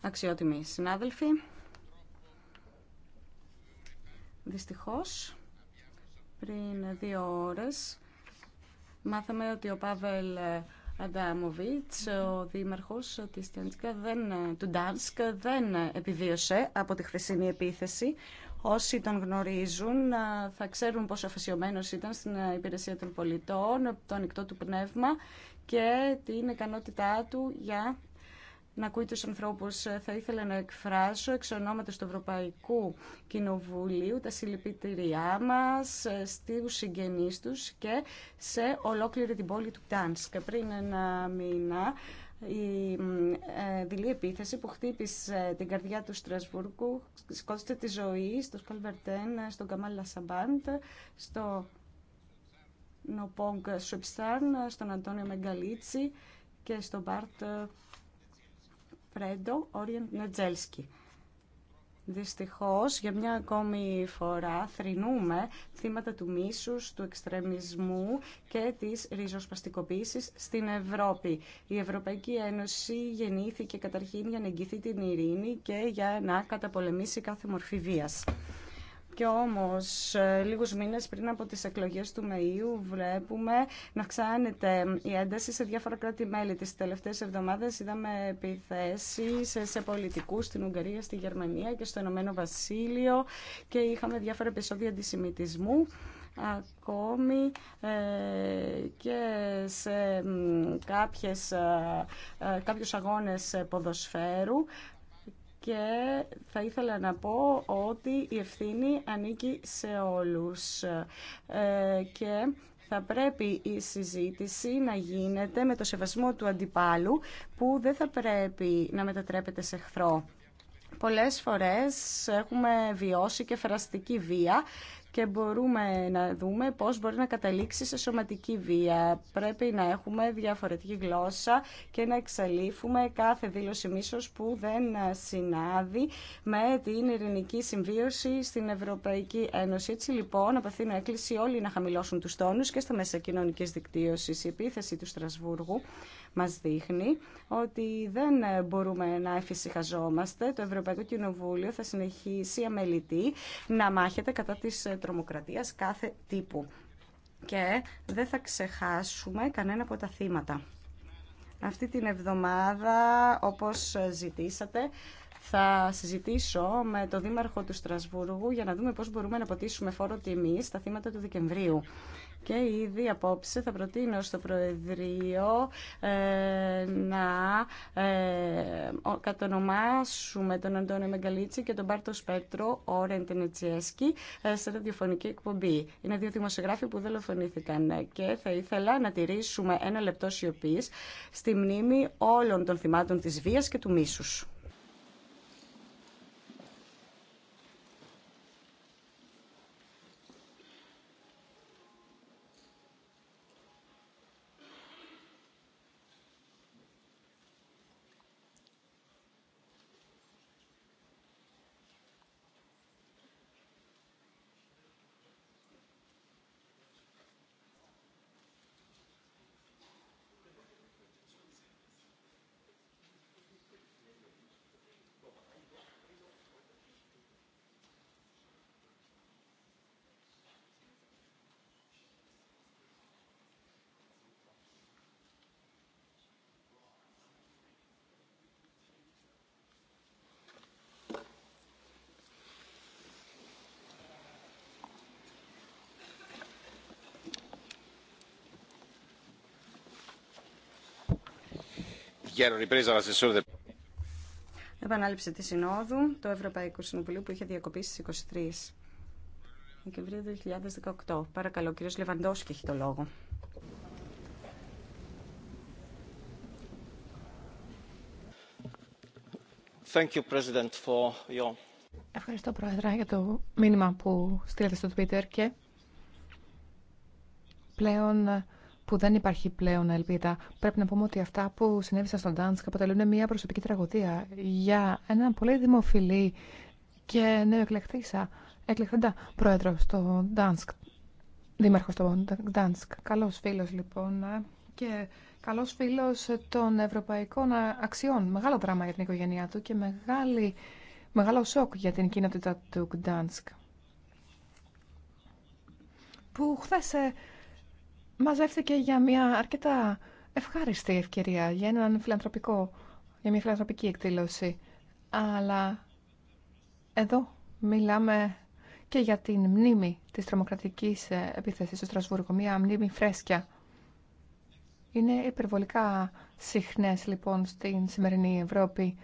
Αξιότιμοι συνάδελφοι, δυστυχώς πριν δύο ώρες μάθαμε ότι ο Πάβελ Αντάμοβιτς, ο δήμαρχος της δεν, του Ντάνσκ, δεν επιβίωσε από τη χθεσινή επίθεση. Όσοι τον γνωρίζουν θα ξέρουν πόσο αφαισιωμένος ήταν στην υπηρεσία των πολιτών, το ανοιχτό του πνεύμα και την ικανότητά του για να ακούει τους ανθρώπους. Θα ήθελα να εκφράσω εξ ονόματος του Ευρωπαϊκού Κοινοβουλίου τα συλληπιτηριά μας ε, στους συγγενείς τους και σε ολόκληρη την πόλη του Τάνσκα. Πριν ένα μήνα η ε, δειλή επίθεση που χτύπησε την καρδιά του Στρασβούργου σκότωσε τη ζωή στο Σκαλβερτέν, ε, στον Καμάλα Σαμπάντ, στο Νοπόγκ Σοπιστάν, στον Αντώνιο Μεγκαλίτσι και στον Μπάρτ Πρέντο ε, Όριεν Νετζέλσκι. Δυστυχώς, για μια ακόμη φορά θρηνούμε θύματα του μίσους, του εξτρεμισμού και της ριζοσπαστικοποίησης στην Ευρώπη. Η Ευρωπαϊκή Ένωση γεννήθηκε καταρχήν για να εγγυθεί την ειρήνη και για να καταπολεμήσει κάθε μορφή βίας. Και όμως ε, λίγους μήνες πριν από τις εκλογές του ΜΕΙΟΥ βλέπουμε να αυξάνεται η ένταση σε διάφορα κράτη-μέλη. Τις τελευταίες εβδομάδες είδαμε επιθέσεις σε πολιτικούς στην Ουγγαρία, στη Γερμανία και στο Ηνωμένο Βασίλειο και είχαμε διάφορα επεισόδια αντισημιτισμού ακόμη ε, και σε κάποιες, ε, κάποιους αγώνες ποδοσφαίρου και θα ήθελα να πω ότι η ευθύνη ανήκει σε όλους ε, και θα πρέπει η συζήτηση να γίνεται με το σεβασμό του αντιπάλου που δεν θα πρέπει να μετατρέπεται σε εχθρό. Πολλές φορές έχουμε βιώσει και φεραστική βία και μπορούμε να δούμε πώς μπορεί να καταλήξει σε σωματική βία. Πρέπει να έχουμε διαφορετική γλώσσα και να εξαλείφουμε κάθε δήλωση μίσος που δεν συνάδει με την ειρηνική συμβίωση στην Ευρωπαϊκή Ένωση. Έτσι λοιπόν απευθύνω έκκληση όλοι να χαμηλώσουν τους τόνους και στα μέσα κοινωνικής δικτύωσης. Η επίθεση του Στρασβούργου μας δείχνει ότι δεν μπορούμε να εφησυχαζόμαστε. Το Ευρωπαϊκό Κοινοβούλιο θα συνεχίσει αμελητή να μάχεται κατά της τρομοκρατίας κάθε τύπου. Και δεν θα ξεχάσουμε κανένα από τα θύματα. Αυτή την εβδομάδα, όπως ζητήσατε, θα συζητήσω με το Δήμαρχο του Στρασβούργου για να δούμε πώς μπορούμε να ποτίσουμε φόρο τιμή στα θύματα του Δεκεμβρίου και ήδη απόψε θα προτείνω στο Προεδρείο ε, να ε, κατονομάσουμε τον Αντώνη Μεγκαλίτση και τον Πάρτο Σπέτρο Όρεν σε σε ραδιοφωνική εκπομπή. Είναι δύο δημοσιογράφοι που δολοφονήθηκαν και θα ήθελα να τηρήσουμε ένα λεπτό σιωπή στη μνήμη όλων των θυμάτων της βίας και του μίσους. Επανάληψη τη Συνόδου του Ευρωπαϊκού Συμβουλίου που είχε διακοπεί στι 23 Δεκεμβρίου 2018. Παρακαλώ, κύριος και έχει το λόγο. Ευχαριστώ, πρόεδρα για το μήνυμα που στείλατε στο Twitter και πλέον που δεν υπάρχει πλέον ελπίδα. Πρέπει να πούμε ότι αυτά που συνέβησαν στον Τάνσκ αποτελούν μια προσωπική τραγωδία για έναν πολύ δημοφιλή και νέο νεοεκλεκτήσα, πρόεδρο στο Ντάνσκ, δήμαρχο στο Ντάνσκ. Καλός φίλος λοιπόν ε, και καλός φίλος των ευρωπαϊκών αξιών. Μεγάλο δράμα για την οικογένειά του και μεγάλο σοκ για την κοινότητα του Γκτάνσκ. Που χθε ε, μαζεύτηκε για μια αρκετά ευχάριστη ευκαιρία, για έναν φιλανθρωπικό, για μια φιλανθρωπική εκδήλωση. Αλλά εδώ μιλάμε και για την μνήμη της τρομοκρατικής επίθεσης στο Στρασβούργο, μια μνήμη φρέσκια. Είναι υπερβολικά συχνές λοιπόν στην σημερινή Ευρώπη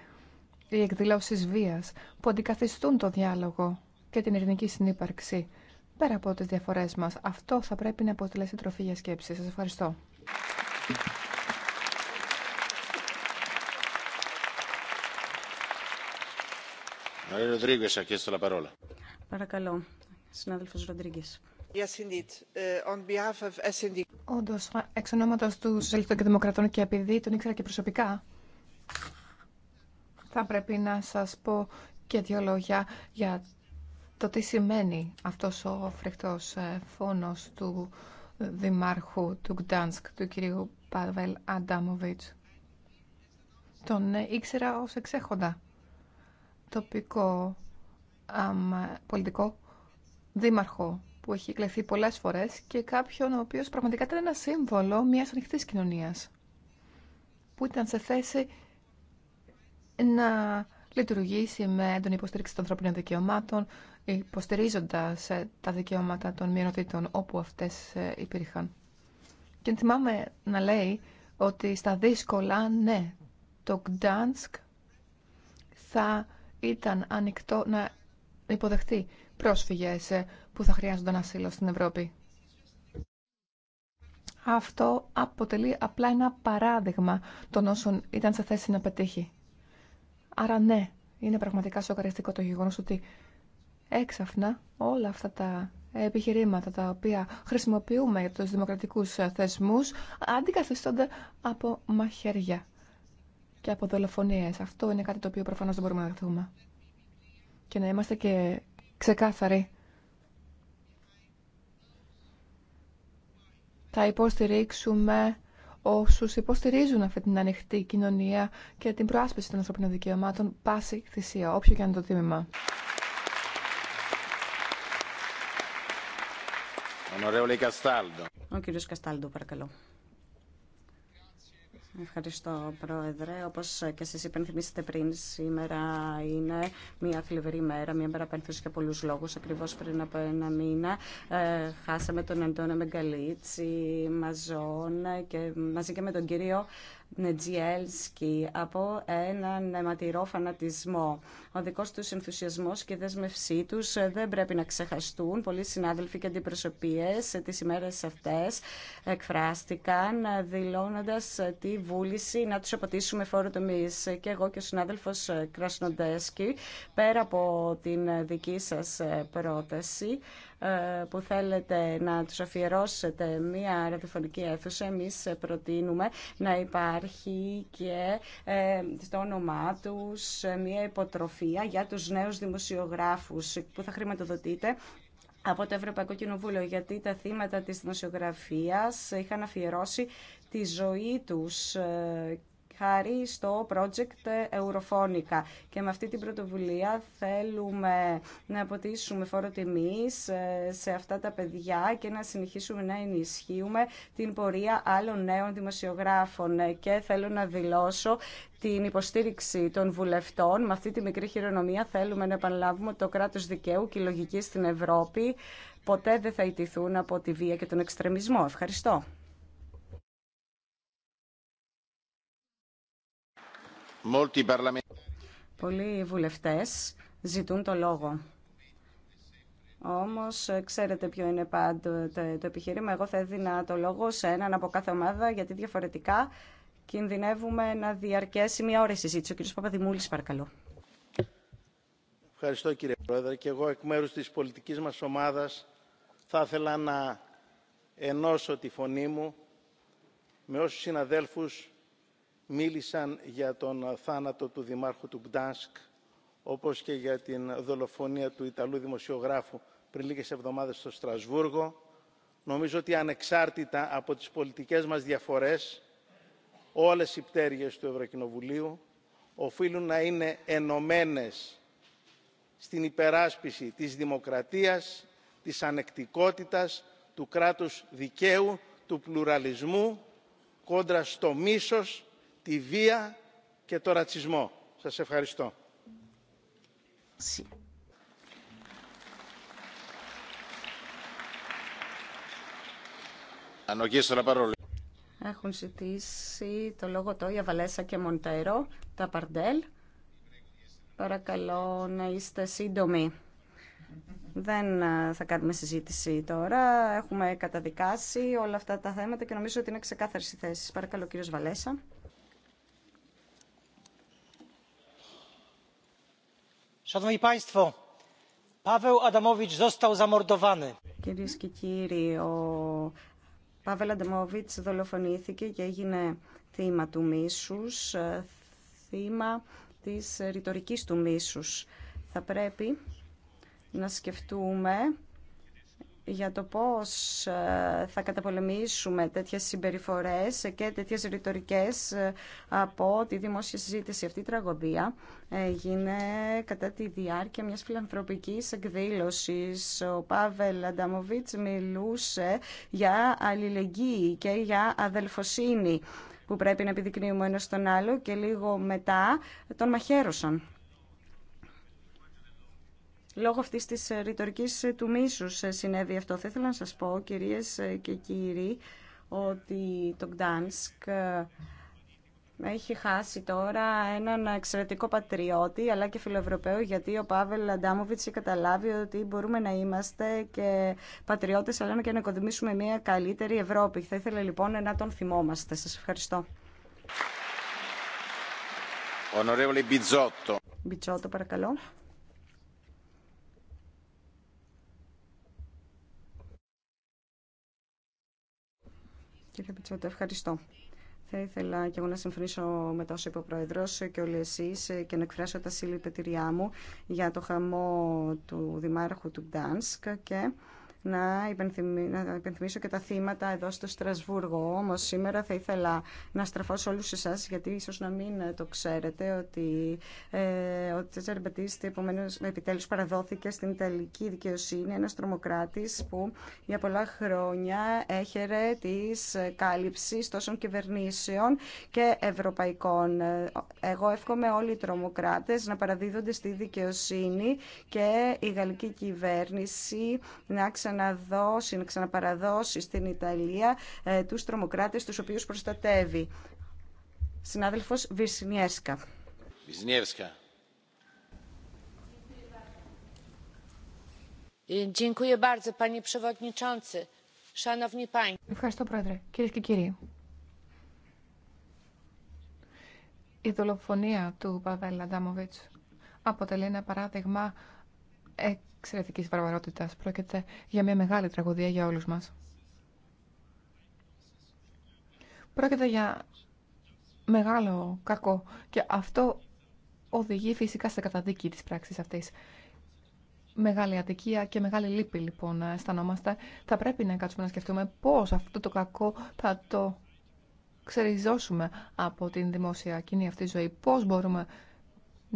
οι εκδηλώσεις βίας που αντικαθιστούν το διάλογο και την ειρηνική συνύπαρξη πέρα από τις διαφορές μας. Αυτό θα πρέπει να αποτελέσει τροφή για σκέψη. Σας ευχαριστώ. Παρακαλώ, συνάδελφος Ροντρίγκης. Uh, Όντω, εξ ονόματο του Σοσιαλιστών και Δημοκρατών και επειδή τον ήξερα και προσωπικά, θα πρέπει να σα πω και δύο λόγια για το τι σημαίνει αυτός ο φρικτός ε, φόνος του ε, Δημάρχου του Γκτάνσκ, του κυρίου Παβέλ Αντάμοβιτς. Τον ε, ήξερα ως εξέχοντα τοπικό αμ, πολιτικό δήμαρχο που έχει εκλεχθεί πολλές φορές και κάποιον ο οποίος πραγματικά ήταν ένα σύμβολο μιας ανοιχτής κοινωνίας που ήταν σε θέση να λειτουργήσει με τον υποστήριξη των ανθρωπίνων δικαιωμάτων, υποστηρίζοντας ε, τα δικαιώματα των μειονοτήτων όπου αυτές ε, υπήρχαν. Και θυμάμαι να λέει ότι στα δύσκολα, ναι, το Γκτάνσκ θα ήταν ανοιχτό να υποδεχτεί πρόσφυγες ε, που θα χρειάζονταν ασύλο στην Ευρώπη. Αυτό αποτελεί απλά ένα παράδειγμα των όσων ήταν σε θέση να πετύχει. Άρα ναι, είναι πραγματικά σοκαριστικό το γεγονός ότι έξαφνα όλα αυτά τα επιχειρήματα τα οποία χρησιμοποιούμε για τους δημοκρατικούς θεσμούς αντικαθιστώνται από μαχαίρια και από δολοφονίες. Αυτό είναι κάτι το οποίο προφανώς δεν μπορούμε να δεχτούμε. Και να είμαστε και ξεκάθαροι. Θα υποστηρίξουμε όσους υποστηρίζουν αυτή την ανοιχτή κοινωνία και την προάσπιση των ανθρωπίνων δικαιωμάτων πάση θυσία, όποιο και αν το τίμημα. Ο κύριος Καστάλντο, παρακαλώ. Ευχαριστώ, Πρόεδρε. Όπω και εσεί υπενθυμίσατε πριν, σήμερα είναι μια θλιβερή μέρα, μια μέρα πένθουση για πολλού λόγου. Ακριβώ πριν από ένα μήνα ε, χάσαμε τον Αντώνη Μεγκαλίτσι, Μαζόν και μαζί και με τον κύριο Νετζιέλσκι από έναν αιματηρό φανατισμό. Ο δικό του ενθουσιασμό και η δέσμευσή του δεν πρέπει να ξεχαστούν. Πολλοί συνάδελφοι και αντιπροσωπείε τι ημέρε αυτέ εκφράστηκαν δηλώνοντα τη βούληση να του αποτίσουμε φόρο τομή. Και εγώ και ο συνάδελφο Κρασνοντέσκι, πέρα από την δική σα πρόταση, ε, που θέλετε να τους αφιερώσετε μία ραδιοφωνική αίθουσα, εμείς προτείνουμε να υπάρχει και ε, στο όνομά τους μία υποτροφία για τους νέους δημοσιογράφους που θα χρηματοδοτείτε από το Ευρωπαϊκό Κοινοβούλιο, γιατί τα θύματα της δημοσιογραφίας είχαν αφιερώσει τη ζωή τους ε, χάρη στο project Eurofonica. Και με αυτή την πρωτοβουλία θέλουμε να αποτίσουμε φόρο τιμής ε, σε αυτά τα παιδιά και να συνεχίσουμε να ενισχύουμε την πορεία άλλων νέων δημοσιογράφων. Ε, και θέλω να δηλώσω την υποστήριξη των βουλευτών. Με αυτή τη μικρή χειρονομία θέλουμε να επαναλάβουμε το κράτος δικαίου και η λογική στην Ευρώπη ποτέ δεν θα ιτηθούν από τη βία και τον εξτρεμισμό. Ευχαριστώ. Πολλοί βουλευτές ζητούν το λόγο. Όμως, ξέρετε ποιο είναι πάντοτε το επιχείρημα. Εγώ θα έδινα το λόγο σε έναν από κάθε ομάδα, γιατί διαφορετικά κινδυνεύουμε να διαρκέσει μια ώρα η συζήτηση. Ο κ. Παπαδημούλης, παρακαλώ. Ευχαριστώ κύριε Πρόεδρε και εγώ εκ μέρου τη πολιτική μας ομάδα θα ήθελα να ενώσω τη φωνή μου με όσου συναδέλφου μίλησαν για τον θάνατο του δημάρχου του Γκτάνσκ όπως και για την δολοφονία του Ιταλού δημοσιογράφου πριν λίγες εβδομάδες στο Στρασβούργο. Νομίζω ότι ανεξάρτητα από τις πολιτικές μας διαφορές, όλες οι πτέρυγες του Ευρωκοινοβουλίου οφείλουν να είναι ενωμένες στην υπεράσπιση της δημοκρατίας, της ανεκτικότητας, του κράτους δικαίου, του πλουραλισμού, κόντρα στο μίσος, τη βία και το ρατσισμό. Σας ευχαριστώ. Έχουν ζητήσει το λόγο για Βαλέσα και Μοντέρο, τα Παρντέλ. Παρακαλώ να είστε σύντομοι. Δεν θα κάνουμε συζήτηση τώρα. Έχουμε καταδικάσει όλα αυτά τα θέματα και νομίζω ότι είναι ξεκάθαρη οι θέση. Παρακαλώ, κύριος Βαλέσα. Szanowni Państwo, Paweł Adamowicz Κυρίες και κύριοι, ο Πάβελ Αντεμόβιτς δολοφονήθηκε και έγινε θύμα του μίσους, ε, θύμα της ρητορικής του μίσους. Θα πρέπει να σκεφτούμε για το πώς ε, θα καταπολεμήσουμε τέτοιες συμπεριφορές και τέτοιες ρητορικέ ε, από τη δημόσια συζήτηση. Αυτή η τραγωδία ε, έγινε κατά τη διάρκεια μιας φιλανθρωπικής εκδήλωσης. Ο Πάβελ Ανταμοβίτς μιλούσε για αλληλεγγύη και για αδελφοσύνη που πρέπει να επιδεικνύουμε ένα τον άλλο και λίγο μετά τον μαχαίρωσαν. Λόγω αυτής της ε, ρητορική ε, του μίσους ε, συνέβη αυτό. Θα ήθελα να σας πω, κυρίες και κύριοι, ότι το Γκτάνσκ έχει χάσει τώρα έναν εξαιρετικό πατριώτη αλλά και φιλοευρωπαίο γιατί ο Πάβελ Αντάμοβιτς έχει καταλάβει ότι μπορούμε να είμαστε και πατριώτες αλλά και να οικοδημήσουμε μια καλύτερη Ευρώπη. Θα ήθελα λοιπόν να τον θυμόμαστε. Σας ευχαριστώ. παρακαλώ. Κύριε Πιτσότα, ευχαριστώ. Θα ήθελα και εγώ να συμφωνήσω με τα όσα ο Πρόεδρο και όλοι εσεί και να εκφράσω τα συλληπιτηριά μου για το χαμό του Δημάρχου του Ντάνσκ και να, υπενθυμίσω και τα θύματα εδώ στο Στρασβούργο. Όμως σήμερα θα ήθελα να στραφώ σε όλους εσάς, γιατί ίσως να μην ε, το ξέρετε, ότι ε, ο Τσέζαρ Μπατίστη με επιτέλους παραδόθηκε στην Ιταλική δικαιοσύνη, ένας τρομοκράτης που για πολλά χρόνια έχερε της καλυψή τόσων κυβερνήσεων και ευρωπαϊκών. Εγώ εύχομαι όλοι οι τρομοκράτες να παραδίδονται στη δικαιοσύνη και η γαλλική κυβέρνηση να ξαναδώσει, να ξαναπαραδώσει στην Ιταλία ε, τους τρομοκράτες τους οποίους προστατεύει. Συνάδελφος Βυσνιέσκα. Βυσνιέσκα. Ε, Ευχαριστώ, Πρόεδρε. Κυρίε και κύριοι, η δολοφονία του Παβέλα Αντάμοβιτ αποτελεί ένα παράδειγμα εξαιρετική βαρβαρότητα. Πρόκειται για μια μεγάλη τραγωδία για όλου μα. Πρόκειται για μεγάλο κακό και αυτό οδηγεί φυσικά σε καταδίκη της πράξης αυτής. Μεγάλη αδικία και μεγάλη λύπη λοιπόν αισθανόμαστε. Θα πρέπει να κάτσουμε να σκεφτούμε πώς αυτό το κακό θα το ξεριζώσουμε από την δημόσια κοινή αυτή ζωή. Πώς μπορούμε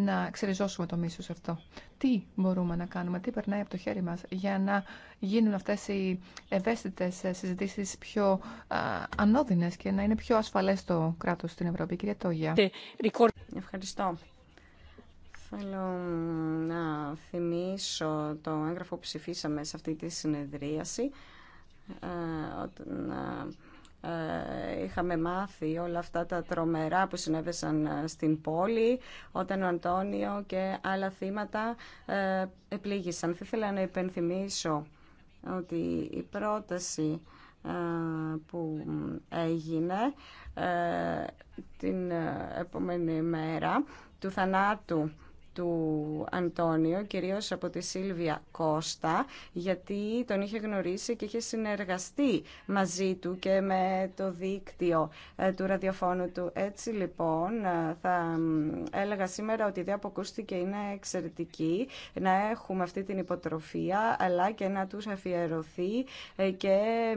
να ξεριζώσουμε το μίσος αυτό. Τι μπορούμε να κάνουμε, τι περνάει από το χέρι μας για να γίνουν αυτές οι ευαίσθητες συζητήσεις πιο α, ανώδυνες και να είναι πιο ασφαλές το κράτος στην Ευρώπη. Κυρία Τόγια. Ευχαριστώ. Θέλω να θυμίσω το έγγραφο που ψηφίσαμε σε αυτή τη συνεδρίαση. Ε, ε, είχαμε μάθει όλα αυτά τα τρομερά που συνέβησαν ε, στην πόλη όταν ο Αντώνιο και άλλα θύματα ε, επλήγησαν. Θα ήθελα να υπενθυμίσω ότι η πρόταση που έγινε την επόμενη μέρα του θανάτου του Αντώνιο, κυρίως από τη Σίλβια Κώστα, γιατί τον είχε γνωρίσει και είχε συνεργαστεί μαζί του και με το δίκτυο ε, του ραδιοφώνου του. Έτσι λοιπόν ε, θα έλεγα σήμερα ότι η ιδέα που ακούστηκε είναι εξαιρετική, να έχουμε αυτή την υποτροφία, αλλά και να τους αφιερωθεί ε, και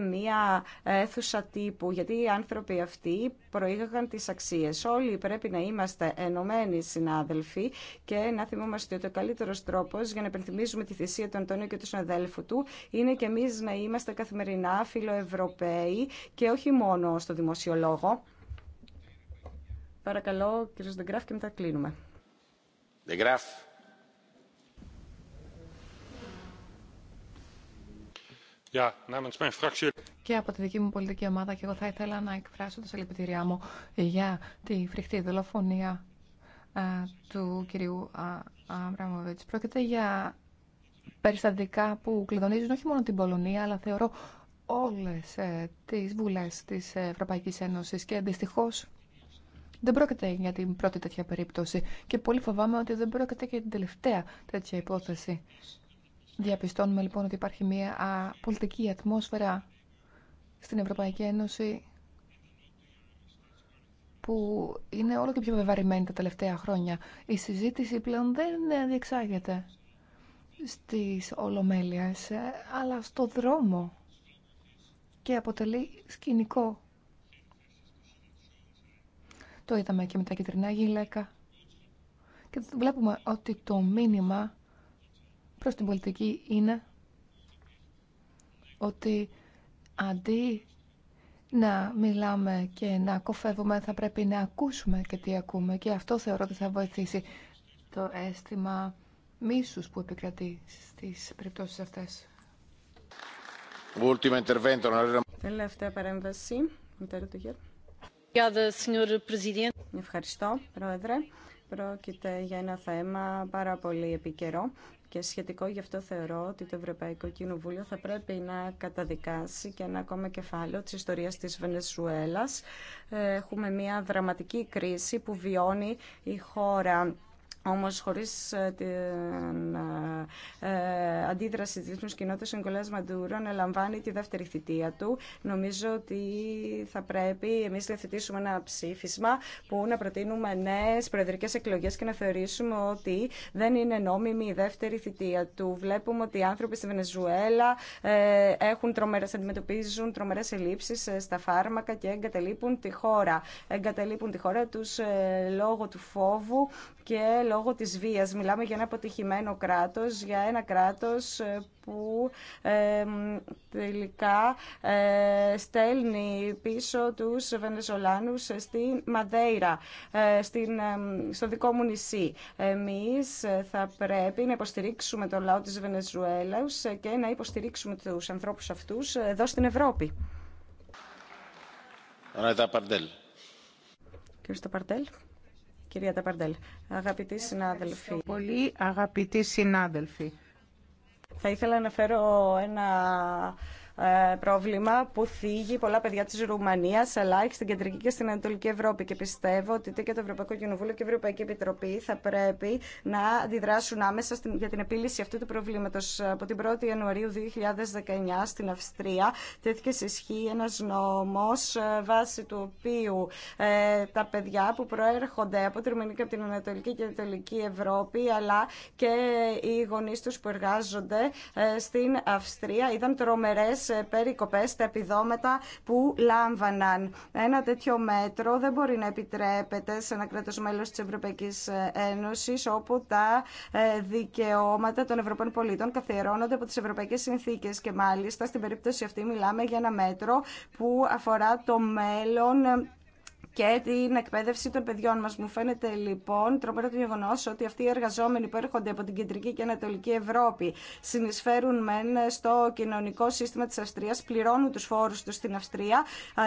μία αίθουσα τύπου, γιατί οι άνθρωποι αυτοί προήγαγαν τις αξίες. Όλοι πρέπει να είμαστε ενωμένοι συνάδελφοι και να θυμόμαστε ότι ο καλύτερο τρόπο για να υπενθυμίζουμε τη θυσία του Αντωνίου και του συναδέλφου του είναι και εμεί να είμαστε καθημερινά φιλοευρωπαίοι και όχι μόνο στο δημοσιολόγο. Παρακαλώ, κύριο Δεγκράφ, και μετά κλείνουμε. Δεγκράφ. Και από τη δική μου πολιτική ομάδα και εγώ θα ήθελα να εκφράσω τα συλληπιτήριά μου για τη φρικτή δολοφονία του κυρίου Αμπραμόβιτς. Πρόκειται για περιστατικά που κλειδονίζουν όχι μόνο την Πολωνία, αλλά θεωρώ όλες ε, τι βουλές της Ευρωπαϊκή Ένωση. και δυστυχώ. Δεν πρόκειται για την πρώτη τέτοια περίπτωση και πολύ φοβάμαι ότι δεν πρόκειται και για την τελευταία τέτοια υπόθεση. Διαπιστώνουμε λοιπόν ότι υπάρχει μια πολιτική ατμόσφαιρα στην Ευρωπαϊκή Ένωση που είναι όλο και πιο βεβαρημένη τα τελευταία χρόνια. Η συζήτηση πλέον δεν διεξάγεται στις ολομέλειες, ε, αλλά στο δρόμο και αποτελεί σκηνικό. Το είδαμε και με τα κεντρινά γυλαίκα. Και βλέπουμε ότι το μήνυμα προς την πολιτική είναι ότι αντί να μιλάμε και να κοφεύουμε, θα πρέπει να ακούσουμε και τι ακούμε. Και αυτό θεωρώ ότι θα βοηθήσει το αίσθημα μίσους που επικρατεί στις περιπτώσεις αυτές. Τελευταία παρέμβαση. Ευχαριστώ, Πρόεδρε. Πρόκειται για ένα θέμα πάρα πολύ επικαιρό και σχετικό γι' αυτό θεωρώ ότι το Ευρωπαϊκό Κοινοβούλιο θα πρέπει να καταδικάσει και ένα ακόμα κεφάλαιο της ιστορία της Βενεζουέλας. Έχουμε μια δραματική κρίση που βιώνει η χώρα όμως χωρίς ε, την ε, ε, αντίδραση της διεθνούς κοινότητας, ο Νικολάς Μαντούρο λαμβάνει τη δεύτερη θητεία του. Νομίζω ότι θα πρέπει εμείς να θετήσουμε ένα ψήφισμα που να προτείνουμε νέες προεδρικές εκλογές και να θεωρήσουμε ότι δεν είναι νόμιμη η δεύτερη θητεία του. Βλέπουμε ότι οι άνθρωποι στη Βενεζουέλα έχουν τρομερές, αντιμετωπίζουν τρομερές ελλείψεις στα φάρμακα και εγκαταλείπουν τη χώρα. Εγκαταλείπουν τη χώρα τους λόγω του φόβου και λόγω της βίας. Μιλάμε για ένα αποτυχημένο κράτος, για ένα κράτος ε, που τελικά ε, στέλνει πίσω τους Βενεζολάνους στη Μαδέιρα, ε, στην, στο δικό μου νησί. Εμείς θα πρέπει να υποστηρίξουμε τον λαό της Βενεζουέλα και να υποστηρίξουμε τους ανθρώπους αυτούς εδώ στην Ευρώπη. Κύριε Σταπαρτέλ. Κυρία Ταπαρντέλ, αγαπητοί συνάδελφοι. Πολύ αγαπητοί συνάδελφοι. Θα ήθελα να φέρω ένα ε, πρόβλημα που θίγει πολλά παιδιά τη Ρουμανία, αλλά και στην Κεντρική και στην Ανατολική Ευρώπη και πιστεύω ότι και το Ευρωπαϊκό Κοινοβούλιο και η Ευρωπαϊκή Επιτροπή θα πρέπει να αντιδράσουν άμεσα για την επίλυση αυτού του προβλήματο. Από την 1η Ιανουαρίου 2019 στην Αυστρία τέθηκε σε ισχύ ένας νόμος ε, βάσει του οποίου ε, τα παιδιά που προέρχονται από τη Ρουμανία και από την Ανατολική και Ανατολική Ευρώπη αλλά και οι γονεί του που εργάζονται στην Αυστρία είδαν τρομέρέ. Ε, περικοπές τα επιδόματα που λάμβαναν. Ένα τέτοιο μέτρο δεν μπορεί να επιτρέπεται σε ένα κράτος μέλος της Ευρωπαϊκής ε, Ένωσης όπου τα ε, δικαιώματα των Ευρωπαίων πολιτών καθιερώνονται από τις Ευρωπαϊκές Συνθήκες και μάλιστα στην περίπτωση αυτή μιλάμε για ένα μέτρο που αφορά το μέλλον και την εκπαίδευση των παιδιών μας. Μου φαίνεται λοιπόν τρομερό το γεγονό ότι αυτοί οι εργαζόμενοι που έρχονται από την Κεντρική και Ανατολική Ευρώπη συνεισφέρουν μεν στο κοινωνικό σύστημα της Αυστρίας, πληρώνουν τους φόρους τους στην Αυστρία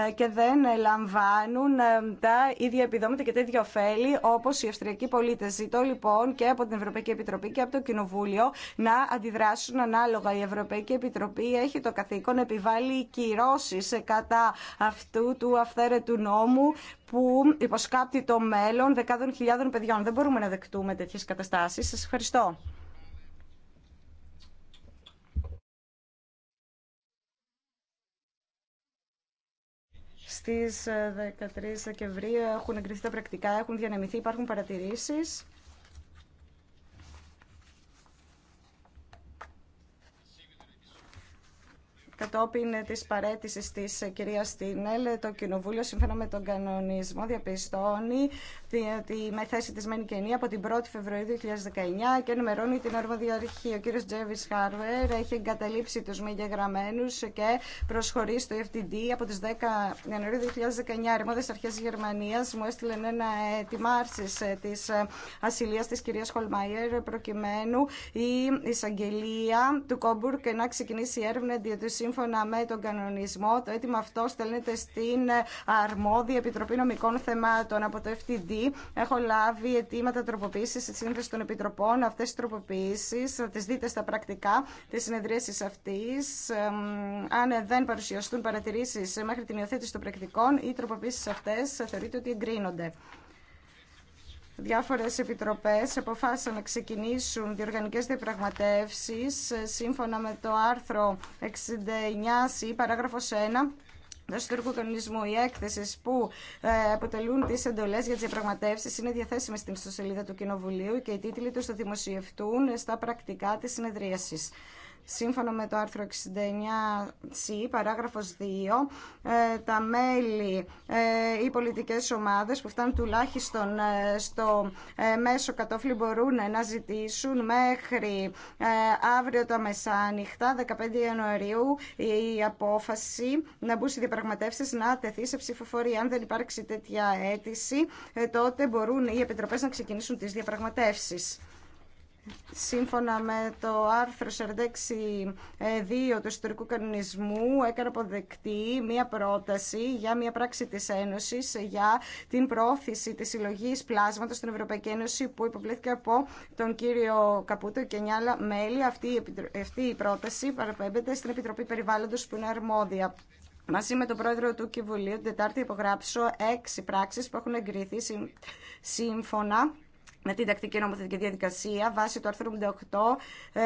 ε, και δεν λαμβάνουν ε, τα ίδια επιδόματα και τα ίδια ωφέλη όπως οι Αυστριακοί πολίτες. Ζητώ λοιπόν και από την Ευρωπαϊκή Επιτροπή και από το Κοινοβούλιο να αντιδράσουν ανάλογα. Η Ευρωπαϊκή Επιτροπή έχει το καθήκον να επιβάλλει κυρώσει κατά αυτού του αυθαίρετου νόμου που υποσκάπτει το μέλλον δεκάδων χιλιάδων παιδιών. Δεν μπορούμε να δεκτούμε τέτοιες καταστάσεις. Σας ευχαριστώ. Στις 13 ε, Δεκεμβρίου έχουν εγκριθεί τα πρακτικά, έχουν διανεμηθεί, υπάρχουν παρατηρήσεις. Κατόπιν τη παρέτηση τη κυρία Στίνελ, το Κοινοβούλιο, σύμφωνα με τον κανονισμό, διαπιστώνει τη, με θέση τη Μένη από την 1η Φεβρουαρίου 2019 και ενημερώνει την αρμοδιαρχή. Ο κύριο Τζέβι Χάρβερ έχει εγκαταλείψει του μη και προσχωρεί στο FTD από τι 10 Ιανουαρίου 2019. Αρμόδιε αρχέ Γερμανία μου έστειλαν ένα αίτημα άρση ε, τη ε, ασυλία τη κυρία Χολμάιερ προκειμένου η εισαγγελία του και να ξεκινήσει έρευνα σύμφωνα με τον κανονισμό, το αίτημα αυτό στέλνεται στην αρμόδια Επιτροπή Νομικών Θεμάτων από το FTD. Έχω λάβει αιτήματα τροποποίηση στη σύνθεση των Επιτροπών. Αυτέ οι τροποποιήσει θα τι δείτε στα πρακτικά τη συνεδρίαση αυτή. Αν δεν παρουσιαστούν παρατηρήσει μέχρι την υιοθέτηση των πρακτικών, οι τροποποίησει αυτέ θεωρείται ότι εγκρίνονται διάφορες επιτροπές αποφάσισαν να ξεκινήσουν διοργανικές διαπραγματεύσει ε, σύμφωνα με το άρθρο 69 C, παράγραφο 1 του ιστορικού κανονισμού. Οι έκθεσει που ε, αποτελούν τι εντολέ για τι διαπραγματεύσει είναι διαθέσιμε στην ιστοσελίδα του Κοινοβουλίου και οι τίτλοι του θα δημοσιευτούν στα πρακτικά τη συνεδρίαση. Σύμφωνα με το άρθρο 69C, παράγραφος 2, ε, τα μέλη ή ε, πολιτικές ομάδες που φτάνουν τουλάχιστον ε, στο μέσο κατόφλι μπορούν να ζητήσουν μέχρι αύριο τα μεσάνυχτα, 15 Ιανουαρίου, η απόφαση να μπουν σε διαπραγματεύσεις να τεθεί σε ψηφοφορία. Αν δεν υπάρξει τέτοια αίτηση, τότε μπορούν οι επιτροπές να ξεκινήσουν τις διαπραγματεύσεις σύμφωνα με το άρθρο 46.2 ε, του ιστορικού κανονισμού έκανε αποδεκτή μία πρόταση για μία πράξη της Ένωσης για την πρόθεση της συλλογή πλάσματος στην Ευρωπαϊκή Ένωση που υποβλήθηκε από τον κύριο Καπούτο και άλλα μέλη. Αυτή η πρόταση παραπέμπεται στην Επιτροπή Περιβάλλοντος που είναι αρμόδια. Μαζί με τον πρόεδρο του Κιβουλίου, την Τετάρτη υπογράψω έξι πράξεις που έχουν εγκριθεί σύμφωνα με την τακτική νομοθετική διαδικασία βάσει του άρθρου 58 ε,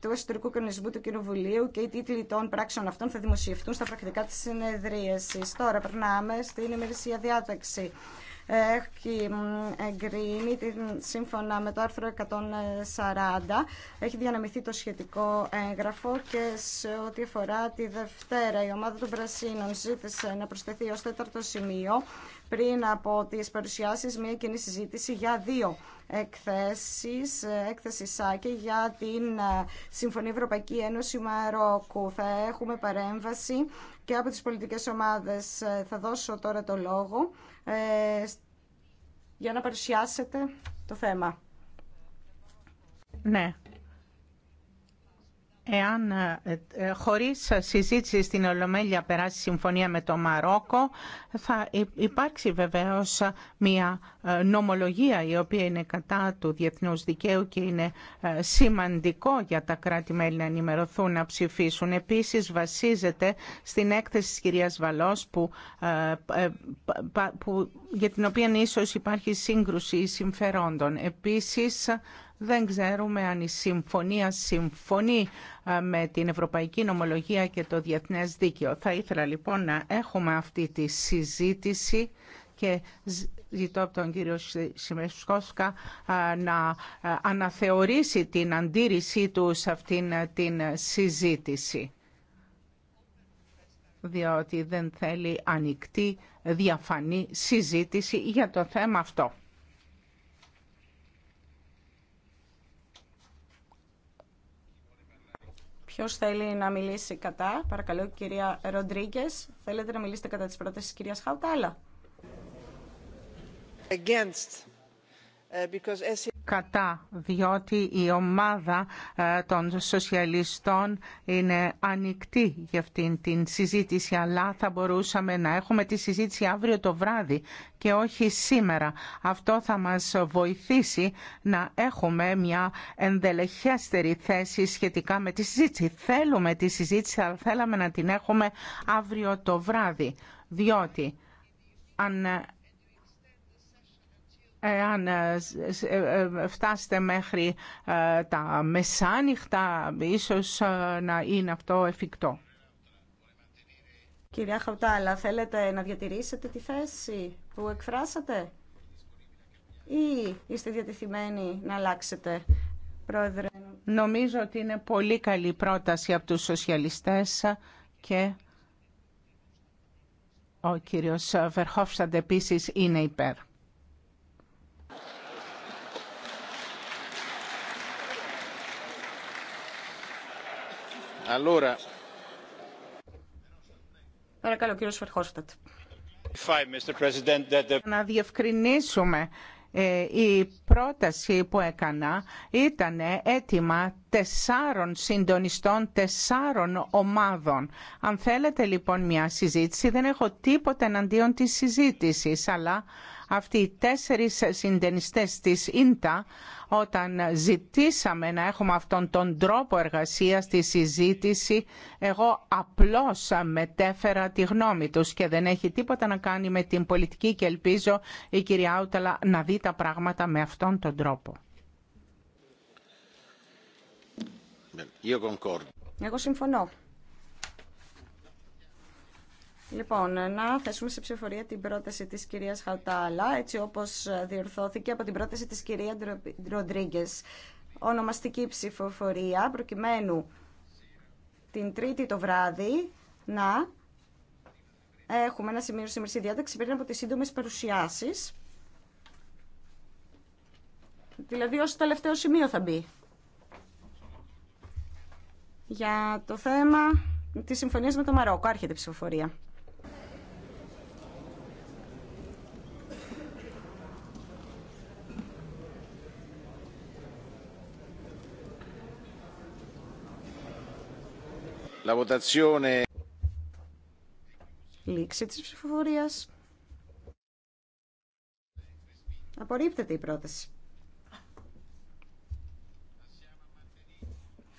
του εσωτερικού κανονισμού του Κοινοβουλίου και οι τίτλοι των πράξεων αυτών θα δημοσιευτούν στα πρακτικά της συνεδρίασης. Τώρα περνάμε στην ημερησία διάταξη. Έχει εγκρίνει σύμφωνα με το άρθρο 140. Έχει διανεμηθεί το σχετικό έγγραφο και σε ό,τι αφορά τη Δευτέρα η ομάδα των Πρασίνων ζήτησε να προσθεθεί ως τέταρτο σημείο πριν από τις παρουσιάσεις μια κοινή συζήτηση για δύο εκθέσεις, ε, έκθεση ΣΑΚΕ για την ε, Συμφωνία Ευρωπαϊκή Ένωση Μαρόκου. Θα έχουμε παρέμβαση και από τις πολιτικές ομάδες. Ε, θα δώσω τώρα το λόγο για να παρουσιάσετε το θέμα. Ναι, Εάν ε, ε, χωρίς συζήτηση στην Ολομέλεια περάσει συμφωνία με το Μαρόκο, θα υπάρξει βεβαίως μια ε, νομολογία η οποία είναι κατά του διεθνούς δικαίου και είναι σημαντικό για τα κράτη-μέλη να ενημερωθούν, να ψηφίσουν. Επίσης βασίζεται στην έκθεση της κυρίας Βαλός που, που, για την οποία ίσως υπάρχει σύγκρουση συμφερόντων. Επίσης δεν ξέρουμε αν η συμφωνία συμφωνεί ε, με την Ευρωπαϊκή Νομολογία και το Διεθνές Δίκαιο. Θα ήθελα λοιπόν να έχουμε αυτή τη συζήτηση και ζητώ από τον κύριο Σιμεσκόσκα ε, να ε, αναθεωρήσει την αντίρρησή του σε αυτήν την συζήτηση διότι δεν θέλει ανοιχτή διαφανή συζήτηση για το θέμα αυτό. Ποιο θέλει να μιλήσει κατά, παρακαλώ κυρία Ροντρίγκε, θέλετε να μιλήσετε κατά της πρότασης τη κυρίας Χαουτάλα. Against. Ε, because κατά διότι η ομάδα ε, των σοσιαλιστών είναι ανοιχτή για αυτήν την συζήτηση αλλά θα μπορούσαμε να έχουμε τη συζήτηση αύριο το βράδυ και όχι σήμερα. Αυτό θα μας βοηθήσει να έχουμε μια ενδελεχέστερη θέση σχετικά με τη συζήτηση. Θέλουμε τη συζήτηση αλλά θέλαμε να την έχουμε αύριο το βράδυ διότι αν εάν ε, ε, ε, φτάσετε μέχρι τα μεσάνυχτα, ίσως να είναι αυτό εφικτό. Κυρία Χαουτάλα, θέλετε να διατηρήσετε τη θέση που εκφράσατε ή είστε διατηρημένοι να αλλάξετε, Πρόεδρε. Νομίζω ότι είναι πολύ καλή πρόταση από τους σοσιαλιστές και ο κύριος Βερχόφσαντ επίσης είναι υπέρ. Παρακαλώ, Να διευκρινίσουμε ε, η πρόταση που έκανα ήταν έτοιμα τεσσάρων συντονιστών, τεσσάρων ομάδων. Αν θέλετε λοιπόν μια συζήτηση, δεν έχω τίποτα εναντίον της συζήτησης, αλλά αυτοί οι τέσσερις συντενιστές της ΙΝΤΑ όταν ζητήσαμε να έχουμε αυτόν τον τρόπο εργασίας στη συζήτηση εγώ απλώς μετέφερα τη γνώμη τους και δεν έχει τίποτα να κάνει με την πολιτική και ελπίζω η κυρία Άουταλα να δει τα πράγματα με αυτόν τον τρόπο. Εγώ συμφωνώ. Λοιπόν, να θέσουμε σε ψηφορία την πρόταση της κυρίας Χατάλα, έτσι όπως διορθώθηκε από την πρόταση της κυρία Ροντρίγκε. Ονομαστική ψηφοφορία, προκειμένου την Τρίτη το βράδυ να έχουμε ένα σημείο στη διάταξη πριν από τις σύντομες παρουσιάσεις. Δηλαδή ως τελευταίο σημείο θα μπει. Για το θέμα της συμφωνίας με το Μαρόκο. Άρχεται η ψηφοφορία. Λήξη της ψηφοφορίας. Απορρίπτεται η πρόταση.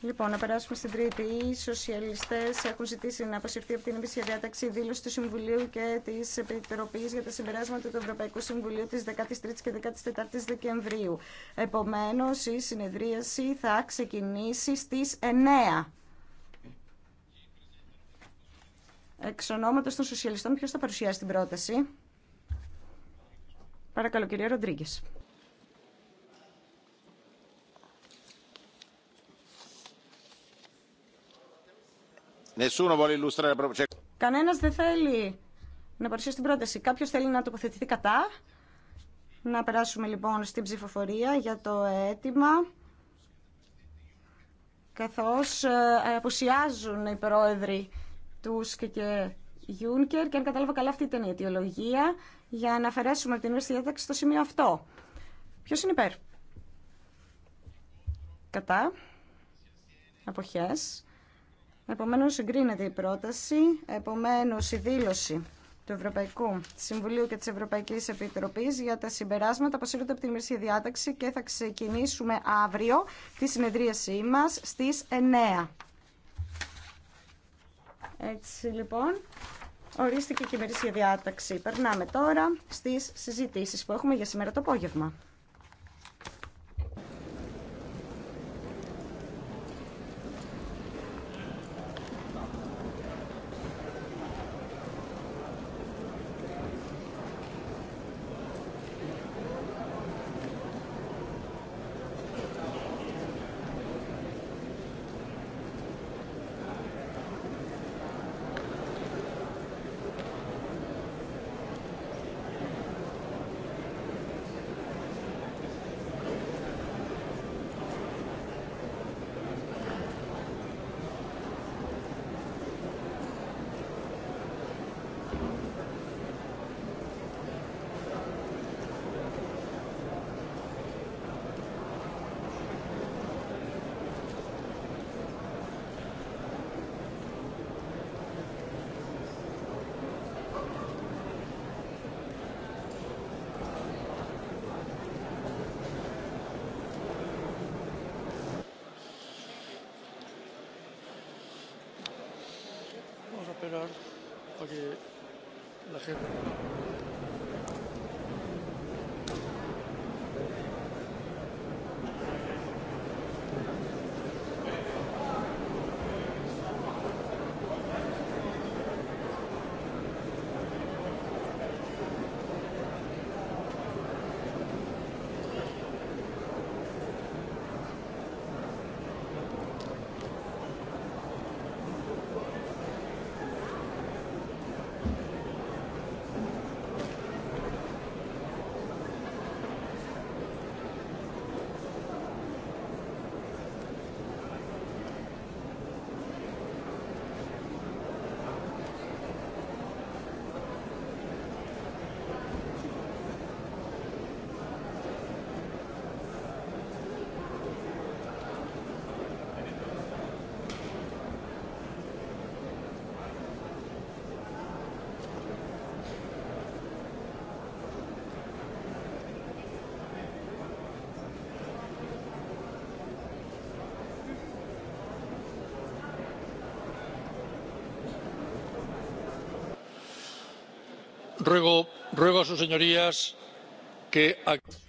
Λοιπόν, να περάσουμε στην τρίτη. Οι σοσιαλιστέ έχουν ζητήσει να αποσυρθεί από την επίσημη διάταξη δήλωση του Συμβουλίου και τη Επιτροπή για τα συμπεράσματα του Ευρωπαϊκού Συμβουλίου τη 13η και 14η Δεκεμβρίου. Επομένω, η συνεδρίαση θα ξεκινήσει στι 9. Εξ ονόματο των Σοσιαλιστών, Ποιο θα παρουσιάσει την πρόταση. Παρακαλώ, κυρία Ροντρίγκε. Κανένα δεν θέλει να παρουσιάσει την πρόταση. Κάποιο θέλει να τοποθετηθεί κατά. Να περάσουμε λοιπόν στην ψηφοφορία για το αίτημα. Καθώς ε, αποσιάζουν οι πρόεδροι Τούσκ και Γιούνκερ και αν κατάλαβα καλά αυτή ήταν η αιτιολογία για να αφαιρέσουμε από την ίδια διάταξη στο σημείο αυτό. Ποιος είναι υπέρ? Κατά. Αποχές. Επομένως εγκρίνεται η πρόταση, επομένως η δήλωση του Ευρωπαϊκού Συμβουλίου και της Ευρωπαϊκής Επιτροπής για τα συμπεράσματα που από την ημερήσια διάταξη και θα ξεκινήσουμε αύριο τη συνεδρίασή μας στις 9. Έτσι λοιπόν, ορίστηκε και η μερίσια διάταξη. Περνάμε τώρα στις συζητήσεις που έχουμε για σήμερα το απόγευμα.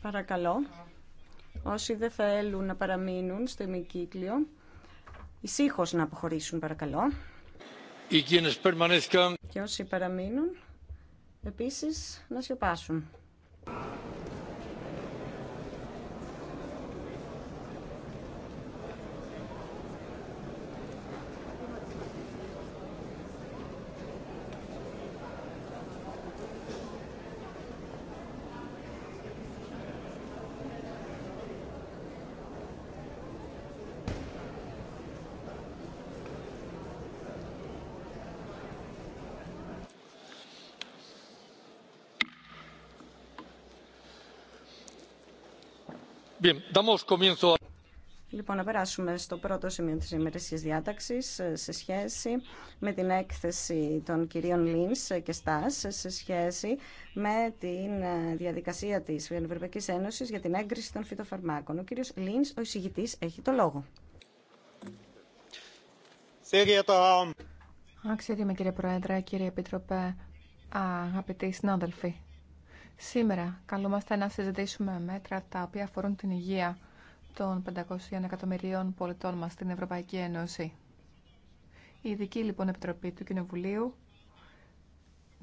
Παρακαλώ, όσοι δεν θέλουν να παραμείνουν στο ημικύκλιο, ησύχως να αποχωρήσουν, παρακαλώ. Και όσοι παραμείνουν, επίσης να σιωπάσουν. Λοιπόν, να περάσουμε στο πρώτο σημείο της ημερήσιας διάταξης ε, σε σχέση με την έκθεση των κυρίων Λίνς και Στάς ε, σε σχέση με την ε, διαδικασία της Ευρωπαϊκής Ένωσης για την έγκριση των φυτοφαρμάκων. Ο κύριος Λίνς, ο εισηγητής, έχει το λόγο. Αξιότιμε κύριε Πρόεδρε, κύριε Επίτροπε, αγαπητοί συνάδελφοι. Σήμερα καλούμαστε να συζητήσουμε μέτρα τα οποία αφορούν την υγεία των 500 εκατομμυρίων πολιτών μας στην Ευρωπαϊκή Ένωση. Η ειδική λοιπόν επιτροπή του Κοινοβουλίου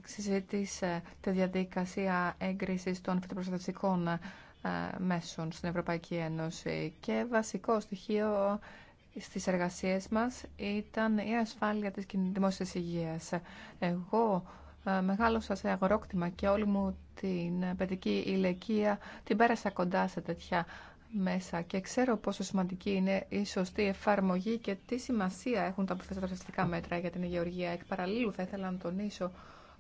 συζήτησε τη διαδικασία έγκρισης των φυτοπροστατικών ε, μέσων στην Ευρωπαϊκή Ένωση και βασικό στοιχείο στις εργασίες μας ήταν η ασφάλεια της δημόσιας υγείας. Εγώ ε, μεγάλωσα σε αγορόκτημα και όλη μου την παιδική ηλικία την πέρασα κοντά σε τέτοια μέσα και ξέρω πόσο σημαντική είναι η σωστή εφαρμογή και τι σημασία έχουν τα προστατευτικά μέτρα για την γεωργία. Εκ παραλίλου θα ήθελα να τονίσω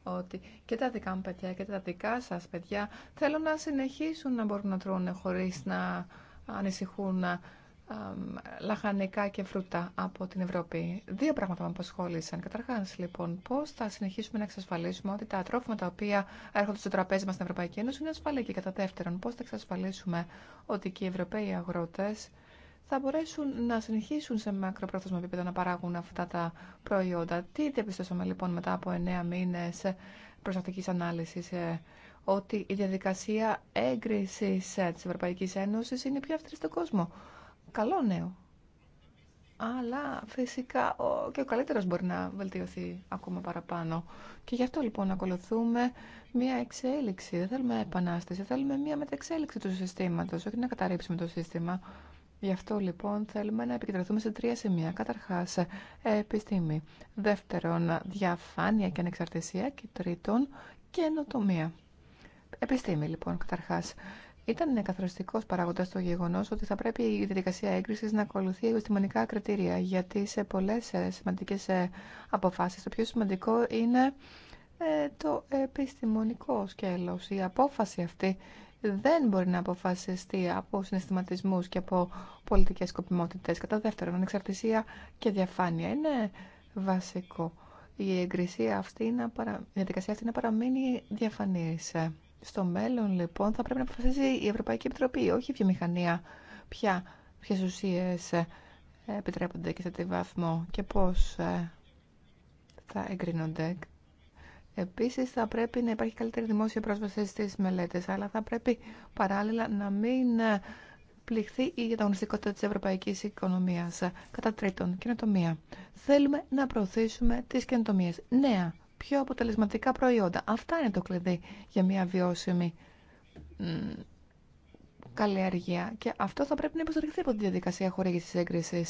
ότι και τα δικά μου παιδιά και τα δικά σας παιδιά θέλουν να συνεχίσουν να μπορούν να τρώνε χωρίς να ανησυχούν λαχανικά και φρούτα από την Ευρώπη. Δύο πράγματα με απασχόλησαν. Καταρχά, λοιπόν, πώ θα συνεχίσουμε να εξασφαλίσουμε ότι τα τρόφιμα τα οποία έρχονται στο τραπέζι μα στην Ευρωπαϊκή Ένωση είναι ασφαλή. Και κατά δεύτερον, πώ θα εξασφαλίσουμε ότι και οι Ευρωπαίοι αγρότε θα μπορέσουν να συνεχίσουν σε μακροπρόθεσμο επίπεδο να παράγουν αυτά τα προϊόντα. Τι διαπιστώσαμε λοιπόν μετά από εννέα μήνε προσεκτική ανάλυση ε, ότι η διαδικασία έγκριση ε, της Ευρωπαϊκής Ένωσης είναι πιο αυστηρή στον κόσμο καλό νέο. Αλλά φυσικά ο, και ο καλύτερος μπορεί να βελτιωθεί ακόμα παραπάνω. Και γι' αυτό λοιπόν ακολουθούμε μια εξέλιξη. Δεν θέλουμε επανάσταση, θέλουμε μια μεταξέλιξη του συστήματος, όχι να καταρρύψουμε το σύστημα. Γι' αυτό λοιπόν θέλουμε να επικεντρωθούμε σε τρία σημεία. Καταρχάς, επιστήμη. Δεύτερον, διαφάνεια και ανεξαρτησία. Και τρίτον, καινοτομία. Επιστήμη λοιπόν, καταρχάς. Ήταν καθοριστικό παράγοντα το γεγονό ότι θα πρέπει η διαδικασία έγκριση να ακολουθεί επιστημονικά κριτήρια, γιατί σε πολλέ ε, σημαντικέ ε, αποφάσει το πιο σημαντικό είναι ε, το επιστημονικό σκέλο. Η απόφαση αυτή δεν μπορεί να αποφασιστεί από συναισθηματισμού και από πολιτικές σκοπιμότητες. Κατά δεύτερον, ανεξαρτησία και διαφάνεια είναι βασικό. Η αυτή παρα... η διαδικασία αυτή να παραμείνει διαφανής. Στο μέλλον, λοιπόν, θα πρέπει να αποφασίζει η Ευρωπαϊκή Επιτροπή, όχι η βιομηχανία, ποια, ποιες ουσίες ε, επιτρέπονται και σε τι βαθμό και πώς ε, θα εγκρίνονται. Επίσης, θα πρέπει να υπάρχει καλύτερη δημόσια πρόσβαση στις μελέτες, αλλά θα πρέπει παράλληλα να μην ε, πληχθεί η ανταγωνιστικότητα της ευρωπαϊκής οικονομίας. Κατά τρίτον, καινοτομία. Θέλουμε να προωθήσουμε τις καινοτομίες. Νέα πιο αποτελεσματικά προϊόντα. Αυτά είναι το κλειδί για μια βιώσιμη καλλιέργεια. Και αυτό θα πρέπει να υποστηριχθεί από τη διαδικασία χορήγηση έγκριση.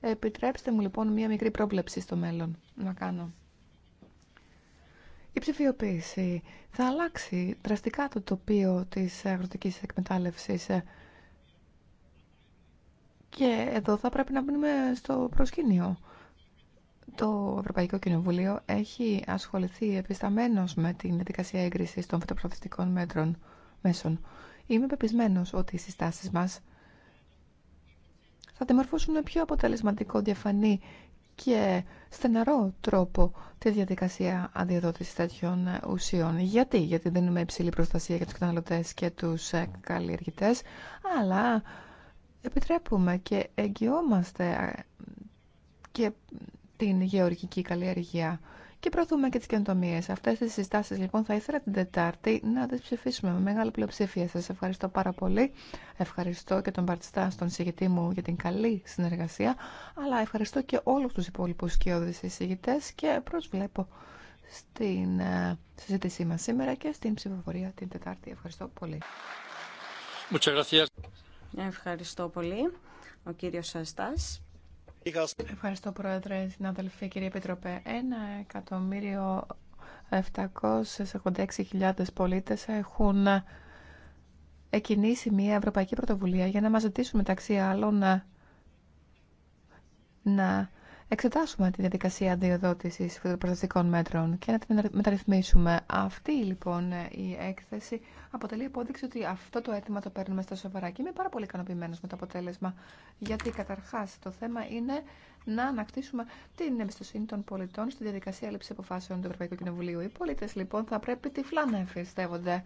Επιτρέψτε μου λοιπόν μία μικρή πρόβλεψη στο μέλλον να κάνω. Η ψηφιοποίηση θα αλλάξει δραστικά το τοπίο της αγροτικής εκμετάλλευσης και εδώ θα πρέπει να μπούμε στο προσκήνιο το Ευρωπαϊκό Κοινοβούλιο έχει ασχοληθεί επισταμένως με την διαδικασία έγκρισης των φυτοπροθεστικών μέτρων μέσων. Είμαι πεπισμένος ότι οι συστάσεις μας θα δημορφώσουν πιο αποτελεσματικό, διαφανή και στεναρό τρόπο τη διαδικασία αδειοδότηση τέτοιων ουσιών. Γιατί, γιατί δίνουμε υψηλή προστασία για τους καταναλωτέ και τους καλλιεργητέ, αλλά επιτρέπουμε και εγγυόμαστε και την γεωργική καλλιεργία και προωθούμε και τι καινοτομίε. Αυτέ τι συστάσει λοιπόν θα ήθελα την Τετάρτη να τι ψηφίσουμε με μεγάλη πλειοψηφία. σα. ευχαριστώ πάρα πολύ. Ευχαριστώ και τον Παρτιστά τον συγητή μου για την καλή συνεργασία, αλλά ευχαριστώ και όλους τους υπόλοιπου σκιώδεις εισηγητές και προσβλέπω στην ε, συζήτησή μα σήμερα και στην ψηφοφορία την Τετάρτη. Ευχαριστώ πολύ. Ευχαριστώ πολύ. Ο κύριος Σαστάς. Ευχαριστώ, Πρόεδρε, συνάδελφοι, κύριε Επιτροπέ. Ένα εκατομμύριο 786.000 πολίτες έχουν εκκινήσει μια ευρωπαϊκή πρωτοβουλία για να μας ζητήσουν μεταξύ άλλων να, να εξετάσουμε τη διαδικασία αντιοδότηση φυτοπροστατικών μέτρων και να την μεταρρυθμίσουμε. Αυτή λοιπόν η έκθεση αποτελεί απόδειξη ότι αυτό το αίτημα το παίρνουμε στα σοβαρά και είμαι πάρα πολύ ικανοποιημένος με το αποτέλεσμα γιατί καταρχάς το θέμα είναι να ανακτήσουμε την εμπιστοσύνη των πολιτών στη διαδικασία λήψη αποφάσεων του Ευρωπαϊκού Κοινοβουλίου. Οι πολίτες λοιπόν θα πρέπει τυφλά να εμφυστεύονται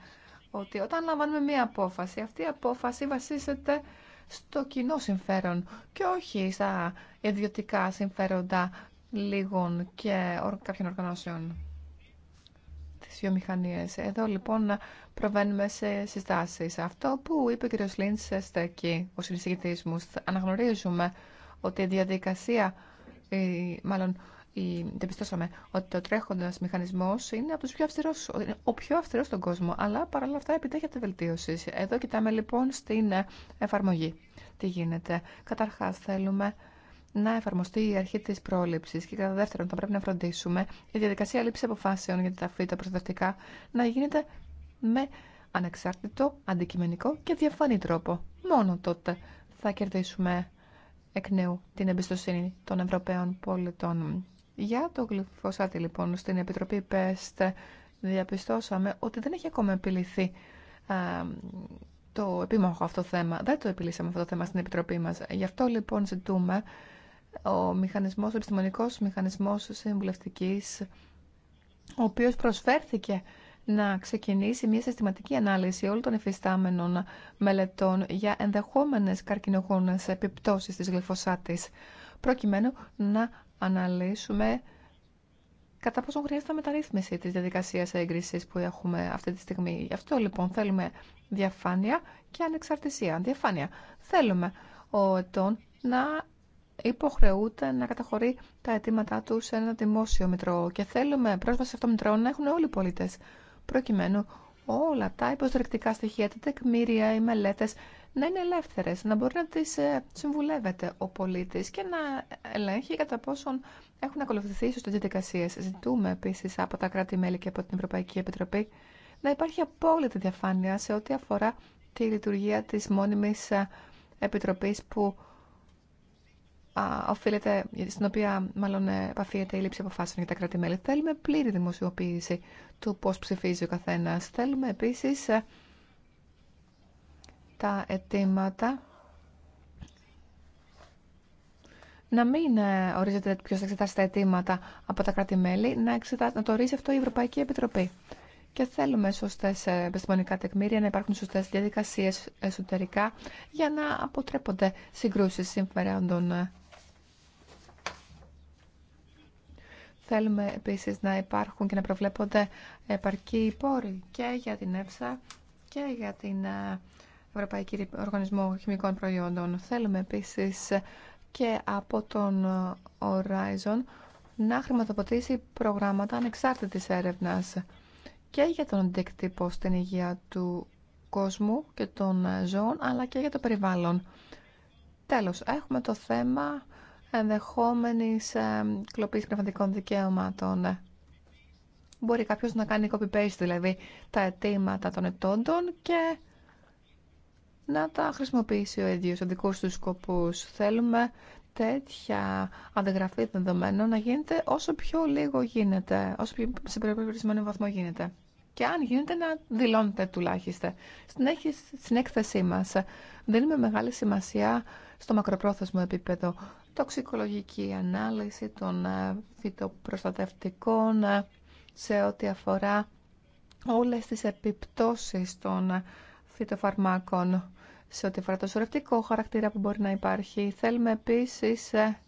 ότι όταν λαμβάνουμε μία απόφαση, αυτή η απόφαση βασίζεται στο κοινό συμφέρον και όχι στα ιδιωτικά συμφέροντα λίγων και κάποιων οργανώσεων τις βιομηχανίες. Εδώ λοιπόν προβαίνουμε σε συστάσεις. Αυτό που είπε ο κ. Λίντς στέκει ο συνεισηγητής μου. Αναγνωρίζουμε ότι η διαδικασία, μάλλον διαπιστώσαμε ότι ο τρέχοντα μηχανισμό είναι από του πιο αυστηρού, ο πιο αυστηρό στον κόσμο, αλλά παράλληλα αυτά επιτέχεται βελτίωση. Εδώ κοιτάμε λοιπόν στην ε, εφαρμογή. Τι γίνεται. Καταρχά, θέλουμε να εφαρμοστεί η αρχή τη πρόληψη και κατά δεύτερον, θα πρέπει να φροντίσουμε η διαδικασία λήψη αποφάσεων για τα φύτα προστατευτικά να γίνεται με ανεξάρτητο, αντικειμενικό και διαφανή τρόπο. Μόνο τότε θα κερδίσουμε εκ νέου την εμπιστοσύνη των Ευρωπαίων πολιτών. Για το γλυφωσάτι, λοιπόν στην Επιτροπή ΠΕΣΤ διαπιστώσαμε ότι δεν έχει ακόμα επιληθεί α, το επίμαχο αυτό θέμα. Δεν το επιλύσαμε αυτό το θέμα στην Επιτροπή μας. Γι' αυτό λοιπόν ζητούμε ο μηχανισμός, ο επιστημονικός μηχανισμός συμβουλευτικής ο οποίος προσφέρθηκε να ξεκινήσει μια συστηματική ανάλυση όλων των εφιστάμενων μελετών για ενδεχόμενες καρκινογόνες επιπτώσεις της γλυφοσάτης προκειμένου να αναλύσουμε κατά πόσο χρειάζεται μεταρρύθμιση της διαδικασίας έγκρισης που έχουμε αυτή τη στιγμή. Γι' αυτό λοιπόν θέλουμε διαφάνεια και ανεξαρτησία. Διαφάνεια. Θέλουμε ο ετών να υποχρεούται να καταχωρεί τα αιτήματά του σε ένα δημόσιο μητρό και θέλουμε πρόσβαση σε αυτό το μητρό να έχουν όλοι οι πολίτες προκειμένου όλα τα υποστηρικτικά στοιχεία, τα τεκμήρια, οι μελέτες να είναι ελεύθερες, να μπορεί να τις ε, συμβουλεύεται ο πολίτης και να ελέγχει κατά πόσον έχουν ακολουθηθεί ίσως τις διαδικασίες. Ζητούμε επίσης από τα κράτη-μέλη και από την Ευρωπαϊκή Επιτροπή να υπάρχει απόλυτη διαφάνεια σε ό,τι αφορά τη λειτουργία της μόνιμης ε, επιτροπής που οφείλεται, στην οποία μάλλον ε, επαφίεται η λήψη αποφάσεων για τα κράτη-μέλη. Θέλουμε πλήρη δημοσιοποίηση του πώς ψηφίζει ο καθένας. Θέλουμε επίσης τα αιτήματα να μην ε, ορίζεται ποιο θα εξετάσει τα αιτήματα από τα κράτη-μέλη, να, να το ορίζει αυτό η Ευρωπαϊκή Επιτροπή. Και θέλουμε σωστέ ε, επιστημονικά τεκμήρια, να υπάρχουν σωστέ διαδικασίε εσωτερικά για να αποτρέπονται συγκρούσει συμφερόντων. Θέλουμε επίσης να υπάρχουν και να προβλέπονται επαρκή πόροι και για την ΕΦΣΑ και για την ε, Ευρωπαϊκή Οργανισμό Χημικών Προϊόντων. Θέλουμε επίσης και από τον Horizon να χρηματοδοτήσει προγράμματα ανεξάρτητης έρευνας και για τον αντίκτυπο στην υγεία του κόσμου και των ζώων, αλλά και για το περιβάλλον. Τέλος, έχουμε το θέμα ενδεχόμενης ε, κλοπής πνευματικών δικαιωμάτων. Μπορεί κάποιος να κάνει copy-paste, δηλαδή, τα αιτήματα των ετώντων και να τα χρησιμοποιήσει ο ίδιος σε του σκοπούς. Θέλουμε τέτοια αντιγραφή δεδομένων να γίνεται όσο πιο λίγο γίνεται, όσο πιο σε περιορισμένο βαθμό γίνεται. Και αν γίνεται να δηλώνεται τουλάχιστον. Στην έκθεσή μας δίνουμε μεγάλη σημασία στο μακροπρόθεσμο επίπεδο τοξικολογική ανάλυση των ε, φυτοπροστατευτικών ε, σε ό,τι αφορά όλες τις επιπτώσεις των ε, φυτοφαρμάκων σε ό,τι αφορά το σωρευτικό χαρακτήρα που μπορεί να υπάρχει. Θέλουμε επίσης ε,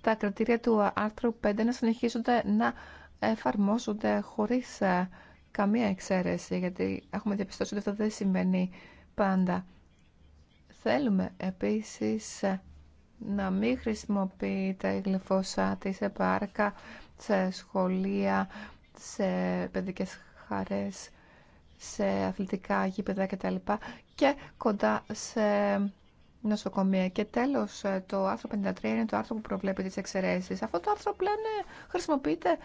τα κριτήρια του άρθρου 5 να συνεχίζονται να εφαρμόζονται χωρίς ε, καμία εξαίρεση, γιατί έχουμε διαπιστώσει ότι αυτό δεν συμβαίνει πάντα. Θέλουμε επίσης ε, να μην χρησιμοποιείται η γλυφοσάτη σε πάρκα, σε σχολεία, σε παιδικές χαρές, σε αθλητικά γήπεδα κτλ και κοντά σε νοσοκομεία. Και τέλο, ε, το άρθρο 53 είναι το άρθρο που προβλέπει τι εξαιρέσει. Αυτό το άρθρο πλέον ε, χρησιμοποιείται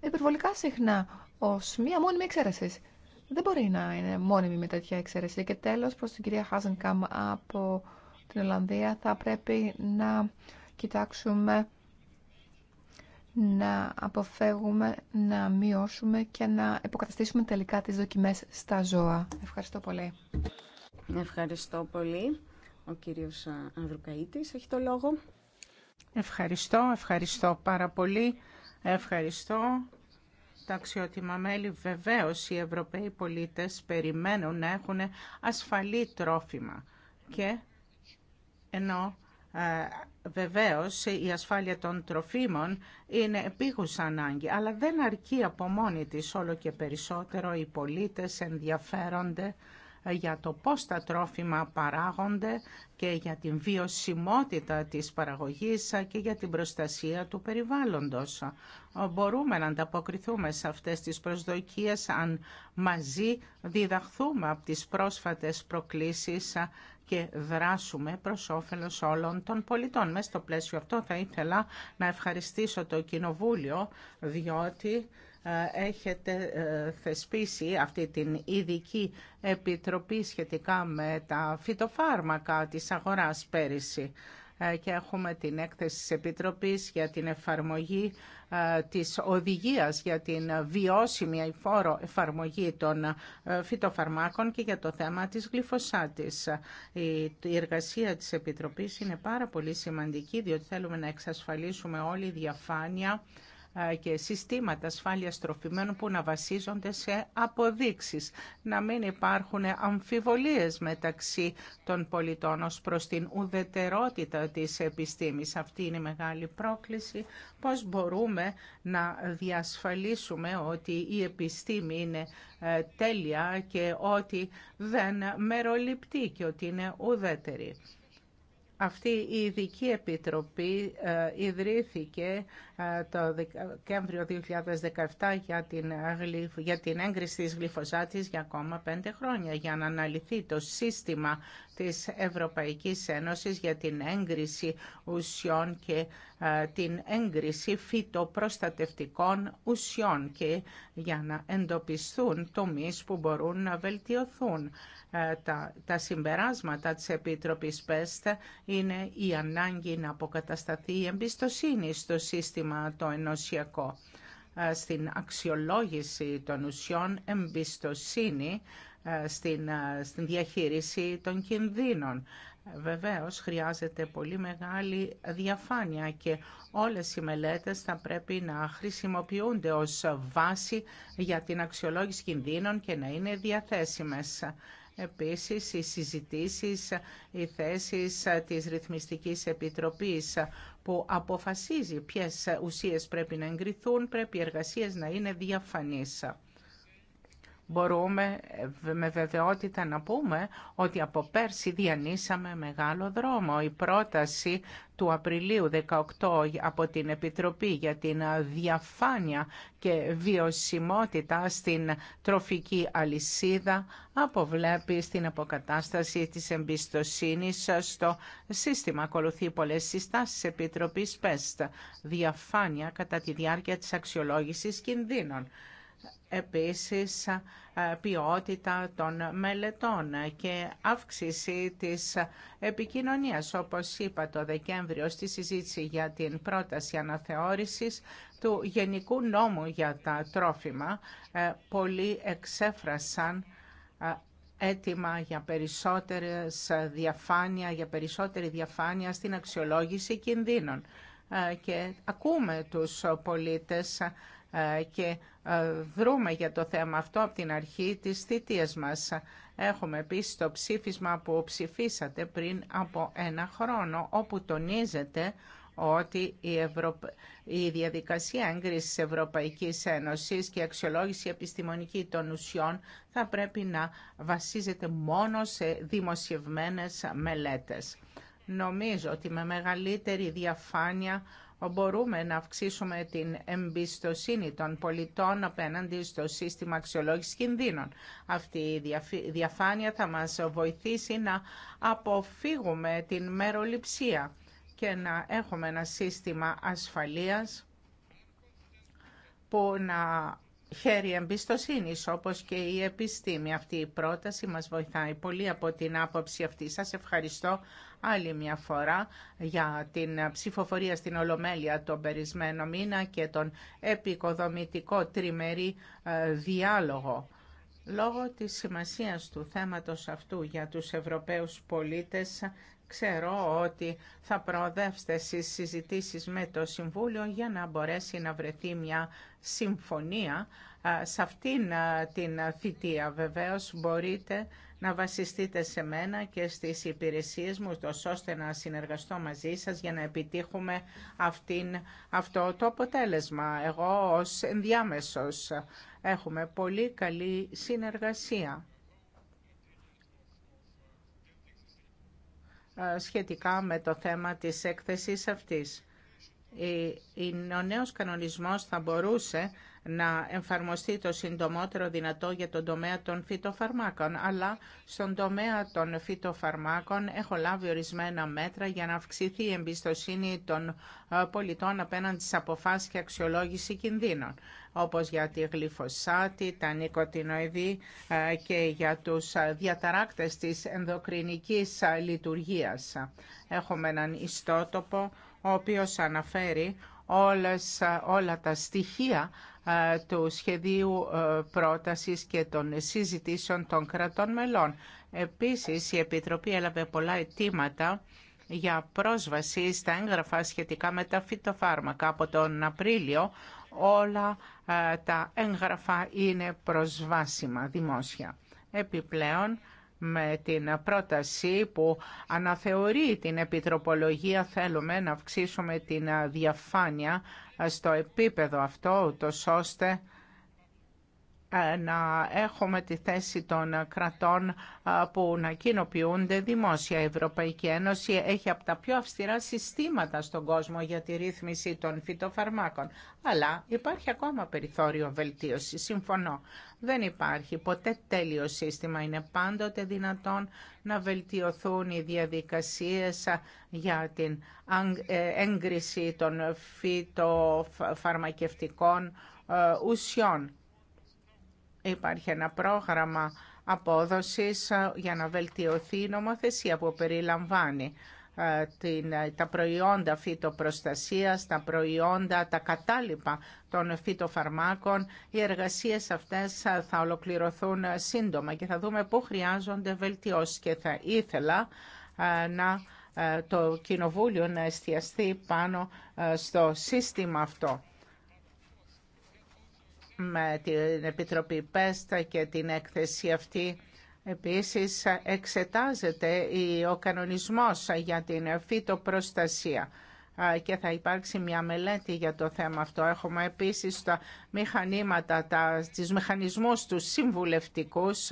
υπερβολικά συχνά ω μία μόνιμη εξαίρεση. Δεν μπορεί να είναι μόνιμη με τέτοια εξαίρεση. Και τέλο, προ την κυρία Χάζενκαμ από την Ολλανδία, θα πρέπει να κοιτάξουμε να αποφεύγουμε, να μειώσουμε και να υποκαταστήσουμε τελικά τις δοκιμές στα ζώα. Ευχαριστώ πολύ. Ευχαριστώ πολύ. Ο κύριος Ανδρουκαίτης έχει το λόγο. Ευχαριστώ, ευχαριστώ πάρα πολύ. Ευχαριστώ τα αξιότιμα μέλη. Βεβαίως οι Ευρωπαίοι πολίτες περιμένουν να έχουν ασφαλή τρόφιμα και ενώ βεβαίως η ασφάλεια των τροφίμων είναι επίγουσα ανάγκη, αλλά δεν αρκεί από μόνη της όλο και περισσότερο οι πολίτες ενδιαφέρονται για το πώς τα τρόφιμα παράγονται και για την βιωσιμότητα της παραγωγής και για την προστασία του περιβάλλοντος. Μπορούμε να ανταποκριθούμε σε αυτές τις προσδοκίες αν μαζί διδαχθούμε από τις πρόσφατες προκλήσεις και δράσουμε προς όφελος όλων των πολιτών. Μέσα στο πλαίσιο αυτό θα ήθελα να ευχαριστήσω το Κοινοβούλιο διότι ε, έχετε ε, θεσπίσει αυτή την ειδική επιτροπή σχετικά με τα φυτοφάρμακα της αγοράς πέρυσι ε, και έχουμε την έκθεση της Επιτροπής για την εφαρμογή της οδηγίας για την βιώσιμη αηφόρο εφαρμογή των φυτοφαρμάκων και για το θέμα της γλυφοσάτης. Η εργασία της Επιτροπής είναι πάρα πολύ σημαντική διότι θέλουμε να εξασφαλίσουμε όλη η διαφάνεια ε, και συστήματα ασφάλειας τροφιμένων που να βασίζονται σε αποδείξεις, να μην υπάρχουν αμφιβολίες μεταξύ των πολιτών ως προς την ουδετερότητα της επιστήμης. Αυτή είναι η μεγάλη πρόκληση, πώς μπορούμε να διασφαλίσουμε ότι η επιστήμη είναι ε, τέλεια και ότι δεν μεροληπτεί και ότι είναι ουδέτερη. Αυτή η ειδική επιτροπή ε, ιδρύθηκε ε, το Δεκέμβριο 2017 για την, την έγκριση της γλυφοζάτης για ακόμα πέντε χρόνια για να αναλυθεί το σύστημα της Ευρωπαϊκής Ένωσης για την έγκριση ουσιών και ε, την έγκριση φυτοπροστατευτικών ουσιών και για να εντοπιστούν τομείς που μπορούν να βελτιωθούν. Ε, τα, τα συμπεράσματα της Επίτροπης ΠΕΣΤ είναι η ανάγκη να αποκατασταθεί η εμπιστοσύνη στο σύστημα το ενωσιακό ε, στην αξιολόγηση των ουσιών εμπιστοσύνη ε, στην, στην διαχείριση των κινδύνων. Βεβαίως χρειάζεται πολύ μεγάλη διαφάνεια και όλες οι μελέτες θα πρέπει να χρησιμοποιούνται ως βάση για την αξιολόγηση κινδύνων και να είναι διαθέσιμες. Επίσης, οι συζητήσεις, οι θέσεις της Ρυθμιστικής Επιτροπής που αποφασίζει ποιες ουσίες πρέπει να εγκριθούν, πρέπει οι εργασίες να είναι διαφανείς μπορούμε ε, με βεβαιότητα να πούμε ότι από πέρσι διανύσαμε μεγάλο δρόμο. Η πρόταση του Απριλίου 18 από την Επιτροπή για την διαφάνεια και βιωσιμότητα στην τροφική αλυσίδα αποβλέπει στην αποκατάσταση της εμπιστοσύνης στο σύστημα. Ακολουθεί πολλές συστάσεις Επιτροπής ΠΕΣΤ. Διαφάνεια κατά τη διάρκεια της αξιολόγησης κινδύνων επίσης ποιότητα των μελετών και αύξηση της επικοινωνίας. Όπως είπα το Δεκέμβριο στη συζήτηση για την πρόταση αναθεώρησης του Γενικού Νόμου για τα τρόφιμα, ε, πολλοί εξέφρασαν έτοιμα για περισσότερες διαφάνεια, για περισσότερη διαφάνεια στην αξιολόγηση κινδύνων. Ε, και ακούμε τους πολίτες ε, και ε, βρούμε για το θέμα αυτό από την αρχή της θητείας μας. Έχουμε επίσης το ψήφισμα που ψηφίσατε πριν από ένα χρόνο, όπου τονίζεται ότι η, διαδικασία έγκρισης Ευρωπαϊκής Ένωσης και η αξιολόγηση επιστημονική των ουσιών θα πρέπει να βασίζεται μόνο σε δημοσιευμένες μελέτες. Νομίζω ότι με μεγαλύτερη διαφάνεια μπορούμε να αυξήσουμε την εμπιστοσύνη των πολιτών απέναντι στο σύστημα αξιολόγησης κινδύνων. Αυτή η διαφάνεια θα μας βοηθήσει να αποφύγουμε την μεροληψία και να έχουμε ένα σύστημα ασφαλείας που να χέρι εμπιστοσύνη, όπως και η επιστήμη. Αυτή η πρόταση μα βοηθάει πολύ από την άποψη αυτή. Σα. ευχαριστώ άλλη μια φορά για την ψηφοφορία στην Ολομέλεια τον περισμένο μήνα και τον επικοδομητικό τριμερή ε, διάλογο. Λόγω της σημασίας του θέματος αυτού για τους Ευρωπαίους πολίτες, ξέρω ότι θα προοδεύστε στις συζητήσεις με το Συμβούλιο για να μπορέσει να βρεθεί μια συμφωνία σε αυτήν την θητεία. Βεβαίως μπορείτε να βασιστείτε σε μένα και στις υπηρεσίες μου, ώστε να συνεργαστώ μαζί σας για να επιτύχουμε αυτήν, αυτό το αποτέλεσμα. Εγώ ως ενδιάμεσος έχουμε πολύ καλή συνεργασία. σχετικά με το θέμα της έκθεσης αυτής. Ε, ο νέος κανονισμός θα μπορούσε να εμφαρμοστεί το συντομότερο δυνατό για τον τομέα των φυτοφαρμάκων, αλλά στον τομέα των φυτοφαρμάκων έχω λάβει ορισμένα μέτρα για να αυξηθεί η εμπιστοσύνη των ε, πολιτών απέναντι στις αποφάσεις και αξιολόγηση κινδύνων, όπως για τη γλυφοσάτη, τα νοικοτινοειδή ε, και για τους διαταράκτες της ενδοκρινικής λειτουργίας. Έχουμε έναν ιστότοπο ο οποίος αναφέρει όλες, όλα τα στοιχεία ε, του σχεδίου ε, πρότασης και των συζητήσεων των κρατών μελών. Επίσης, η Επιτροπή έλαβε πολλά αιτήματα για πρόσβαση στα έγγραφα σχετικά με τα φυτοφάρμακα. Από τον Απρίλιο όλα ε, τα έγγραφα είναι προσβάσιμα δημόσια. Επιπλέον, με την πρόταση που αναθεωρεί την επιτροπολογία θέλουμε να αυξήσουμε την διαφάνεια στο επίπεδο αυτό, ούτως ώστε ε, να έχουμε τη θέση των κρατών ε, που να κοινοποιούνται δημόσια. Η Ευρωπαϊκή Ένωση έχει από τα πιο αυστηρά συστήματα στον κόσμο για τη ρύθμιση των φυτοφαρμάκων. Αλλά υπάρχει ακόμα περιθώριο βελτίωση. Συμφωνώ. Δεν υπάρχει ποτέ τέλειο σύστημα. Είναι πάντοτε δυνατόν να βελτιωθούν οι διαδικασίες ε, για την έγκριση των φυτοφαρμακευτικών ουσιών Υπάρχει ένα πρόγραμμα απόδοσης ε, για να βελτιωθεί η νομοθεσία που περιλαμβάνει ε, ε, τα προϊόντα φυτοπροστασίας, τα προϊόντα, τα κατάλοιπα των φυτοφαρμάκων. Οι εργασίες αυτές θα ολοκληρωθούν σύντομα και θα δούμε πού χρειάζονται βελτιώσεις και θα ήθελα να το Κοινοβούλιο να εστιαστεί πάνω στο σύστημα αυτό με την Επιτροπή ΠΕΣΤΑ και την έκθεση αυτή. Επίσης εξετάζεται ο κανονισμός για την φυτοπροστασία και θα υπάρξει μια μελέτη για το θέμα αυτό. Έχουμε επίσης τα μηχανήματα, τα, τις μηχανισμούς του συμβουλευτικούς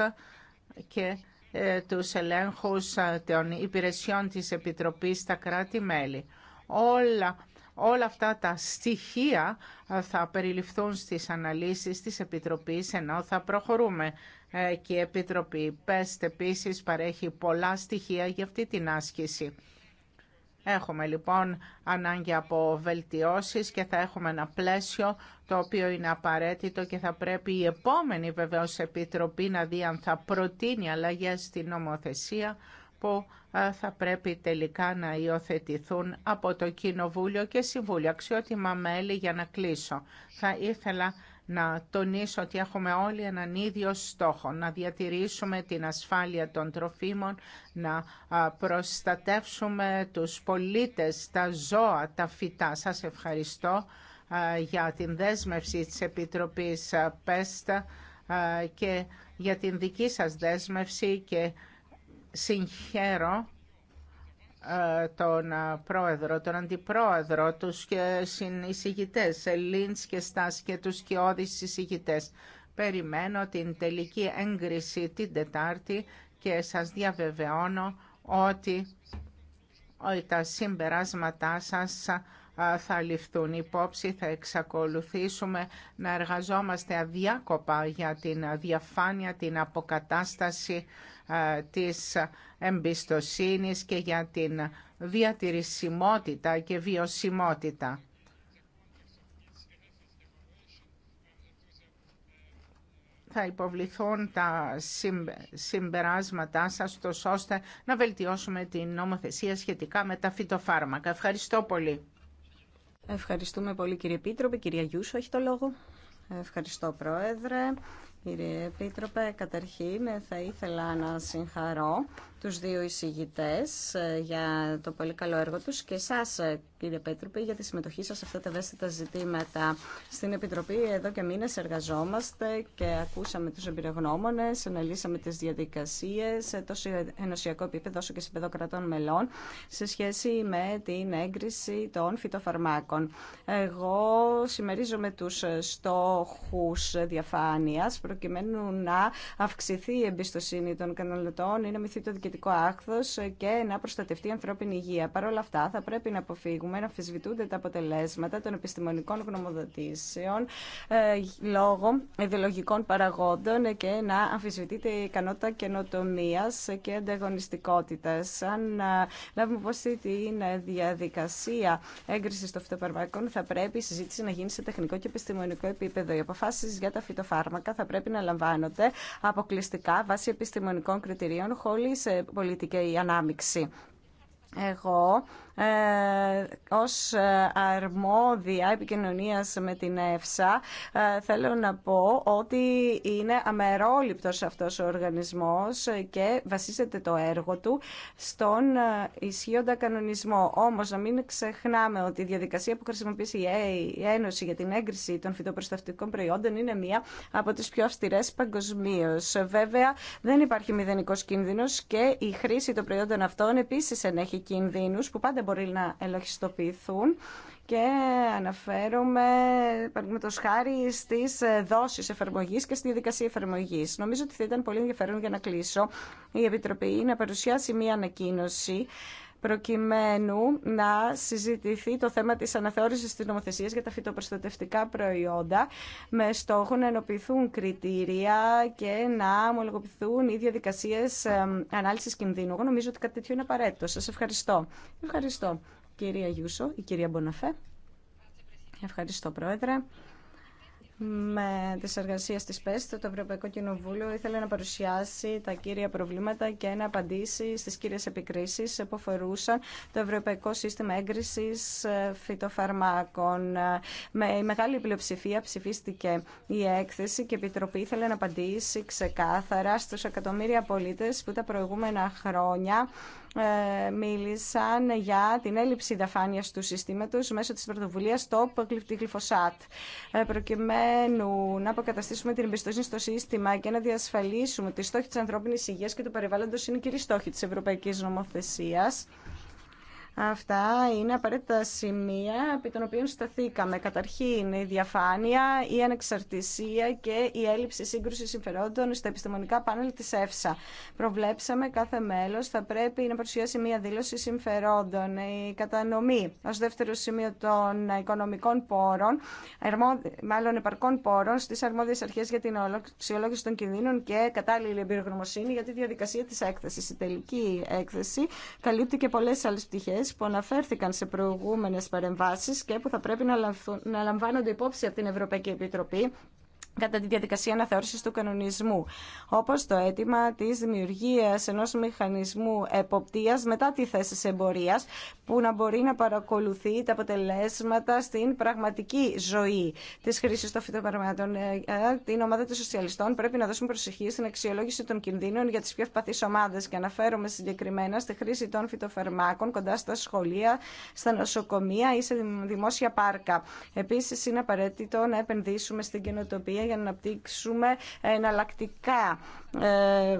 και του ε, τους ελέγχους των υπηρεσιών της Επιτροπής στα κράτη-μέλη. Όλα Όλα αυτά τα στοιχεία ε, θα περιληφθούν στις αναλύσεις της Επιτροπής ενώ θα προχωρούμε. Ε, και η Επιτροπή ΠΕΣΤ επίση παρέχει πολλά στοιχεία για αυτή την άσκηση. Έχουμε λοιπόν ανάγκη από βελτιώσεις και θα έχουμε ένα πλαίσιο το οποίο είναι απαραίτητο και θα πρέπει η επόμενη βεβαίως Επιτροπή να δει αν θα προτείνει αλλαγές στην νομοθεσία που ε, θα πρέπει τελικά να υιοθετηθούν από το Κοινοβούλιο και Συμβούλιο. Αξιότιμα μέλη για να κλείσω. Θα ήθελα να τονίσω ότι έχουμε όλοι έναν ίδιο στόχο, να διατηρήσουμε την ασφάλεια των τροφίμων, να προστατεύσουμε τους πολίτες, τα ζώα, τα φυτά. Σας ευχαριστώ για την δέσμευση της Επιτροπής ΠΕΣΤΑ και για την δική σας δέσμευση και συγχαίρω ε, τον ε, πρόεδρο, τον αντιπρόεδρο, τους συνεισηγητές, ε, Λίντς και Στάς και τους κοιόδης εισηγητές. Περιμένω την τελική έγκριση την Τετάρτη και σας διαβεβαιώνω ότι τα συμπεράσματά σας θα ληφθούν υπόψη, θα εξακολουθήσουμε να εργαζόμαστε αδιάκοπα για την διαφάνεια, την αποκατάσταση της εμπιστοσύνης και για την διατηρησιμότητα και βιωσιμότητα. θα υποβληθούν τα συμπεράσματά σας, τόσο ώστε να βελτιώσουμε την νομοθεσία σχετικά με τα φυτοφάρμακα. Ευχαριστώ πολύ. Ευχαριστούμε πολύ κύριε Πίτροπε. Κυρία Γιούσο έχει το λόγο. Ευχαριστώ Πρόεδρε. Κύριε Επίτροπε, καταρχήν ε, θα ήθελα να συγχαρώ τους δύο εισηγητές ε, για το πολύ καλό έργο τους και εσάς ε, κύριε Πέτροπε, για τη συμμετοχή σας σε αυτά τα ευαίσθητα ζητήματα. Στην Επιτροπή εδώ και μήνες εργαζόμαστε και ακούσαμε τους εμπειρογνώμονες, αναλύσαμε τις διαδικασίες ε, τόσο ενωσιακό επίπεδο όσο και σε επίπεδο κρατών μελών σε σχέση με την έγκριση των φυτοφαρμάκων. Εγώ συμμερίζομαι τους στόχους διαφάνειας προκειμένου να αυξηθεί η εμπιστοσύνη των καταναλωτών ή να το σχετικό και να προστατευτεί η ανθρώπινη υγεία. Παρ' όλα αυτά θα πρέπει να αποφύγουμε να αμφισβητούνται τα αποτελέσματα των επιστημονικών γνωμοδοτήσεων ε, λόγω ιδεολογικών παραγόντων και να αμφισβητείται η ικανότητα καινοτομία και ανταγωνιστικότητα. Αν ε, λάβουμε υπόψη την διαδικασία έγκριση των φυτοπαρμακών, θα πρέπει η συζήτηση να γίνει σε τεχνικό και επιστημονικό επίπεδο. Οι αποφάσει για τα φυτοφάρμακα θα πρέπει να λαμβάνονται αποκλειστικά βάσει επιστημονικών κριτηρίων, χωρί ε, πολιτική ανάμειξη. Εγώ ε, ως ε, αρμόδια επικοινωνίας με την ΕΦΣΑ ε, θέλω να πω ότι είναι αμερόληπτος αυτός ο οργανισμός και βασίζεται το έργο του στον ισχύοντα κανονισμό. Όμως να μην ξεχνάμε ότι η διαδικασία που χρησιμοποιήσει η Ένωση για την έγκριση των φυτοπροσταυτικών προϊόντων είναι μία από τις πιο αυστηρές παγκοσμίω. Βέβαια δεν υπάρχει μηδενικός κίνδυνος και η χρήση των προϊόντων αυτών επίσης ενέχει κινδύνους που πάντα μπορεί να ελαχιστοποιηθούν και αναφέρομαι, παραδείγματο χάρη, στι ε, δόσεις εφαρμογή και στη διαδικασία εφαρμογή. Νομίζω ότι θα ήταν πολύ ενδιαφέρον για να κλείσω η Επιτροπή να παρουσιάσει μία ανακοίνωση προκειμένου να συζητηθεί το θέμα της αναθεώρησης της νομοθεσίας για τα φυτοπροστατευτικά προϊόντα με στόχο να ενοποιηθούν κριτήρια και να ομολογοποιηθούν οι διαδικασίες ανάλυσης κινδύνου. Εγώ νομίζω ότι κάτι τέτοιο είναι απαραίτητο. Σας ευχαριστώ. Ευχαριστώ κυρία Γιούσο, η κυρία Μποναφέ. Ευχαριστώ πρόεδρε με τις εργασίες της ΠΕΣΤΟ, το Ευρωπαϊκό Κοινοβούλιο ήθελε να παρουσιάσει τα κύρια προβλήματα και να απαντήσει στις κύριες επικρίσεις που αφορούσαν το Ευρωπαϊκό Σύστημα Έγκρισης ε, Φυτοφαρμάκων. Με μεγάλη πλειοψηφία ψηφίστηκε η έκθεση και η Επιτροπή ήθελε να απαντήσει ξεκάθαρα στους εκατομμύρια πολίτες που τα προηγούμενα χρόνια ε, μίλησαν για την έλλειψη δαφάνεια του συστήματο μέσω τη πρωτοβουλία Stop Glyphosat. Ε, προκειμένου να αποκαταστήσουμε την εμπιστοσύνη στο σύστημα και να διασφαλίσουμε ότι οι στόχοι τη ανθρώπινη υγεία και του περιβάλλοντο είναι κυρίω στόχοι τη Ευρωπαϊκή Νομοθεσία. Αυτά είναι απαραίτητα σημεία επί των οποίων σταθήκαμε. Καταρχήν η διαφάνεια, η ανεξαρτησία και η έλλειψη σύγκρουση συμφερόντων στα επιστημονικά πάνελ τη ΕΦΣΑ. Προβλέψαμε κάθε μέλο, θα πρέπει να παρουσιάσει μία δήλωση συμφερόντων. Η κατανομή Ω δεύτερο σημείο των οικονομικών πόρων, μάλλον επαρκών πόρων στι αρμόδιες αρχέ για την αξιολόγηση των κινδύνων και κατάλληλη εμπειρογνωμοσύνη για τη διαδικασία τη έκθεση. Η τελική έκθεση καλύπτει και πολλέ άλλε πτυχέ που αναφέρθηκαν σε προηγούμενες παρεμβάσεις και που θα πρέπει να λαμβάνονται υπόψη από την Ευρωπαϊκή Επιτροπή κατά τη διαδικασία αναθεώρησης του κανονισμού, Όπω το αίτημα τη δημιουργία ενό μηχανισμού εποπτείας μετά τη θέση εμπορία εμπορίας, που να μπορεί να παρακολουθεί τα αποτελέσματα στην πραγματική ζωή τη χρήση των φυτοπαραγματών. Ε, ε, την ομάδα των σοσιαλιστών πρέπει να δώσουμε προσοχή στην αξιολόγηση των κινδύνων για τι πιο ευπαθεί ομάδε και αναφέρομαι συγκεκριμένα στη χρήση των φυτοφαρμάκων κοντά στα σχολεία, στα νοσοκομεία ή σε δημόσια πάρκα. Επίση, είναι απαραίτητο να επενδύσουμε στην καινοτοπία για να αναπτύξουμε εναλλακτικά ε,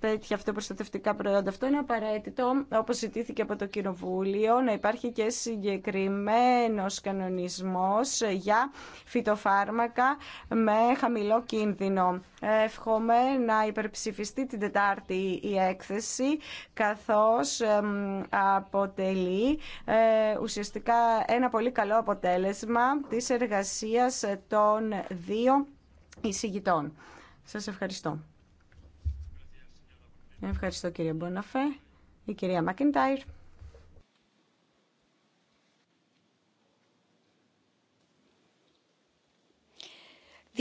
τέτοια αυτοπροστατευτικά προϊόντα. Αυτό είναι απαραίτητο, όπως ζητήθηκε από το Κοινοβούλιο, να υπάρχει και συγκεκριμένος κανονισμός για φυτοφάρμακα με χαμηλό κίνδυνο. Εύχομαι να υπερψηφιστεί την Τετάρτη η έκθεση, καθώς αποτελεί ε, ουσιαστικά ένα πολύ καλό αποτέλεσμα της εργασίας των δύο εισηγητών. Σας ευχαριστώ. Ευχαριστώ κύριε Μποναφέ. Η κυρία Μακεντάιρ. E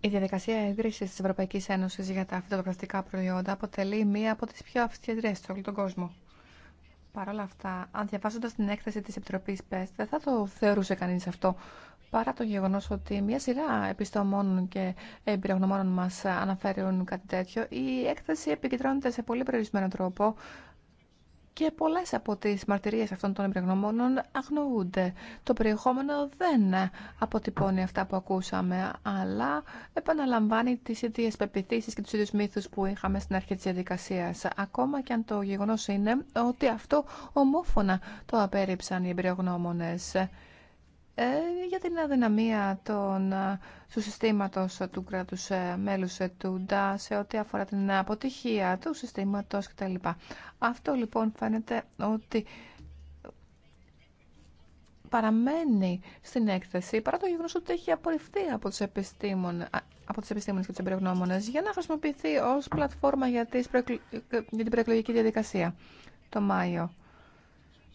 Η διαδικασία έγκριση τη Ευρωπαϊκή Ένωση για τα φυτοπροστατικά προϊόντα αποτελεί μία από τι πιο αυστηρέ σε όλο τον κόσμο. Παρ' όλα αυτά, αν διαβάζοντα την έκθεση τη Επιτροπή ΠΕΣΤ, δεν θα το θεωρούσε κανεί αυτό Παρά το γεγονός ότι μια σειρά επιστομών και εμπειρογνωμόνων μας αναφέρουν κάτι τέτοιο, η έκθεση επικεντρώνεται σε πολύ περιορισμένο τρόπο και πολλές από τις μαρτυρίες αυτών των εμπειρογνωμόνων αγνοούνται. Το περιεχόμενο δεν αποτυπώνει αυτά που ακούσαμε, αλλά επαναλαμβάνει τις ίδιες πεπιθήσεις και τους ίδιους μύθους που είχαμε στην αρχή της διαδικασία. Ακόμα και αν το γεγονός είναι ότι αυτό ομόφωνα το απέρριψαν οι εμπειρογνώμονες. Ε, για την αδυναμία των, ε, του συστήματος ε, του κράτους μέλους του ΝΤΑ σε ό,τι αφορά την αποτυχία του συστήματος κτλ. Αυτό λοιπόν φαίνεται ότι παραμένει στην έκθεση παρά το γεγονός ότι έχει απορριφθεί από τους, επιστήμονες από επιστήμονες και τους εμπειρογνώμονες για να χρησιμοποιηθεί ως πλατφόρμα για, τις για την προεκλογική διαδικασία το Μάιο.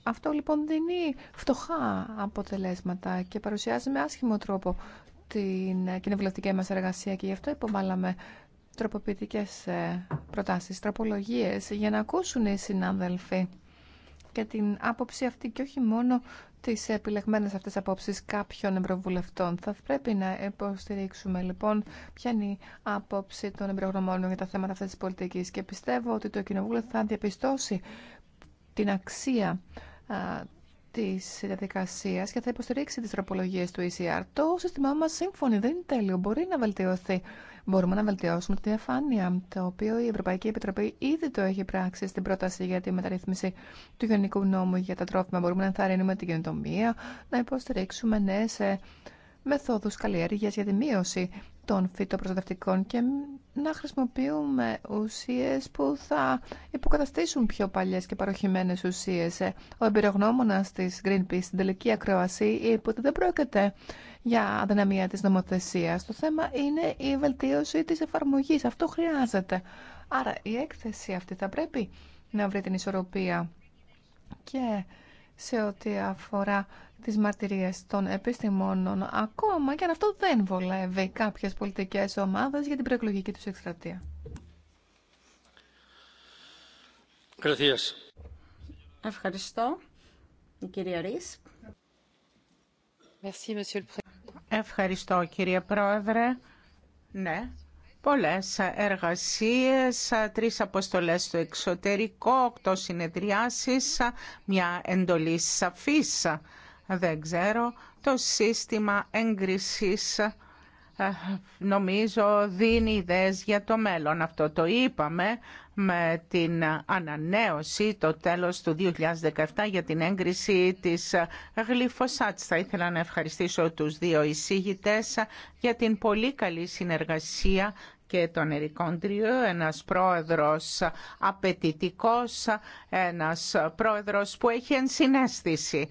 Αυτό λοιπόν δίνει φτωχά αποτελέσματα και παρουσιάζει με άσχημο τρόπο την κοινοβουλευτική μας εργασία και γι' αυτό υποβάλαμε τροποποιητικές ε, προτάσεις, τροπολογίες για να ακούσουν οι συνάδελφοι και την άποψη αυτή και όχι μόνο τις επιλεγμένες αυτές απόψεις κάποιων ευρωβουλευτών. Θα πρέπει να υποστηρίξουμε λοιπόν ποια είναι η άποψη των εμπειρογνωμόνων για τα θέματα αυτής της πολιτικής και πιστεύω ότι το Κοινοβούλιο θα διαπιστώσει την αξία τη διαδικασία και θα υποστηρίξει τις τροπολογίε του ECR. Το σύστημά μας σύμφωνη δεν είναι τέλειο. Μπορεί να βελτιωθεί. Μπορούμε να βελτιώσουμε τη διαφάνεια, το οποίο η Ευρωπαϊκή Επιτροπή ήδη το έχει πράξει στην πρόταση για τη μεταρρύθμιση του Γενικού Νόμου για τα τρόφιμα. Μπορούμε να ενθαρρύνουμε την καινοτομία, να υποστηρίξουμε νέε μεθόδου καλλιέργεια για τη μείωση των φυτοπροστατευτικών και να χρησιμοποιούμε ουσίες που θα υποκαταστήσουν πιο παλιές και παροχημένες ουσίες. Ε, ο εμπειρογνώμονας της Greenpeace στην τελική ακροασή είπε ότι δεν πρόκειται για αδυναμία της νομοθεσίας. Το θέμα είναι η βελτίωση της εφαρμογής. Αυτό χρειάζεται. Άρα η έκθεση αυτή θα πρέπει να βρει την ισορροπία και σε ό,τι αφορά τις μαρτυρίες των επιστημόνων ακόμα και αν αυτό δεν βολεύει κάποιες πολιτικές ομάδες για την προεκλογική τους εκστρατεία. Ευχαριστώ. κυρία Ρίς. Ευχαριστώ κύριε Πρόεδρε. Ναι, πολλές εργασίες, τρεις αποστολές στο εξωτερικό, οκτώ συνεδριάσεις, μια εντολή σαφής δεν ξέρω. Το σύστημα έγκρισης ε, νομίζω δίνει ιδέες για το μέλλον. Αυτό το είπαμε με την ανανέωση το τέλος του 2017 για την έγκριση της Γλυφοσάτς. Θα ήθελα να ευχαριστήσω τους δύο εισήγητες για την πολύ καλή συνεργασία και τον Ερικόντριο, ένας πρόεδρος απαιτητικός, ένας πρόεδρος που έχει ενσυναίσθηση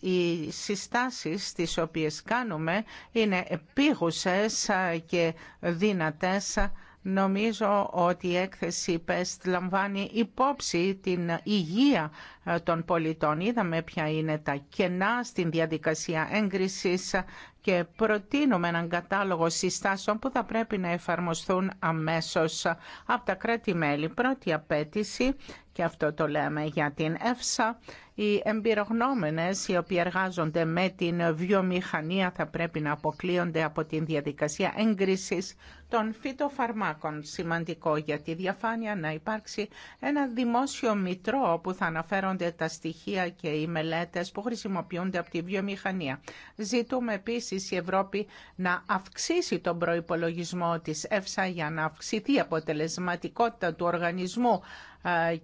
οι συστάσεις τις οποίες κάνουμε είναι επίγουσες και δύνατες. Νομίζω ότι η έκθεση ΠΕΣΤ λαμβάνει υπόψη την υγεία ε, των πολιτών. Είδαμε ποια είναι τα κενά στην διαδικασία έγκρισης και προτείνουμε έναν κατάλογο συστάσεων που θα πρέπει να εφαρμοστούν αμέσως από τα κράτη-μέλη. Πρώτη απέτηση, και αυτό το λέμε για την ΕΦΣΑ, οι εμπειρογνώμενες οι οποίοι εργάζονται με την βιομηχανία θα πρέπει να αποκλείονται από την διαδικασία έγκρισης των φυτοφαρμάκων. Σημαντικό για τη διαφάνεια να υπάρξει ένα δημόσιο μητρό που θα αναφέρονται αναφέρονται τα στοιχεία και οι μελέτες που χρησιμοποιούνται από τη βιομηχανία. Ζητούμε επίσης η Ευρώπη να αυξήσει τον προπολογισμό της ΕΦΣΑ για να αυξηθεί η αποτελεσματικότητα του οργανισμού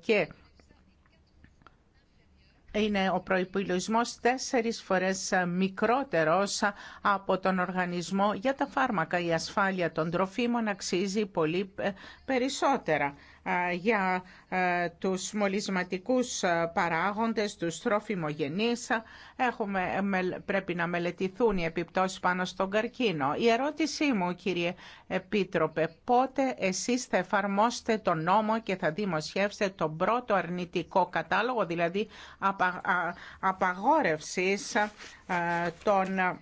και είναι ο προπολογισμό τέσσερις φορές μικρότερος από τον οργανισμό για τα φάρμακα. Η ασφάλεια των τροφίμων αξίζει πολύ ε, περισσότερα. Ε, για ε, τους μολυσματικούς ε, παράγοντες, τους τρόφιμογενείς. Έχουμε, πρέπει να μελετηθούν οι επιπτώσεις πάνω στον καρκίνο. Η ερώτησή μου, κύριε Επίτροπε, πότε εσείς θα εφαρμόσετε τον νόμο και θα δημοσιεύσετε τον πρώτο αρνητικό κατάλογο, δηλαδή απαγόρευσης των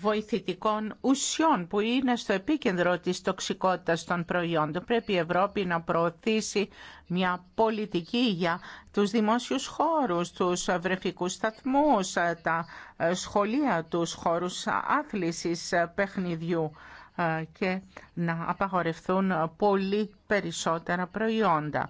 βοηθητικών ουσιών που είναι στο επίκεντρο της τοξικότητας των προϊόντων. Πρέπει η Ευρώπη να προωθήσει μια πολιτική για τους δημόσιους χώρους, τους βρεφικούς σταθμούς, τα ε, σχολεία, τους χώρους άθλησης ε, παιχνιδιού ε, και να απαγορευθούν πολύ περισσότερα προϊόντα.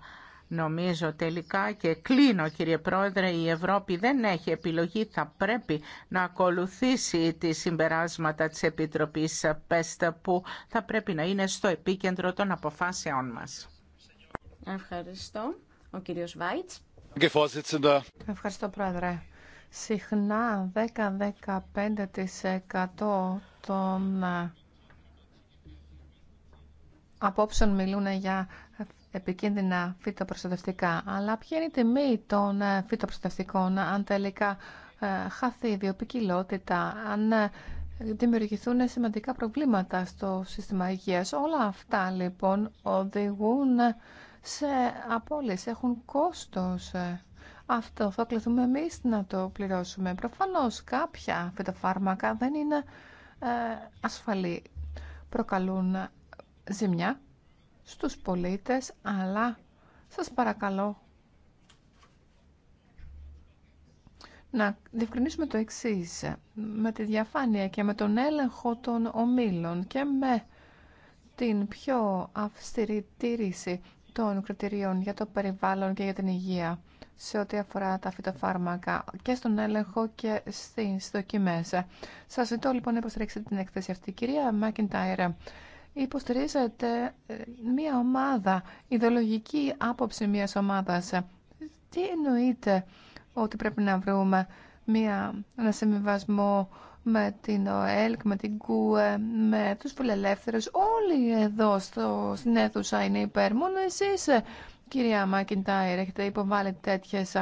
Νομίζω τελικά και κλείνω κύριε Πρόεδρε, η Ευρώπη δεν έχει επιλογή, θα πρέπει να ακολουθήσει τη συμπεράσματα της Επιτροπής ΠΕΣΤΑ που θα πρέπει να είναι στο επίκεντρο των αποφάσεών μας. Ευχαριστώ. Ο κύριος Βάιτς. Ευχαριστώ Πρόεδρε. Συχνά 10-15% των ε, απόψεων μιλούν για επικίνδυνα φυτοπροστατευτικά. Αλλά ποια είναι η τιμή των ε, φυτοπροστατευτικών αν τελικά ε, χαθεί η βιοπικιλότητα, αν ε, δημιουργηθούν σημαντικά προβλήματα στο σύστημα υγείας. Όλα αυτά λοιπόν οδηγούν σε απόλυση, έχουν κόστος. Αυτό θα κληθούμε εμείς να το πληρώσουμε. Προφανώς κάποια φυτοφάρμακα δεν είναι ασφαλή. Προκαλούν ζημιά στους πολίτες, αλλά σας παρακαλώ να διευκρινίσουμε το εξής. Με τη διαφάνεια και με τον έλεγχο των ομίλων και με την πιο αυστηρή τήρηση των κριτηρίων για το περιβάλλον και για την υγεία σε ό,τι αφορά τα φυτοφάρμακα και στον έλεγχο και στις δοκιμές. Σας ζητώ λοιπόν να υποστηρίξετε την εκθέση αυτή. Κυρία Μάκινταϊρε, υποστηρίζετε μία ομάδα, ιδεολογική άποψη μιας ομάδας. Τι εννοείτε ότι πρέπει να βρούμε μία, ένα συμβιβασμό με την ΟΕΛΚ, με την ΚΟΕ, με τους φιλελεύθερους. Όλοι εδώ στο, στην αίθουσα είναι υπέρ. Μόνο εσείς, ε, κυρία Μακιντάιρ, έχετε υποβάλει τέτοιες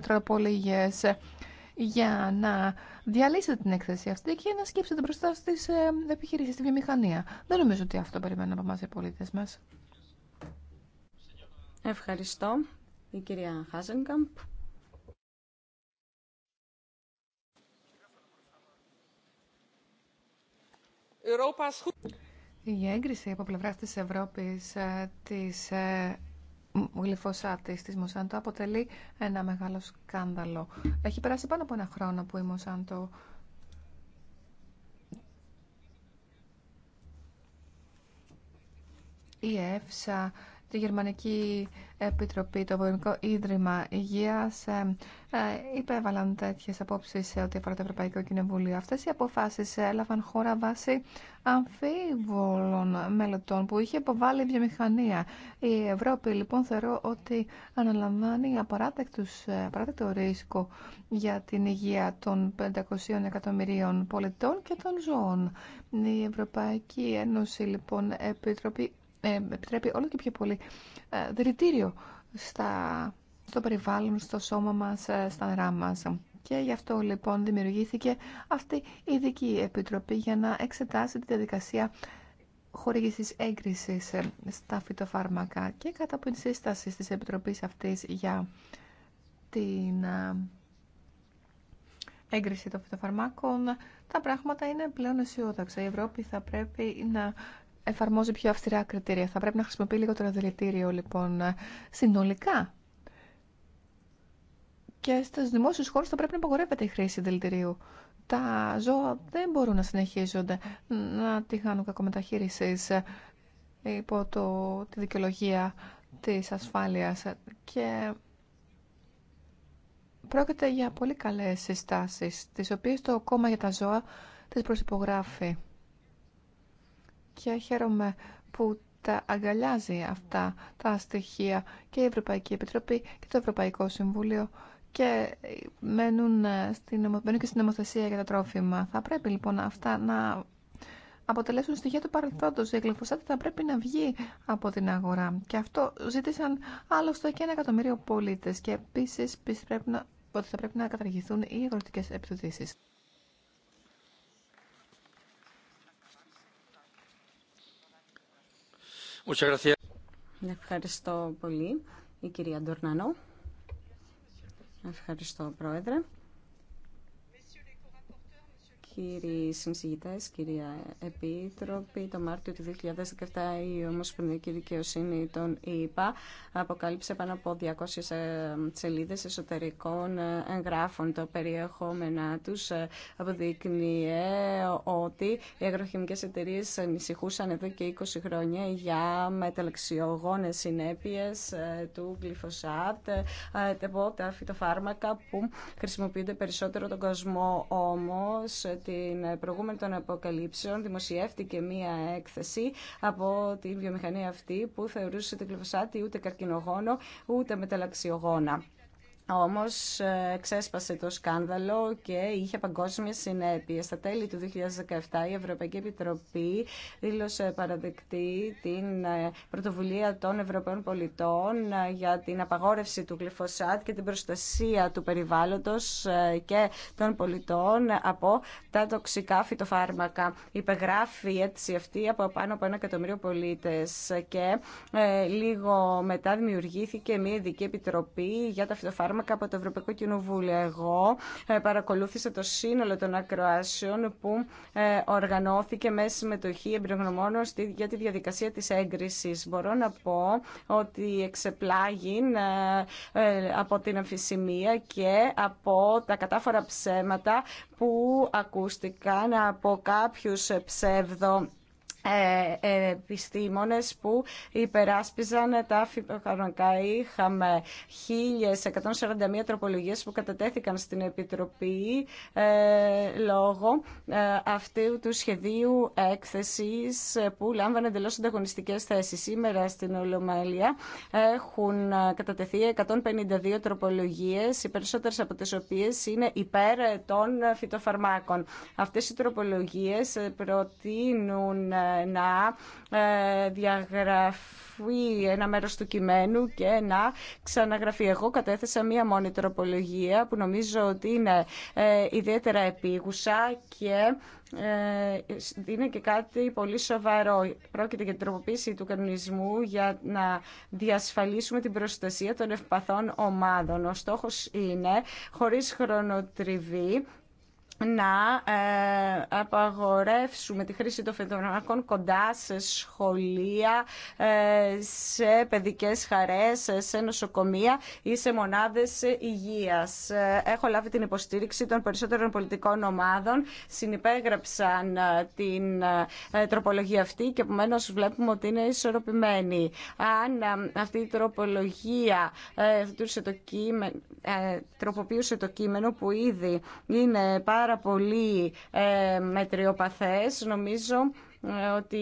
τροπολογίες για να διαλύσετε την έκθεση αυτή και να σκύψετε μπροστά στι ε, επιχειρήσει, στη βιομηχανία. Δεν νομίζω ότι αυτό περιμένουν από εμά οι πολίτε μα. Ευχαριστώ. Η κυρία Χάζενκαμπ. Η έγκριση από πλευρά της Ευρώπης ε, τη. Ε, γλυφοσάτη τη Μοσάντο αποτελεί ένα μεγάλο σκάνδαλο. Έχει περάσει πάνω από ένα χρόνο που η Μοσάντο η ΕΦΣΑ τη Γερμανική Επιτροπή, το Βοηνικό Ίδρυμα Υγείας ε, ε, υπέβαλαν τέτοιε απόψει σε ό,τι αφορά το Ευρωπαϊκό Κοινοβούλιο. Αυτέ οι αποφάσεις έλαβαν χώρα βάσει αμφίβολων μελετών που είχε υποβάλει η βιομηχανία. Η Ευρώπη λοιπόν θεωρώ ότι αναλαμβάνει ε, απαράδεκτο ρίσκο για την υγεία των 500 εκατομμυρίων πολιτών και των ζώων. Η Ευρωπαϊκή Ένωση λοιπόν Επιτροπή ε, επιτρέπει όλο και πιο πολύ ε, δηλητήριο στα, στο περιβάλλον, στο σώμα μας, ε, στα νερά μας. Και γι' αυτό λοιπόν δημιουργήθηκε αυτή η ειδική επιτροπή για να εξετάσει τη διαδικασία χορήγησης έγκρισης στα φυτοφάρμακα και κατά από την σύσταση της Επιτροπής αυτής για την έγκριση των φυτοφαρμάκων, τα πράγματα είναι πλέον αισιόδοξα. Η Ευρώπη θα πρέπει να εφαρμόζει πιο αυστηρά κριτήρια. Θα πρέπει να χρησιμοποιεί λιγότερο δηλητήριο, λοιπόν, συνολικά. Και στου δημόσιου χώρου θα πρέπει να απογορεύεται η χρήση δηλητηρίου. Τα ζώα δεν μπορούν να συνεχίζονται να τη χάνουν κακομεταχείριση υπό το, τη δικαιολογία της ασφάλειας και πρόκειται για πολύ καλές συστάσεις τις οποίες το κόμμα για τα ζώα τις προσυπογράφει και χαίρομαι που τα αγκαλιάζει αυτά τα στοιχεία και η Ευρωπαϊκή Επιτροπή και το Ευρωπαϊκό Συμβούλιο και μένουν, ε, στην, μένουν και στην νομοθεσία για τα τρόφιμα. Θα πρέπει λοιπόν αυτά να αποτελέσουν στοιχεία του παρελθόντος. Η γλυφοσάτη θα πρέπει να βγει από την αγορά. Και αυτό ζήτησαν άλλωστε και ένα εκατομμύριο πολίτες. Και επίσης πρέπει να, ότι θα πρέπει να καταργηθούν οι αγροτικές επιδοτήσει. Ευχαριστώ πολύ, η κυρία Ντορνανό. Ευχαριστώ, Πρόεδρε κύριοι συνσηγητές, κυρία Επίτροπη, το Μάρτιο του 2017 η Ομοσπονδιακή Δικαιοσύνη των ΙΠΑ αποκάλυψε πάνω από 200 ε, σελίδες εσωτερικών ε, εγγράφων. Το περιεχόμενά τους ε, αποδεικνύει ότι οι αγροχημικές εταιρείε ανησυχούσαν εδώ και 20 χρόνια για μεταλλαξιογόνες συνέπειες του γλυφοσάτ, τα φυτοφάρμακα που χρησιμοποιούνται περισσότερο τον κόσμο όμως την προηγούμενη των αποκαλύψεων δημοσιεύτηκε μία έκθεση από τη βιομηχανία αυτή που θεωρούσε την κλειφωσάτη ούτε καρκινογόνο ούτε μεταλλαξιογόνα. Όμως ε, ξέσπασε το σκάνδαλο και είχε παγκόσμια συνέπεια. Στα τέλη του 2017 η Ευρωπαϊκή Επιτροπή δήλωσε παραδεκτή την ε, πρωτοβουλία των Ευρωπαίων πολιτών ε, για την απαγόρευση του γλυφοσάτ και την προστασία του περιβάλλοντος και των πολιτών από τα τοξικά φυτοφάρμακα. Υπεγράφει έτσι αυτή από πάνω από ένα εκατομμύριο πολίτες και λίγο μετά δημιουργήθηκε μια ειδική επιτροπή για τα φυτοφάρμακα φάρμακα από το Ευρωπαϊκό Κοινοβούλιο. Εγώ ε, παρακολούθησα το σύνολο των ακροάσεων που ε, οργανώθηκε με συμμετοχή εμπειρογνωμόνων για τη διαδικασία της έγκρισης. Μπορώ να πω ότι εξεπλάγει ε, από την αμφισημία και από τα κατάφορα ψέματα που ακούστηκαν από κάποιους ψεύδο ε, ε, επιστήμονες που υπεράσπιζαν τα φυτοφαρμακά. Είχαμε 1.141 τροπολογίες που κατατέθηκαν στην Επιτροπή ε, λόγω ε, αυτού του σχεδίου έκθεσης που λάμβανε εντελώ ανταγωνιστικές θέσεις. Σήμερα στην Ολομέλεια έχουν κατατεθεί 152 τροπολογίες, οι περισσότερες από τις οποίες είναι υπέρ των φυτοφαρμάκων. Αυτές οι τροπολογίες προτείνουν να ε, διαγραφεί ένα μέρος του κειμένου και να ξαναγραφεί. Εγώ κατέθεσα μία μόνη τροπολογία που νομίζω ότι είναι ε, ιδιαίτερα επίγουσα και ε, είναι και κάτι πολύ σοβαρό. Πρόκειται για την τροποποίηση του κανονισμού για να διασφαλίσουμε την προστασία των ευπαθών ομάδων. Ο στόχος είναι, χωρίς χρονοτριβή, να ε, απαγορεύσουμε τη χρήση των φυτοφαρμάκων κοντά σε σχολεία, ε, σε παιδικές χαρές, σε νοσοκομεία ή σε μονάδες υγείας. Έχω λάβει την υποστήριξη των περισσότερων πολιτικών ομάδων, συνυπέγραψαν ε, την τροπολογία αυτή και επομένω βλέπουμε ότι είναι ισορροπημένη. Αν αυτή η σε μοναδες υγειας εχω λαβει την υποστηριξη των περισσοτερων πολιτικων ομαδων συνυπεγραψαν την τροπολογια αυτη και επομενως βλεπουμε οτι ειναι ισορροπημενη αν αυτη η τροπολογια το τροποποιούσε το κείμενο που ήδη είναι πάρα πάρα πολύ ε, μετριοπαθές, νομίζω ε, ότι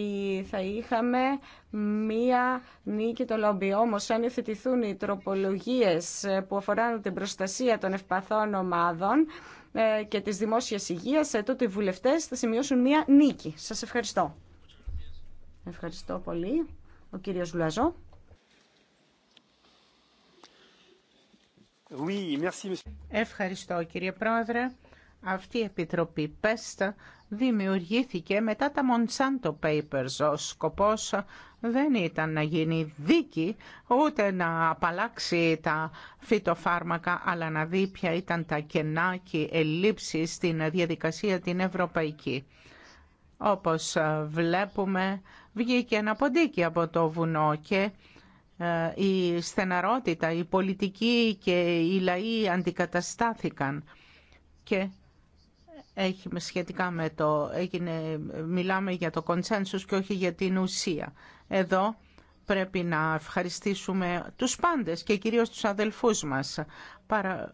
θα είχαμε μία νίκη το λόμπι. Όμω, αν υιοθετηθούν οι τροπολογίε ε, που αφορούν την προστασία των ευπαθών ομάδων ε, και τη δημόσια υγεία, τότε οι βουλευτέ θα σημειώσουν μία νίκη. Σα ευχαριστώ. Ευχαριστώ πολύ. Ο κύριος Λουαζό. Ευχαριστώ κύριε Πρόεδρε. Αυτή η Επιτροπή ΠΕΣΤΑ δημιουργήθηκε μετά τα Monsanto Papers. Ο σκοπός δεν ήταν να γίνει δίκη, ούτε να απαλλάξει τα φυτοφάρμακα, αλλά να δει ποια ήταν τα κενά και οι στην διαδικασία την ευρωπαϊκή. Όπως βλέπουμε, βγήκε ένα ποντίκι από το βουνό και ε, η στεναρότητα, η πολιτική και οι λαοί αντικαταστάθηκαν και έχει σχετικά με το, έγινε, μιλάμε για το consensus και όχι για την ουσία. Εδώ πρέπει να ευχαριστήσουμε τους πάντες και κυρίως τους αδελφούς μας. Παρα,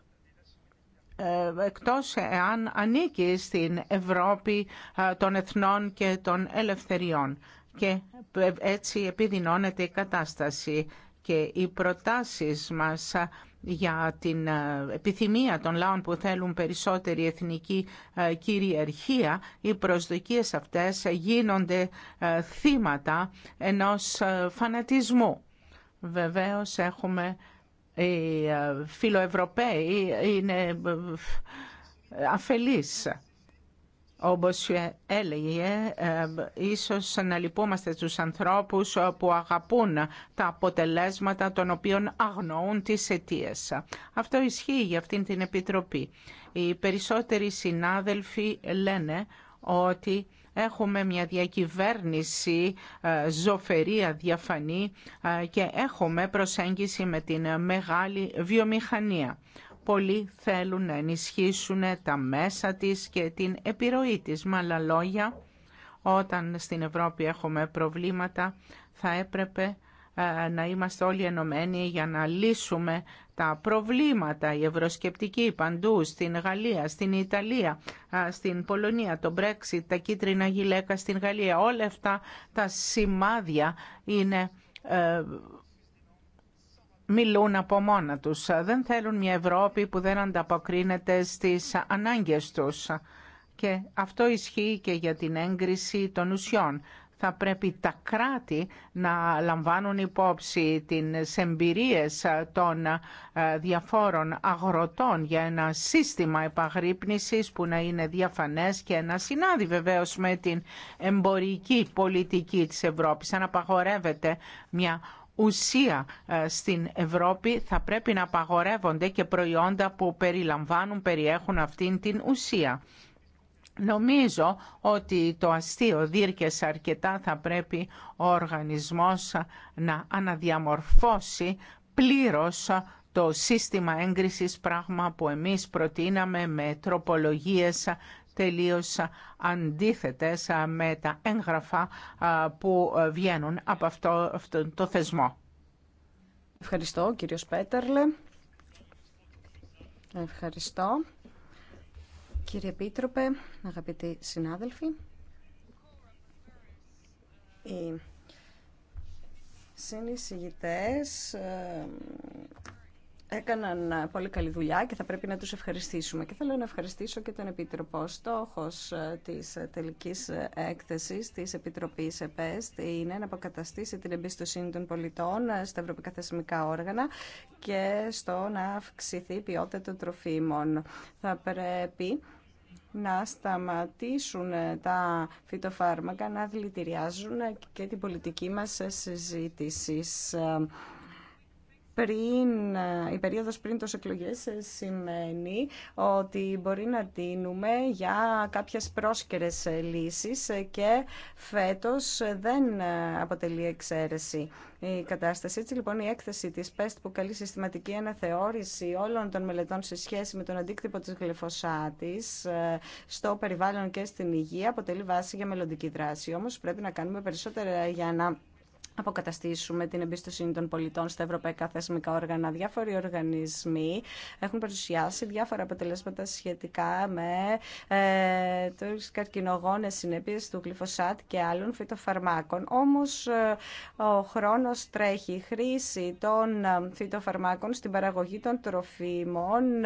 ε, εκτός εάν ανήκει στην Ευρώπη ε, των εθνών και των ελευθεριών. Και ε, έτσι επιδεινώνεται η κατάσταση και οι προτάσεις μας για την ε, επιθυμία των λαών που θέλουν περισσότερη εθνική ε, κυριαρχία, οι προσδοκίες αυτές γίνονται ε, θύματα ενός φανατισμού. Βεβαίως έχουμε οι φιλοευρωπαίοι είναι αφελείς όπως έλεγε, ε, ίσως να λυπούμαστε τους ανθρώπους που αγαπούν τα αποτελέσματα των οποίων αγνοούν τις αιτίε. Αυτό ισχύει για αυτήν την Επιτροπή. Οι περισσότεροι συνάδελφοι λένε ότι έχουμε μια διακυβέρνηση ε, ζωφερή, διαφανή ε, και έχουμε προσέγγιση με την μεγάλη βιομηχανία πολλοί θέλουν να ενισχύσουν τα μέσα της και την επιρροή της. Με άλλα λόγια, όταν στην Ευρώπη έχουμε προβλήματα, θα έπρεπε ε, να είμαστε όλοι ενωμένοι για να λύσουμε τα προβλήματα. Οι ευρωσκεπτικοί παντού, στην Γαλλία, στην Ιταλία, ε, στην Πολωνία, το Brexit, τα κίτρινα γυλαίκα στην Γαλλία, όλα αυτά τα σημάδια είναι ε, μιλούν από μόνα τους. Δεν θέλουν μια Ευρώπη που δεν ανταποκρίνεται στις ανάγκες τους. Και αυτό ισχύει και για την έγκριση των ουσιών. Θα πρέπει τα κράτη να λαμβάνουν υπόψη τις εμπειρίες των ε, διαφόρων αγροτών για ένα σύστημα επαγρύπνησης που να είναι διαφανές και να συνάδει βεβαίως με την εμπορική πολιτική της Ευρώπης. Αν απαγορεύεται μια ουσία ε, στην Ευρώπη θα πρέπει να απαγορεύονται και προϊόντα που περιλαμβάνουν, περιέχουν αυτήν την ουσία. Νομίζω ότι το αστείο δίρκες αρκετά θα πρέπει ο οργανισμός να αναδιαμορφώσει πλήρως το σύστημα έγκρισης, πράγμα που εμείς προτείναμε με τροπολογίες τελείως αντίθετες με τα έγγραφα που βγαίνουν από αυτό, το θεσμό. Ευχαριστώ, κύριος Πέτερλε. Ευχαριστώ. Κύριε Επίτροπε, αγαπητοί συνάδελφοι, οι συνεισηγητές ε, έκαναν ε, πολύ καλή δουλειά και θα πρέπει να τους ευχαριστήσουμε. Και θέλω να ευχαριστήσω και τον Επίτροπο. Στόχος ε, της ε, τελικής έκθεσης της Επιτροπής ΕΠΕΣΤ είναι να αποκαταστήσει την εμπιστοσύνη των πολιτών στα ευρωπαϊκά θεσμικά όργανα και στο να αυξηθεί η ποιότητα των τροφίμων. Θα πρέπει να σταματήσουν τα φυτοφάρμακα να δηλητηριάζουν και την πολιτική μας συζήτηση πριν, η περίοδος πριν τις εκλογές ε, σημαίνει ότι μπορεί να τίνουμε για κάποιες πρόσκαιρες ε, λύσεις ε, και φέτος δεν αποτελεί εξαίρεση η κατάσταση. Έτσι λοιπόν η έκθεση της ΠΕΣΤ που καλεί συστηματική αναθεώρηση όλων των μελετών σε σχέση με τον αντίκτυπο της γλυφοσάτης στο περιβάλλον και στην υγεία αποτελεί βάση για μελλοντική δράση. Όμως πρέπει να κάνουμε περισσότερα για να αποκαταστήσουμε την εμπιστοσύνη των πολιτών στα ευρωπαϊκά θεσμικά όργανα. Διάφοροι οργανισμοί έχουν παρουσιάσει διάφορα αποτελέσματα σχετικά με ε, τους καρκινογόνες συνέπειες του γλυφοσάτ και άλλων φυτοφαρμάκων. Όμω, ε, ο χρόνο τρέχει. Η χρήση των ε, φυτοφαρμάκων στην παραγωγή των τροφίμων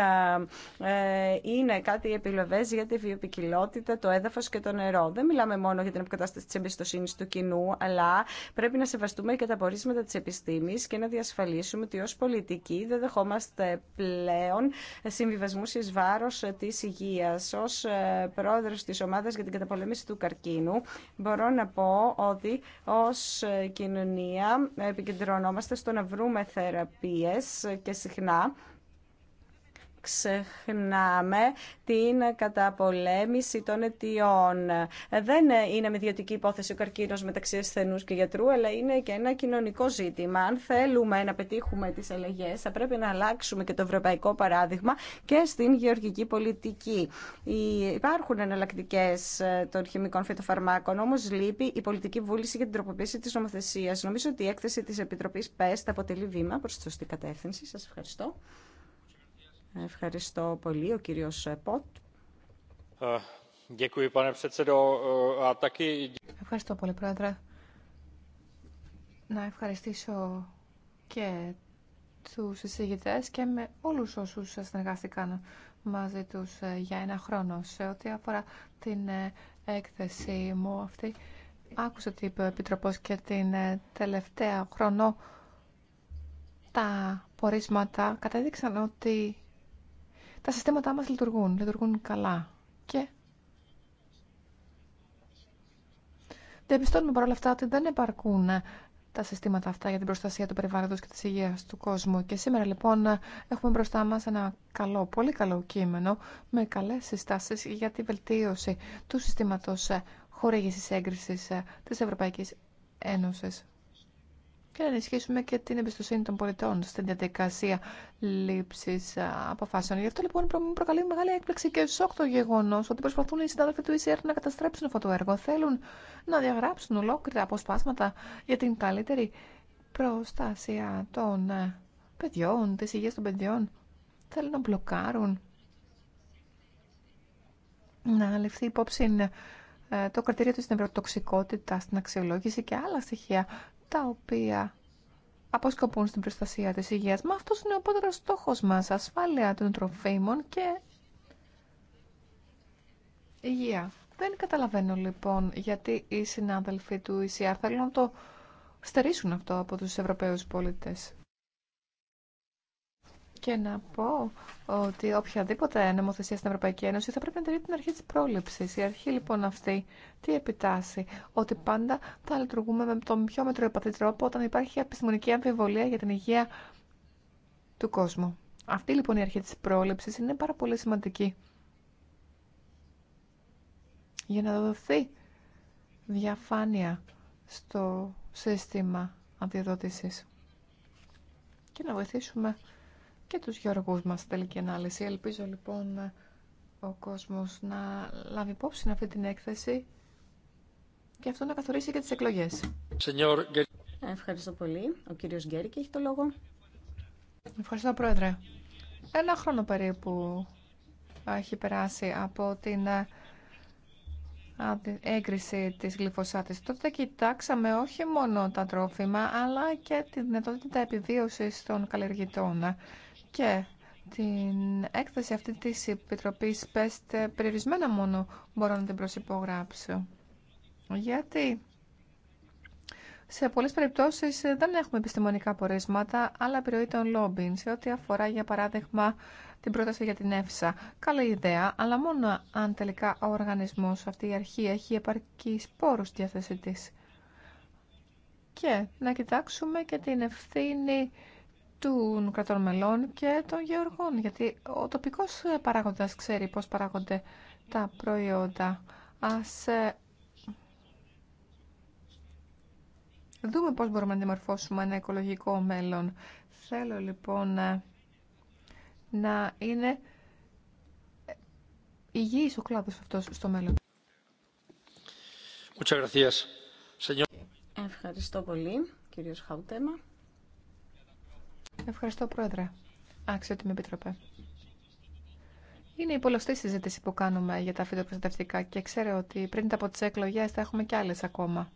ε, είναι κάτι επιλογέ για τη βιοπικιλότητα, το έδαφο και το νερό. Δεν μιλάμε μόνο για την αποκατάσταση τη εμπιστοσύνη του κοινού, αλλά πρέπει να σε σεβαστούμε και τα πορίσματα της επιστήμης και να διασφαλίσουμε ότι ως πολιτικοί δεν δεχόμαστε πλέον συμβιβασμούς εις βάρος της υγείας. Ως ε, πρόεδρος της ομάδας για την καταπολέμηση του καρκίνου μπορώ να πω ότι ως ε, κοινωνία επικεντρωνόμαστε στο να βρούμε θεραπείες και συχνά ξεχνάμε την καταπολέμηση των αιτιών. Δεν είναι με ιδιωτική υπόθεση ο καρκίνο μεταξύ ασθενού και γιατρού, αλλά είναι και ένα κοινωνικό ζήτημα. Αν θέλουμε να πετύχουμε τις αλλαγέ, θα πρέπει να αλλάξουμε και το ευρωπαϊκό παράδειγμα και στην γεωργική πολιτική. Υπάρχουν εναλλακτικέ ε, των χημικών φυτοφαρμάκων, όμω λείπει η πολιτική βούληση για την τροποποίηση τη νομοθεσία. Νομίζω ότι η έκθεση τη Επιτροπή ΠΕΣΤ αποτελεί βήμα προ τη σωστή κατεύθυνση. Σα ευχαριστώ. Ευχαριστώ πολύ. Ο κύριος Πότ. Ε, ε, Ευχαριστώ πολύ, Πρόεδρε. Να ευχαριστήσω και τους εισηγητές και με όλους όσους συνεργάστηκαν μαζί τους ε, για ένα χρόνο σε ό,τι αφορά την έκθεση μου αυτή. Άκουσα τι είπε ο Επιτροπός και την τελευταία χρόνο τα πορίσματα κατέδειξαν ότι τα συστήματά μας λειτουργούν, λειτουργούν καλά και διαπιστώνουμε παρόλα αυτά ότι δεν επαρκούν τα συστήματα αυτά για την προστασία του περιβάλλοντος και της υγείας του κόσμου. Και σήμερα λοιπόν έχουμε μπροστά μας ένα καλό, πολύ καλό κείμενο με καλές συστάσεις για τη βελτίωση του συστήματος χορήγησης έγκρισης της Ευρωπαϊκής Ένωσης και να ενισχύσουμε και την εμπιστοσύνη των πολιτών στην διαδικασία λήψη αποφάσεων. Γι' αυτό λοιπόν προκαλεί μεγάλη έκπληξη και σοκ το γεγονό ότι προσπαθούν οι συνάδελφοι του ECR να καταστρέψουν αυτό το έργο. Θέλουν να διαγράψουν ολόκληρα αποσπάσματα για την καλύτερη προστασία των ε, παιδιών, τη υγεία των παιδιών. Θέλουν να μπλοκάρουν, να ληφθεί υπόψη ε, το κριτήριο της νευροτοξικότητας στην αξιολόγηση και άλλα στοιχεία τα οποία αποσκοπούν στην προστασία της υγείας. Μα αυτός είναι ο πότερος στόχος μας, ασφάλεια των τροφίμων και υγεία. Δεν καταλαβαίνω λοιπόν γιατί οι συνάδελφοι του ECR θέλουν να το στερήσουν αυτό από τους Ευρωπαίους πολίτες και να πω ότι οποιαδήποτε νομοθεσία στην Ευρωπαϊκή Ένωση θα πρέπει να τηρεί την αρχή της πρόληψης. Η αρχή λοιπόν αυτή τι επιτάσσει, ότι πάντα θα λειτουργούμε με τον πιο μετροεπαθή τρόπο όταν υπάρχει επιστημονική αμφιβολία για την υγεία του κόσμου. Αυτή λοιπόν η αρχή της πρόληψης είναι πάρα πολύ σημαντική. Για να δοθεί διαφάνεια στο σύστημα αντιδότησης και να βοηθήσουμε και τους γεωργούς μας στην τελική ανάλυση. Ελπίζω λοιπόν ο κόσμος να λάβει υπόψη αυτή την έκθεση και αυτό να καθορίσει και τις εκλογές. Ευχαριστώ πολύ. Ο κύριος Γκέρικ έχει το λόγο. Ευχαριστώ πρόεδρε. Ένα χρόνο περίπου έχει περάσει ε, από την έγκριση της γλυφοσάτης. Τότε κοιτάξαμε όχι μόνο τα τρόφιμα, αλλά και τη δυνατότητα επιβίωσης των καλλιεργητών και την έκθεση αυτή της Επιτροπής πέστε περιορισμένα μόνο μπορώ να την προσυπογράψω. Γιατί σε πολλές περιπτώσεις δεν έχουμε επιστημονικά πορίσματα, αλλά επιρροή των λόμπιν σε ό,τι αφορά για παράδειγμα την πρόταση για την ΕΦΣΑ. Καλή ιδέα, αλλά μόνο αν τελικά ο οργανισμός αυτή η αρχή έχει επαρκή σπόρους στη διάθεσή της. Και να κοιτάξουμε και την ευθύνη των κρατών μελών και των γεωργών, γιατί ο τοπικός παράγοντας ξέρει πώς παράγονται τα προϊόντα. Ας ε, δούμε πώς μπορούμε να δημορφώσουμε ένα οικολογικό μέλλον. Θέλω λοιπόν ε, να είναι υγιής ο κλάδος αυτός στο μέλλον. Ευχαριστώ πολύ, κύριος Χαουτέμα. Ευχαριστώ, Πρόεδρε. ότι με επιτροπέ. Είναι η πολλωστή συζήτηση που κάνουμε για τα φυτοπροστατευτικά και ξέρω ότι πριν από τι εκλογέ θα έχουμε κι άλλε ακόμα.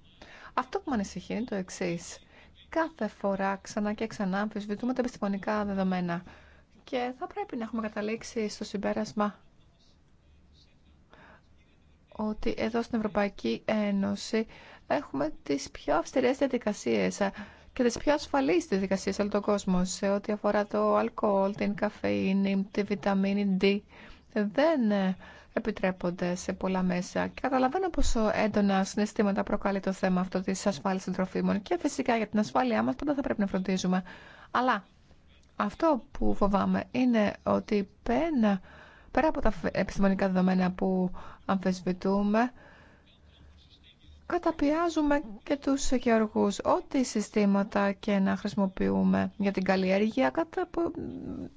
Αυτό που με ανησυχεί είναι το εξή. Κάθε φορά ξανά και ξανά αμφισβητούμε τα επιστημονικά δεδομένα και θα πρέπει να έχουμε καταλήξει στο συμπέρασμα ότι εδώ στην Ευρωπαϊκή Ένωση έχουμε τις πιο αυστηρές διαδικασίες και τις πιο ασφαλείς διαδικασίες σε όλο τον κόσμο σε ό,τι αφορά το αλκοόλ, την καφεΐνη, τη βιταμίνη D. Δεν ε, επιτρέπονται σε πολλά μέσα. Και καταλαβαίνω πόσο έντονα συναισθήματα προκαλεί το θέμα αυτό της ασφάλεια των τροφίμων και φυσικά για την ασφάλειά μας πάντα θα πρέπει να φροντίζουμε. Αλλά αυτό που φοβάμαι είναι ότι πέρα, πέρα από τα επιστημονικά δεδομένα που αμφισβητούμε, καταπιάζουμε και τους γεωργούς. Ό,τι συστήματα και να χρησιμοποιούμε για την καλλιέργεια, κατα...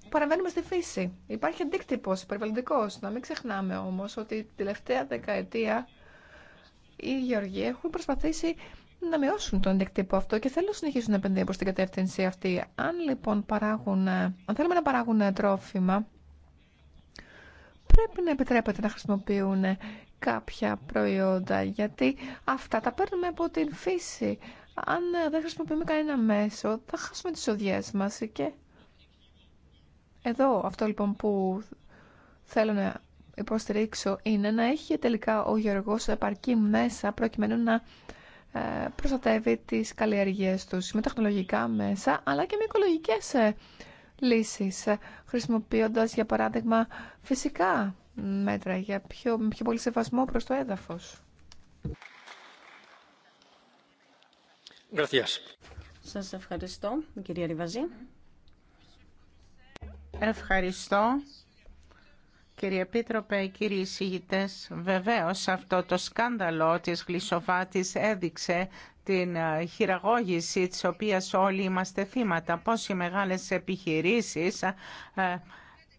παραμένουμε στη φύση. Υπάρχει αντίκτυπος περιβαλλοντικός. Να μην ξεχνάμε όμως ότι την τελευταία δεκαετία οι γεωργοί έχουν προσπαθήσει να μειώσουν τον αντίκτυπο αυτό και θέλουν να συνεχίσουν να επενδύουν προς την κατεύθυνση αυτή. Αν λοιπόν παράγουν, αν θέλουμε να παράγουν τρόφιμα, πρέπει να επιτρέπεται να χρησιμοποιούν κάποια προϊόντα, γιατί αυτά τα παίρνουμε από την φύση. Αν δεν χρησιμοποιούμε κανένα μέσο, θα χάσουμε τις οδιές μας και... Εδώ αυτό λοιπόν που θέλω να υποστηρίξω είναι να έχει τελικά ο Γεωργός επαρκή μέσα προκειμένου να ε, προστατεύει τις καλλιεργίες τους με τεχνολογικά μέσα αλλά και με οικολογικές ε, λύσεις, ε, χρησιμοποιώντας για παράδειγμα φυσικά μέτρα για πιο, πιο πολύ σεβασμό προς το έδαφος. Gracias. Σας ευχαριστώ, κυρία Ριβαζή. Ευχαριστώ. Κύριε Επίτροπε, κύριοι εισηγητές, βεβαίως αυτό το σκάνδαλο της Γλυσοβάτης έδειξε την ε, χειραγώγηση της οποίας όλοι είμαστε θύματα. Πόσοι οι μεγάλες επιχειρήσεις ε, ε,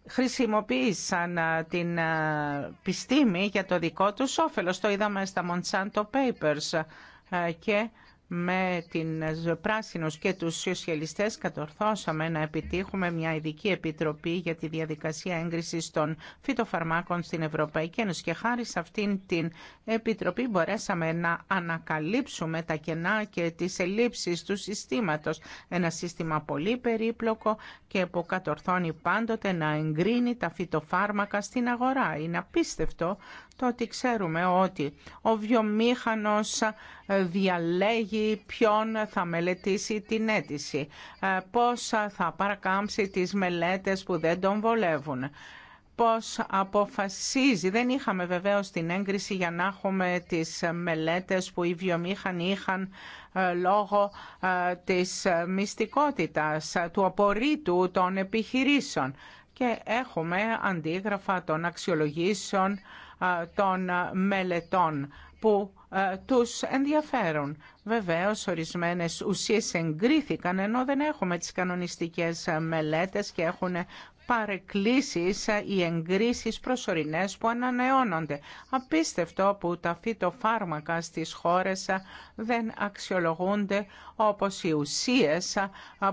χρησιμοποίησαν την πιστήμη για το δικό τους όφελος. Το είδαμε στα Monsanto Papers και με την πράσινο και τους Σοσιαλιστές κατορθώσαμε να επιτύχουμε μια ειδική επιτροπή για τη διαδικασία έγκρισης των φυτοφαρμάκων στην Ευρωπαϊκή Ένωση και χάρη σε αυτήν την επιτροπή μπορέσαμε να ανακαλύψουμε τα κενά και τις ελλείψεις του συστήματος. Ένα σύστημα πολύ περίπλοκο και που κατορθώνει πάντοτε να εγκρίνει τα φυτοφάρμακα στην αγορά. Είναι απίστευτο το ότι ξέρουμε ότι ο βιομήχανος διαλέγει ποιον θα μελετήσει την αίτηση, ε, πώς θα παρακάμψει τις μελέτες που δεν τον βολεύουν πώς αποφασίζει. Δεν είχαμε βεβαίως την έγκριση για να έχουμε τις μελέτες που οι βιομήχανοι είχαν ε, λόγω ε, της μυστικότητας, του απορρίτου των επιχειρήσεων. Και έχουμε αντίγραφα των αξιολογήσεων των μελετών που ε, τους ενδιαφέρουν. Βεβαίως, ορισμένες ουσίες εγκρίθηκαν, ενώ δεν έχουμε τις κανονιστικές ε, μελέτες και έχουν παρεκκλήσεις ε, οι εγκρίσεις προσωρινές που ανανεώνονται. Απίστευτο που τα φυτοφάρμακα στις χώρες δεν αξιολογούνται όπως οι ουσίες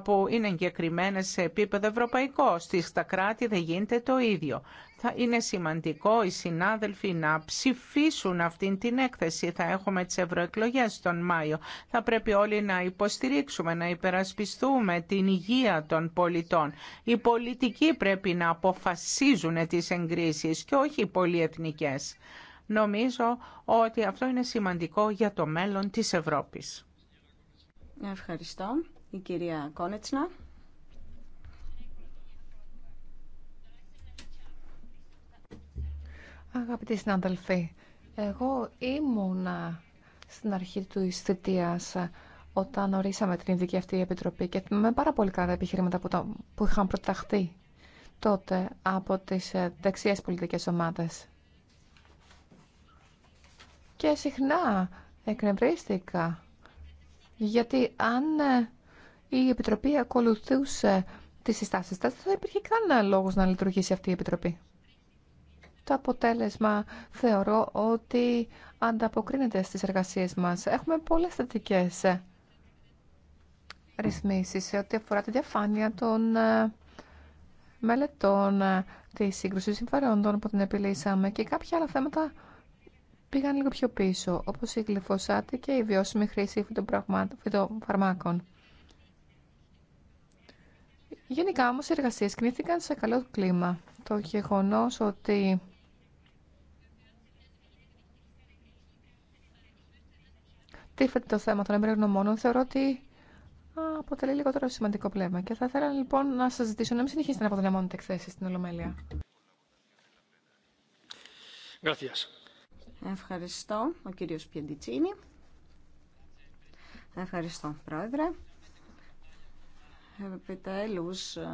που είναι εγκεκριμένες σε επίπεδο ευρωπαϊκό. Στις τα κράτη δεν γίνεται το ίδιο θα είναι σημαντικό οι συνάδελφοι να ψηφίσουν αυτήν την έκθεση. Θα έχουμε τις ευρωεκλογέ τον Μάιο. Θα πρέπει όλοι να υποστηρίξουμε, να υπερασπιστούμε την υγεία των πολιτών. Οι πολιτικοί πρέπει να αποφασίζουν τις εγκρίσεις και όχι οι πολυεθνικές. Νομίζω ότι αυτό είναι σημαντικό για το μέλλον της Ευρώπης. Ευχαριστώ. Η κυρία Κόνετσνα. Αγαπητοί συνάδελφοι, εγώ ήμουνα στην αρχή του εισθητίας ε, όταν ορίσαμε την ειδική αυτή επιτροπή και με πάρα πολύ καλά επιχειρήματα που, το, που είχαν προταχθεί τότε από τις ε, δεξιές πολιτικές ομάδες. Και συχνά εκνευρίστηκα γιατί αν ε, η Επιτροπή ακολουθούσε τις συστάσεις θα υπήρχε κανένα λόγος να λειτουργήσει αυτή η Επιτροπή. Το αποτέλεσμα θεωρώ ότι ανταποκρίνεται στις εργασίες μας. Έχουμε πολλές θετικέ ρυθμίσεις σε ό,τι αφορά τη διαφάνεια των ε, μελετών, ε, τη σύγκρουση συμφερόντων που την επιλύσαμε και κάποια άλλα θέματα πήγαν λίγο πιο πίσω, όπως η γλυφοσάτη και η βιώσιμη χρήση φυτοφαρμάκων. Γενικά όμως οι εργασίες κινήθηκαν σε καλό κλίμα. Το γεγονός ότι τίθεται το θέμα των εμπειρογνωμόνων, θεωρώ ότι αποτελεί λιγότερο σημαντικό πλέγμα. Και θα ήθελα λοιπόν να σα ζητήσω να μην συνεχίσετε να αποδυναμώνετε εκθέσει στην Ολομέλεια. Ευχαριστώ, ο κύριος Πιεντιτσίνη. Ευχαριστώ, Πρόεδρε. Επιτέλους, ε,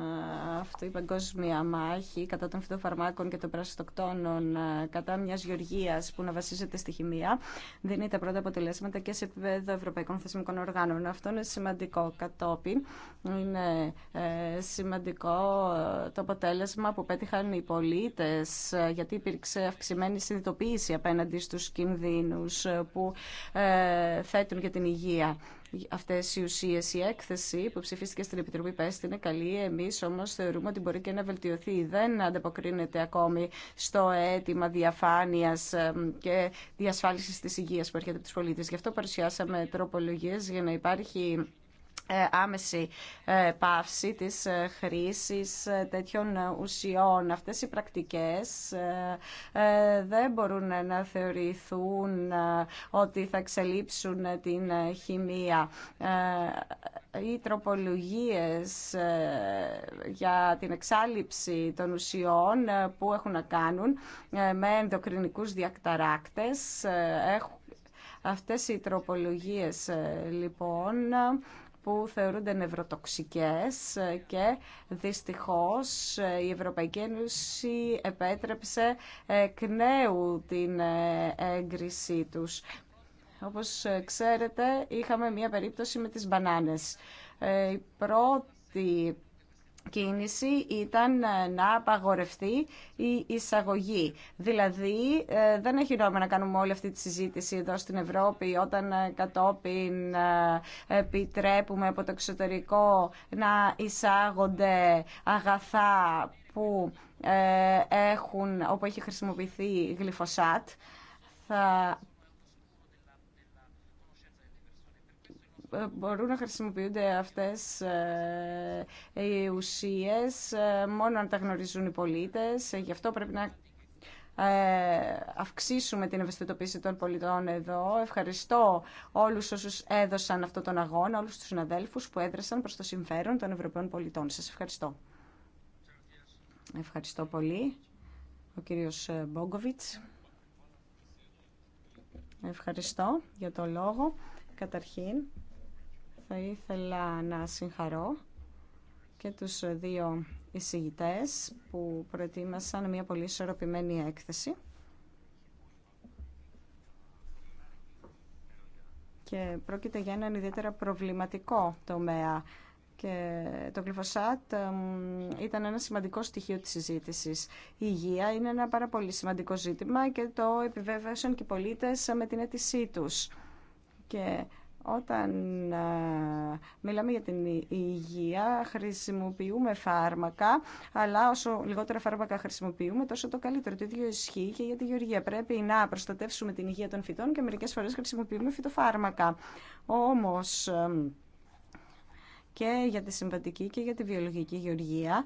αυτή η παγκόσμια μάχη κατά των φυτοφαρμάκων και των πραστοκτόνων ε, κατά μιας γεωργίας που να βασίζεται στη χημεία δίνει τα πρώτα αποτελέσματα και σε επίπεδο ευρωπαϊκών θεσμικών οργάνων. Αυτό είναι σημαντικό κατόπιν. Είναι ε, σημαντικό το αποτέλεσμα που πέτυχαν οι πολίτες γιατί υπήρξε αυξημένη συνειδητοποίηση απέναντι στους κινδύνους που θέτουν για την υγεία αυτές οι ουσίε Η έκθεση που ψηφίστηκε στην Επιτροπή ΠΕΣΤ είναι καλή. Εμεί όμως θεωρούμε ότι μπορεί και να βελτιωθεί. Δεν ανταποκρίνεται ακόμη στο αίτημα διαφάνειας ε, και διασφάλισης της υγεία που έρχεται από του πολίτε. Γι' αυτό παρουσιάσαμε τροπολογίε για να υπάρχει ε, άμεση ε, πάυση της ε, χρήσης τέτοιων ουσιών. Αυτές οι πρακτικές δεν μπορούν να θεωρηθούν ότι θα εξελίψουν την χημεία. Οι τροπολογίες για την εξάλληψη των ουσιών που έχουν να κάνουν με ενδοκρινικούς διακταράκτες. Αυτές οι τροπολογίες λοιπόν που θεωρούνται νευροτοξικές και δυστυχώς η Ευρωπαϊκή Ένωση επέτρεψε εκ νέου την ε, έγκρισή τους. Όπως ξέρετε, είχαμε μία περίπτωση με τις μπανάνες. Ε, η πρώτη κίνηση ήταν ε, να απαγορευτεί η εισαγωγή. Δηλαδή ε, δεν έχει νόημα να κάνουμε όλη αυτή τη συζήτηση εδώ στην Ευρώπη όταν ε, κατόπιν επιτρέπουμε από το εξωτερικό να εισάγονται αγαθά που έχουν, όπου έχει χρησιμοποιηθεί γλυφοσάτ. Θα μπορούν να χρησιμοποιούνται αυτές ε, οι ουσίες ε, μόνο αν τα γνωρίζουν οι πολίτες. Ε, γι' αυτό πρέπει να αυξήσουμε την ευαισθητοποίηση των πολιτών εδώ. Ευχαριστώ όλους όσους έδωσαν αυτόν τον αγώνα, όλους τους συναδέλφους που έδρασαν προς το συμφέρον των Ευρωπαίων πολιτών. Σας ευχαριστώ. Ευχαριστώ πολύ. Ο κύριος Μπόγκοβιτς. Ευχαριστώ για το λόγο. Καταρχήν, θα ήθελα να συγχαρώ και τους δύο εισηγητές που προετοίμασαν μια πολύ ισορροπημένη έκθεση. Και πρόκειται για έναν ιδιαίτερα προβληματικό τομέα. Και το γλυφοσάτ ήταν ένα σημαντικό στοιχείο της συζήτησης. Η υγεία είναι ένα πάρα πολύ σημαντικό ζήτημα και το επιβεβαίωσαν και οι πολίτες με την αίτησή τους. Και όταν ε, μιλάμε για την υγεία, χρησιμοποιούμε φάρμακα, αλλά όσο λιγότερα φάρμακα χρησιμοποιούμε, τόσο το καλύτερο. Το ίδιο ισχύει και για τη γεωργία. Πρέπει να προστατεύσουμε την υγεία των φυτών και μερικές φορές χρησιμοποιούμε φυτοφάρμακα. Όμως, ε, και για τη συμβατική και για τη βιολογική γεωργία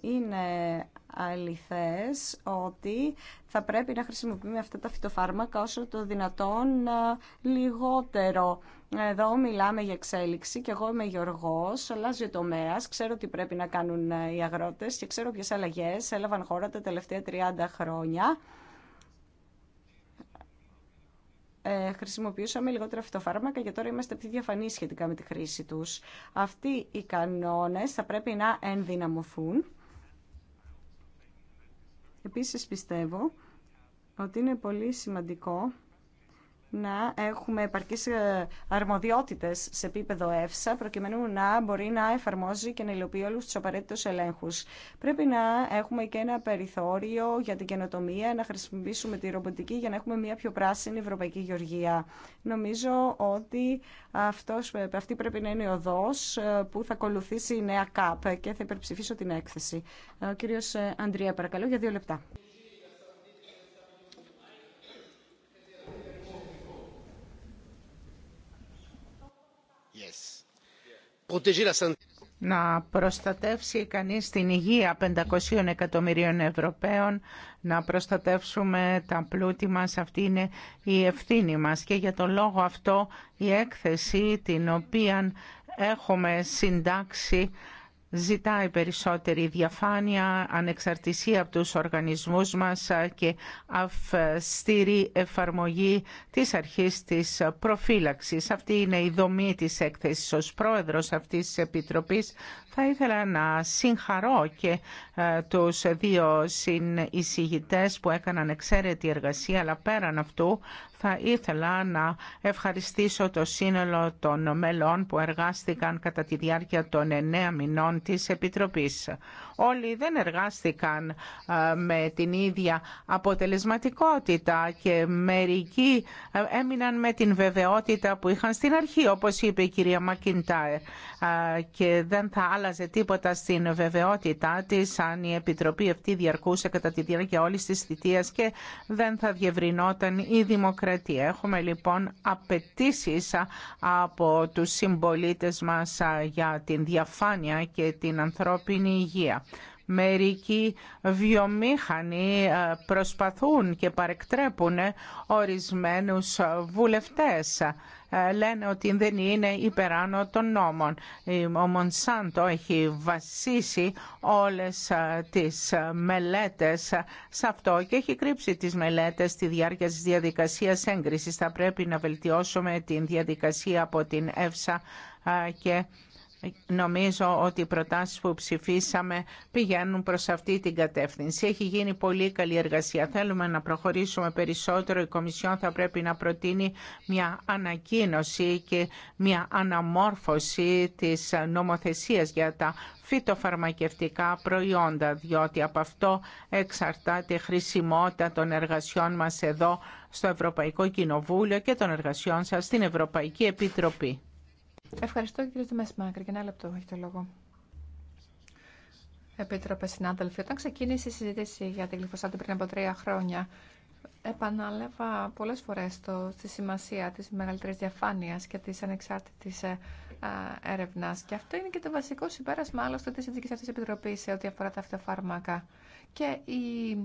είναι αληθές ότι θα πρέπει να χρησιμοποιούμε αυτά τα φυτοφάρμακα όσο το δυνατόν ε, λιγότερο. Εδώ μιλάμε για εξέλιξη και εγώ είμαι γεωργός, αλλάζει ο τομέας, ξέρω τι πρέπει να κάνουν ε, οι αγρότες και ξέρω ποιες αλλαγές έλαβαν χώρα τα τελευταία 30 χρόνια. Ε, χρησιμοποιούσαμε λιγότερα φυτοφάρμακα και τώρα είμαστε πιο διαφανεί σχετικά με τη χρήση τους. Αυτοί οι κανόνες θα πρέπει να ενδυναμωθούν Επίσης πιστεύω ότι είναι πολύ σημαντικό να έχουμε επαρκείς ε, αρμοδιότητες σε επίπεδο ΕΦΣΑ προκειμένου να μπορεί να εφαρμόζει και να υλοποιεί όλους τους απαραίτητους ελέγχους. Πρέπει να έχουμε και ένα περιθώριο για την καινοτομία, να χρησιμοποιήσουμε τη ρομποτική για να έχουμε μια πιο πράσινη ευρωπαϊκή γεωργία. Νομίζω ότι αυτός, αυτή πρέπει να είναι η οδός ε, που θα ακολουθήσει η νέα ΚΑΠ και θα υπερψηφίσω την έκθεση. Ο κύριος ε, Αντρία, παρακαλώ, για δύο λεπτά. να προστατεύσει κανείς την υγεία 500 εκατομμυρίων Ευρωπαίων, να προστατεύσουμε τα πλούτη μας. Αυτή είναι η ευθύνη μας και για τον λόγο αυτό η έκθεση την οποία έχουμε συντάξει ζητάει περισσότερη διαφάνεια, ανεξαρτησία από τους οργανισμούς μας ε, και αυστηρή εφαρμογή της αρχής της προφύλαξης. Αυτή είναι η δομή της έκθεσης ως πρόεδρος αυτής της Επιτροπής. Θα ήθελα να συγχαρώ και ε, τους δύο συνεισηγητές που έκαναν εξαίρετη εργασία, αλλά πέραν αυτού θα ήθελα να ευχαριστήσω το σύνολο των μελών που εργάστηκαν κατά τη διάρκεια των εννέα μηνών της Επιτροπής. Όλοι δεν εργάστηκαν με την ίδια αποτελεσματικότητα και μερικοί έμειναν με την βεβαιότητα που είχαν στην αρχή, όπως είπε η κυρία Μακιντάερ και δεν θα άλλαζε τίποτα στην βεβαιότητά τη αν η Επιτροπή αυτή διαρκούσε κατά τη διάρκεια όλη τη θητεία και δεν θα διευρυνόταν η δημοκρατία. Έχουμε λοιπόν απαιτήσει από του συμπολίτε μας για την διαφάνεια και την ανθρώπινη υγεία. Μερικοί βιομήχανοι ε, προσπαθούν και παρεκτρέπουν ορισμένους βουλευτές. Ε, λένε ότι δεν είναι υπεράνω των νόμων. Ο Μονσάντο έχει βασίσει όλες ε, τις μελέτες σε αυτό και έχει κρύψει τις μελέτες στη διάρκεια της διαδικασίας έγκρισης. Θα πρέπει να βελτιώσουμε την διαδικασία από την ΕΦΣΑ και Νομίζω ότι οι προτάσεις που ψηφίσαμε πηγαίνουν προς αυτή την κατεύθυνση. Έχει γίνει πολύ καλή εργασία. Θέλουμε να προχωρήσουμε περισσότερο. Η Κομισιόν θα πρέπει να προτείνει μια ανακοίνωση και μια αναμόρφωση της νομοθεσίας για τα φυτοφαρμακευτικά προϊόντα, διότι από αυτό εξαρτάται η χρησιμότητα των εργασιών μας εδώ στο Ευρωπαϊκό Κοινοβούλιο και των εργασιών σας στην Ευρωπαϊκή Επιτροπή. Ευχαριστώ κύριε Δημεσμάκρη. Για ένα λεπτό έχει το λόγο. Επίτροπε, συνάδελφοι, όταν ξεκίνησε η συζήτηση για τη γλυφοσάτη πριν από τρία χρόνια, επανάλαβα πολλές φορές το, τη σημασία της μεγαλύτερης διαφάνειας και της ανεξάρτητης έρευνα. έρευνας. Και αυτό είναι και το βασικό συμπέρασμα άλλωστε της ειδικής αυτής επιτροπής σε ό,τι αφορά τα αυτοφάρμακα. Και η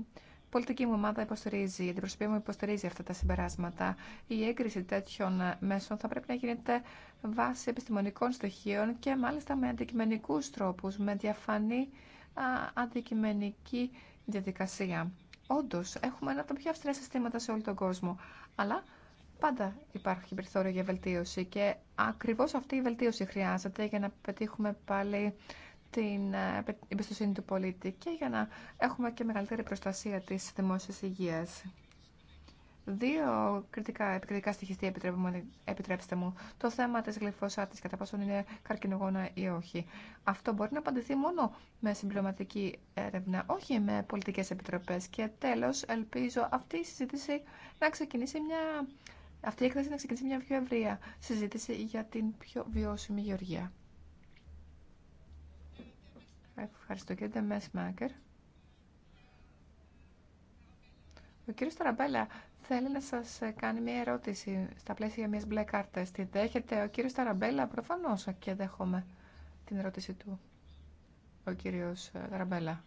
πολιτική μου ομάδα υποστηρίζει, η αντιπροσωπεία μου υποστηρίζει αυτά τα συμπεράσματα. Η έγκριση τέτοιων μέσων θα πρέπει να γίνεται βάσει επιστημονικών στοιχείων και μάλιστα με αντικειμενικούς τρόπους, με διαφανή α, αντικειμενική διαδικασία. Όντω, έχουμε ένα από τα πιο αυστηρά συστήματα σε όλο τον κόσμο. Αλλά πάντα υπάρχει περιθώριο για βελτίωση και ακριβώ αυτή η βελτίωση χρειάζεται για να πετύχουμε πάλι την ε, εμπιστοσύνη του πολίτη και για να έχουμε και μεγαλύτερη προστασία της δημόσιας υγείας. Δύο κριτικά, επικριτικά στοιχεία ε, επιτρέψτε μου. Το θέμα της γλυφωσάτης, κατά πόσον είναι καρκινογόνα ή όχι. Αυτό μπορεί να απαντηθεί μόνο με συμπληρωματική έρευνα, όχι με πολιτικές επιτροπές. Και τέλος, ελπίζω αυτή η συζήτηση να ξεκινήσει μια... Αυτή η έκθεση να ξεκινήσει μια πιο ευρεία συζήτηση για την πιο βιώσιμη γεωργία. Ευχαριστώ κύριε Ντεμέσμακερ. Ο κύριος Ταραμπέλα θέλει να σας κάνει μια ερώτηση στα πλαίσια μιας μπλε κάρτας. Τη δέχεται ο κύριος Ταραμπέλα προφανώς και δέχομαι την ερώτηση του. Ο κύριος Ταραμπέλα.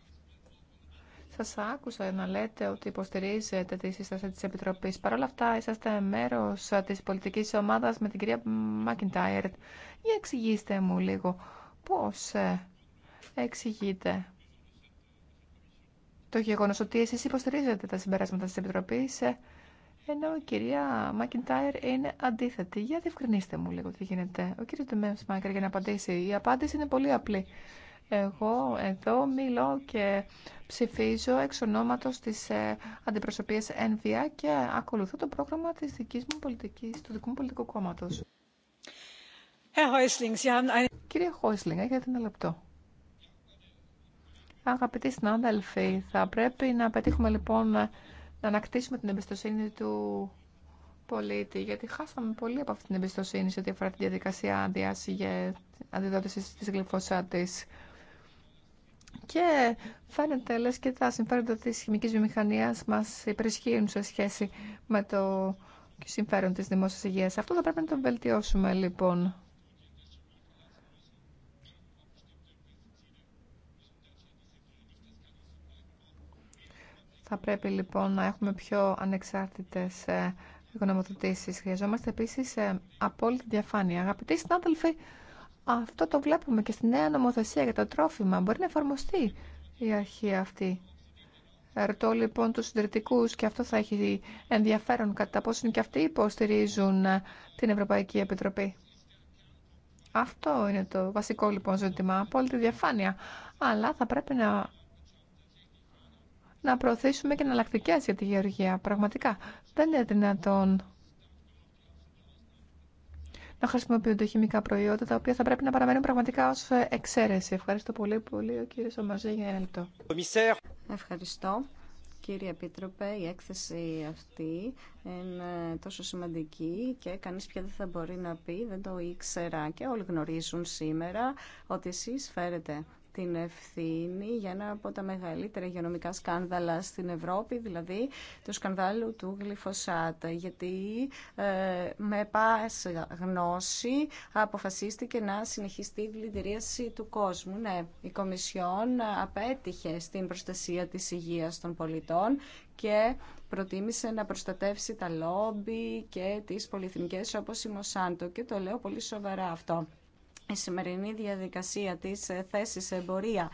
Σας άκουσα να λέτε ότι υποστηρίζετε τη σύσταση της Επιτροπής. Παρ' όλα αυτά είσαστε μέρος της πολιτικής ομάδας με την κυρία Μακιντάιρ. Για εξηγήστε μου λίγο πώς ε, εξηγείται το γεγονός ότι εσείς υποστηρίζετε τα συμπεράσματα της Επιτροπής ε, ενώ η κυρία Μακιντάιρ είναι αντίθετη. Για διευκρινίστε μου λίγο τι γίνεται. Ο κύριος Ντεμέμς Μάκερ για να απαντήσει. Η απάντηση είναι πολύ απλή. Εγώ εδώ μιλώ και ψηφίζω εξ ονόματος της ε, αντιπροσωπείας και ακολουθώ το πρόγραμμα της δικής μου πολιτικής, του δικού μου πολιτικού κόμματος. Κύριε Χόισλινγκ, έχετε ένα λεπτό. Αγαπητοί συνάδελφοι, θα πρέπει να πετύχουμε λοιπόν να ανακτήσουμε την εμπιστοσύνη του πολίτη, γιατί χάσαμε πολύ από αυτή την εμπιστοσύνη σε ό,τι αφορά τη διαδικασία άδειας για αντιδότηση της γλυφωσάτης. Και φαίνεται λες και τα συμφέροντα της χημικής βιομηχανίας μας υπερισχύουν σε σχέση με το συμφέρον της δημόσιας υγείας. Αυτό θα πρέπει να το βελτιώσουμε λοιπόν. Θα πρέπει λοιπόν να έχουμε πιο ανεξάρτητες ε, γνωμοδοτήσεις. Χρειαζόμαστε επίσης ε, απόλυτη διαφάνεια. Αγαπητοί συνάδελφοι, αυτό το βλέπουμε και στη νέα νομοθεσία για το τρόφιμα. Μπορεί να εφαρμοστεί η αρχή αυτή. Ρωτώ λοιπόν τους συντηρητικού και αυτό θα έχει ενδιαφέρον κατά πόσο και αυτοί υποστηρίζουν ε, την Ευρωπαϊκή Επιτροπή. Αυτό είναι το βασικό λοιπόν ζήτημα, απόλυτη διαφάνεια. Αλλά θα πρέπει να να προωθήσουμε και εναλλακτικέ για τη γεωργία. Πραγματικά δεν είναι δυνατόν να χρησιμοποιούνται χημικά προϊόντα τα οποία θα πρέπει να παραμένουν πραγματικά ω εξαίρεση. Ευχαριστώ πολύ, πολύ ο κύριο Ομαζέ για ένα λεπτό. Ευχαριστώ. Κύριε Επίτροπε, η έκθεση αυτή είναι τόσο σημαντική και κανείς πια δεν θα μπορεί να πει, δεν το ήξερα και όλοι γνωρίζουν σήμερα ότι εσείς φέρετε την ευθύνη για ένα από τα μεγαλύτερα υγειονομικά σκάνδαλα στην Ευρώπη, δηλαδή το σκανδάλου του γλυφοσάτα, γιατί ε, με πάση γνώση αποφασίστηκε να συνεχιστεί η δηλητηρίαση του κόσμου. Ναι, η Κομισιόν απέτυχε στην προστασία της υγείας των πολιτών και προτίμησε να προστατεύσει τα λόμπι και τις πολυεθνικές όπως η Μοσάντο και το λέω πολύ σοβαρά αυτό η σημερινή διαδικασία της ε, θέσης εμπορία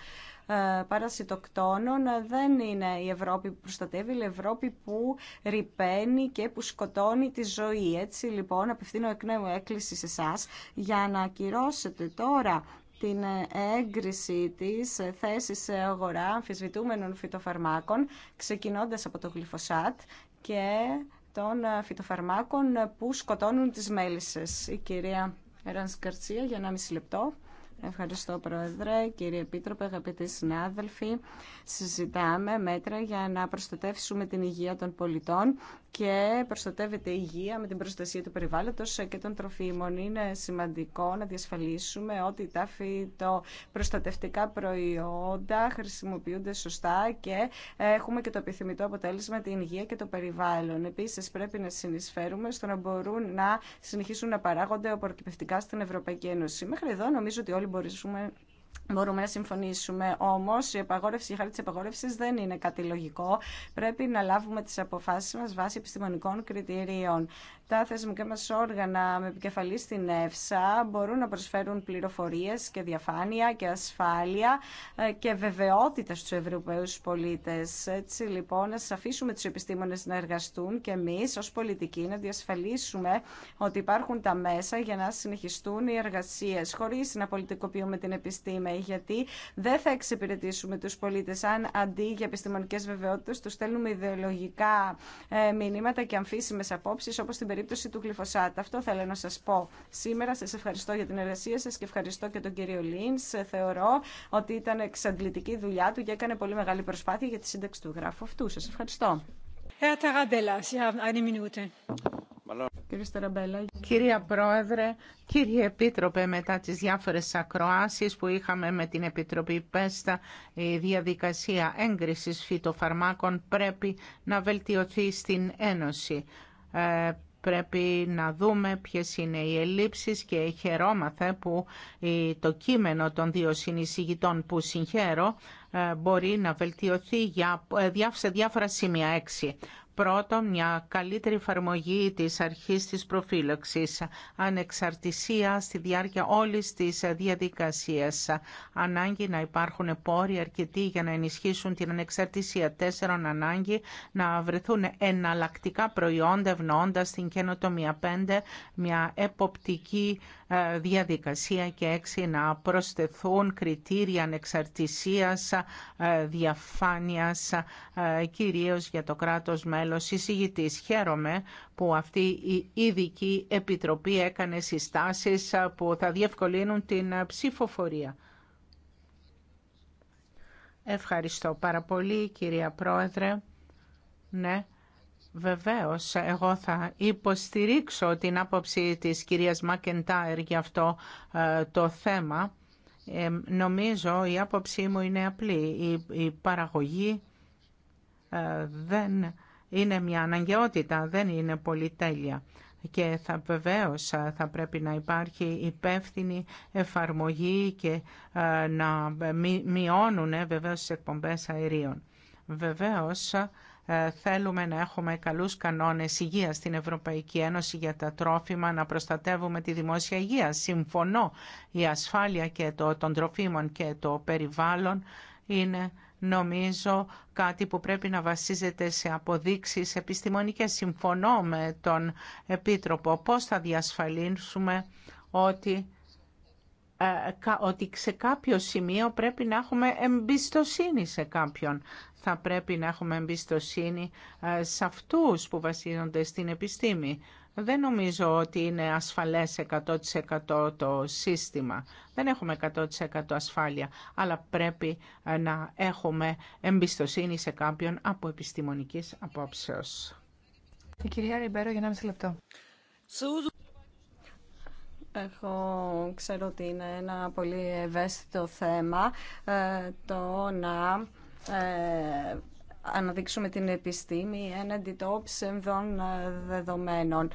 ε, παρασιτοκτόνων ε, δεν είναι η Ευρώπη που προστατεύει, η Ευρώπη που ρηπαίνει και που σκοτώνει τη ζωή. Έτσι λοιπόν απευθύνω εκ νέου έκκληση σε εσά για να ακυρώσετε τώρα την έγκριση της θέσης σε αγορά αμφισβητούμενων φυτοφαρμάκων ξεκινώντας από το γλυφοσάτ και των φυτοφαρμάκων που σκοτώνουν τις μέλισσες. Η κυρία Εράνς Καρτσία για 1,5 λεπτό. Ευχαριστώ Πρόεδρε, κύριε Επίτροπε, αγαπητοί συνάδελφοι. Συζητάμε μέτρα για να προστατεύσουμε την υγεία των πολιτών και προστατεύεται η υγεία με την προστασία του περιβάλλοντος και των τροφίμων. Είναι σημαντικό να διασφαλίσουμε ότι τα φυτοπροστατευτικά προϊόντα χρησιμοποιούνται σωστά και έχουμε και το επιθυμητό αποτέλεσμα την υγεία και το περιβάλλον. Επίσης πρέπει να συνεισφέρουμε στο να μπορούν να συνεχίσουν να παράγονται οπορκυπευτικά στην Ευρωπαϊκή Ένωση. Μέχρι εδώ νομίζω ότι όλοι μπορούμε Μπορούμε να συμφωνήσουμε όμω η επαγόρευση η χάρη τη απαγόρευση δεν είναι κάτι Πρέπει να λάβουμε τι αποφάσει μα βάσει επιστημονικών κριτηρίων τα θεσμικά μας όργανα με επικεφαλή στην ΕΦΣΑ μπορούν να προσφέρουν πληροφορίε και διαφάνεια και ασφάλεια ε, και βεβαιότητα στους Ευρωπαίου πολίτε. Έτσι λοιπόν α αφήσουμε του επιστήμονε να εργαστούν και εμεί ω πολιτικοί να διασφαλίσουμε ότι υπάρχουν τα μέσα για να συνεχιστούν οι εργασίε χωρί να πολιτικοποιούμε την επιστήμη γιατί δεν θα εξυπηρετήσουμε του πολίτε αν αντί για επιστημονικέ βεβαιότητε, του στέλνουμε ιδεολογικά ε, μηνύματα και αμφίσιμε απόψει όπω την περίπτωση του γλυφοσάτ. Αυτό θέλω να σας πω σήμερα. Σας ευχαριστώ για την εργασία σας και ευχαριστώ και τον κύριο Λίν. Θεωρώ ότι ήταν εξαντλητική δουλειά του και έκανε πολύ μεγάλη προσπάθεια για τη σύνταξη του γράφου αυτού. Σα ευχαριστώ. Κυρία Πρόεδρε, κύριε Επίτροπε, μετά τι διάφορε ακροάσει που είχαμε με την Επιτροπή ΠΕΣΤΑ, η διαδικασία έγκριση φυτοφαρμάκων πρέπει να βελτιωθεί στην Ένωση ε, πρέπει να δούμε ποιες είναι οι ελλείψεις και χαιρόμαθε που το κείμενο των δύο συνεισηγητών που συγχαίρω ε, μπορεί να βελτιωθεί ε, σε διάφορα σημεία έξι. Πρώτον, μια καλύτερη εφαρμογή της αρχής της προφύλαξης, ανεξαρτησία στη διάρκεια όλης της διαδικασίας, ανάγκη να υπάρχουν πόροι αρκετοί για να ενισχύσουν την ανεξαρτησία. τέσσερων ανάγκη να βρεθούν εναλλακτικά προϊόντα ευνοώντας την καινοτομία. Πέντε, μια εποπτική ε, διαδικασία και έξι να προσθεθούν κριτήρια ανεξαρτησίας, ε, διαφάνειας, ε, κυρίως για το κράτος μέλος εισηγητής. Χαίρομαι που αυτή η ειδική επιτροπή έκανε συστάσεις που θα διευκολύνουν την ψηφοφορία. Ευχαριστώ πάρα πολύ κυρία Πρόεδρε. Ναι, Βεβαίως, εγώ θα υποστηρίξω την άποψη της κυρίας Μακεντάερ για αυτό ε, το θέμα. Ε, νομίζω η άποψή μου είναι απλή. Η παραγωγή ε, δεν είναι μια αναγκαιότητα, δεν είναι πολυτέλεια και θα βεβαίως θα πρέπει να υπάρχει υπεύθυνη εφαρμογή και να μειώνουν βεβαίως τις εκπομπές αερίων. Βεβαίως ε, θέλουμε να έχουμε καλούς κανόνες υγείας στην Ευρωπαϊκή Ένωση για τα τρόφιμα, να προστατεύουμε τη δημόσια υγεία. Συμφωνώ, η ασφάλεια και το, των τροφίμων και το περιβάλλον είναι νομίζω κάτι που πρέπει να βασίζεται σε αποδείξεις επιστημονικές. Συμφωνώ με τον Επίτροπο πώς θα διασφαλίσουμε ότι ε, ότι σε κάποιο σημείο πρέπει να έχουμε εμπιστοσύνη σε κάποιον. Θα πρέπει να έχουμε εμπιστοσύνη ε, σε αυτούς που βασίζονται στην επιστήμη. Δεν νομίζω ότι είναι ασφαλές 100% το σύστημα. Δεν έχουμε 100% ασφάλεια, αλλά πρέπει ε, να έχουμε εμπιστοσύνη σε κάποιον από επιστημονικής απόψεως. Η κυρία Ριμπέρο για έχω ξέρω ότι είναι ένα πολύ ευαίσθητο θέμα ε, το να ε, αναδείξουμε την επιστήμη έναντι των ψευδών ε, δεδομένων.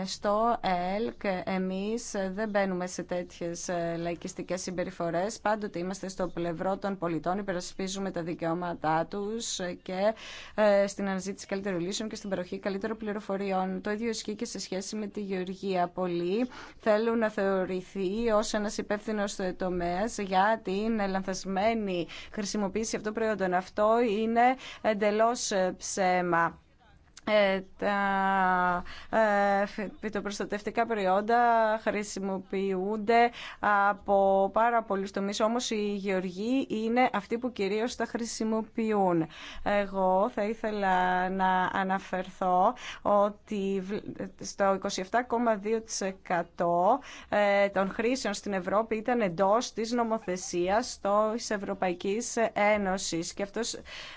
Ε, στο ΕΛΚ εμείς δεν μπαίνουμε σε τέτοιες ε, λαϊκιστικές συμπεριφορές. Πάντοτε είμαστε στο πλευρό των πολιτών, υπερασπίζουμε τα δικαιώματά τους και στην αναζήτηση καλύτερων λύσεων και στην παροχή καλύτερων πληροφοριών. Το ίδιο ισχύει και σε σχέση με τη γεωργία. Πολλοί θέλουν να θεωρηθεί ως ένας υπεύθυνο τομέα για την λανθασμένη χρησιμοποίηση αυτών προϊόντων. Αυτό είναι εντελώς ψέμα. Ε, τα ε, φυτοπροστατευτικά προϊόντα χρησιμοποιούνται από πάρα πολλούς τομείς, όμως οι γεωργοί είναι αυτοί που κυρίως τα χρησιμοποιούν. Εγώ θα ήθελα να αναφερθώ ότι στο 27,2% ε, των χρήσεων στην Ευρώπη ήταν εντός της νομοθεσίας της Ευρωπαϊκής Ένωσης και αυτό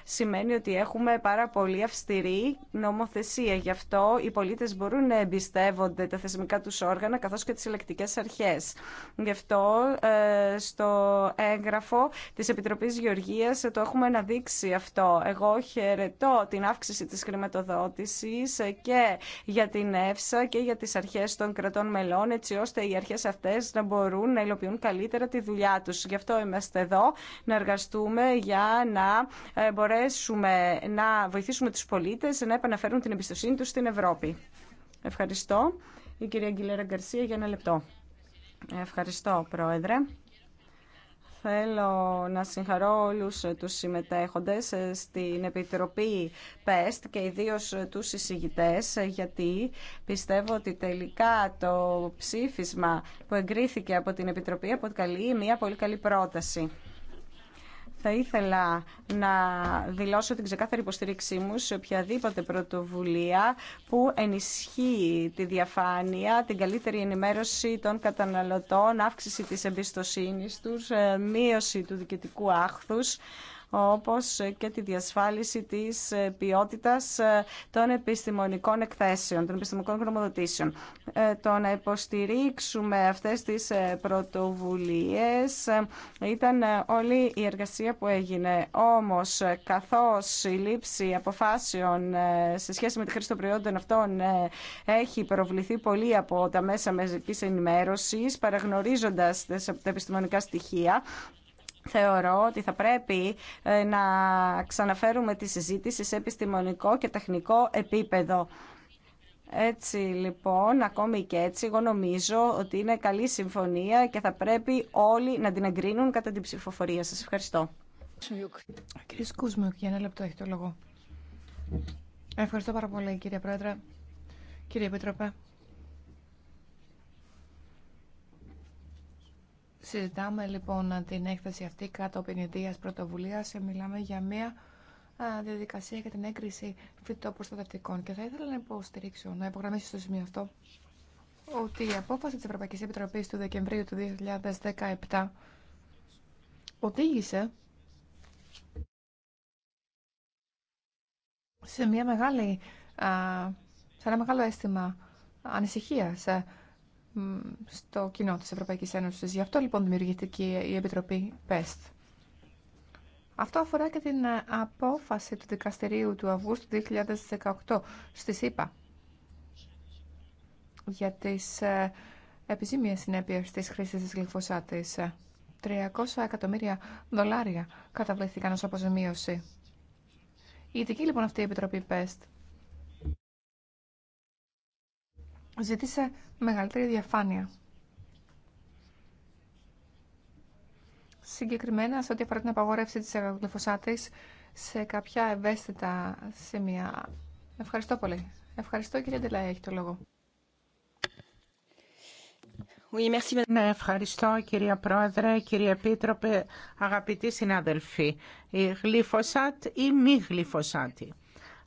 σημαίνει ότι έχουμε πάρα πολύ αυστηρή νομοθεσία νομοθεσία. Γι' αυτό οι πολίτε μπορούν να εμπιστεύονται τα θεσμικά του όργανα καθώ και τι ελεκτικέ αρχέ. Γι' αυτό ε, στο έγγραφο της Επιτροπής Γεωργίας το έχουμε αναδείξει αυτό. Εγώ χαιρετώ την αύξηση της χρηματοδότηση και για την ΕΦΣΑ και για τι αρχέ των κρατών μελών έτσι ώστε οι αρχέ αυτέ να μπορούν να υλοποιούν καλύτερα τη δουλειά του. Γι' αυτό είμαστε εδώ να εργαστούμε για να ε, μπορέσουμε να βοηθήσουμε τους πολίτες να επαναφέρουν την εμπιστοσύνη τους στην Ευρώπη. Ευχαριστώ. Η κυρία Αγγιλέρα Γκαρσία για ένα λεπτό. Ευχαριστώ, Πρόεδρε. Θέλω να συγχαρώ όλους τους συμμετέχοντες στην Επιτροπή ΠΕΣΤ και ιδίως τους εισηγητές γιατί πιστεύω ότι τελικά το ψήφισμα που εγκρίθηκε από την Επιτροπή αποκαλεί μια πολύ καλή πρόταση. Θα ήθελα να δηλώσω την ξεκάθαρη υποστήριξή μου σε οποιαδήποτε πρωτοβουλία που ενισχύει τη διαφάνεια, την καλύτερη ενημέρωση των καταναλωτών, αύξηση της εμπιστοσύνης τους, ε, μείωση του διοικητικού άχθους, όπως και τη διασφάλιση της ε, ποιότητας ε, των επιστημονικών εκθέσεων, των επιστημονικών γνωμοδοτήσεων. Ε, το να υποστηρίξουμε αυτές τις πρωτοβουλίες ήταν όλη η εργασία που έγινε. Όμως, καθώς η λήψη αποφάσεων σε σχέση με τη χρήση των προϊόντων αυτών έχει προβληθεί πολύ από τα μέσα μαζικής ενημέρωσης, παραγνωρίζοντας τα επιστημονικά στοιχεία Θεωρώ ότι θα πρέπει ε, να ξαναφέρουμε τη συζήτηση σε επιστημονικό και τεχνικό επίπεδο. Έτσι λοιπόν, ακόμη και έτσι, εγώ νομίζω ότι είναι καλή συμφωνία και θα πρέπει όλοι να την εγκρίνουν κατά την ψηφοφορία. Σας ευχαριστώ. Κύριε Σκούσμιουκ, για ένα λεπτό έχει το λόγο. Ευχαριστώ πάρα πολύ κύριε Πρόεδρε, κύριε Επίτροπε. Συζητάμε λοιπόν την έκθεση αυτή κάτω ιδείας πρωτοβουλίας. Μιλάμε για μια διαδικασία για την έγκριση φυτοπροστατευτικών. Και θα ήθελα να υποστηρίξω, να υπογραμμίσω στο σημείο αυτό, ότι η απόφαση της Ευρωπαϊκής Επιτροπής του Δεκεμβρίου του 2017 οδήγησε σε, μια μεγάλη, σε ένα μεγάλο αίσθημα ανησυχίας στο κοινό της Ευρωπαϊκής Ένωσης. Γι' αυτό λοιπόν δημιουργήθηκε η Επιτροπή ΠΕΣΤ. Αυτό αφορά και την απόφαση του δικαστηρίου του Αυγούστου 2018 στη ΣΥΠΑ για τις ε, επιζήμιες συνέπειες της χρήσης της γλυφωσάτης. 300 εκατομμύρια δολάρια καταβλήθηκαν ως αποζημίωση. Η ειδική λοιπόν αυτή η Επιτροπή ΠΕΣΤ ζήτησε μεγαλύτερη διαφάνεια. Συγκεκριμένα, σε ό,τι αφορά την απαγόρευση της αγλυφωσάτης σε κάποια ευαίσθητα σημεία. Ευχαριστώ πολύ. Ευχαριστώ, κύριε Ντελαέ, έχει το λόγο. Ναι, ευχαριστώ κυρία Πρόεδρε, κύριε Επίτροπε, αγαπητοί συνάδελφοι. Η ή μη γλυφωσάτη.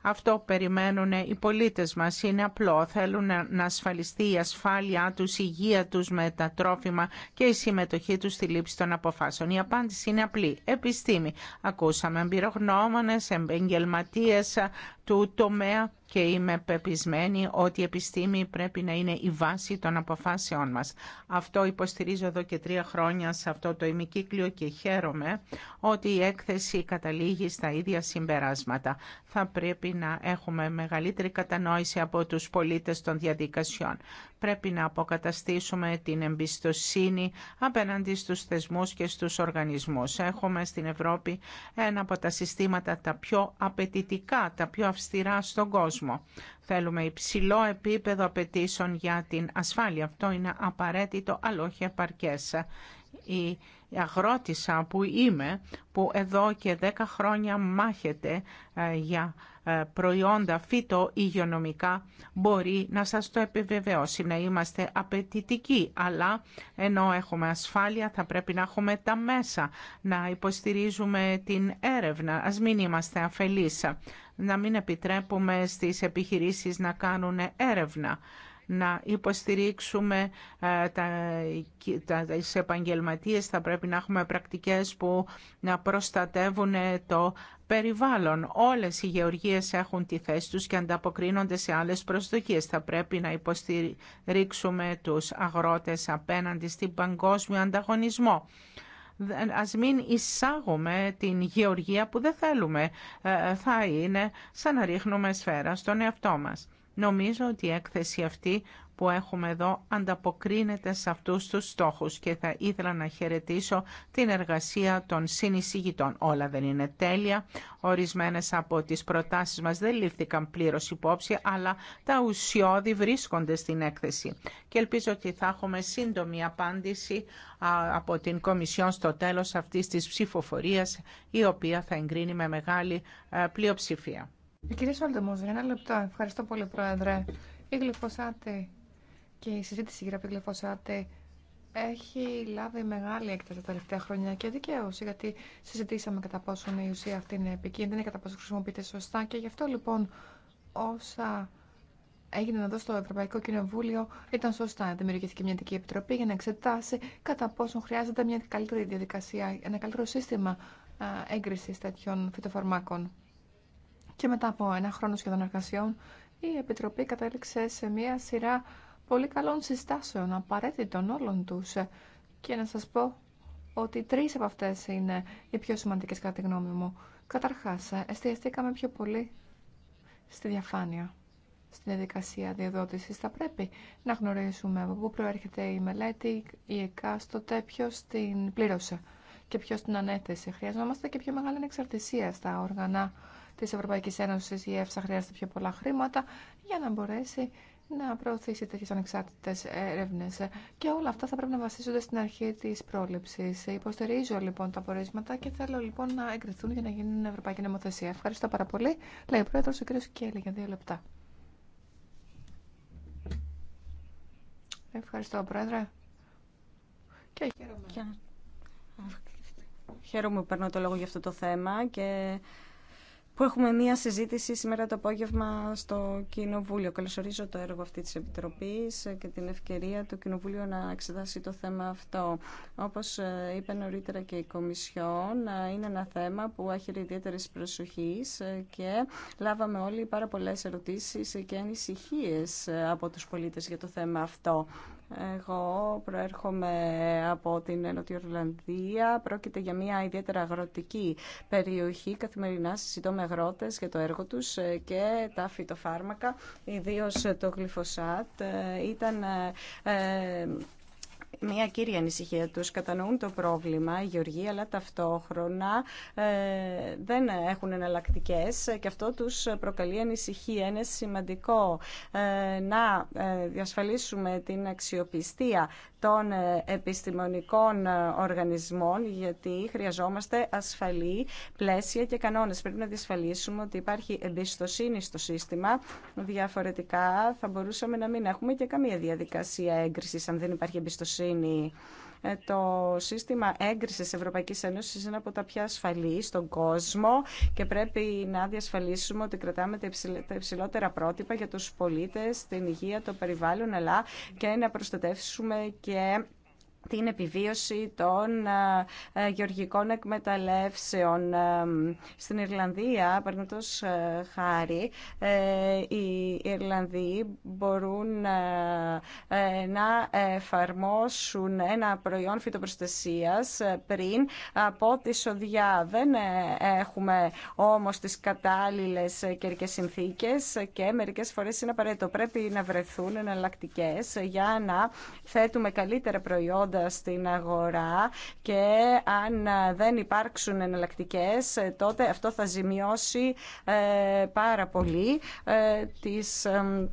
Αυτό περιμένουν οι πολίτες μας. Είναι απλό. Θέλουν να ασφαλιστεί η ασφάλειά τους, η υγεία τους με τα τρόφιμα και η συμμετοχή τους στη λήψη των αποφάσεων. Η απάντηση είναι απλή. Επιστήμη. Ακούσαμε εμπειρογνώμονες, επαγγελματίε του τομέα και είμαι πεπισμένη ότι η επιστήμη πρέπει να είναι η βάση των αποφάσεών μας. Αυτό υποστηρίζω εδώ και τρία χρόνια σε αυτό το ημικύκλιο και χαίρομαι ότι η έκθεση καταλήγει στα ίδια συμπεράσματα. Θα πρέπει να έχουμε μεγαλύτερη κατανόηση από τους πολίτες των διαδικασιών. Πρέπει να αποκαταστήσουμε την εμπιστοσύνη απέναντι στους θεσμούς και στους οργανισμούς. Έχουμε στην Ευρώπη ένα από τα συστήματα τα πιο απαιτητικά, τα πιο αυστηρά στον κόσμο. Θέλουμε υψηλό επίπεδο απαιτήσεων για την ασφάλεια. Αυτό είναι απαραίτητο, αλλά όχι επαρκές η αγρότησα που είμαι, που εδώ και δέκα χρόνια μάχεται ε, για ε, προϊόντα φυτο-υγειονομικά μπορεί να σας το επιβεβαιώσει, να είμαστε απαιτητικοί, αλλά ενώ έχουμε ασφάλεια θα πρέπει να έχουμε τα μέσα, να υποστηρίζουμε την έρευνα, ας μην είμαστε αφελείς, να μην επιτρέπουμε στις επιχειρήσεις να κάνουν έρευνα να υποστηρίξουμε ε, τα, τα, τις επαγγελματίες. Θα πρέπει να έχουμε πρακτικές που να προστατεύουν το περιβάλλον. Όλες οι γεωργίες έχουν τη θέση τους και ανταποκρίνονται σε άλλες προσδοκίες. Θα πρέπει να υποστηρίξουμε τους αγρότες απέναντι στην παγκόσμιο ανταγωνισμό. Ας μην εισάγουμε την γεωργία που δεν θέλουμε. Ε, θα είναι σαν να ρίχνουμε σφαίρα στον εαυτό μας. Νομίζω ότι η έκθεση αυτή που έχουμε εδώ ανταποκρίνεται σε αυτούς τους στόχους και θα ήθελα να χαιρετήσω την εργασία των συνεισηγητών. Όλα δεν είναι τέλεια, ορισμένες από τις προτάσεις μας δεν λήφθηκαν πλήρως υπόψη, αλλά τα ουσιώδη βρίσκονται στην έκθεση. Και ελπίζω ότι θα έχουμε σύντομη απάντηση από την Κομισιόν στο τέλος αυτής της ψηφοφορίας, η οποία θα εγκρίνει με μεγάλη ε, πλειοψηφία. Ε, Σόλτεμος, για ένα λεπτό. Ευχαριστώ πολύ, Πρόεδρε και η συζήτηση γύρω από την γλυφοσάτη έχει λάβει μεγάλη έκταση τα τελευταία χρόνια και δικαίω, γιατί συζητήσαμε κατά πόσο η ουσία αυτή είναι επικίνδυνη, κατά πόσο χρησιμοποιείται σωστά και γι' αυτό λοιπόν όσα έγιναν εδώ στο Ευρωπαϊκό Κοινοβούλιο ήταν σωστά. Δημιουργήθηκε μια ειδική επιτροπή για να εξετάσει κατά πόσο χρειάζεται μια καλύτερη διαδικασία, ένα καλύτερο σύστημα έγκριση τέτοιων φυτοφαρμάκων. Και μετά από ένα χρόνο σχεδόν εργασιών, η Επιτροπή κατέληξε σε μια σειρά πολύ καλών συστάσεων, απαραίτητων όλων τους. Και να σας πω ότι τρεις από αυτές είναι οι πιο σημαντικές κατά τη γνώμη μου. Καταρχάς, εστιαστήκαμε πιο πολύ στη διαφάνεια. Στην διαδικασία διαδότηση. θα πρέπει να γνωρίσουμε από πού προέρχεται η μελέτη, η εκάστοτε, ποιο την πλήρωσε και ποιο την ανέθεσε. Χρειαζόμαστε και πιο μεγάλη ανεξαρτησία στα όργανα της Ευρωπαϊκής Ένωσης. Η ΕΦΣΑ χρειάζεται πιο πολλά χρήματα για να μπορέσει να προωθήσει τέτοιε ανεξάρτητε έρευνε. Και όλα αυτά θα πρέπει να βασίζονται στην αρχή τη πρόληψη. Υποστηρίζω λοιπόν τα πορίσματα και θέλω λοιπόν να εγκριθούν για να γίνουν ευρωπαϊκή νομοθεσία. Ευχαριστώ πάρα πολύ. Λέει ο πρόεδρο ο κ. Κέλλη για δύο λεπτά. Ευχαριστώ, πρόεδρε. Και χαίρομαι. Και... Χαίρομαι που παίρνω το λόγο για αυτό το θέμα και που έχουμε μία συζήτηση σήμερα το απόγευμα στο Κοινοβούλιο. Καλωσορίζω το έργο αυτή της Επιτροπής και την ευκαιρία του κοινοβουλίου να εξετάσει το θέμα αυτό. Όπως ε, είπε νωρίτερα και η Κομισιόν, ε, είναι ένα θέμα που έχει ιδιαίτερη προσοχή ε, και λάβαμε όλοι πάρα πολλές ερωτήσεις και ανησυχίες από τους πολίτες για το θέμα αυτό. Εγώ προέρχομαι από την Νότια Πρόκειται για μια ιδιαίτερα αγροτική περιοχή. Καθημερινά συζητώ με αγρότε για το έργο του και τα φυτοφάρμακα, ιδίω το γλυφοσάτ. Ε, ήταν ε, μια κύρια ανησυχία τους. Κατανοούν το πρόβλημα οι γεωργοί, αλλά ταυτόχρονα ε, δεν έχουν εναλλακτικέ και αυτό τους προκαλεί ανησυχία. Είναι σημαντικό ε, να ε, διασφαλίσουμε την αξιοπιστία των επιστημονικών οργανισμών, γιατί χρειαζόμαστε ασφαλή πλαίσια και κανόνες. Πρέπει να διασφαλίσουμε ότι υπάρχει εμπιστοσύνη στο σύστημα. Διαφορετικά θα μπορούσαμε να μην έχουμε και καμία διαδικασία έγκρισης αν δεν υπάρχει εμπιστοσύνη ε, το σύστημα έγκρισης Ευρωπαϊκής Ένωση είναι από τα πιο ασφαλή στον κόσμο και πρέπει να διασφαλίσουμε ότι κρατάμε τα υψηλότερα πρότυπα για τους πολίτες, την υγεία, το περιβάλλον, αλλά και να προστατεύσουμε και την επιβίωση των ε, ε, γεωργικών εκμεταλλεύσεων. Ε, στην Ιρλανδία, παραδείγματος χάρη, οι Ιρλανδοί μπορούν να εφαρμόσουν ένα προϊόν φυτοπροστασίας πριν από τη σοδιά. Δεν έχουμε όμως τις κατάλληλες καιρικές συνθήκες και μερικές φορές είναι απαραίτητο. Πρέπει να βρεθούν εναλλακτικέ για να θέτουμε καλύτερα προϊόντα στην αγορά και αν δεν υπάρξουν εναλλακτικέ, τότε αυτό θα ζημιώσει ε, πάρα πολύ ε, τις ε,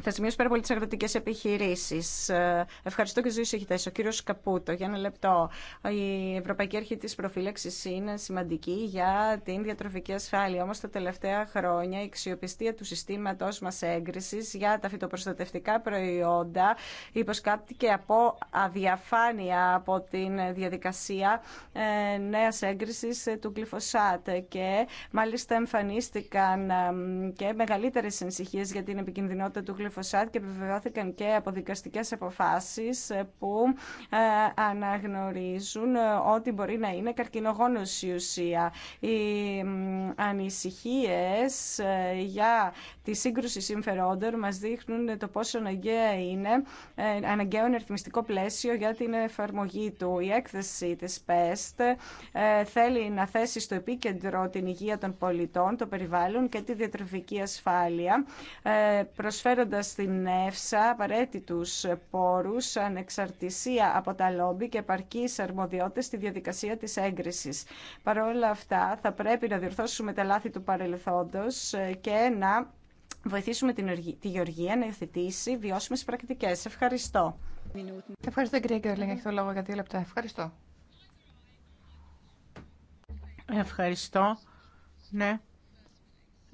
θα σημειώσω πάρα πολύ τι αγροτικέ επιχειρήσει. Ε, ευχαριστώ και ζωή Ο κύριο Καπούτο, για ένα λεπτό. Η Ευρωπαϊκή Αρχή τη Προφύλαξη είναι σημαντική για την διατροφική ασφάλεια. Όμω τα τελευταία χρόνια η αξιοπιστία του συστήματο μα έγκριση για τα φυτοπροστατευτικά προϊόντα υποσκάπτηκε από αδιαφάνεια από την διαδικασία ε, νέα έγκριση ε, του γλυφοσάτ. Και μάλιστα εμφανίστηκαν και μεγαλύτερε ανησυχίε για την επικινδυνότητα του γλυφοσάτ και επιβεβαιώθηκαν και από δικαστικές αποφάσεις ε, που ε, αναγνωρίζουν ε, ότι μπορεί να είναι καρκινογόνος η ουσία. Οι ανησυχίες για τη σύγκρουση συμφερόντων μας δείχνουν το πόσο αναγκαία είναι, αναγκαίο είναι πλαίσιο για την εφαρμογή του. Η έκθεση της ΠΕΣΤ θέλει να θέσει στο επίκεντρο την υγεία των πολιτών, το περιβάλλον και τη διατροφική ασφάλεια, προσφέροντας δίνοντας στην ΕΦΣΑ απαραίτητους πόρους, ανεξαρτησία από τα λόμπι και επαρκείς αρμοδιότητες στη διαδικασία της έγκρισης. Παρ' όλα αυτά θα πρέπει να διορθώσουμε τα λάθη του παρελθόντος ε, και να βοηθήσουμε τη Γεωργία να υιοθετήσει βιώσιμες πρακτικές. Ευχαριστώ. Ευχαριστώ κυρία Γκέρλινγκ. έχει το λόγο για δύο λεπτά. Ευχαριστώ. Ευχαριστώ. Ναι.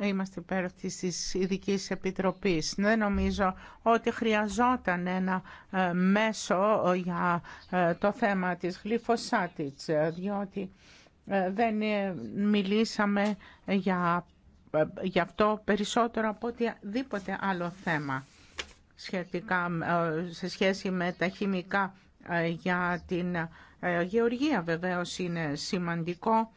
Είμαστε υπέρ αυτής της Ειδικής Επιτροπής. Δεν νομίζω ότι χρειαζόταν ένα ε, μέσο ε, για ε, το θέμα της γλυφοσάτης, διότι δεν μιλήσαμε για, για αυτό περισσότερο από οτιδήποτε άλλο θέμα σχετικά, σε σχέση με τα χημικά για την γεωργία. Βεβαίως είναι σημαντικό.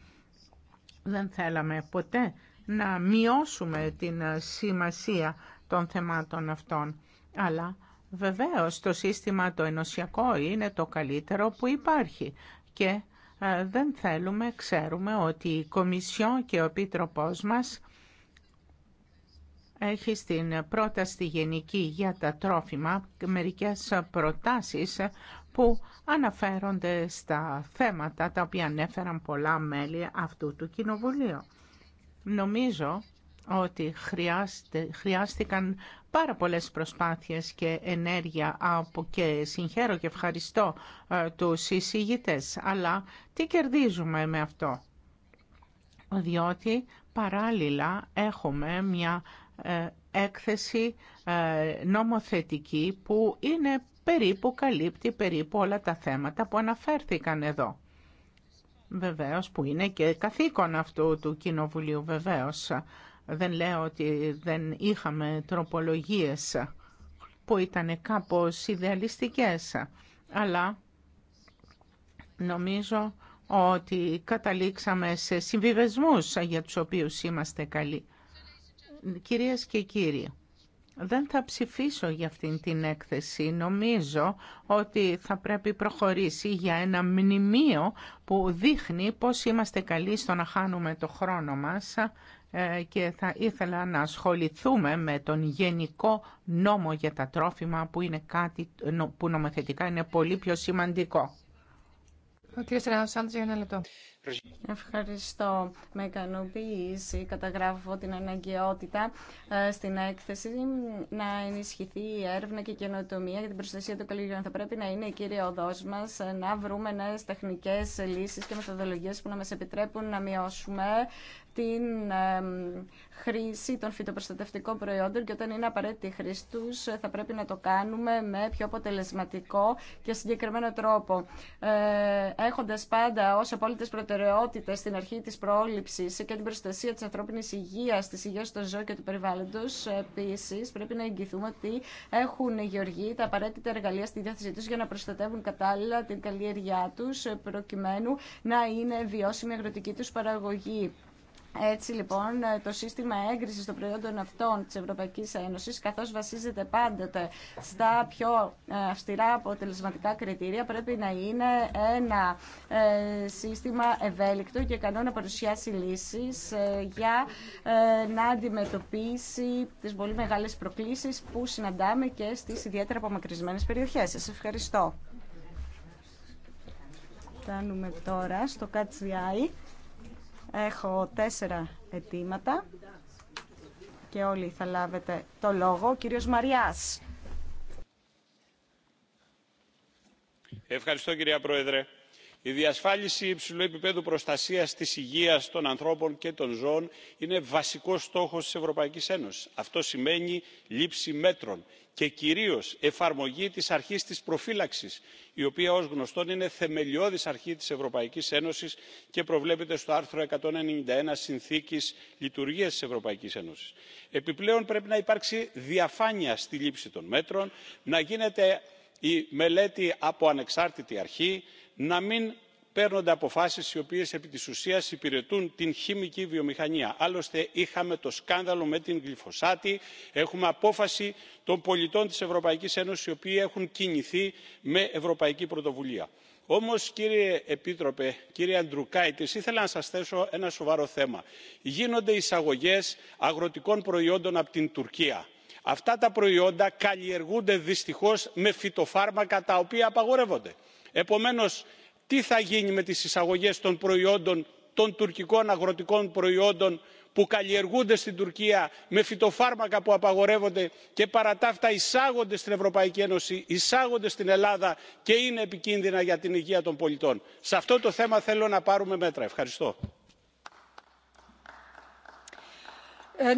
Δεν θέλαμε ποτέ να μειώσουμε την σημασία των θεμάτων αυτών. Αλλά βεβαίως το σύστημα το ενωσιακό είναι το καλύτερο που υπάρχει και ε, δεν θέλουμε, ξέρουμε ότι η Κομισιό και ο Επίτροπός μας έχει στην πρόταση γενική για τα τρόφιμα μερικές προτάσεις που αναφέρονται στα θέματα τα οποία ανέφεραν πολλά μέλη αυτού του Κοινοβουλίου. Νομίζω ότι χρειάστηκαν πάρα πολλές προσπάθειες και ενέργεια από και συγχαίρω και ευχαριστώ ε, τους εισηγητές. Αλλά τι κερδίζουμε με αυτό. Διότι παράλληλα έχουμε μια ε, έκθεση ε, νομοθετική που είναι περίπου καλύπτει περίπου όλα τα θέματα που αναφέρθηκαν εδώ. Βεβαίως που είναι και καθήκον αυτού του Κοινοβουλίου βεβαίως. Δεν λέω ότι δεν είχαμε τροπολογίες που ήταν κάπως ιδεαλιστικές, αλλά νομίζω ότι καταλήξαμε σε συμβιβασμούς για τους οποίους είμαστε καλοί. Κυρίες και κύριοι, δεν θα ψηφίσω για αυτήν την έκθεση. Νομίζω ότι θα πρέπει προχωρήσει για ένα μνημείο που δείχνει πώς είμαστε καλοί στο να χάνουμε το χρόνο μας ε, και θα ήθελα να ασχοληθούμε με τον γενικό νόμο για τα τρόφιμα που είναι κάτι που νομοθετικά είναι πολύ πιο σημαντικό. Ο κύριος ένα λεπτό. Ευχαριστώ. Με ικανοποίηση καταγράφω την αναγκαιότητα ε, στην έκθεση να ενισχυθεί η έρευνα και η καινοτομία για την προστασία των καλλιεργειών. Θα πρέπει να είναι η κύρια οδό μα ε, να βρούμε νέε τεχνικέ λύσει και μεθοδολογίε που να μα επιτρέπουν να μειώσουμε την χρήση των φυτοπροστατευτικών προϊόντων και όταν είναι απαραίτητη η χρήση του ε, θα πρέπει να το κάνουμε με πιο αποτελεσματικό και συγκεκριμένο τρόπο. Έχοντα πάντα ω απόλυτε προτεραιότητε στην αρχή της πρόληψης και την προστασία της ανθρώπινης υγείας, της υγείας των ζώων και του περιβάλλοντος. Επίσης, πρέπει να εγγυθούμε ότι έχουν οι τα απαραίτητα εργαλεία στη διάθεσή τους για να προστατεύουν κατάλληλα την καλλιέργειά τους, προκειμένου να είναι βιώσιμη η αγροτική τους παραγωγή. Έτσι λοιπόν το σύστημα έγκρισης των προϊόντων αυτών της Ευρωπαϊκής Ένωσης καθώς βασίζεται πάντοτε στα πιο ε, αυστηρά αποτελεσματικά κριτήρια πρέπει να είναι ένα ε, σύστημα ευέλικτο και ικανό να παρουσιάσει λύσεις ε, για να αντιμετωπίσει τις πολύ μεγάλες προκλήσεις που συναντάμε και στις ιδιαίτερα απομακρυσμένες περιοχές. Σας ευχαριστώ. Φτάνουμε τώρα στο Έχω τέσσερα αιτήματα και όλοι θα λάβετε το λόγο. Ο κύριος Μαριάς. Ευχαριστώ κυρία Πρόεδρε η διασφάλιση υψηλού επίπεδου προστασίας της υγείας των ανθρώπων και των ζώων είναι βασικός στόχος της ευρωπαϊκής ένωσης. αυτό σημαίνει λήψη μέτρων και κυρίως εφαρμογή της αρχής της προφύλαξης η οποία ως γνωστόν είναι θεμελιώδης αρχή της ευρωπαϊκής ένωσης και προβλέπεται στο άρθρο 191 συνθήκης λειτουργίας της ευρωπαϊκής ένωσης. επιπλέον πρέπει να υπάρξει διαφάνεια στη λήψη των μέτρων να γίνεται η μελέτη από ανεξάρτητη αρχή να μην παίρνονται αποφάσεις οι οποίες επί της ουσίας υπηρετούν την χημική βιομηχανία. άλλωστε είχαμε το σκάνδαλο με την γλυφοσάτη έχουμε απόφαση των πολιτών της ευρωπαϊκής ένωσης οι οποίοι έχουν κινηθεί με ευρωπαϊκή πρωτοβουλία. όμως κύριε επίτροπε κύριε αντρουκάητης ήθελα να σας θέσω ένα σοβαρό θέμα. γίνονται εισαγωγές αγροτικών προϊόντων από την τουρκία. αυτά τα προϊόντα καλλιεργούνται δυστυχώς με φυτοφάρμακα τα οποία απαγορεύονται επομένως τι θα γίνει με τις εισαγωγές των προϊόντων των τουρκικών αγροτικών προϊόντων που καλλιεργούνται στην τουρκία με φυτοφάρμακα που απαγορεύονται και παρά τα αυτά εισάγονται στην ευρωπαϊκή ένωση εισάγονται στην ελλάδα και είναι επικίνδυνα για την υγεία των πολιτών. σε αυτό το θέμα θέλω να πάρουμε μέτρα. ευχαριστώ. Ε, ε-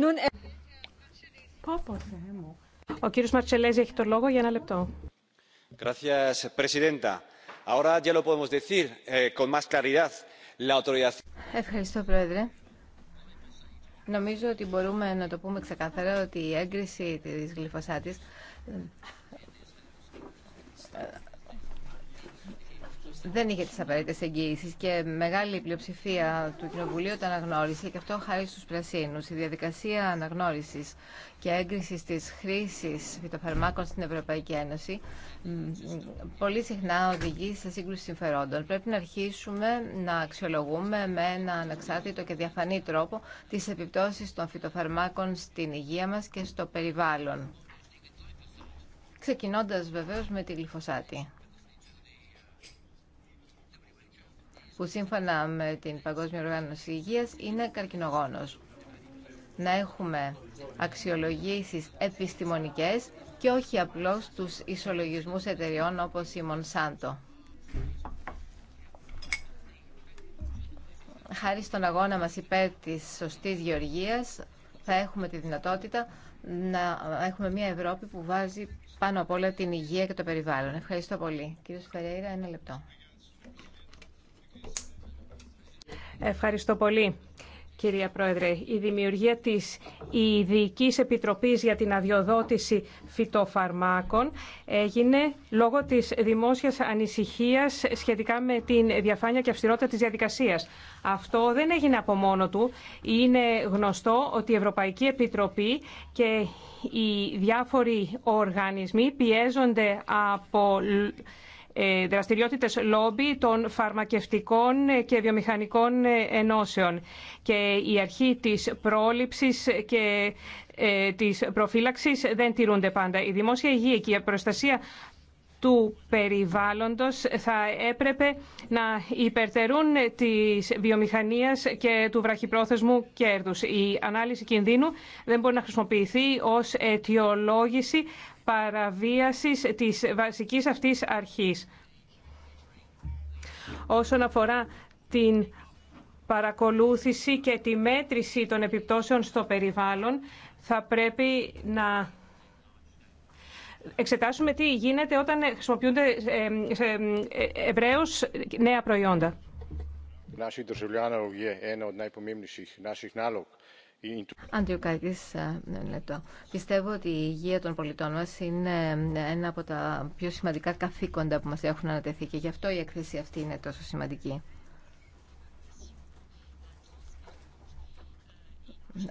Ευχαριστώ, Πρόεδρε. Νομίζω ότι μπορούμε να το πούμε ξεκάθαρα ότι η έγκριση της γλυφωσάτης δεν είχε τι απαραίτητε εγγύησει και μεγάλη πλειοψηφία του Κοινοβουλίου τα αναγνώρισε και αυτό χάρη στου πρασίνου. Η διαδικασία αναγνώριση και έγκριση της χρήση φυτοφαρμάκων στην Ευρωπαϊκή Ένωση πολύ συχνά οδηγεί σε σύγκρουση συμφερόντων. Πρέπει να αρχίσουμε να αξιολογούμε με ένα ανεξάρτητο και διαφανή τρόπο τις επιπτώσει των φυτοφαρμάκων στην υγεία μα και στο περιβάλλον. Ξεκινώντας βεβαίως με τη γλυφοσάτη. που σύμφωνα με την Παγκόσμια Οργάνωση Υγείας είναι καρκινογόνος. Να έχουμε αξιολογήσεις επιστημονικές και όχι απλώς τους ισολογισμούς εταιριών όπως η Μονσάντο. Χάρη στον αγώνα μας υπέρ της σωστής γεωργίας θα έχουμε τη δυνατότητα να έχουμε μια Ευρώπη που βάζει πάνω απ' όλα την υγεία και το περιβάλλον. Ευχαριστώ πολύ. Κύριος Φερέιρα, ένα λεπτό. Ευχαριστώ πολύ. Κυρία Πρόεδρε, η δημιουργία της ειδική Επιτροπής για την Αδειοδότηση Φυτοφαρμάκων έγινε λόγω της δημόσιας ανησυχίας σχετικά με την διαφάνεια και αυστηρότητα της διαδικασίας. Αυτό δεν έγινε από μόνο του. Είναι γνωστό ότι η Ευρωπαϊκή Επιτροπή και οι διάφοροι οργανισμοί πιέζονται από ε, δραστηριότητες λόμπι των φαρμακευτικών ε, και βιομηχανικών ε, ενώσεων. Και η αρχή της πρόληψης και της προφύλαξης δεν τηρούνται πάντα. Η δημόσια υγεία και η προστασία του περιβάλλοντος θα έπρεπε να υπερτερούν της βιομηχανίας και του βραχυπρόθεσμου κέρδους. Η ανάλυση κινδύνου δεν μπορεί να χρησιμοποιηθεί ως αιτιολόγηση παραβίασης της βασικής αυτής αρχής. Όσον αφορά την παρακολούθηση και τη μέτρηση των επιπτώσεων στο περιβάλλον, θα πρέπει να εξετάσουμε τι γίνεται όταν χρησιμοποιούνται ε, ε, ευρέως νέα προϊόντα. Ε, ναι το. Πιστεύω ότι η υγεία των πολιτών μας είναι ε, ένα από τα πιο σημαντικά καθήκοντα που μας έχουν ανατεθεί και γι' αυτό η εκθέση αυτή είναι τόσο σημαντική.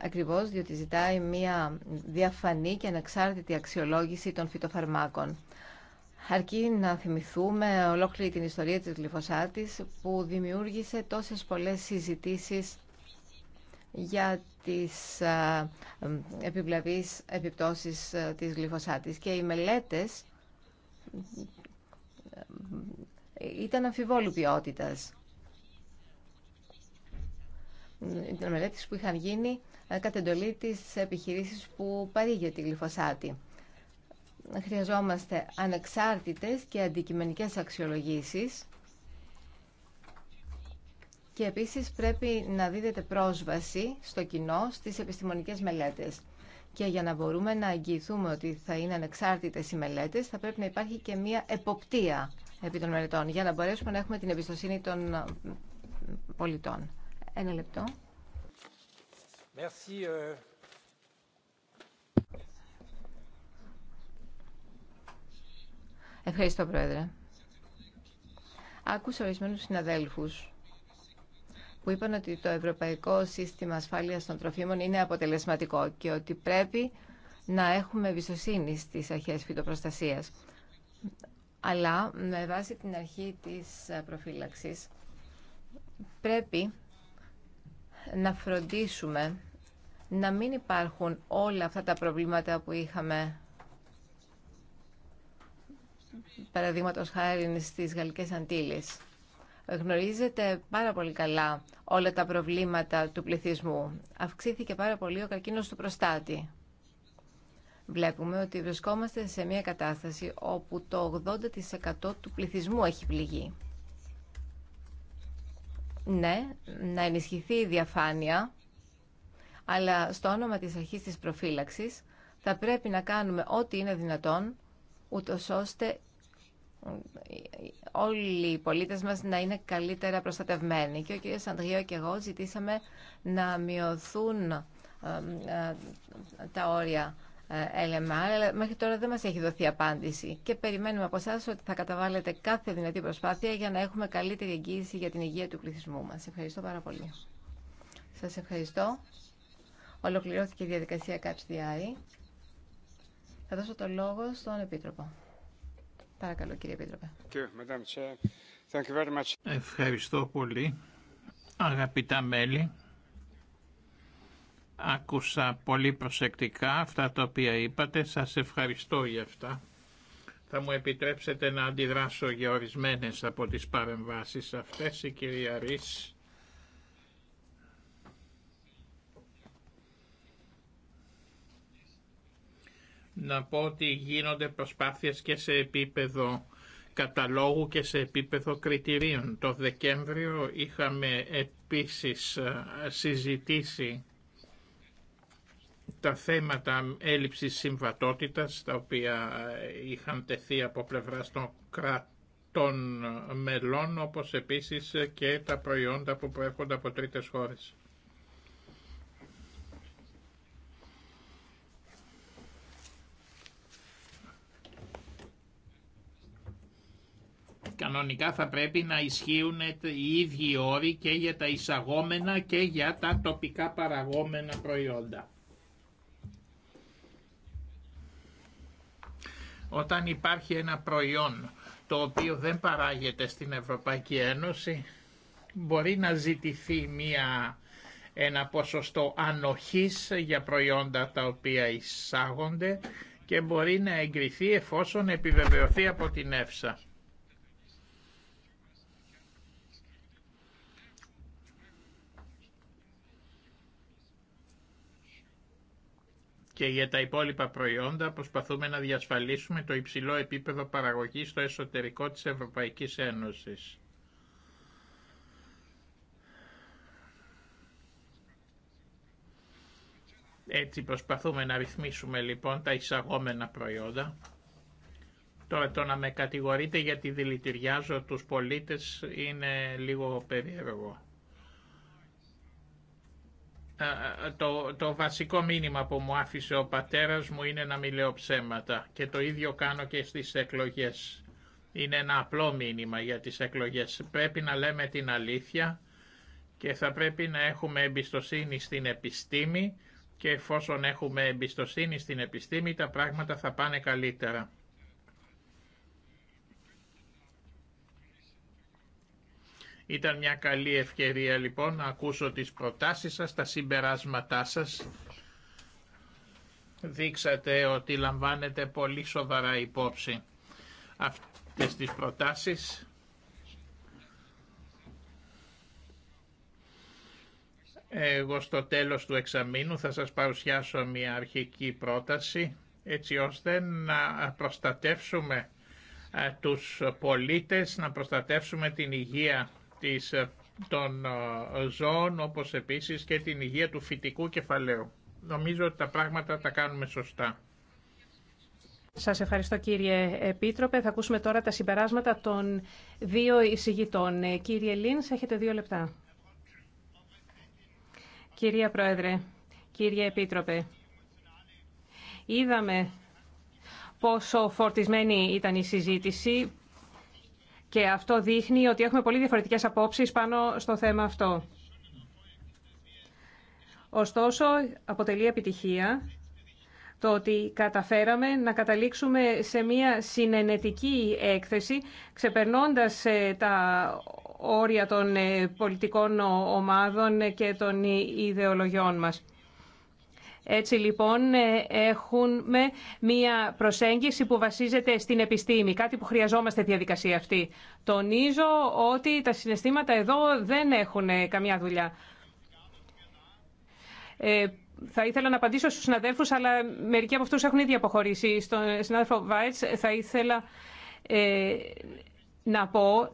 Ακριβώς διότι ζητάει μια διαφανή και ανεξάρτητη αξιολόγηση των φυτοφαρμάκων. Αρκεί να θυμηθούμε ολόκληρη την ιστορία της γλυφοσάτης που δημιούργησε τόσες πολλές συζητήσεις για τις ε, ε, επιβλαβείς επιπτώσεις ε, της γλυφοσάτης. Και οι μελέτες ήταν αμφιβόλου ποιότητας. Ήταν μελέτες που είχαν γίνει κατ' εντολή της επιχειρήσης που παρήγε τη γλυφοσάτη. Χρειαζόμαστε ανεξάρτητες και αντικειμενικές αξιολογήσεις και επίσης πρέπει να δίδεται πρόσβαση στο κοινό στις επιστημονικές μελέτες. Και για να μπορούμε να εγγυηθούμε ότι θα είναι ανεξάρτητες οι μελέτες, θα πρέπει να υπάρχει και μία εποπτεία επί των μελετών, για να μπορέσουμε να έχουμε την εμπιστοσύνη των πολιτών. Ένα λεπτό. Merci. Ε. Ευχαριστώ, Πρόεδρε. Άκουσα ορισμένου συναδέλφους που είπαν ότι το Ευρωπαϊκό Σύστημα Ασφάλειας των Τροφίμων είναι αποτελεσματικό και ότι πρέπει να έχουμε εμπιστοσύνη στις αρχές φυτοπροστασίας. Αλλά με βάση την αρχή της προφύλαξης πρέπει να φροντίσουμε να μην υπάρχουν όλα αυτά τα προβλήματα που είχαμε παραδείγματος χάρη στις Γαλλικές Αντίλες γνωρίζετε πάρα πολύ καλά όλα τα προβλήματα του πληθυσμού. Αυξήθηκε πάρα πολύ ο καρκίνος του προστάτη. Βλέπουμε ότι βρισκόμαστε σε μια κατάσταση όπου το 80% του πληθυσμού έχει πληγεί. Ναι, να ενισχυθεί η διαφάνεια, αλλά στο όνομα της αρχής της προφύλαξης θα πρέπει να κάνουμε ό,τι είναι δυνατόν, ούτως ώστε όλοι οι πολίτες μας να είναι καλύτερα προστατευμένοι. Και ο κ. Σαντριό και εγώ ζητήσαμε να μειωθούν ε, ε, τα όρια ε, LMR, αλλά μέχρι τώρα δεν μας έχει δοθεί απάντηση και περιμένουμε από εσά ότι θα καταβάλλετε κάθε δυνατή προσπάθεια για να έχουμε καλύτερη εγγύηση για την υγεία του πληθυσμού μας. Ευχαριστώ πάρα πολύ. Σας ευχαριστώ. Ολοκληρώθηκε η διαδικασία Eye. Θα δώσω το λόγο στον Επίτροπο. Παρακαλώ κύριε Πίτροπε. Ευχαριστώ πολύ. Αγαπητά μέλη, άκουσα πολύ προσεκτικά αυτά τα οποία είπατε. Σας ευχαριστώ για αυτά. Θα μου επιτρέψετε να αντιδράσω για ορισμένες από τις παρεμβάσεις αυτές. Η κυρία Ρίση. να πω ότι γίνονται προσπάθειες και σε επίπεδο καταλόγου και σε επίπεδο κριτηρίων. Το Δεκέμβριο είχαμε επίσης ε, συζητήσει τα θέματα έλλειψης συμβατότητας τα οποία ε, είχαν τεθεί από πλευρά των κρατών ε, μελών όπως επίσης και τα προϊόντα που προέρχονται από τρίτες χώρες. κανονικά θα πρέπει να ισχύουν οι ίδιοι όροι και για τα εισαγόμενα και για τα τοπικά παραγόμενα προϊόντα. Όταν υπάρχει ένα προϊόν το οποίο δεν παράγεται στην Ευρωπαϊκή Ένωση, μπορεί να ζητηθεί μια, ένα ποσοστό ανοχής για προϊόντα τα οποία εισάγονται και μπορεί να εγκριθεί εφόσον επιβεβαιωθεί από την ΕΦΣΑ. και για τα υπόλοιπα προϊόντα προσπαθούμε να διασφαλίσουμε το υψηλό επίπεδο παραγωγής στο εσωτερικό της Ευρωπαϊκής Ένωσης. Έτσι προσπαθούμε να ρυθμίσουμε λοιπόν τα εισαγόμενα προϊόντα. Τώρα το να με κατηγορείτε γιατί δηλητηριάζω τους πολίτες είναι λίγο περίεργο. Ε, το, βασικό μήνυμα που μου άφησε ο πατέρας μου είναι να μην λέω ψέματα και το ίδιο κάνω και στις εκλογές. Είναι ένα απλό μήνυμα για τις εκλογές. Πρέπει να λέμε την αλήθεια και θα πρέπει να έχουμε εμπιστοσύνη στην επιστήμη και εφόσον έχουμε εμπιστοσύνη στην επιστήμη τα πράγματα θα πάνε καλύτερα. Ήταν μια καλή ευκαιρία λοιπόν να ακούσω τις προτάσεις σας, τα συμπεράσματά σας. Δείξατε ότι λαμβάνετε πολύ σοβαρά υπόψη αυτές τις προτάσεις. Εγώ στο τέλος του εξαμήνου θα σας παρουσιάσω μια αρχική πρόταση έτσι ώστε να προστατεύσουμε τους πολίτες, να προστατεύσουμε την υγεία της, ε, των ε, ζώων όπως επίσης και την υγεία του φυτικού κεφαλαίου. Νομίζω ότι τα πράγματα τα κάνουμε σωστά. Σας ευχαριστώ κύριε Επίτροπε. Θα ακούσουμε τώρα τα συμπεράσματα των δύο εισηγητών. Ε, κύριε Λίνς, έχετε δύο λεπτά. Κυρία Πρόεδρε, κύριε Επίτροπε, είδαμε πόσο φορτισμένη ήταν η συζήτηση, και αυτό δείχνει ότι έχουμε πολύ διαφορετικές απόψεις πάνω στο θέμα αυτό. Ωστόσο, αποτελεί επιτυχία το ότι καταφέραμε να καταλήξουμε σε μια συνενετική έκθεση, ξεπερνώντας ε, τα όρια των ε, πολιτικών ομάδων και των ιδεολογιών μας. Έτσι λοιπόν ε, έχουμε μία προσέγγιση που βασίζεται στην επιστήμη, κάτι που χρειαζόμαστε διαδικασία αυτή. Τονίζω ότι τα συναισθήματα εδώ δεν έχουν ε, καμιά δουλειά. Ε, θα ήθελα να απαντήσω στους συναδέλφους, αλλά μερικοί από αυτούς έχουν ήδη αποχωρήσει. Στον ε, συνάδελφο Βάιτς θα ήθελα ε, να πω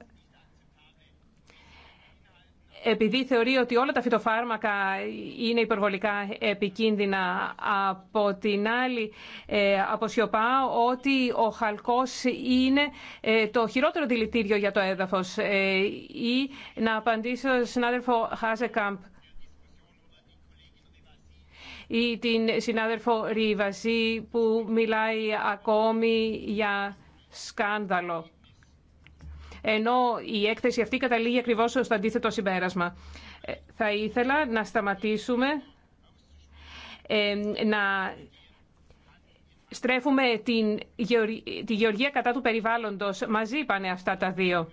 επειδή θεωρεί ότι όλα τα φυτοφάρμακα είναι υπερβολικά επικίνδυνα. Από την άλλη, ε, αποσιωπά ότι ο χαλκός είναι ε, το χειρότερο δηλητήριο για το έδαφος. Ε, ή να απαντήσω στον συνάδελφο Χάζεκαμπ ή την συνάδελφο Ρίβαζη που μιλάει ακόμη για σκάνδαλο ενώ η έκθεση αυτή καταλήγει ακριβώς στο αντίθετο συμπέρασμα. Ε, θα ήθελα να σταματήσουμε ε, να στρέφουμε την, τη γεωργία κατά του περιβάλλοντος. Μαζί πάνε αυτά τα δύο.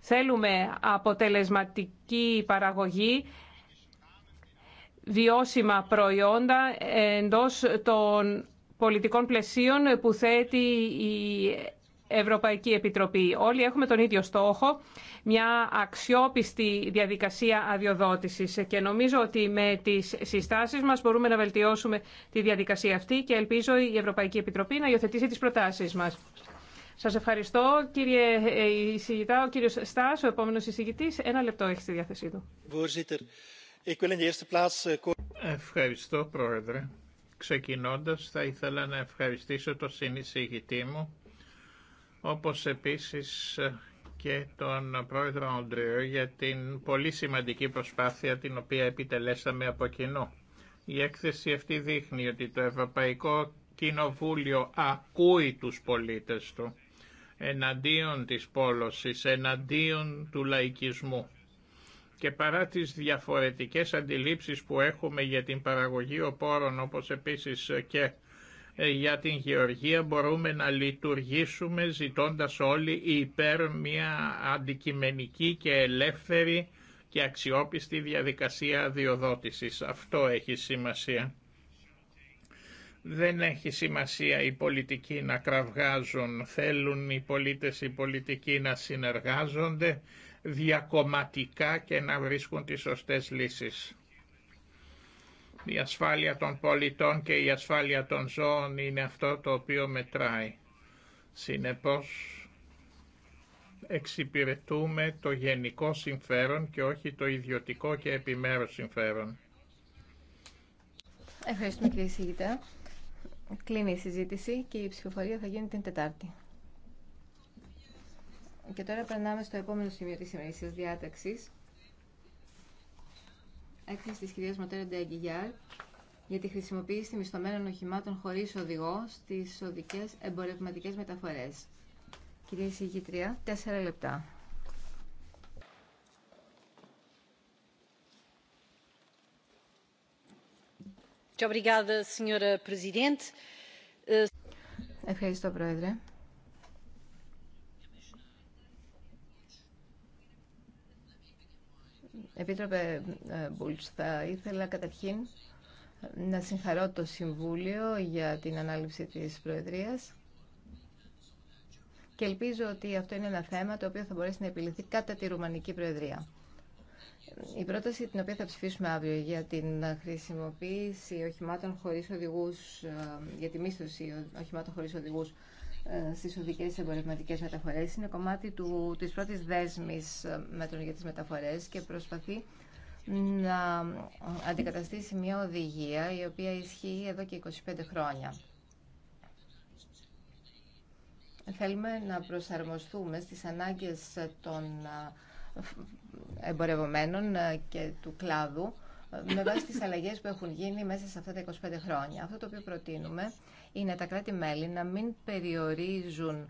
Θέλουμε αποτελεσματική παραγωγή, βιώσιμα προϊόντα εντός των πολιτικών πλαισίων που θέτει η Ευρωπαϊκή Επιτροπή. Όλοι έχουμε τον ίδιο στόχο, μια αξιόπιστη διαδικασία αδειοδότησης και νομίζω ότι με τις συστάσεις μας μπορούμε να βελτιώσουμε τη διαδικασία αυτή και ελπίζω η Ευρωπαϊκή Επιτροπή να υιοθετήσει τις προτάσεις μας. Σας ευχαριστώ κύριε εισηγητά, ο κύριος Στάς, ο επόμενος εισηγητής. Ένα λεπτό έχει στη διάθεσή του. Eh, ευχαριστώ πρόεδρε. Ξεκινώντας θα ήθελα να ευχαριστήσω τον συνεισηγητή μου όπως επίσης και τον πρόεδρο Αντριού για την πολύ σημαντική προσπάθεια την οποία επιτελέσαμε από κοινό. Η έκθεση αυτή δείχνει ότι το Ευρωπαϊκό Κοινοβούλιο ακούει τους πολίτες του εναντίον της πόλωσης, εναντίον του λαϊκισμού. Και παρά τις διαφορετικές αντιλήψεις που έχουμε για την παραγωγή οπόρων, όπως επίσης και ε, για την γεωργία μπορούμε να λειτουργήσουμε ζητώντας όλοι υπέρ μια αντικειμενική και ελεύθερη και αξιόπιστη διαδικασία διοδότησης. Αυτό έχει σημασία. Δεν έχει σημασία οι πολιτικοί να κραυγάζουν, θέλουν οι πολίτες οι πολιτικοί να συνεργάζονται διακομματικά και να βρίσκουν τις σωστές λύσεις. Η ασφάλεια των πολιτών και η ασφάλεια των ζώων είναι αυτό το οποίο μετράει. Συνεπώς εξυπηρετούμε το γενικό συμφέρον και όχι το ιδιωτικό και επιμέρους συμφέρον. Ευχαριστούμε κύριε Σίγητα. Κλείνει η συζήτηση και η ψηφοφορία θα γίνει την Τετάρτη. Και τώρα περνάμε στο επόμενο σημείο της σημερινής διάταξης έκθεση της κυρίας Μοτέρα Ντεαγκιγιάρ για τη χρησιμοποίηση μισθωμένων οχημάτων χωρίς οδηγό στις οδικές εμπορευματικές μεταφορές. Κυρία Συγητρία, τέσσερα λεπτά. Ευχαριστώ, Πρόεδρε. Επίτροπε ε, Μπούλτς, θα ήθελα καταρχήν να συγχαρώ το Συμβούλιο για την ανάληψη της Προεδρίας και ελπίζω ότι αυτό είναι ένα θέμα το οποίο θα μπορέσει να επιληθεί κατά τη Ρουμανική Προεδρία. Η πρόταση την οποία θα ψηφίσουμε αύριο για την χρησιμοποίηση οχημάτων χωρίς οδηγούς, ε, για τη μίσθωση οχημάτων χωρίς οδηγούς ε, στις οδικές εμπορευματικές μεταφορές. Είναι κομμάτι του, της πρώτης δέσμης ε, μέτρων για τις μεταφορές και προσπαθεί να ε, αντικαταστήσει μια οδηγία η οποία ισχύει εδώ και 25 χρόνια. Θέλουμε να προσαρμοστούμε στις ανάγκες των εμπορευομένων και του κλάδου με βάση τις αλλαγές που έχουν γίνει μέσα σε αυτά τα 25 χρόνια. Αυτό το οποίο προτείνουμε είναι τα κράτη-μέλη να μην περιορίζουν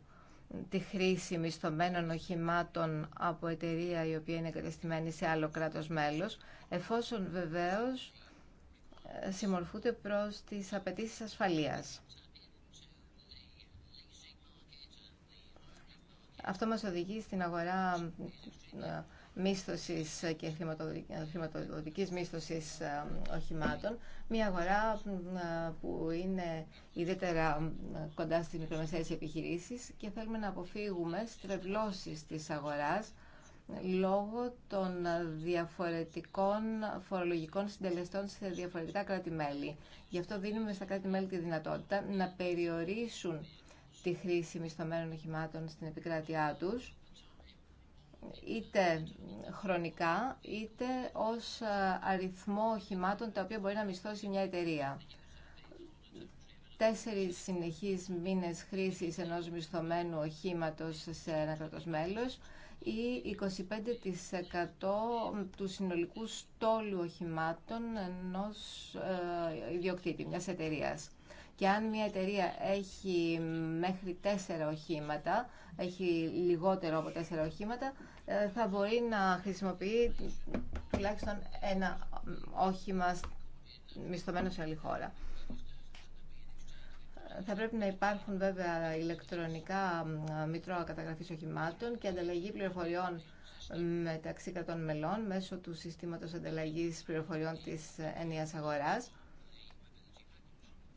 τη χρήση μισθωμένων οχημάτων από εταιρεία η οποία είναι εγκαταστημένη σε άλλο κράτος μέλος, εφόσον βεβαίως ε, συμμορφούνται προς τις απαιτήσει ασφαλείας. Αυτό μας οδηγεί στην αγορά ε, μίσθωσης και χρηματοδοτική μίσθωσης οχημάτων. Μια αγορά που είναι ιδιαίτερα κοντά στις μικρομεσαίες επιχειρήσεις και θέλουμε να αποφύγουμε στρεβλώσεις της αγοράς ε, λόγω των διαφορετικών φορολογικών συντελεστών σε διαφορετικά κράτη-μέλη. Γι' αυτό δίνουμε στα κράτη-μέλη τη δυνατότητα να περιορίσουν τη χρήση μισθωμένων οχημάτων στην επικράτειά τους είτε χρονικά είτε ως ε, αριθμό οχημάτων τα οποία μπορεί να μισθώσει μια εταιρεία. Τέσσερις συνεχείς μήνες χρήσης ενός μισθωμένου οχήματος σε ένα κρατος μέλος ή 25% του συνολικού στόλου οχημάτων ενός ε, ιδιοκτήτη, μιας εταιρείας. Και αν μια εταιρεία έχει μέχρι τέσσερα οχήματα, έχει λιγότερο από τέσσερα οχήματα, ε, θα μπορεί να χρησιμοποιεί τουλάχιστον ένα όχημα μισθωμένο σε άλλη χώρα. Θα πρέπει να υπάρχουν βέβαια ηλεκτρονικά μητρώα καταγραφής οχημάτων και ανταλλαγή πληροφοριών μεταξύ κρατών μελών μέσω του συστήματος ανταλλαγής πληροφοριών της ε, ενίας αγοράς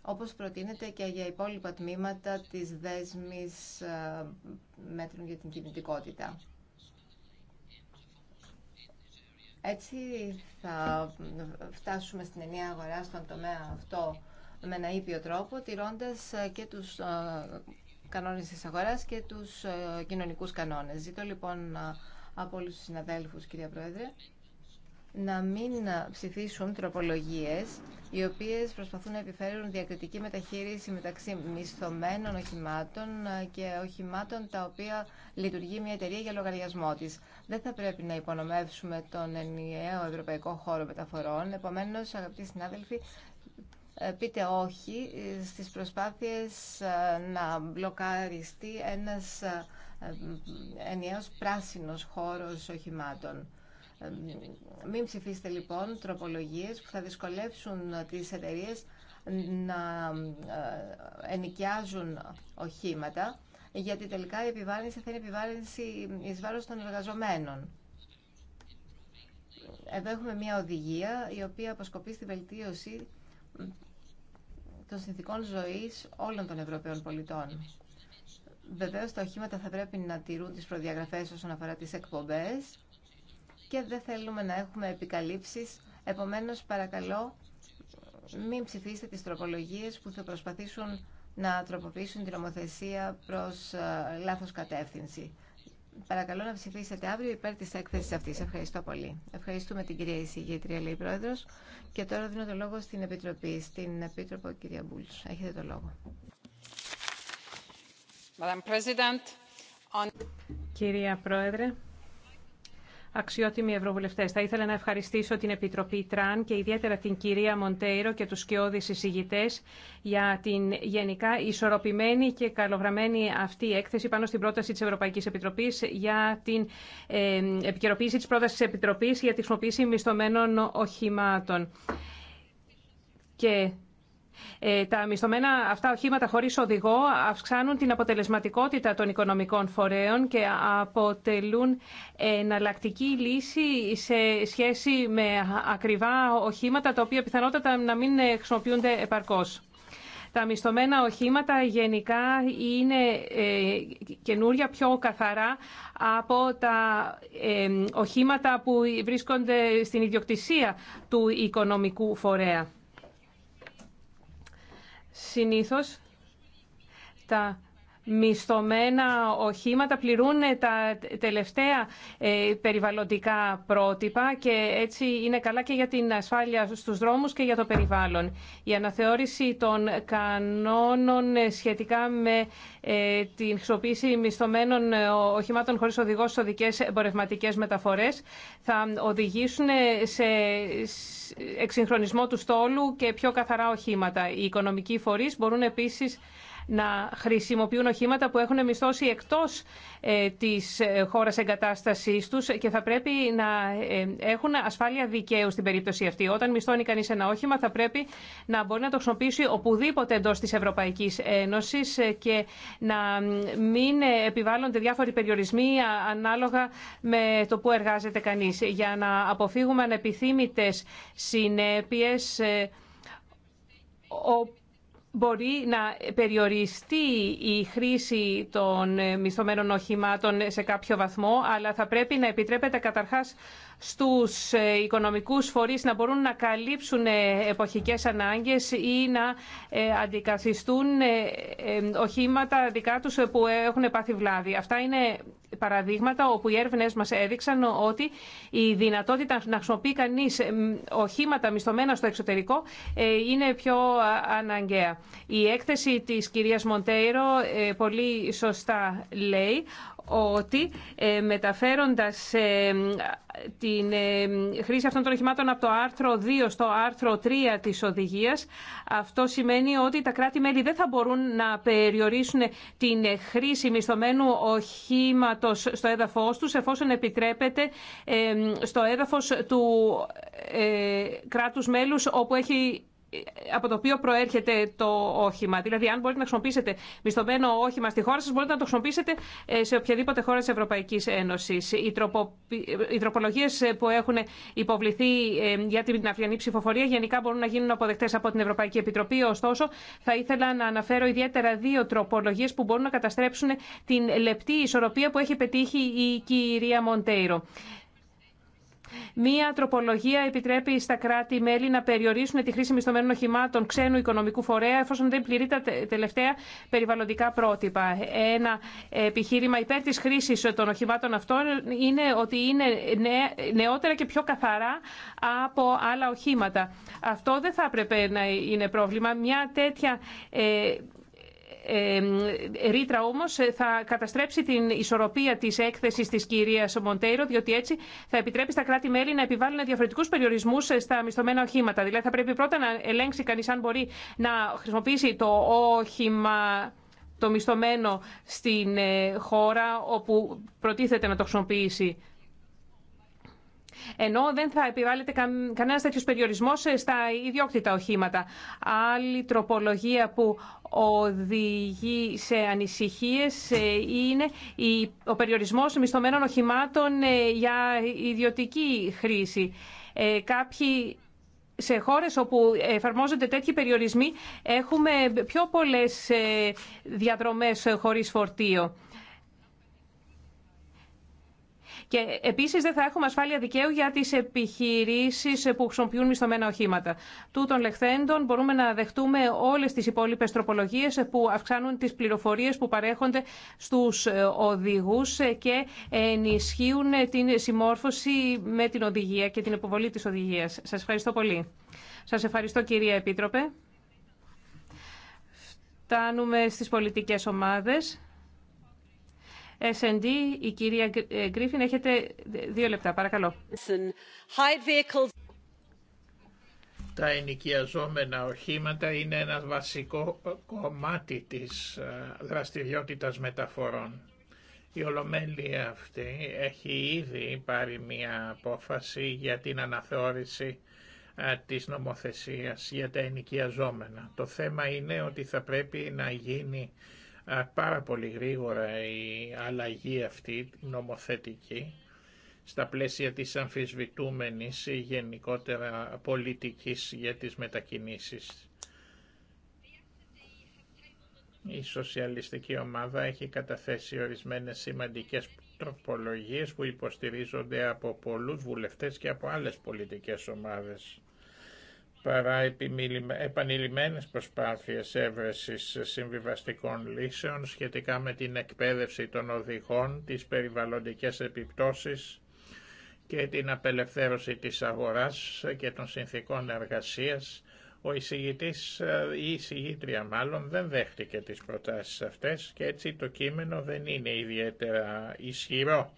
όπως προτείνεται και για υπόλοιπα τμήματα της δέσμης ε, μέτρων για την κινητικότητα. Έτσι θα φτάσουμε στην ενιαία αγορά στον τομέα αυτό με ένα ήπιο τρόπο, τηρώντας ε, και τους ε, κανόνες της αγοράς και τους κοινωνικούς κανόνες. Ζητώ λοιπόν από όλους τους συναδέλφους, κυρία Πρόεδρε, να μην ψηφίσουν τροπολογίες οι οποίες προσπαθούν να επιφέρουν διακριτική μεταχείριση μεταξύ μισθωμένων οχημάτων και οχημάτων τα οποία λειτουργεί μια εταιρεία για λογαριασμό της. Δεν θα πρέπει να υπονομεύσουμε τον ενιαίο ευρωπαϊκό χώρο μεταφορών. Επομένως, αγαπητοί συνάδελφοι, ε, πείτε όχι ε, στις προσπάθειες ε, να μπλοκαριστεί ένας ενιαίος πράσινος χώρος οχημάτων. Ε, μην ψηφίσετε λοιπόν τροπολογίες που θα δυσκολεύσουν ε, τις εταιρείε να ε, ενοικιάζουν οχήματα γιατί τελικά η επιβάρυνση θα είναι επιβάρυνση εις βάρος των εργαζομένων. Εδώ έχουμε μια οδηγία η οποία αποσκοπεί στη βελτίωση των συνθηκών ζωής όλων των Ευρωπαίων πολιτών. Βεβαίως τα οχήματα θα πρέπει να τηρούν τις προδιαγραφές όσον αφορά τις εκπομπές και δεν θέλουμε να έχουμε επικαλύψεις. Επομένως, παρακαλώ, μην ψηφίσετε τις τροπολογίες που θα προσπαθήσουν να τροποποιήσουν την νομοθεσία προς ε, λάθος κατεύθυνση. Παρακαλώ να ψηφίσετε αύριο υπέρ της έκθεσης αυτής. Ευχαριστώ πολύ. Ευχαριστούμε την κυρία εισηγήτρια, λέει η Πρόεδρος. Και τώρα δίνω το λόγο στην Επιτροπή, στην Επίτροπο κυρία Μπούλτς. Έχετε το λόγο. Κυρία Πρόεδρε, Αξιότιμοι Ευρωβουλευτές, θα ήθελα να ευχαριστήσω την Επιτροπή Τραν και ιδιαίτερα την κυρία Μοντέιρο και τους σκιώδει εισηγητές για την γενικά ισορροπημένη και καλογραμμένη αυτή έκθεση πάνω στην πρόταση τη Ευρωπαϊκή Επιτροπή για την ε, επικαιροποίηση της πρόταση της Επιτροπής για τη χρησιμοποίηση μισθωμένων οχημάτων. Και ε, τα μισθωμένα αυτά οχήματα χωρίς οδηγό αυξάνουν την αποτελεσματικότητα των οικονομικών φορέων και αποτελούν εναλλακτική λύση σε σχέση με ακριβά οχήματα τα οποία πιθανότατα να μην χρησιμοποιούνται επαρκώς. Τα μισθωμένα οχήματα γενικά είναι ε, καινούρια, πιο καθαρά από τα ε, οχήματα που βρίσκονται στην ιδιοκτησία του οικονομικού φορέα. Συνήθως τα μισθωμένα οχήματα πληρούν τα τελευταία ε, περιβαλλοντικά πρότυπα και έτσι είναι καλά και για την ασφάλεια στους δρόμους και για το περιβάλλον. Η αναθεώρηση των κανόνων σχετικά με ε, την χρησιμοποίηση μισθωμένων ε, οχημάτων χωρίς οδηγό στις οδικές εμπορευματικές μεταφορές θα οδηγήσουν σε εξυγχρονισμό του στόλου και πιο καθαρά οχήματα. Οι οικονομικοί φορείς μπορούν επίσης να χρησιμοποιούν οχήματα που έχουν μισθώσει εκτός ε, της ε, χώρας εγκατάστασής τους και θα πρέπει να ε, έχουν ασφάλεια δικαίου στην περίπτωση αυτή. Όταν μισθώνει κανείς ένα όχημα θα πρέπει να μπορεί να το χρησιμοποιήσει οπουδήποτε εντός της Ευρωπαϊκής Ένωσης και να μην επιβάλλονται διάφοροι περιορισμοί ανάλογα με το που εργάζεται κανείς. Για να αποφύγουμε ανεπιθύμητες συνέπειες μπορεί να περιοριστεί η χρήση των μισθωμένων οχημάτων σε κάποιο βαθμό, αλλά θα πρέπει να επιτρέπεται καταρχάς στους οικονομικούς φορείς να μπορούν να καλύψουν εποχικές ανάγκες ή να ε, αντικαθιστούν ε, ε, οχήματα δικά τους που έχουν πάθει βλάβη. Αυτά είναι παραδείγματα όπου οι έρευνε μα έδειξαν ότι η δυνατότητα να χρησιμοποιεί κανεί οχήματα μισθωμένα στο εξωτερικό ε, είναι πιο αναγκαία. Η έκθεση τη κυρία Μοντέιρο ε, πολύ σωστά λέει ότι ε, μεταφέροντας ε, την ε, χρήση αυτών των οχημάτων από το άρθρο 2 στο άρθρο 3 της οδηγίας, αυτό σημαίνει ότι τα κράτη-μέλη δεν θα μπορούν να περιορίσουν την χρήση μισθωμένου οχήματος στο έδαφος τους, εφόσον επιτρέπεται στο έδαφος του κράτους μέλους όπου έχει από το οποίο προέρχεται το όχημα. Δηλαδή, αν μπορείτε να χρησιμοποιήσετε μισθωμένο όχημα στη χώρα σα, μπορείτε να το χρησιμοποιήσετε ε, σε οποιαδήποτε χώρα τη Ευρωπαϊκή Ένωση. Οι, τροπο... Οι τροπολογίε ε, που έχουν υποβληθεί ε, για την αυριανή ψηφοφορία γενικά μπορούν να γίνουν αποδεκτέ από την Ευρωπαϊκή Επιτροπή. Ωστόσο, θα ήθελα να αναφέρω ιδιαίτερα δύο τροπολογίε που μπορούν να καταστρέψουν την λεπτή ισορροπία που έχει πετύχει η κυρία Μοντέιρο. Μία τροπολογία επιτρέπει στα κράτη-μέλη να περιορίσουν τη χρήση μισθωμένων οχημάτων ξένου οικονομικού φορέα εφόσον δεν πληρεί τα τελευταία περιβαλλοντικά πρότυπα. Ένα επιχείρημα υπέρ τη χρήση των οχημάτων αυτών είναι ότι είναι νεότερα και πιο καθαρά από άλλα οχήματα. Αυτό δεν θα έπρεπε να είναι πρόβλημα. Μια τέτοια ε, ρήτρα όμως ε, θα καταστρέψει την ισορροπία της έκθεσης τη κυρία Μοντέιρο, διότι έτσι θα επιτρέπει στα κράτη-μέλη να επιβάλλουν διαφορετικούς περιορισμούς ε, στα μισθωμένα οχήματα. Δηλαδή θα πρέπει πρώτα να ελέγξει κανείς αν μπορεί να χρησιμοποιήσει το όχημα το μισθωμένο στην ε, χώρα όπου προτίθεται να το χρησιμοποιήσει. Ενώ δεν θα επιβάλλεται καν, κανένα τέτοιο περιορισμό ε, στα ιδιόκτητα οχήματα. Άλλη τροπολογία που οδηγεί σε ανησυχίε ε, είναι ο περιορισμό μισθωμένων οχημάτων ε, για ιδιωτική χρήση. Κάποιοι σε χώρες όπου εφαρμόζονται τέτοιοι περιορισμοί έχουμε πιο πολλές διαδρομές χωρίς φορτίο. Και επίση δεν θα έχουμε ασφάλεια δικαίου για τι επιχειρήσει που χρησιμοποιούν μισθωμένα οχήματα. Τούτων λεχθέντων μπορούμε να δεχτούμε όλε τι υπόλοιπε τροπολογίε που αυξάνουν τι πληροφορίε που παρέχονται στου ε, οδηγού και ενισχύουν την συμμόρφωση με την οδηγία και την υποβολή τη οδηγία. Σα ευχαριστώ πολύ. Σα ευχαριστώ κυρία Επίτροπε. Φτάνουμε στι πολιτικέ ομάδε. SND, η κυρία ε, Γκρίφιν, έχετε δύο λεπτά, παρακαλώ. Τα ενοικιαζόμενα οχήματα είναι ένα βασικό ε, κομμάτι της ε, δραστηριότητας μεταφορών. Η Ολομέλεια αυτή έχει ήδη πάρει μία απόφαση για την αναθεώρηση της νομοθεσίας για τα ενοικιαζόμενα. Το θέμα είναι ότι θα πρέπει να γίνει πάρα πολύ γρήγορα η αλλαγή αυτή νομοθετική στα πλαίσια της αμφισβητούμενης γενικότερα πολιτικής για τις μετακινήσεις. Η σοσιαλιστική ομάδα έχει καταθέσει ορισμένες σημαντικές τροπολογίες που υποστηρίζονται από πολλούς βουλευτές και από άλλες πολιτικές ομάδες παρά επανειλημμένες προσπάθειες έβρεσης συμβιβαστικών λύσεων σχετικά με την εκπαίδευση των οδηγών, τις περιβαλλοντικές επιπτώσεις και την απελευθέρωση της αγοράς και των συνθήκων εργασίας, ο εισηγητής ή η εισηγήτρια μάλλον δεν δέχτηκε τις προτάσεις αυτές και έτσι το κείμενο δεν είναι ιδιαίτερα ισχυρό.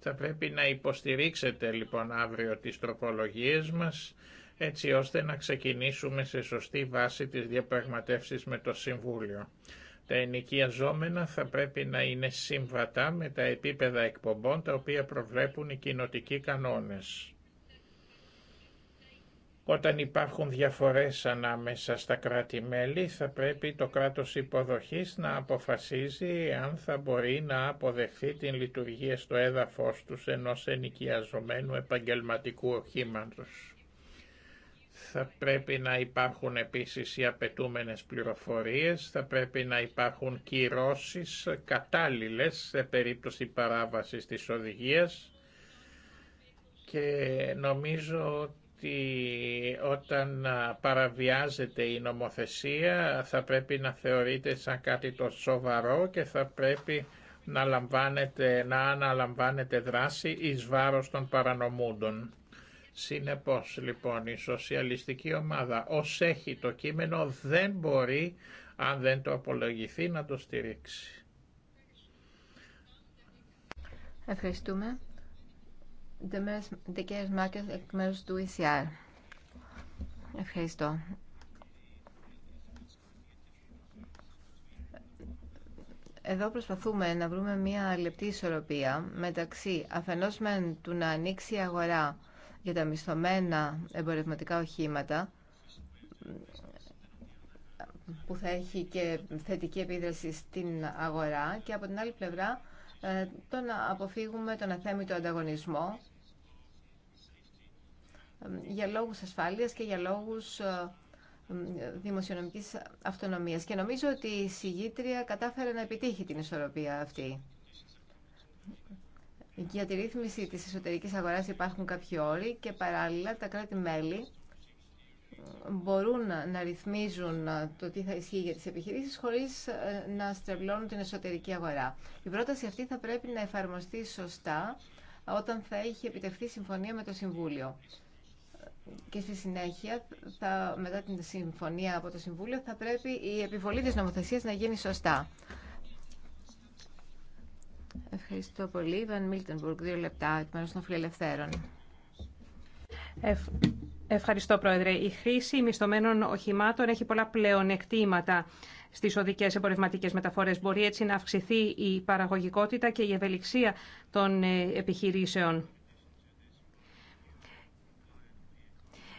Θα πρέπει να υποστηρίξετε λοιπόν αύριο τις τροπολογίες μας έτσι ώστε να ξεκινήσουμε σε σωστή βάση τις διαπραγματεύσεις με το Συμβούλιο. Τα ενοικιαζόμενα θα πρέπει να είναι συμβατά με τα επίπεδα εκπομπών τα οποία προβλέπουν οι κοινοτικοί κανόνες. Όταν υπάρχουν διαφορές ανάμεσα στα κράτη-μέλη, θα πρέπει το κράτος υποδοχής να αποφασίζει αν θα μπορεί να αποδεχθεί την λειτουργία στο έδαφος τους ενός ενοικιαζομένου επαγγελματικού οχήματος. Θα πρέπει να υπάρχουν επίσης οι απαιτούμενες πληροφορίες, θα πρέπει να υπάρχουν κυρώσεις κατάλληλες σε περίπτωση παράβασης της οδηγίας και νομίζω ότι όταν παραβιάζεται η νομοθεσία θα πρέπει να θεωρείται σαν κάτι το σοβαρό και θα πρέπει να, λαμβάνεται, να αναλαμβάνεται δράση εις βάρος των παρανομούντων. Συνεπώς λοιπόν η σοσιαλιστική ομάδα ως έχει το κείμενο δεν μπορεί αν δεν το απολογηθεί να το στηρίξει. Ευχαριστούμε. Μάκες εκ μέρους του ECR. Ευχαριστώ. Εδώ προσπαθούμε να βρούμε μια λεπτή ισορροπία μεταξύ αφενός μεν του να ανοίξει η αγορά για τα μισθωμένα εμπορευματικά οχήματα που θα έχει και θετική επίδραση στην αγορά και από την άλλη πλευρά ε, το να αποφύγουμε τον αθέμητο ανταγωνισμό ε, για λόγους ασφάλειας και για λόγους ε, δημοσιονομικής αυτονομίας. Και νομίζω ότι η συγγήτρια κατάφερε να επιτύχει την ισορροπία αυτή. Για τη ρύθμιση της εσωτερικής αγοράς υπάρχουν κάποιοι όροι και παράλληλα τα κράτη-μέλη μπορούν να ρυθμίζουν το τι θα ισχύει για τις επιχειρήσεις χωρίς ε, να στρεβλώνουν την εσωτερική αγορά. Η πρόταση αυτή θα πρέπει να εφαρμοστεί σωστά όταν θα έχει επιτευχθεί συμφωνία με το Συμβούλιο. Και στη συνέχεια, μετά την συμφωνία από το Συμβούλιο, θα πρέπει η επιβολή της νομοθεσίας να γίνει σωστά. Ευχαριστώ πολύ. Μίλτενμπουργκ, δύο λεπτά, εκ μέρους των φιλελευθέρων. Ευχαριστώ, Πρόεδρε. Η χρήση μισθωμένων οχημάτων έχει πολλά πλεονεκτήματα στις οδικές εμπορευματικέ μεταφορές. Μπορεί έτσι να αυξηθεί η παραγωγικότητα και η ευελιξία των ε, επιχειρήσεων.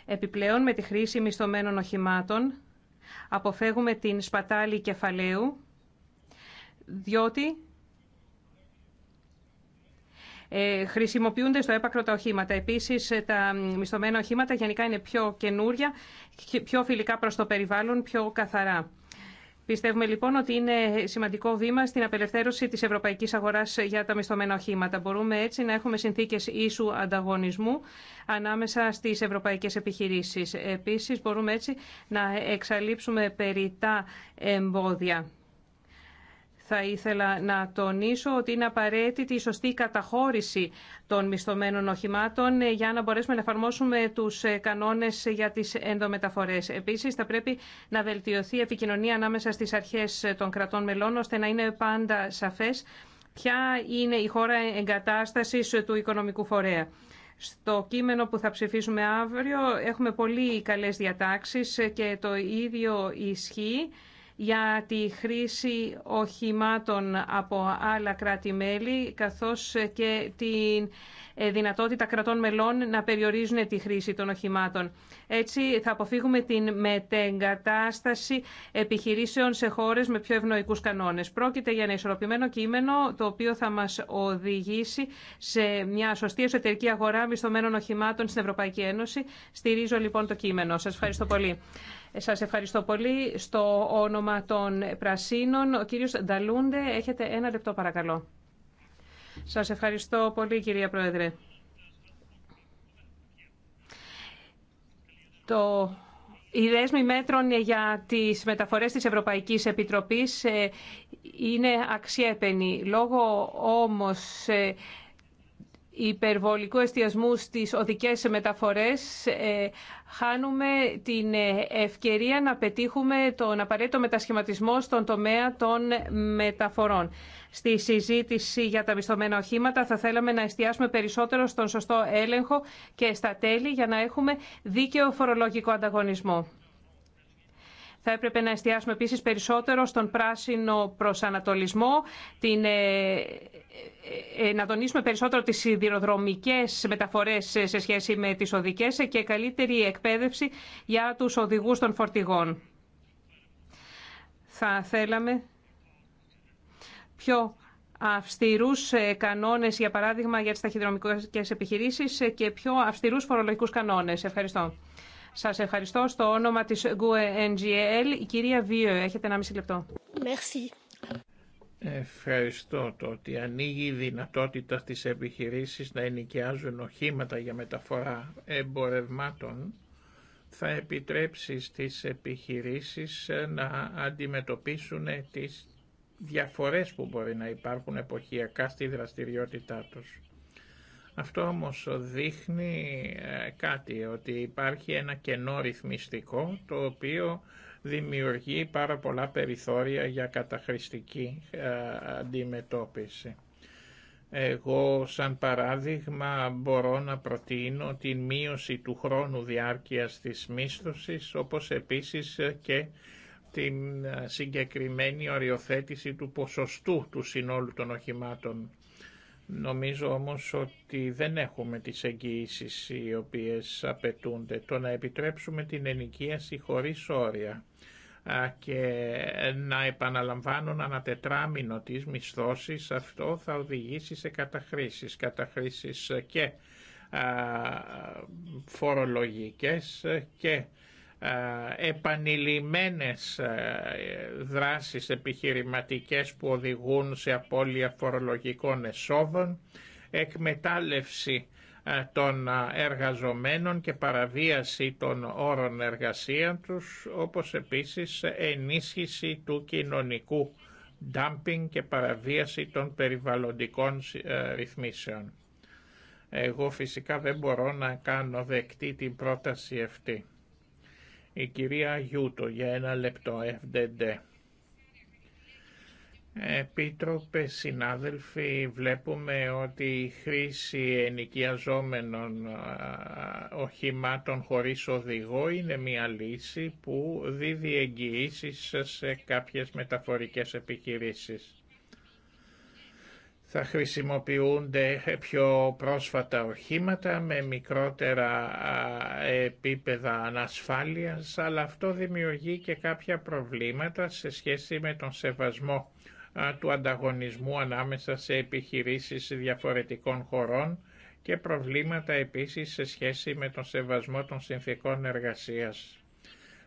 Επιπλέον, με τη χρήση μισθωμένων οχημάτων, αποφεύγουμε την σπατάλη κεφαλαίου, διότι ε, χρησιμοποιούνται στο έπακρο τα οχήματα. Επίση, ε, τα μισθωμένα οχήματα γενικά είναι πιο καινούρια, πιο φιλικά προς το περιβάλλον, πιο καθαρά. Πιστεύουμε λοιπόν ότι είναι σημαντικό βήμα στην απελευθέρωση της ευρωπαϊκής αγοράς για τα μισθωμένα οχήματα. Μπορούμε έτσι να έχουμε συνθήκες ίσου ανταγωνισμού ανάμεσα στις ευρωπαϊκές επιχειρήσεις. Επίσης μπορούμε έτσι να εξαλείψουμε περιτά εμπόδια θα ήθελα να τονίσω ότι είναι απαραίτητη η σωστή καταχώρηση των μισθωμένων οχημάτων ε, για να μπορέσουμε να εφαρμόσουμε τους ε, κανόνες για τις ενδομεταφορές. Επίσης, θα πρέπει να βελτιωθεί η επικοινωνία ανάμεσα στις αρχές ε, των κρατών μελών, ώστε να είναι πάντα σαφές ποια είναι η χώρα εγκατάστασης του οικονομικού φορέα. Στο κείμενο που θα ψηφίσουμε αύριο έχουμε πολύ καλές διατάξεις και το ίδιο ισχύει για τη χρήση οχημάτων από άλλα κράτη-μέλη καθώς και την ε, δυνατότητα κρατών μελών να περιορίζουν τη χρήση των οχημάτων. Έτσι θα αποφύγουμε την μετεγκατάσταση επιχειρήσεων σε χώρες με πιο ευνοϊκούς κανόνες. Πρόκειται για ένα ισορροπημένο κείμενο το οποίο θα μας οδηγήσει σε μια σωστή εσωτερική αγορά μισθωμένων οχημάτων στην Ευρωπαϊκή Ένωση. Στηρίζω λοιπόν το κείμενο. Σας ευχαριστώ πολύ. Ε, σας ευχαριστώ πολύ. Στο όνομα των Πρασίνων, ο κύριος Νταλούντε, έχετε ένα λεπτό παρακαλώ. Σας ευχαριστώ πολύ κυρία Πρόεδρε. Το... Οι δέσμοι μέτρων για τις μεταφορές της Ευρωπαϊκής Επιτροπής ε, είναι αξιέπαινοι. Λόγω όμως ε, υπερβολικού εστιασμού στις οδικές μεταφορές ε, χάνουμε την ευκαιρία να πετύχουμε τον απαραίτητο μετασχηματισμό στον τομέα των μεταφορών. Στη συζήτηση για τα μισθωμένα οχήματα θα θέλαμε να εστιάσουμε περισσότερο στον σωστό έλεγχο και στα τέλη για να έχουμε δίκαιο φορολογικό ανταγωνισμό. Θα έπρεπε να εστιάσουμε επίσης περισσότερο στον πράσινο προσανατολισμό, την, ε, ε, ε, να τονίσουμε περισσότερο τις σιδηροδρομικές μεταφορές σε σχέση με τις οδικές και καλύτερη εκπαίδευση για τους οδηγούς των φορτηγών. Θα θέλαμε πιο αυστηρούς ε, κανόνες, για παράδειγμα, για τις ταχυδρομικές επιχειρήσεις ε, και πιο αυστηρούς φορολογικούς κανόνες. Ευχαριστώ. Σας ευχαριστώ. Στο όνομα της GUE NGL, η κυρία Βίο, έχετε ένα μισή λεπτό. Merci. Ευχαριστώ το ότι ανοίγει η δυνατότητα στις επιχειρήσεις να ενοικιάζουν οχήματα για μεταφορά εμπορευμάτων θα επιτρέψει στις επιχειρήσεις ε, να αντιμετωπίσουν τις διαφορές που μπορεί να υπάρχουν εποχιακά στη δραστηριότητά τους. Αυτό όμως δείχνει ε, κάτι, ότι υπάρχει ένα κενό ρυθμιστικό το οποίο δημιουργεί πάρα πολλά περιθώρια για καταχρηστική ε, αντιμετώπιση. Εγώ σαν παράδειγμα μπορώ να προτείνω την μείωση του χρόνου διάρκειας της μίσθωσης όπως επίσης και στην συγκεκριμένη οριοθέτηση του ποσοστού του συνόλου των οχημάτων. Νομίζω όμως ότι δεν έχουμε τις εγγυήσεις οι οποίες απαιτούνται. Το να επιτρέψουμε την ενοικίαση χωρίς όρια και να επαναλαμβάνουν ανατετράμινο τις μισθώσεις, αυτό θα οδηγήσει σε καταχρήσεις. Καταχρήσεις και φορολογικές και ε, επανειλημμένες ε, δράσεις επιχειρηματικές που οδηγούν σε απώλεια φορολογικών εσόδων, εκμετάλλευση ε, των εργαζομένων και παραβίαση των όρων εργασία τους, όπως επίσης ενίσχυση του κοινωνικού dumping και παραβίαση των περιβαλλοντικών ρυθμίσεων. Εγώ φυσικά δεν μπορώ να κάνω δεκτή την πρόταση αυτή. Η κυρία Γιούτο για ένα λεπτό, FDD. Επίτροπε, συνάδελφοι, βλέπουμε ότι η χρήση ενοικιαζόμενων οχημάτων χωρίς οδηγό είναι μια λύση που δίδει εγγυήσεις σε κάποιες μεταφορικές επιχειρήσεις θα χρησιμοποιούνται πιο πρόσφατα οχήματα με μικρότερα επίπεδα ανασφάλειας, αλλά αυτό δημιουργεί και κάποια προβλήματα σε σχέση με τον σεβασμό του ανταγωνισμού ανάμεσα σε επιχειρήσεις διαφορετικών χωρών και προβλήματα επίσης σε σχέση με τον σεβασμό των συνθήκων εργασίας.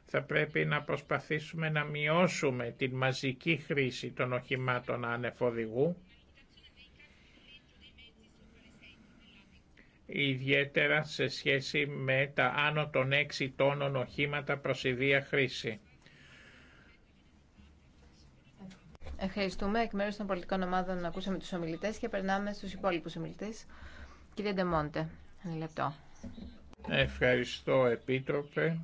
Θα πρέπει να προσπαθήσουμε να μειώσουμε την μαζική χρήση των οχημάτων ανεφοδηγού ιδιαίτερα σε σχέση με τα άνω των 6 τόνων οχήματα ιδία χρήση. Ευχαριστούμε. Εκ μέρους των πολιτικών ομάδων ακούσαμε τους ομιλητές και περνάμε στους υπόλοιπους ομιλητές. Κύριε Ντεμόντε, ένα λεπτό. Ευχαριστώ, Επίτροπε.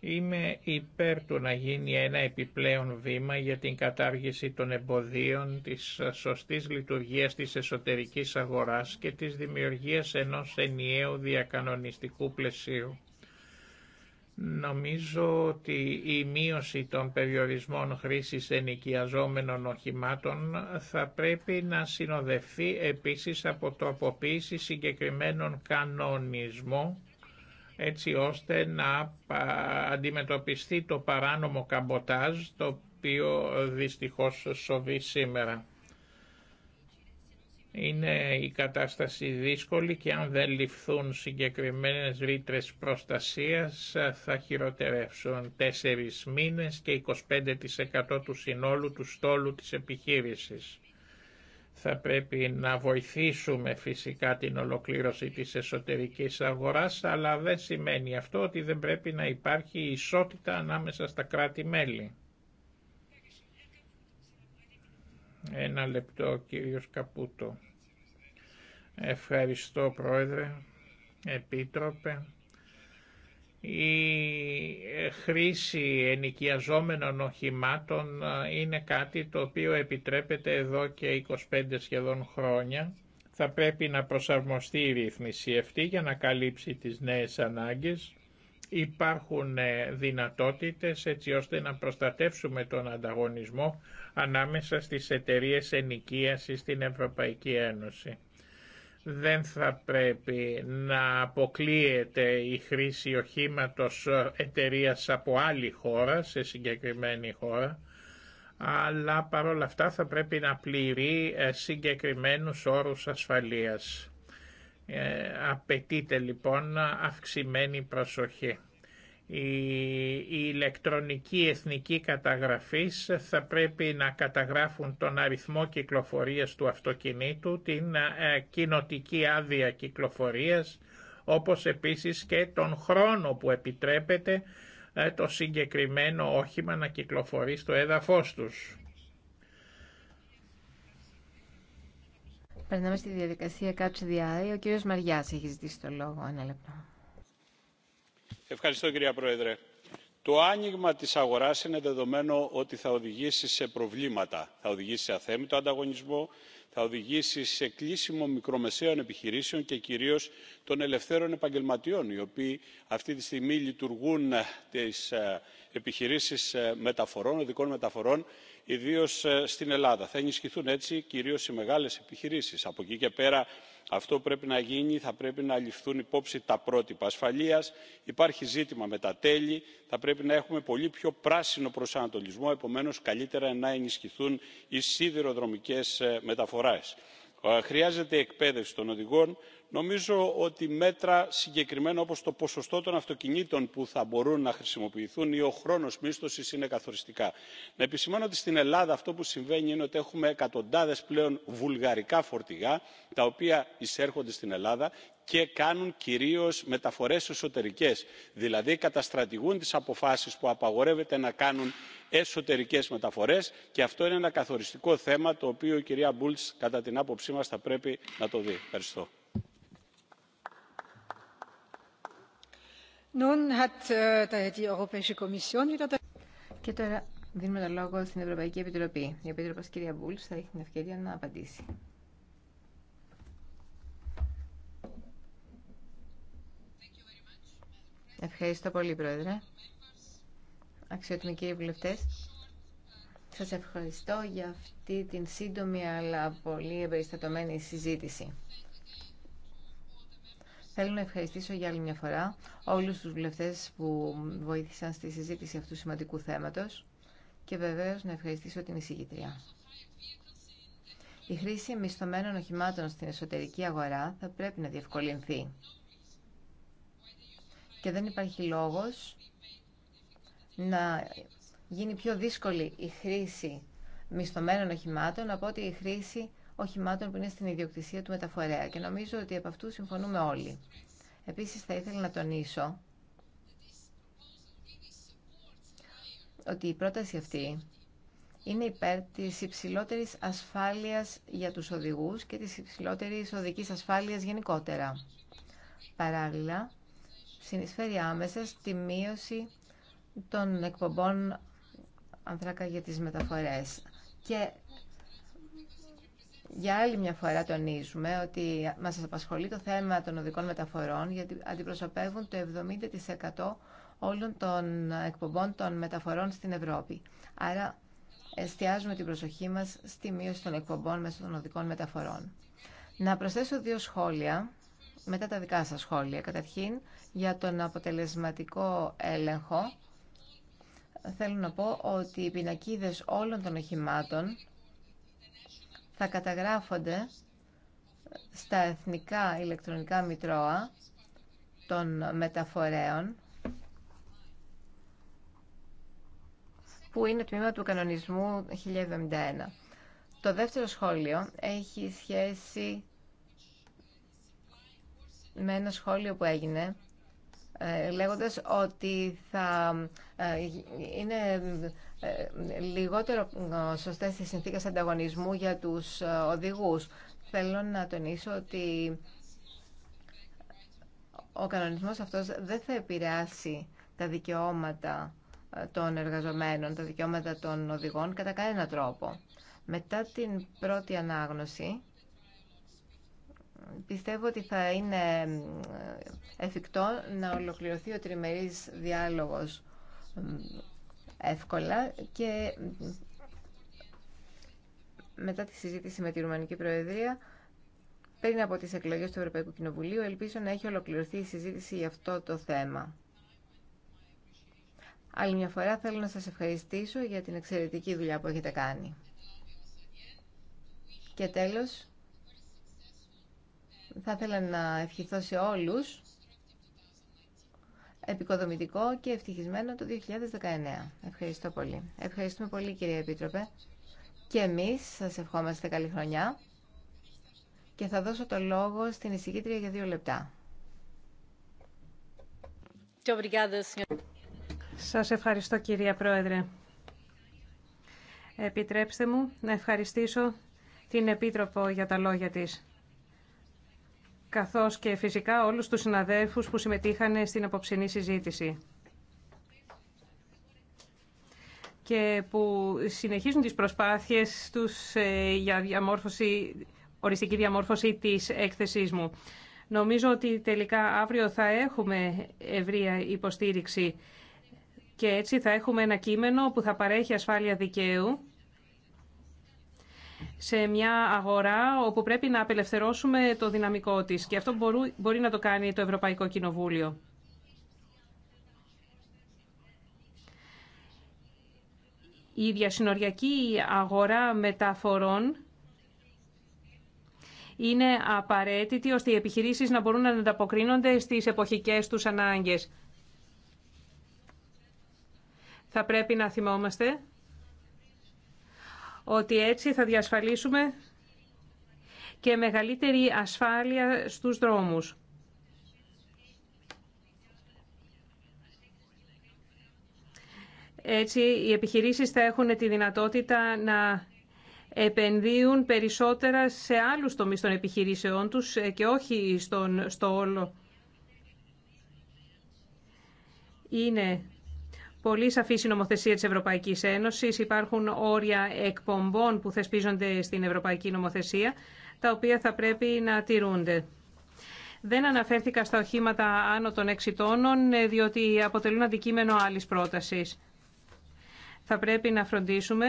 Είμαι υπέρ του να γίνει ένα επιπλέον βήμα για την κατάργηση των εμποδίων της σωστής λειτουργίας της εσωτερικής αγοράς και της δημιουργίας ενός ενιαίου διακανονιστικού πλαισίου. Νομίζω ότι η μείωση των περιορισμών χρήσης ενοικιαζόμενων οχημάτων θα πρέπει να συνοδευτεί επίσης από τροποποίηση συγκεκριμένων κανονισμών έτσι ώστε να αντιμετωπιστεί το παράνομο καμποτάζ το οποίο δυστυχώς σοβεί σήμερα. Είναι η κατάσταση δύσκολη και αν δεν ληφθούν συγκεκριμένες ρήτρες προστασίας θα χειροτερεύσουν 4 μήνες και 25% του συνόλου του στόλου της επιχείρησης θα πρέπει να βοηθήσουμε φυσικά την ολοκλήρωση της εσωτερικής αγοράς, αλλά δεν σημαίνει αυτό ότι δεν πρέπει να υπάρχει ισότητα ανάμεσα στα κράτη-μέλη. Ένα λεπτό, κύριος Καπούτο. Ευχαριστώ, Πρόεδρε, Επίτροπε. Η ε, χρήση ενοικιαζόμενων οχημάτων ε, είναι κάτι το οποίο επιτρέπεται εδώ και 25 σχεδόν χρόνια. Θα πρέπει να προσαρμοστεί η ρύθμιση αυτή για να καλύψει τις νέες ανάγκες. Υπάρχουν ε, δυνατότητες έτσι ώστε να προστατεύσουμε τον ανταγωνισμό ανάμεσα στις εταιρείες ενοικίασης στην Ευρωπαϊκή Ένωση δεν θα πρέπει να αποκλείεται η χρήση οχήματος εταιρεία από άλλη χώρα, σε συγκεκριμένη χώρα, αλλά παρόλα αυτά θα πρέπει να πληρεί ε, συγκεκριμένους όρους ασφαλείας. Ε, απαιτείται λοιπόν αυξημένη προσοχή η ηλεκτρονική εθνική καταγραφής θα πρέπει να καταγράφουν τον αριθμό κυκλοφορίας του αυτοκινήτου, την ε, κοινοτική άδεια κυκλοφορίας, όπως επίσης και τον χρόνο που επιτρέπεται ε, το συγκεκριμένο όχημα να κυκλοφορεί στο έδαφος τους. Περνάμε στη διαδικασία Catch the Ο κύριος Μαριάς έχει ζητήσει το λόγο. Ένα Ευχαριστώ κυρία Πρόεδρε. Το άνοιγμα της αγοράς είναι δεδομένο ότι θα οδηγήσει σε προβλήματα. Θα οδηγήσει σε αθέμητο ανταγωνισμό, θα οδηγήσει σε κλείσιμο μικρομεσαίων επιχειρήσεων και κυρίως των ελευθέρων επαγγελματιών οι οποίοι αυτή τη στιγμή λειτουργούν ε, τις ε, επιχειρήσεις ε, μεταφορών, οδικών μεταφορών ιδίως στην Ελλάδα. Θα ενισχυθούν έτσι κυρίως οι μεγάλες επιχειρήσεις. Από εκεί και πέρα αυτό πρέπει να γίνει θα πρέπει να ληφθούν υπόψη τα πρότυπα ασφαλείας υπάρχει ζήτημα με τα τέλη θα πρέπει να έχουμε πολύ πιο πράσινο προσανατολισμό επομένως καλύτερα να ενισχυθούν οι σιδηροδρομικές ε, μεταφορές. Ε, χρειάζεται εκπαίδευση των οδηγών νομίζω ότι μέτρα συγκεκριμένα όπως το ποσοστό των αυτοκινήτων που θα μπορούν να χρησιμοποιηθούν ή ο χρόνος μίσθωσης είναι καθοριστικά. να επισημάνω ότι στην ελλάδα αυτό που συμβαίνει είναι ότι έχουμε εκατοντάδες πλέον βουλγαρικά φορτηγά τα οποία εισέρχονται στην ελλάδα και κάνουν κυρίως μεταφορές εσωτερικές δηλαδή καταστρατηγούν τις αποφάσεις που απαγορεύεται να κάνουν εσωτερικές μεταφορές και αυτό είναι ένα καθοριστικό θέμα το οποίο η κυρία bulc κατά την άποψή μας θα πρέπει να το δει. ευχαριστώ. Äh, Και τώρα δίνουμε το λόγο στην Ευρωπαϊκή Επιτροπή. Η Επίτροπο κυρία Μπουλ, θα έχει την ευκαιρία να απαντήσει. Ευχαριστώ πολύ, Πρόεδρε. Αξιότιμοι κύριοι βουλευτέ, σας ευχαριστώ για αυτή την σύντομη αλλά πολύ εμπεριστατωμένη συζήτηση. Θέλω να ευχαριστήσω για άλλη μια φορά όλους τους βουλευτέ που βοήθησαν στη συζήτηση αυτού του σημαντικού θέματος και βεβαίω να ευχαριστήσω την εισηγητρία. Η χρήση μισθωμένων οχημάτων στην εσωτερική αγορά θα πρέπει να διευκολυνθεί. Και δεν υπάρχει λόγος να γίνει πιο δύσκολη η χρήση μισθωμένων οχημάτων από ότι η χρήση οχημάτων που είναι στην ιδιοκτησία του μεταφορέα και νομίζω ότι από αυτού συμφωνούμε όλοι. Επίσης θα ήθελα να τονίσω ότι η πρόταση αυτή είναι υπέρ της υψηλότερης ασφάλειας για τους οδηγούς και της υψηλότερης οδικής ασφάλειας γενικότερα. Παράλληλα, συνεισφέρει άμεσα στη μείωση των εκπομπών ανθράκα για τις μεταφορές και για άλλη μια φορά τονίζουμε ότι μας απασχολεί το θέμα των οδικών μεταφορών γιατί αντιπροσωπεύουν το 70% όλων των εκπομπών των μεταφορών στην Ευρώπη. Άρα εστιάζουμε την προσοχή μας στη μείωση των εκπομπών μέσω των οδικών μεταφορών. Να προσθέσω δύο σχόλια μετά τα δικά σας σχόλια. Καταρχήν, για τον αποτελεσματικό έλεγχο, θέλω να πω ότι οι πινακίδες όλων των οχημάτων θα καταγράφονται στα εθνικά ηλεκτρονικά μητρώα των μεταφορέων που είναι τμήμα του κανονισμού 1071. Το δεύτερο σχόλιο έχει σχέση με ένα σχόλιο που έγινε ε, λέγοντας ότι θα ε, είναι ε, λιγότερο ε, σωστές οι συνθήκες ανταγωνισμού για τους ε, οδηγούς. Θέλω να τονίσω ότι ο κανονισμός αυτός δεν θα επηρεάσει τα δικαιώματα των εργαζομένων, τα δικαιώματα των οδηγών κατά κανένα τρόπο. Μετά την πρώτη ανάγνωση, πιστεύω ότι θα είναι εφικτό να ολοκληρωθεί ο τριμερής διάλογος εύκολα και μετά τη συζήτηση με τη Ρουμανική Προεδρία πριν από τις εκλογές του Ευρωπαϊκού Κοινοβουλίου ελπίζω να έχει ολοκληρωθεί η συζήτηση για αυτό το θέμα. Άλλη μια φορά θέλω να σας ευχαριστήσω για την εξαιρετική δουλειά που έχετε κάνει. Και τέλος, θα ήθελα να ευχηθώ σε όλους επικοδομητικό και ευτυχισμένο το 2019. Ευχαριστώ πολύ. Ευχαριστούμε πολύ κύριε Επίτροπε. Και εμείς σας ευχόμαστε καλή χρονιά και θα δώσω το λόγο στην εισηγήτρια για δύο λεπτά. Σας ευχαριστώ κυρία Πρόεδρε. Επιτρέψτε μου να ευχαριστήσω την Επίτροπο για τα λόγια της καθώς και φυσικά όλους τους συναδέλφους που συμμετείχαν στην απόψινή συζήτηση και που συνεχίζουν τις προσπάθειες τους ε, για διαμόρφωση, οριστική διαμόρφωση της έκθεσής μου. Νομίζω ότι τελικά αύριο θα έχουμε ευρεία υποστήριξη και έτσι θα έχουμε ένα κείμενο που θα παρέχει ασφάλεια δικαίου σε μια αγορά όπου πρέπει να απελευθερώσουμε το δυναμικό της. Και αυτό μπορεί να το κάνει το Ευρωπαϊκό Κοινοβούλιο. Η διασυνοριακή αγορά μεταφορών είναι απαραίτητη ώστε οι επιχειρήσεις να μπορούν να ανταποκρίνονται στις εποχικές τους ανάγκες. Θα πρέπει να θυμόμαστε ότι έτσι θα διασφαλίσουμε και μεγαλύτερη ασφάλεια στους δρόμους. Έτσι, οι επιχειρήσεις θα έχουν τη δυνατότητα να επενδύουν περισσότερα σε άλλους τομείς των επιχειρήσεών τους και όχι στον, στο όλο. Είναι πολύ σαφή η νομοθεσία τη Ευρωπαϊκή Ένωση. Υπάρχουν όρια εκπομπών που θεσπίζονται στην Ευρωπαϊκή Νομοθεσία, τα οποία θα πρέπει να τηρούνται. Δεν αναφέρθηκα στα οχήματα άνω των 6 τόνων, διότι αποτελούν αντικείμενο άλλη πρότασης. Θα πρέπει να φροντίσουμε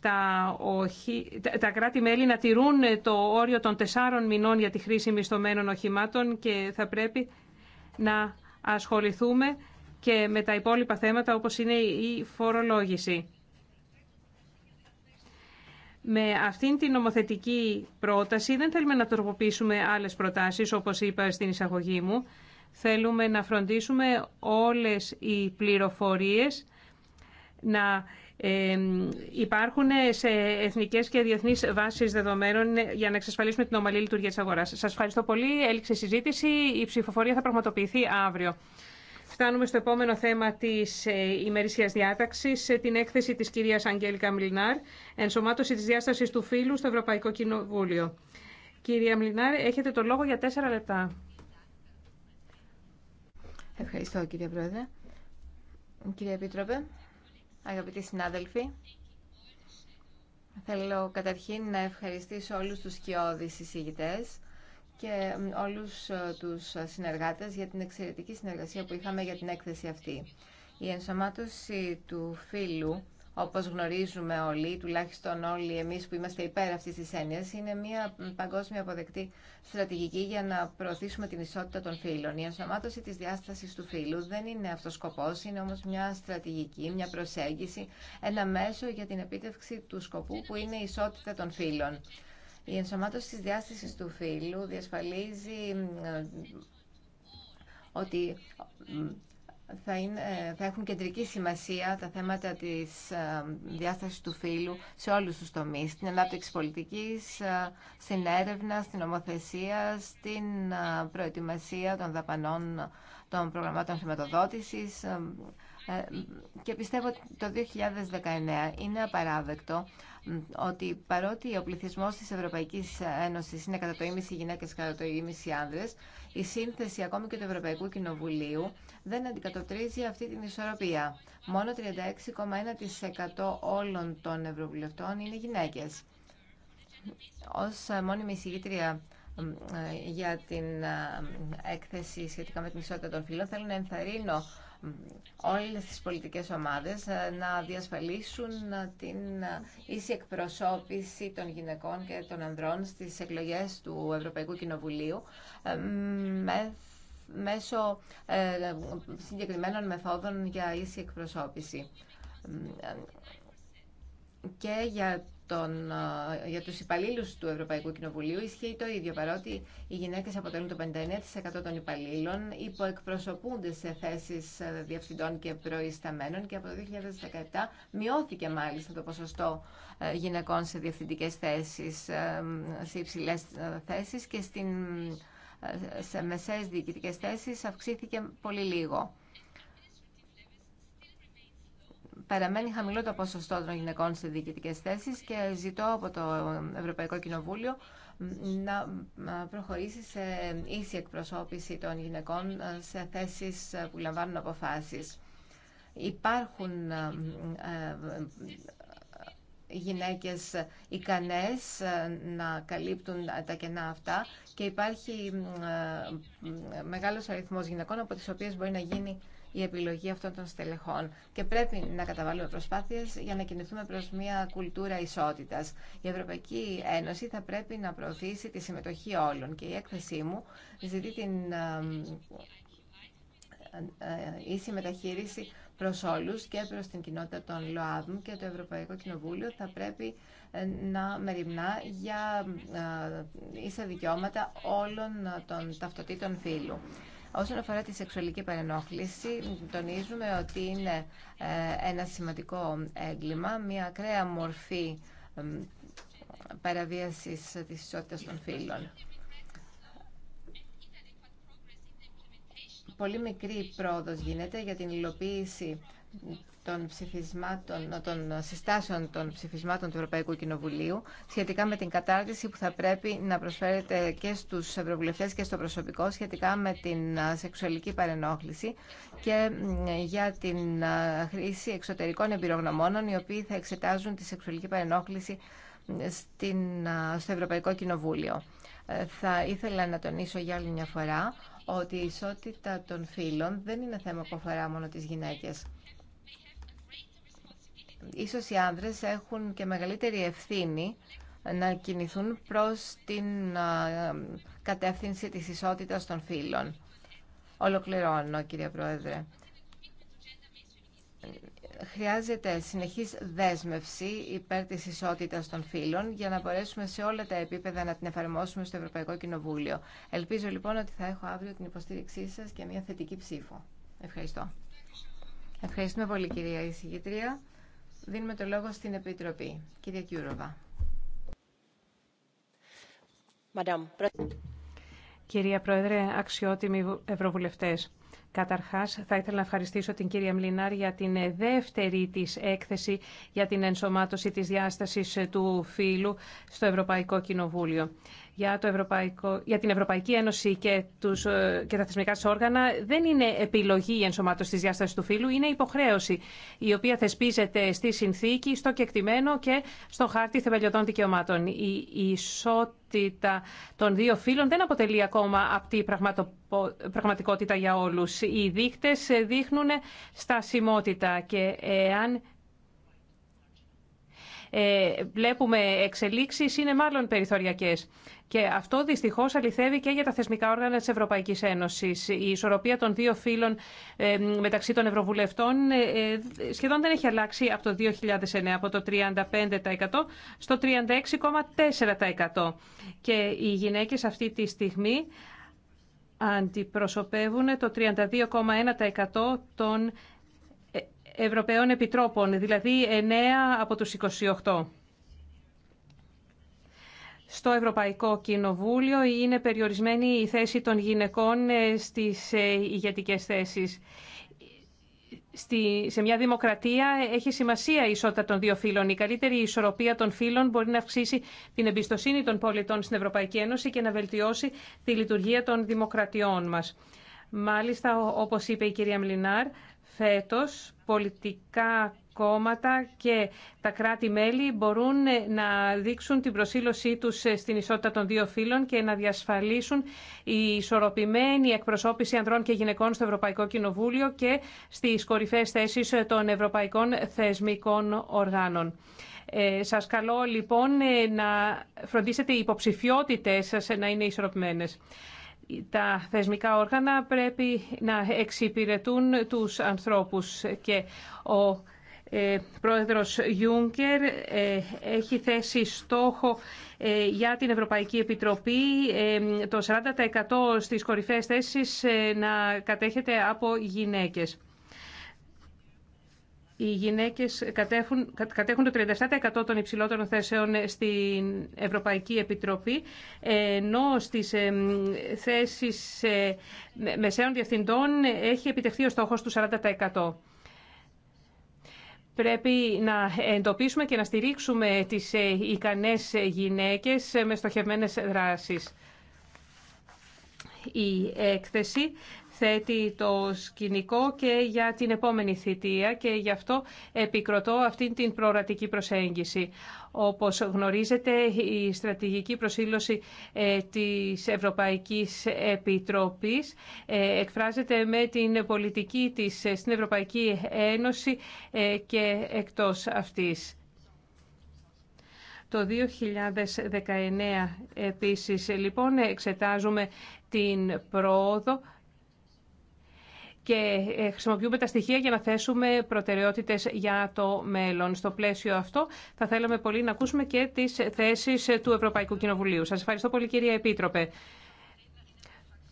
τα, οχι... τα κράτη-μέλη να τηρούν το όριο των τεσσάρων μηνών για τη χρήση μισθωμένων οχημάτων και θα πρέπει να ασχοληθούμε και με τα υπόλοιπα θέματα όπως είναι η φορολόγηση. Με αυτήν την νομοθετική πρόταση δεν θέλουμε να τροποποιήσουμε άλλες προτάσεις, όπως είπα στην εισαγωγή μου. Θέλουμε να φροντίσουμε όλες οι πληροφορίες να υπάρχουν σε εθνικές και διεθνείς βάσεις δεδομένων για να εξασφαλίσουμε την ομαλή λειτουργία της αγοράς. Σας ευχαριστώ πολύ. Έληξε η συζήτηση. Η ψηφοφορία θα πραγματοποιηθεί αύριο. Φτάνουμε στο επόμενο θέμα της ε, ημερησίας διάταξης, ε, την έκθεση της κυρίας Αγγέλικα Μιλνάρ, ενσωμάτωση της διάστασης του φύλου στο Ευρωπαϊκό Κοινοβούλιο. Κυρία Μιλινάρ, έχετε το λόγο για τέσσερα λεπτά. Ευχαριστώ κύριε Πρόεδρε. Κύριε Επίτροπε, αγαπητοί συνάδελφοι, θέλω καταρχήν να ευχαριστήσω όλους τους σκιώδεις εισηγητές, και όλους ε, τους ε, συνεργάτες για την εξαιρετική συνεργασία που είχαμε για την έκθεση αυτή. Η ενσωμάτωση του φίλου, όπως γνωρίζουμε όλοι, τουλάχιστον όλοι εμείς που είμαστε υπέρ αυτής της έννοιας, είναι μια παγκόσμια αποδεκτή στρατηγική για να προωθήσουμε την ισότητα των φύλων. Η ενσωμάτωση της διάστασης του φίλου δεν είναι αυτός σκοπός, είναι όμως μια στρατηγική, μια προσέγγιση, ένα μέσο για την επίτευξη του σκοπού που είναι η ισότητα των φύλων. Η ενσωμάτωση της διάστασης του φύλου διασφαλίζει ε, ότι θα, είναι, ε, θα έχουν κεντρική σημασία τα θέματα της ε, διάστασης του φύλου σε όλους τους τομείς. Στην ανάπτυξη πολιτικής, στην έρευνα, στην ομοθεσία, στην προετοιμασία των δαπανών των προγραμμάτων χρηματοδότησης. Και πιστεύω ότι το 2019 είναι απαράδεκτο ότι παρότι ο πληθυσμό τη Ευρωπαϊκή Ένωση είναι κατά το ίμιση γυναίκε, κατά το ίμιση άνδρε, η σύνθεση ακόμη και του Ευρωπαϊκού Κοινοβουλίου δεν αντικατοπτρίζει αυτή την ισορροπία. Μόνο 36,1% όλων των Ευρωβουλευτών είναι γυναίκε. Ω μόνιμη εισηγήτρια ε, για την ε, έκθεση σχετικά με την ισότητα των φύλων, θέλω να ενθαρρύνω όλες τις πολιτικές ομάδες ε, να διασφαλίσουν ε, την ε, ίση εκπροσώπηση των γυναικών και των ανδρών στις εκλογές του Ευρωπαϊκού Κοινοβουλίου μέσω συγκεκριμένων μεθόδων για ίση εκπροσώπηση και για τον, ε, για τους υπαλλήλους του Ευρωπαϊκού Κοινοβουλίου ισχύει το ίδιο, παρότι οι γυναίκες αποτελούν το 59% των υπαλλήλων, υποεκπροσωπούνται σε θέσεις ε, διευθυντών και προϊσταμένων και από το 2017 μειώθηκε μάλιστα το ποσοστό ε, γυναικών σε διευθυντικές θέσεις, σε υψηλές θέσεις και στην, σε μεσαίες διοικητικές θέσεις αυξήθηκε πολύ λίγο. Παραμένει χαμηλό το ποσοστό των γυναικών σε διοικητικέ θέσει και ζητώ από το Ευρωπαϊκό Κοινοβούλιο να προχωρήσει σε ίση εκπροσώπηση των γυναικών σε θέσει που λαμβάνουν αποφάσει. Υπάρχουν ε, ε, γυναίκες ικανές ε, να καλύπτουν τα κενά αυτά και υπάρχει μεγάλος αριθμός γυναικών από τις οποίες μπορεί να γίνει η επιλογή αυτών των στελεχών. Και πρέπει να καταβάλουμε προσπάθειες για να κινηθούμε προς μια κουλτούρα ισότητας. Η Ευρωπαϊκή Ένωση θα πρέπει να προωθήσει τη συμμετοχή όλων και η έκθεσή μου ζητεί την ε, ε, ίση μεταχείριση προς όλους και προς την κοινότητα των ΛΟΑΔΜ και το Ευρωπαϊκό Κοινοβούλιο θα πρέπει ε, να μεριμνά για ίσα δικαιώματα όλων των ταυτοτήτων φύλου. Όσον αφορά τη σεξουαλική παρενόχληση, τονίζουμε ότι είναι ε, ένα σημαντικό έγκλημα, μια ακραία μορφή ε, παραβίασης της ισότητας των φύλων. Πολύ μικρή πρόοδος γίνεται για την υλοποίηση των ψηφισμάτων, των συστάσεων των ψηφισμάτων του Ευρωπαϊκού Κοινοβουλίου σχετικά με την κατάρτιση που θα πρέπει να προσφέρεται και στους ευρωβουλευτές και στο προσωπικό σχετικά με την σεξουαλική παρενόχληση και για την χρήση εξωτερικών εμπειρογνωμόνων οι οποίοι θα εξετάζουν τη σεξουαλική παρενόχληση στην, στο Ευρωπαϊκό Κοινοβούλιο. Ε, θα ήθελα να τονίσω για άλλη μια φορά ότι η ισότητα των φύλων δεν είναι θέμα που αφορά μόνο τις γυναίκες ίσως οι άνδρες έχουν και μεγαλύτερη ευθύνη να κινηθούν προς την κατεύθυνση της ισότητας των φύλων. Ολοκληρώνω, κύριε Πρόεδρε. Χρειάζεται συνεχής δέσμευση υπέρ της ισότητας των φύλων για να μπορέσουμε σε όλα τα επίπεδα να την εφαρμόσουμε στο Ευρωπαϊκό Κοινοβούλιο. Ελπίζω λοιπόν ότι θα έχω αύριο την υποστήριξή σας και μια θετική ψήφο. Ευχαριστώ. Ευχαριστούμε πολύ κυρία εισηγήτρια. Δίνουμε το λόγο στην Επιτροπή. Κυρία Κιούροβα. Κυρία Πρόεδρε, αξιότιμοι Ευρωβουλευτές. Καταρχάς, θα ήθελα να ευχαριστήσω την κυρία Μλινάρ για την ε, δεύτερη της έκθεση για την ενσωμάτωση της διάστασης ε, του φύλου στο Ευρωπαϊκό Κοινοβούλιο για, το Ευρωπαϊκό, για την Ευρωπαϊκή Ένωση και, τους, ε, και τα θεσμικά τη όργανα δεν είναι επιλογή η ενσωμάτωση τη διάσταση του φύλου, είναι υποχρέωση η οποία θεσπίζεται στη συνθήκη, στο κεκτημένο και στο χάρτη θεμελιωτών δικαιωμάτων. Η, ισότητα των δύο φύλων δεν αποτελεί ακόμα απτή πραγματικότητα για όλους. Οι δείκτε δείχνουν στασιμότητα και εάν ε, βλέπουμε εξελίξεις είναι μάλλον περιθωριακές. Και αυτό δυστυχώ αληθεύει και για τα θεσμικά όργανα τη Ευρωπαϊκή Ένωση. Η ισορροπία των δύο φύλων μεταξύ των Ευρωβουλευτών ε, ε, σχεδόν δεν έχει αλλάξει από το 2009, από το 35% στο 36,4%. Και οι γυναίκες αυτή τη στιγμή αντιπροσωπεύουν το 32,1% των ε, Ευρωπαίων Επιτρόπων, δηλαδή 9 από τους 28 στο Ευρωπαϊκό Κοινοβούλιο είναι περιορισμένη η θέση των γυναικών ε, στις ε, ηγετικέ θέσεις. Στη, σε μια δημοκρατία έχει σημασία η ισότητα των δύο φύλων. Η καλύτερη ισορροπία των φύλων μπορεί να αυξήσει την εμπιστοσύνη των πολιτών στην Ευρωπαϊκή Ένωση και να βελτιώσει τη λειτουργία των δημοκρατιών μας. Μάλιστα, όπως είπε η κυρία Μλινάρ, φέτος πολιτικά κόμματα και τα κράτη-μέλη μπορούν να δείξουν την προσήλωσή τους στην ισότητα των δύο φύλων και να διασφαλίσουν η ισορροπημένη εκπροσώπηση ανδρών και γυναικών στο Ευρωπαϊκό Κοινοβούλιο και στις κορυφαίες θέσεις των ευρωπαϊκών θεσμικών οργάνων. Ε, σας καλώ λοιπόν ε, να φροντίσετε οι υποψηφιότητες σας να είναι ισορροπημένες. Τα θεσμικά όργανα πρέπει να εξυπηρετούν τους ανθρώπους και ε, πρόεδρος Γιούγκερ ε, έχει θέσει στόχο ε, για την Ευρωπαϊκή Επιτροπή το 40% στις κορυφαίες θέσεις να κατέχεται από γυναίκες. Οι γυναίκες κατέχουν, κατέχουν το 37% των υψηλότερων θέσεων στην Ευρωπαϊκή Επιτροπή, ενώ στις θέσεις μεσαίων διευθυντών έχει επιτευχθεί ο στόχος του 40%. Πρέπει να εντοπίσουμε και να στηρίξουμε τις ε, ικανές ε, γυναίκες ε, με στοχευμένες δράσεις. Η έκθεση θέτει το σκηνικό και για την επόμενη θητεία και γι' αυτό επικροτώ αυτή την προορατική προσέγγιση. Όπως γνωρίζετε, η στρατηγική προσήλωση ε, της Ευρωπαϊκής Επιτροπής ε, εκφράζεται με την πολιτική της ε, στην Ευρωπαϊκή Ένωση και εκτός αυτής. Το 2019 επίσης λοιπόν εξετάζουμε την πρόοδο και ε, χρησιμοποιούμε τα στοιχεία για να θέσουμε προτεραιότητες για το μέλλον. Στο πλαίσιο αυτό θα θέλαμε πολύ να ακούσουμε και τις θέσεις ε, του Ευρωπαϊκού Κοινοβουλίου. Σας ευχαριστώ πολύ κυρία Επίτροπε.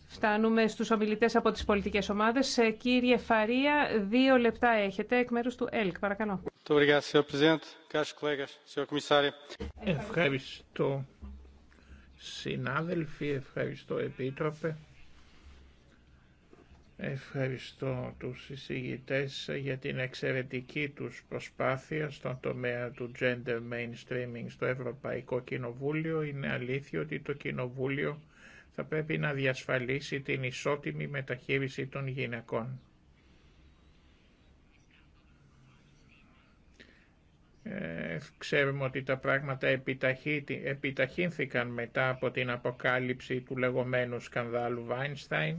Φτάνουμε στους ομιλητές από τις πολιτικές ομάδες. Ε, κύριε Φαρία, δύο λεπτά έχετε εκ μέρους του ΕΛΚ. Παρακαλώ. Ευχαριστώ συνάδελφοι, ευχαριστώ Επίτροπε. Ευχαριστώ τους εισηγητές για την εξαιρετική τους προσπάθεια στον τομέα του gender mainstreaming στο Ευρωπαϊκό Κοινοβούλιο. Είναι αλήθεια ότι το Κοινοβούλιο θα πρέπει να διασφαλίσει την ισότιμη μεταχείριση των γυναικών. Ε, ξέρουμε ότι τα πράγματα επιταχύνθηκαν μετά από την αποκάλυψη του λεγόμενου σκανδάλου Βάινστάιν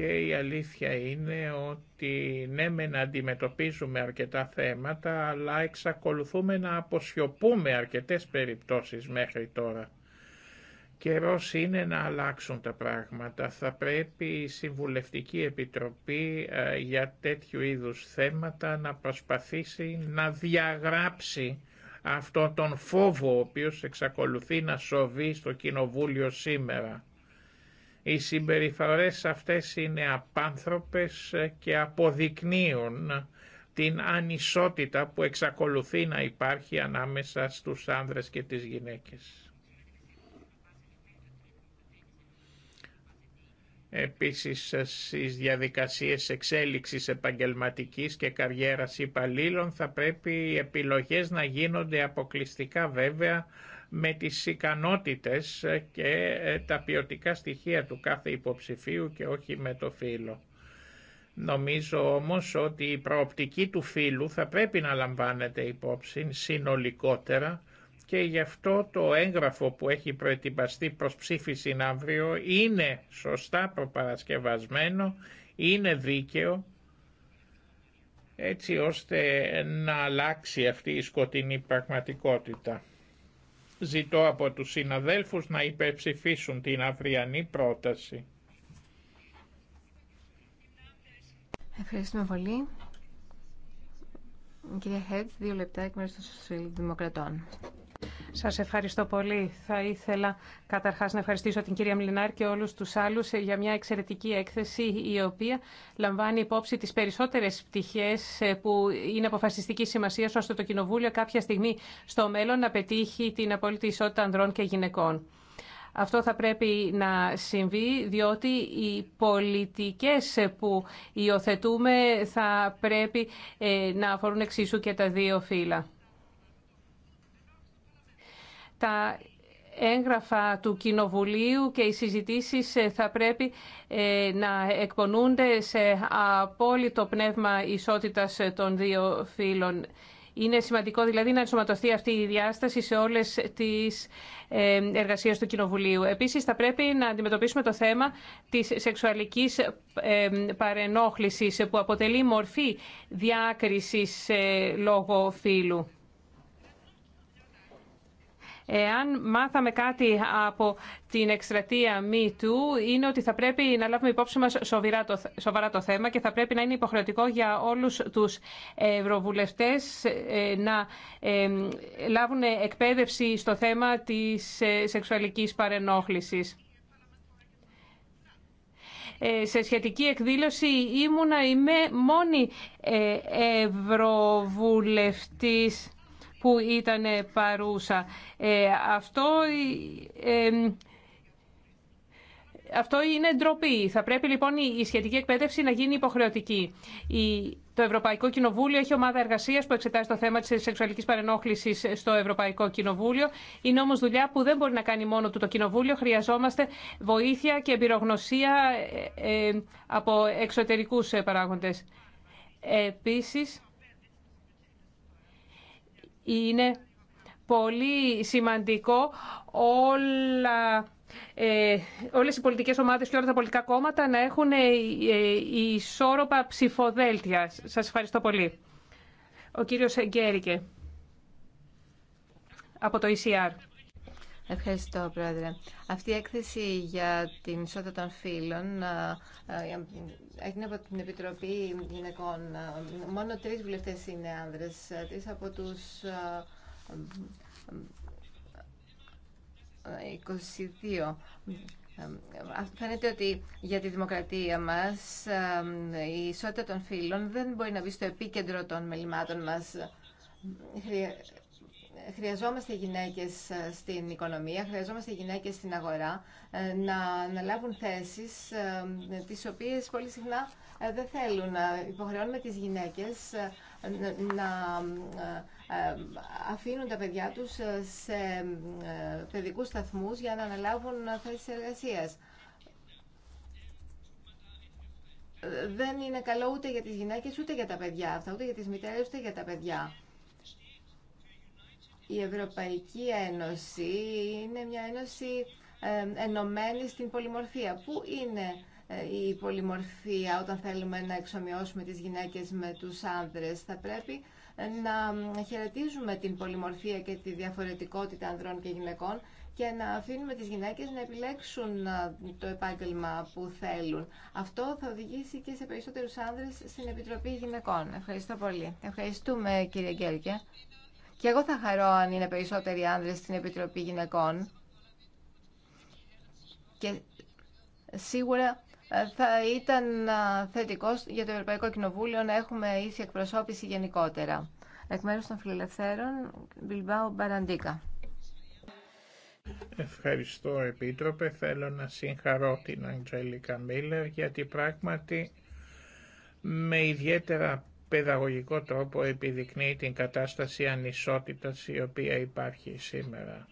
και η αλήθεια είναι ότι ναι να αντιμετωπίζουμε αρκετά θέματα αλλά εξακολουθούμε να αποσιωπούμε αρκετές περιπτώσεις μέχρι τώρα. Καιρός είναι να αλλάξουν τα πράγματα. Θα πρέπει η Συμβουλευτική Επιτροπή ε, για τέτοιου είδους θέματα να προσπαθήσει να διαγράψει αυτό τον φόβο ο οποίος εξακολουθεί να σοβεί στο Κοινοβούλιο σήμερα. Οι συμπεριφορές αυτές είναι απάνθρωπες και αποδεικνύουν την ανισότητα που εξακολουθεί να υπάρχει ανάμεσα στους άνδρες και τις γυναίκες. Επίσης στις διαδικασίες εξέλιξης επαγγελματικής και καριέρας υπαλλήλων θα πρέπει οι επιλογές να γίνονται αποκλειστικά βέβαια με τις ικανότητες ε, και ε, τα ποιοτικά στοιχεία του κάθε υποψηφίου και όχι με το φύλλο. Νομίζω όμως ότι η προοπτική του φύλου θα πρέπει να λαμβάνεται υπόψη συνολικότερα και γι' αυτό το έγγραφο που έχει προετοιμαστεί προς ψήφιση αύριο είναι σωστά προπαρασκευασμένο, είναι δίκαιο έτσι ώστε να αλλάξει αυτή η σκοτεινή πραγματικότητα. Ζητώ από τους συναδέλφους να υπερψηφίσουν την αυριανή πρόταση. Ευχαριστούμε πολύ. Κυρία Χέτ, δύο λεπτά εκ μέρους των Σοσιαλδημοκρατών. Σα ευχαριστώ πολύ. Θα ήθελα καταρχάς να ευχαριστήσω την κυρία Μλινάρ και όλου τους άλλους για μια εξαιρετική έκθεση η οποία λαμβάνει υπόψη τις περισσότερες πτυχές που είναι αποφασιστική σημασία ώστε το Κοινοβούλιο κάποια στιγμή στο μέλλον να πετύχει την απόλυτη ισότητα ανδρών και γυναικών. Αυτό θα πρέπει να συμβεί, διότι οι πολιτικές που υιοθετούμε θα πρέπει ε, να αφορούν εξίσου και τα δύο φύλλα τα έγγραφα του Κοινοβουλίου και οι συζητήσεις ε, θα πρέπει ε, να εκπονούνται σε απόλυτο πνεύμα ισότητας ε, των δύο φύλων. Είναι σημαντικό δηλαδή να ενσωματωθεί αυτή η διάσταση σε όλες τις εργασίες του Κοινοβουλίου. Επίσης θα πρέπει να αντιμετωπίσουμε το θέμα της σεξουαλικής παρενόχλησης που αποτελεί μορφή διάκρισης λόγω φύλου. Εάν μάθαμε κάτι από την εκστρατεία MeToo είναι ότι θα πρέπει να λάβουμε υπόψη μας σοβαρά το, το θέμα και θα πρέπει να είναι υποχρεωτικό για όλους τους ευρωβουλευτές ε, να ε, λάβουν εκπαίδευση στο θέμα της ε, σεξουαλικής παρενόχλησης. Σε σχετική εκδήλωση ήμουνα, είμαι μόνη ευρωβουλευτής που ήταν παρούσα. Ε, αυτό ε, ε, αυτό είναι ντροπή. Θα πρέπει λοιπόν η σχετική εκπαίδευση να γίνει υποχρεωτική. Το Ευρωπαϊκό Κοινοβούλιο έχει ομάδα εργασία που εξετάζει το θέμα τη σεξουαλική παρενόχλησης στο Ευρωπαϊκό Κοινοβούλιο. Είναι όμω δουλειά που δεν μπορεί να κάνει μόνο του το Κοινοβούλιο. Χρειαζόμαστε βοήθεια και εμπειρογνωσία από εξωτερικού παράγοντε. Επίση, είναι πολύ σημαντικό όλα ε, όλες οι πολιτικές ομάδες και όλα τα πολιτικά κόμματα να έχουν ε, ε, ισόρροπα ψηφοδέλτια. Σας ευχαριστώ πολύ. Ο κύριος Γκέρικε από το ECR. Ευχαριστώ, Πρόεδρε. Αυτή η έκθεση για την ισότητα των φύλων ε, ε, έγινε από την Επιτροπή Γυναικών. Μόνο τρει βουλευτέ είναι άνδρες. Τρει από τους 22. Ε, φαίνεται ότι για τη δημοκρατία μας η ισότητα των φύλων δεν μπορεί να μπει στο επίκεντρο των μελημάτων μας χρειαζόμαστε γυναίκες ε, στην οικονομία, χρειαζόμαστε γυναίκες στην αγορά ε, να αναλάβουν θέσεις ε, τις οποίες πολύ συχνά δεν θέλουν. Υποχρεώνουμε τις γυναίκες να αφήνουν τα παιδιά τους σε παιδικούς σταθμούς για να αναλάβουν θέσεις εργασίας. Δεν είναι καλό ούτε για τις γυναίκες, ούτε για τα παιδιά αυτά, ούτε για τις μητέρες, ούτε για τα παιδιά. Η Ευρωπαϊκή Ένωση είναι μια ένωση ενωμένη στην πολυμορφία. Πού είναι ε, η πολυμορφία όταν θέλουμε να εξομοιώσουμε τις γυναίκες με τους άνδρες. Θα πρέπει ε, να χαιρετίζουμε την πολυμορφία και τη διαφορετικότητα ανδρών και γυναικών και να αφήνουμε τις γυναίκες να επιλέξουν ε, το επάγγελμα που θέλουν. Αυτό θα οδηγήσει και σε περισσότερους άνδρες στην Επιτροπή Γυναικών. Ευχαριστώ πολύ. Ευχαριστούμε κύριε και εγώ θα χαρώ αν είναι περισσότεροι άνδρες στην Επιτροπή Γυναικών. Και σίγουρα ε, θα ήταν ε, θετικό για το Ευρωπαϊκό Κοινοβούλιο να έχουμε ίση εκπροσώπηση γενικότερα. Εκ μέρους των φιλελευθέρων, Μπιλμπάου Μπαραντίκα. Ευχαριστώ Επίτροπε. Θέλω να συγχαρώ την Αγγέλικα Μίλλερ γιατί πράγματι με ιδιαίτερα παιδαγωγικό τρόπο επιδεικνύει την κατάσταση ανισότητας η οποία υπάρχει σήμερα.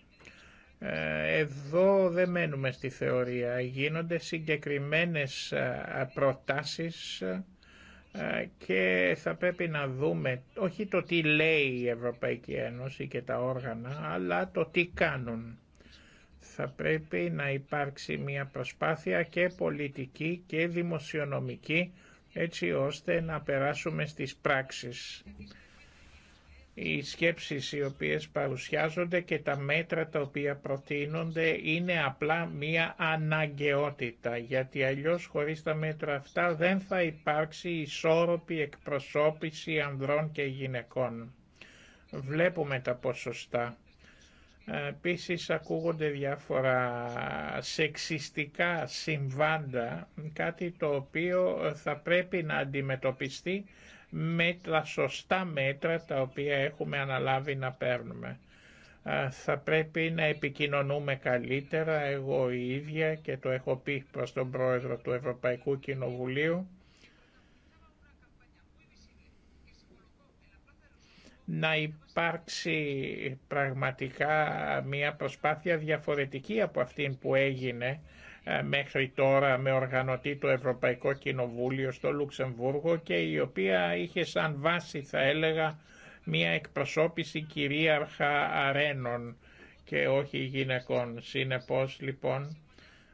Ε, εδώ δεν μένουμε στη θεωρία. Γίνονται συγκεκριμένες ε, προτάσεις ε, και θα πρέπει να δούμε όχι το τι λέει η Ευρωπαϊκή Ένωση και τα όργανα, αλλά το τι κάνουν. Θα πρέπει να υπάρξει μια προσπάθεια και πολιτική και δημοσιονομική έτσι ώστε να περάσουμε στις πράξεις. Οι σκέψεις οι οποίες παρουσιάζονται και τα μέτρα τα οποία προτείνονται είναι απλά μία αναγκαιότητα, γιατί αλλιώς χωρίς τα μέτρα αυτά δεν θα υπάρξει ισόρροπη εκπροσώπηση ανδρών και γυναικών. Βλέπουμε τα ποσοστά Επίση ακούγονται διάφορα σεξιστικά συμβάντα, κάτι το οποίο θα πρέπει να αντιμετωπιστεί με τα σωστά μέτρα τα οποία έχουμε αναλάβει να παίρνουμε. Θα πρέπει να επικοινωνούμε καλύτερα εγώ η ίδια και το έχω πει προς τον Πρόεδρο του Ευρωπαϊκού Κοινοβουλίου να υπάρξει πραγματικά μια προσπάθεια διαφορετική από αυτήν που έγινε ε, μέχρι τώρα με οργανωτή το Ευρωπαϊκό Κοινοβούλιο στο Λουξεμβούργο και η οποία είχε σαν βάση θα έλεγα μια εκπροσώπηση κυρίαρχα αρένων και όχι γυναικών. Συνεπώς λοιπόν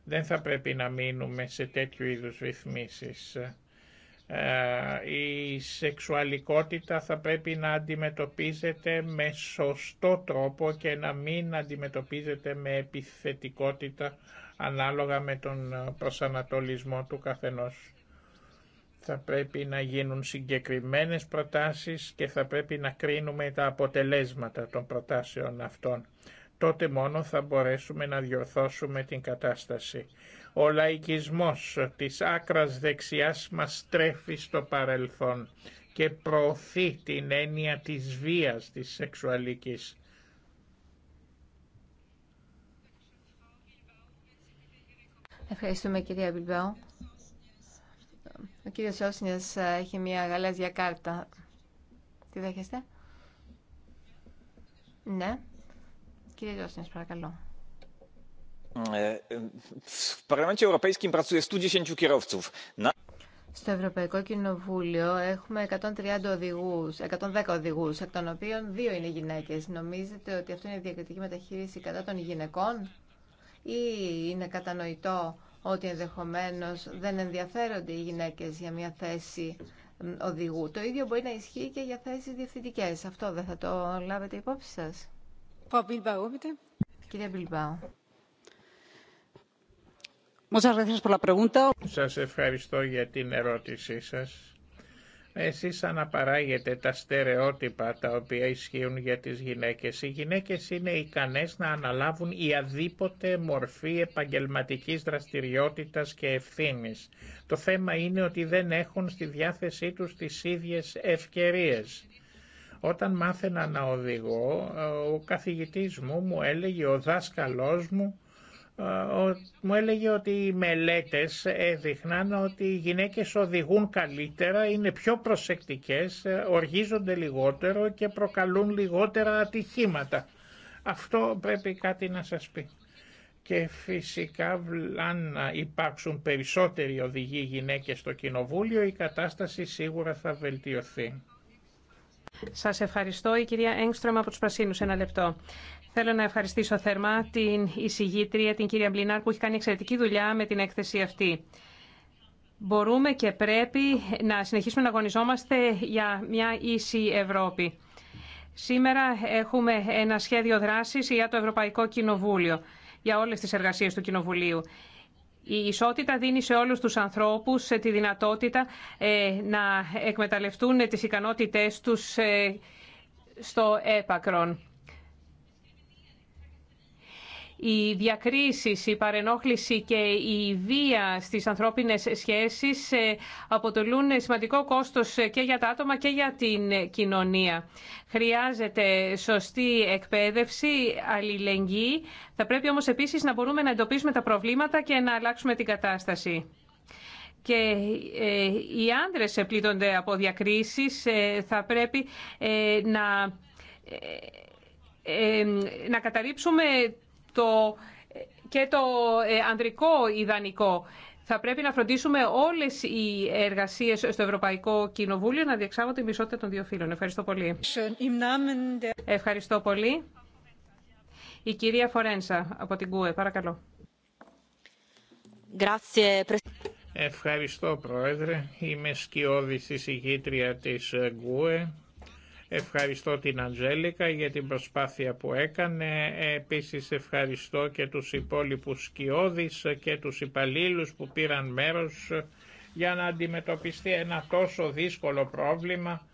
δεν θα πρέπει να μείνουμε σε τέτοιου είδους ρυθμίσεις. Ε, η σεξουαλικότητα θα πρέπει να αντιμετωπίζεται με σωστό τρόπο και να μην αντιμετωπίζεται με επιθετικότητα ανάλογα με τον προσανατολισμό του καθενός. Θα πρέπει να γίνουν συγκεκριμένες προτάσεις και θα πρέπει να κρίνουμε τα αποτελέσματα των προτάσεων αυτών. Τότε μόνο θα μπορέσουμε να διορθώσουμε την κατάσταση. Ο λαϊκισμός της άκρας δεξιάς μας στρέφει στο παρελθόν και προωθεί την έννοια της βίας της σεξουαλικής. Ευχαριστούμε κυρία Μπιλμπάου. Ο κύριος Όσνιας ε, έχει μια γαλάζια κάρτα. Τη δέχεστε? Ναι. Κύριε Όσνιας παρακαλώ. E, Στο Ευρωπαϊκό Κοινοβούλιο έχουμε 130 οδηγούς, 110 οδηγούς, εκ των οποίων δύο είναι γυναίκες. Νομίζετε ότι αυτό είναι διακριτική μεταχείριση κατά των γυναικών ή είναι κατανοητό ότι ενδεχομένως δεν ενδιαφέρονται οι γυναίκες για μια θέση οδηγού. Το ίδιο μπορεί να ισχύει και για θέσεις διευθυντικές. Αυτό δεν θα το λάβετε υπόψη σας. Κυρία Μπιλμπάου. Σας ευχαριστώ για την ερώτησή σας. Εσείς αναπαράγετε τα στερεότυπα τα οποία ισχύουν για τις γυναίκες. Οι γυναίκες είναι ικανές να αναλάβουν η αδίποτε μορφή επαγγελματικής δραστηριότητας και ευθύνης. Το θέμα είναι ότι δεν έχουν στη διάθεσή τους τις ίδιες ευκαιρίες. Όταν μάθαινα να οδηγώ, ο καθηγητής μου μου έλεγε, ο δάσκαλός μου, ε, μου έλεγε ότι οι μελέτες έδειχναν ότι οι γυναίκες οδηγούν καλύτερα, είναι πιο προσεκτικές, ε, οργίζονται λιγότερο και προκαλούν λιγότερα ατυχήματα. Αυτό πρέπει κάτι να σας πει. Και φυσικά αν υπάρξουν περισσότεροι οδηγοί γυναίκες στο Κοινοβούλιο η κατάσταση σίγουρα θα βελτιωθεί. Σας ευχαριστώ. Η κυρία Έγκστρομ από τους Ένα λεπτό. Θέλω να ευχαριστήσω θερμά την εισηγήτρια, την κυρία Μπλινάρ, που έχει κάνει εξαιρετική δουλειά με την έκθεση αυτή. Μπορούμε και πρέπει να συνεχίσουμε να αγωνιζόμαστε για μια ίση Ευρώπη. Σήμερα έχουμε ένα σχέδιο δράσης για το Ευρωπαϊκό Κοινοβούλιο, για όλες τις εργασίες του Κοινοβουλίου. Η ισότητα δίνει σε όλους τους ανθρώπους τη δυνατότητα ε, να εκμεταλλευτούν τις ικανότητές τους ε, στο έπακρον η διακρίση η παρενόχληση και η βία στις ανθρώπινες σχέσεις ε, αποτελούν σημαντικό κόστος και για τα άτομα και για την κοινωνία. Χρειάζεται σωστή εκπαίδευση, αλληλεγγύη. Θα πρέπει όμως επίσης να μπορούμε να εντοπίσουμε τα προβλήματα και να αλλάξουμε την κατάσταση. Και ε, οι άντρες πλήττονται από διακρίσεις. Ε, θα πρέπει να να καταρρύψουμε το, και το ε, ανδρικό ιδανικό. Θα πρέπει να φροντίσουμε όλες οι εργασίες στο Ευρωπαϊκό Κοινοβούλιο να διεξάγονται η μισότητα των δύο φύλων. Ευχαριστώ πολύ. Ευχαριστώ πολύ. Η κυρία Φορένσα από την ΚΟΕ, παρακαλώ. Ευχαριστώ Πρόεδρε. Είμαι στη συγκήτρια τη ΚΟΕ Ευχαριστώ την Αντζέλικα για την προσπάθεια που έκανε. Επίσης ευχαριστώ και τους υπόλοιπους σκιώδεις και τους υπαλλήλους που πήραν μέρος για να αντιμετωπιστεί ένα τόσο δύσκολο πρόβλημα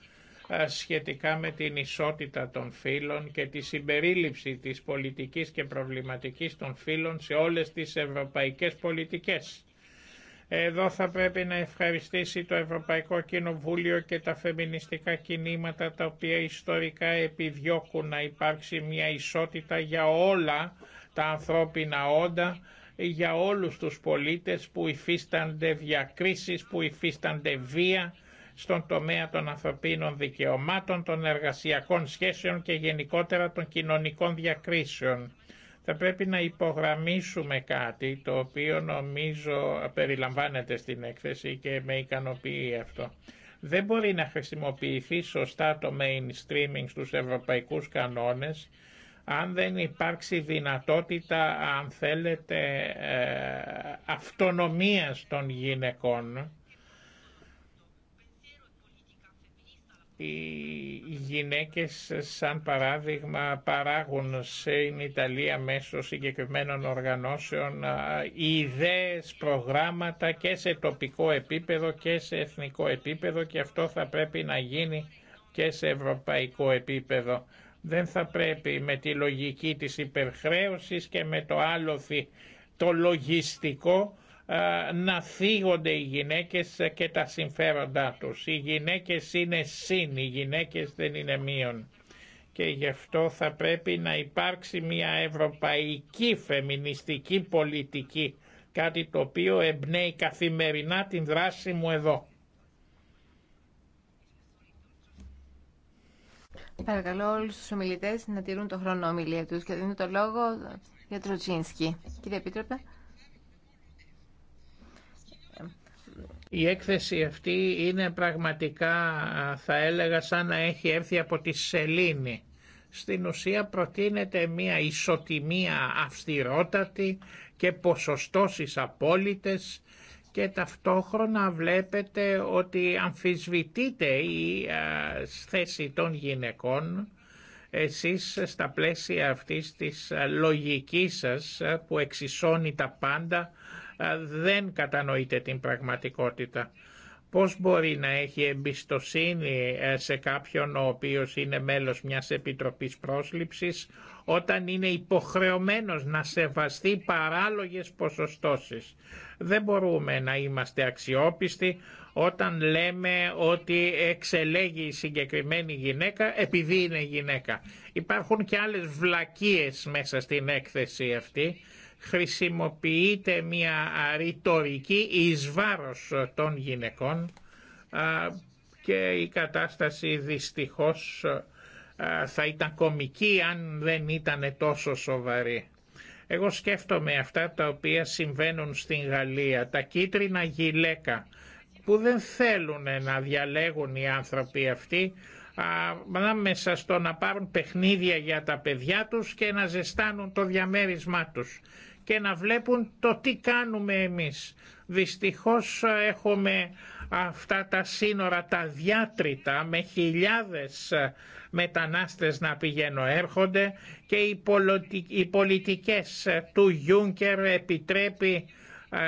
ε, σχετικά με την ισότητα των φύλων και τη συμπερίληψη της πολιτικής και προβληματικής των φύλων σε όλες τις ευρωπαϊκές πολιτικές. Εδώ θα πρέπει να ευχαριστήσει το Ευρωπαϊκό Κοινοβούλιο και τα φεμινιστικά κινήματα τα οποία ιστορικά επιδιώκουν να υπάρξει μια ισότητα για όλα τα ανθρώπινα όντα, για όλους τους πολίτες που υφίστανται διακρίσεις, που υφίστανται βία στον τομέα των ανθρωπίνων δικαιωμάτων, των εργασιακών σχέσεων και γενικότερα των κοινωνικών διακρίσεων θα πρέπει να υπογραμμίσουμε κάτι το οποίο νομίζω περιλαμβάνεται στην έκθεση και με ικανοποιεί αυτό. Δεν μπορεί να χρησιμοποιηθεί σωστά το mainstreaming στους ευρωπαϊκούς κανόνες αν δεν υπάρξει δυνατότητα, αν θέλετε, ε, αυτονομίας των γυναικών οι γυναίκες σαν παράδειγμα παράγουν στην Ιταλία μέσω συγκεκριμένων οργανώσεων ιδέες, προγράμματα και σε τοπικό επίπεδο και σε εθνικό επίπεδο και αυτό θα πρέπει να γίνει και σε ευρωπαϊκό επίπεδο. Δεν θα πρέπει με τη λογική της υπερχρέωσης και με το άλοθη το λογιστικό ε, να θίγονται οι γυναίκες και τα συμφέροντά τους. Οι γυναίκες είναι συν, οι γυναίκες δεν είναι μείον. Και γι' αυτό θα πρέπει να υπάρξει μια ευρωπαϊκή φεμινιστική πολιτική, κάτι το οποίο εμπνέει καθημερινά την δράση μου εδώ. Παρακαλώ όλους τους ομιλητές να τηρούν το χρόνο ομιλία τους και δίνω το λόγο για Τροτζίνσκι. Κύριε Επίτροπε. Η έκθεση αυτή είναι πραγματικά θα έλεγα σαν να έχει έρθει από τη σελήνη. Στην ουσία προτείνεται μια ισοτιμία αυστηρότατη και ποσοστώσεις απόλυτες και ταυτόχρονα βλέπετε ότι αμφισβητείται η θέση των γυναικών εσείς στα πλαίσια αυτής της λογικής σας που εξισώνει τα πάντα δεν κατανοείτε την πραγματικότητα. Πώς μπορεί να έχει εμπιστοσύνη ε, σε κάποιον ο οποίος είναι μέλος μιας επιτροπής πρόσληψης όταν είναι υποχρεωμένος να σεβαστεί παράλογες ποσοστώσεις. Δεν μπορούμε να είμαστε αξιόπιστοι όταν λέμε ότι εξελέγει η συγκεκριμένη γυναίκα επειδή είναι γυναίκα. Υπάρχουν και άλλες βλακίες μέσα στην έκθεση αυτή χρησιμοποιείται μια ρητορική εις βάρος ε, των γυναικών και η κατάσταση δυστυχώς ε, θα ήταν κομική αν δεν ήταν τόσο σοβαρή. Εγώ σκέφτομαι αυτά τα οποία συμβαίνουν στην Γαλλία, τα κίτρινα γυλαίκα που δεν θέλουν να διαλέγουν οι άνθρωποι αυτοί μέσα στο να πάρουν παιχνίδια για τα παιδιά τους και να ζεστάνουν το διαμέρισμά τους και να βλέπουν το τι κάνουμε εμείς. Δυστυχώς ε, έχουμε αυτά τα σύνορα τα διάτρητα με χιλιάδες ε, μετανάστες να πηγαίνουν έρχονται και οι πολιτικές ε, του Γιούνκερ επιτρέπει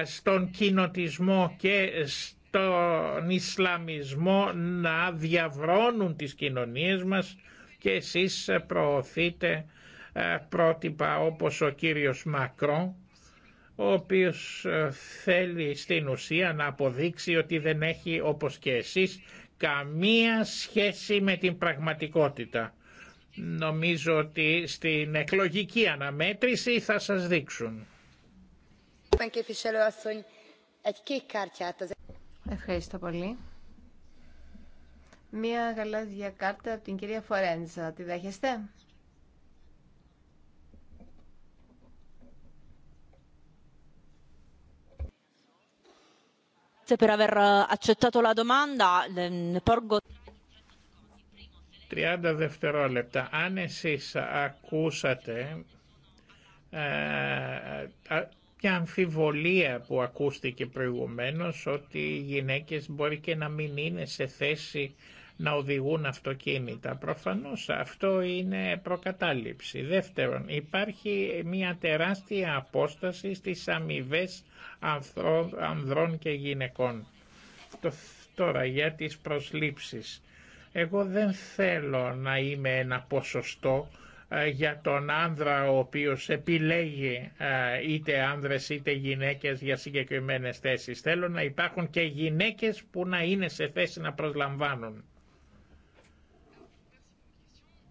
στον κοινοτισμό και στον Ισλαμισμό να διαβρώνουν τις κοινωνίες μας και εσείς προωθείτε ε, πρότυπα όπως ο κύριος Μακρό, ο οποίος ε, θέλει στην ουσία να αποδείξει ότι δεν έχει, όπως και εσείς, καμία σχέση με την πραγματικότητα. Νομίζω ότι στην εκλογική αναμέτρηση θα σας δείξουν. Ευχαριστώ πολύ. Μία γαλάζια κάρτα από την κυρία Φορέντζα. Τη δέχεστε? per δευτερόλεπτα. Αν εσείς ακούσατε μια ε, αμφιβολία που ακούστηκε προηγουμένω ότι οι γυναίκες μπορεί και να μην είναι σε θέση να οδηγούν αυτοκίνητα. Προφανώς αυτό είναι προκατάληψη. Δεύτερον, υπάρχει μια τεράστια απόσταση στις αμοιβέ ανδρών και γυναικών. Τώρα για τις προσλήψεις. Εγώ δεν θέλω να είμαι ένα ποσοστό ε, για τον άνδρα ο οποίος επιλέγει ε, είτε άνδρες είτε γυναίκες για συγκεκριμένες θέσεις. Θέλω να υπάρχουν και γυναίκες που να είναι σε θέση να προσλαμβάνουν.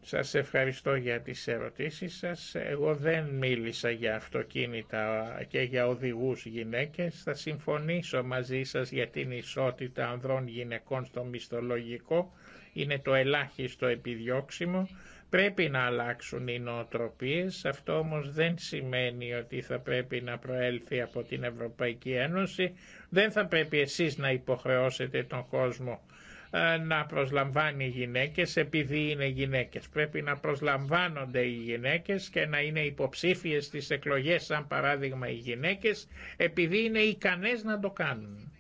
Σας ευχαριστώ για τις ερωτήσεις σας. Εγώ δεν μίλησα για αυτοκίνητα και για οδηγούς γυναίκες. Θα συμφωνήσω μαζί σας για την ισότητα ανδρών γυναικών στο μισθολογικό. Είναι το ελάχιστο επιδιώξιμο. Πρέπει να αλλάξουν οι νοοτροπίες, αυτό όμως δεν σημαίνει ότι θα πρέπει να προέλθει από την Ευρωπαϊκή Ένωση. Δεν θα πρέπει εσείς να υποχρεώσετε τον κόσμο ε, να προσλαμβάνει γυναίκες επειδή είναι γυναίκες. Πρέπει να προσλαμβάνονται οι γυναίκες και να είναι υποψήφιες στις εκλογές σαν παράδειγμα οι γυναίκες επειδή είναι ικανές να το κάνουν.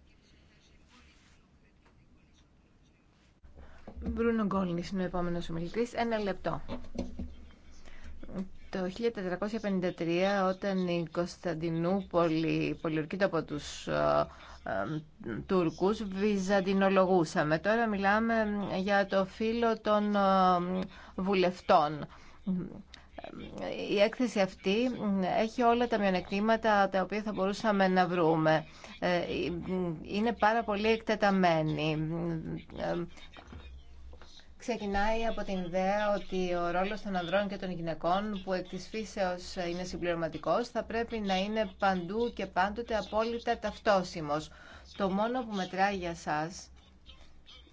Μπρούνο Γκόλνης είναι ο επόμενος ομιλητής. Ένα λεπτό. Το 1453 όταν η Κωνσταντινούπολη πολιορκείται από τους ε, Τούρκους βυζαντινολογούσαμε. Τώρα μιλάμε για το φίλο των βουλευτών. Η έκθεση αυτή έχει όλα τα μειονεκτήματα τα οποία θα μπορούσαμε να βρούμε. Ε, είναι πάρα πολύ εκτεταμένη ξεκινάει από την ιδέα ότι ο ρόλος των ανδρών και των γυναικών που εκ είναι συμπληρωματικός θα πρέπει να είναι παντού και πάντοτε απόλυτα ταυτόσιμος. Το μόνο που μετράει για σας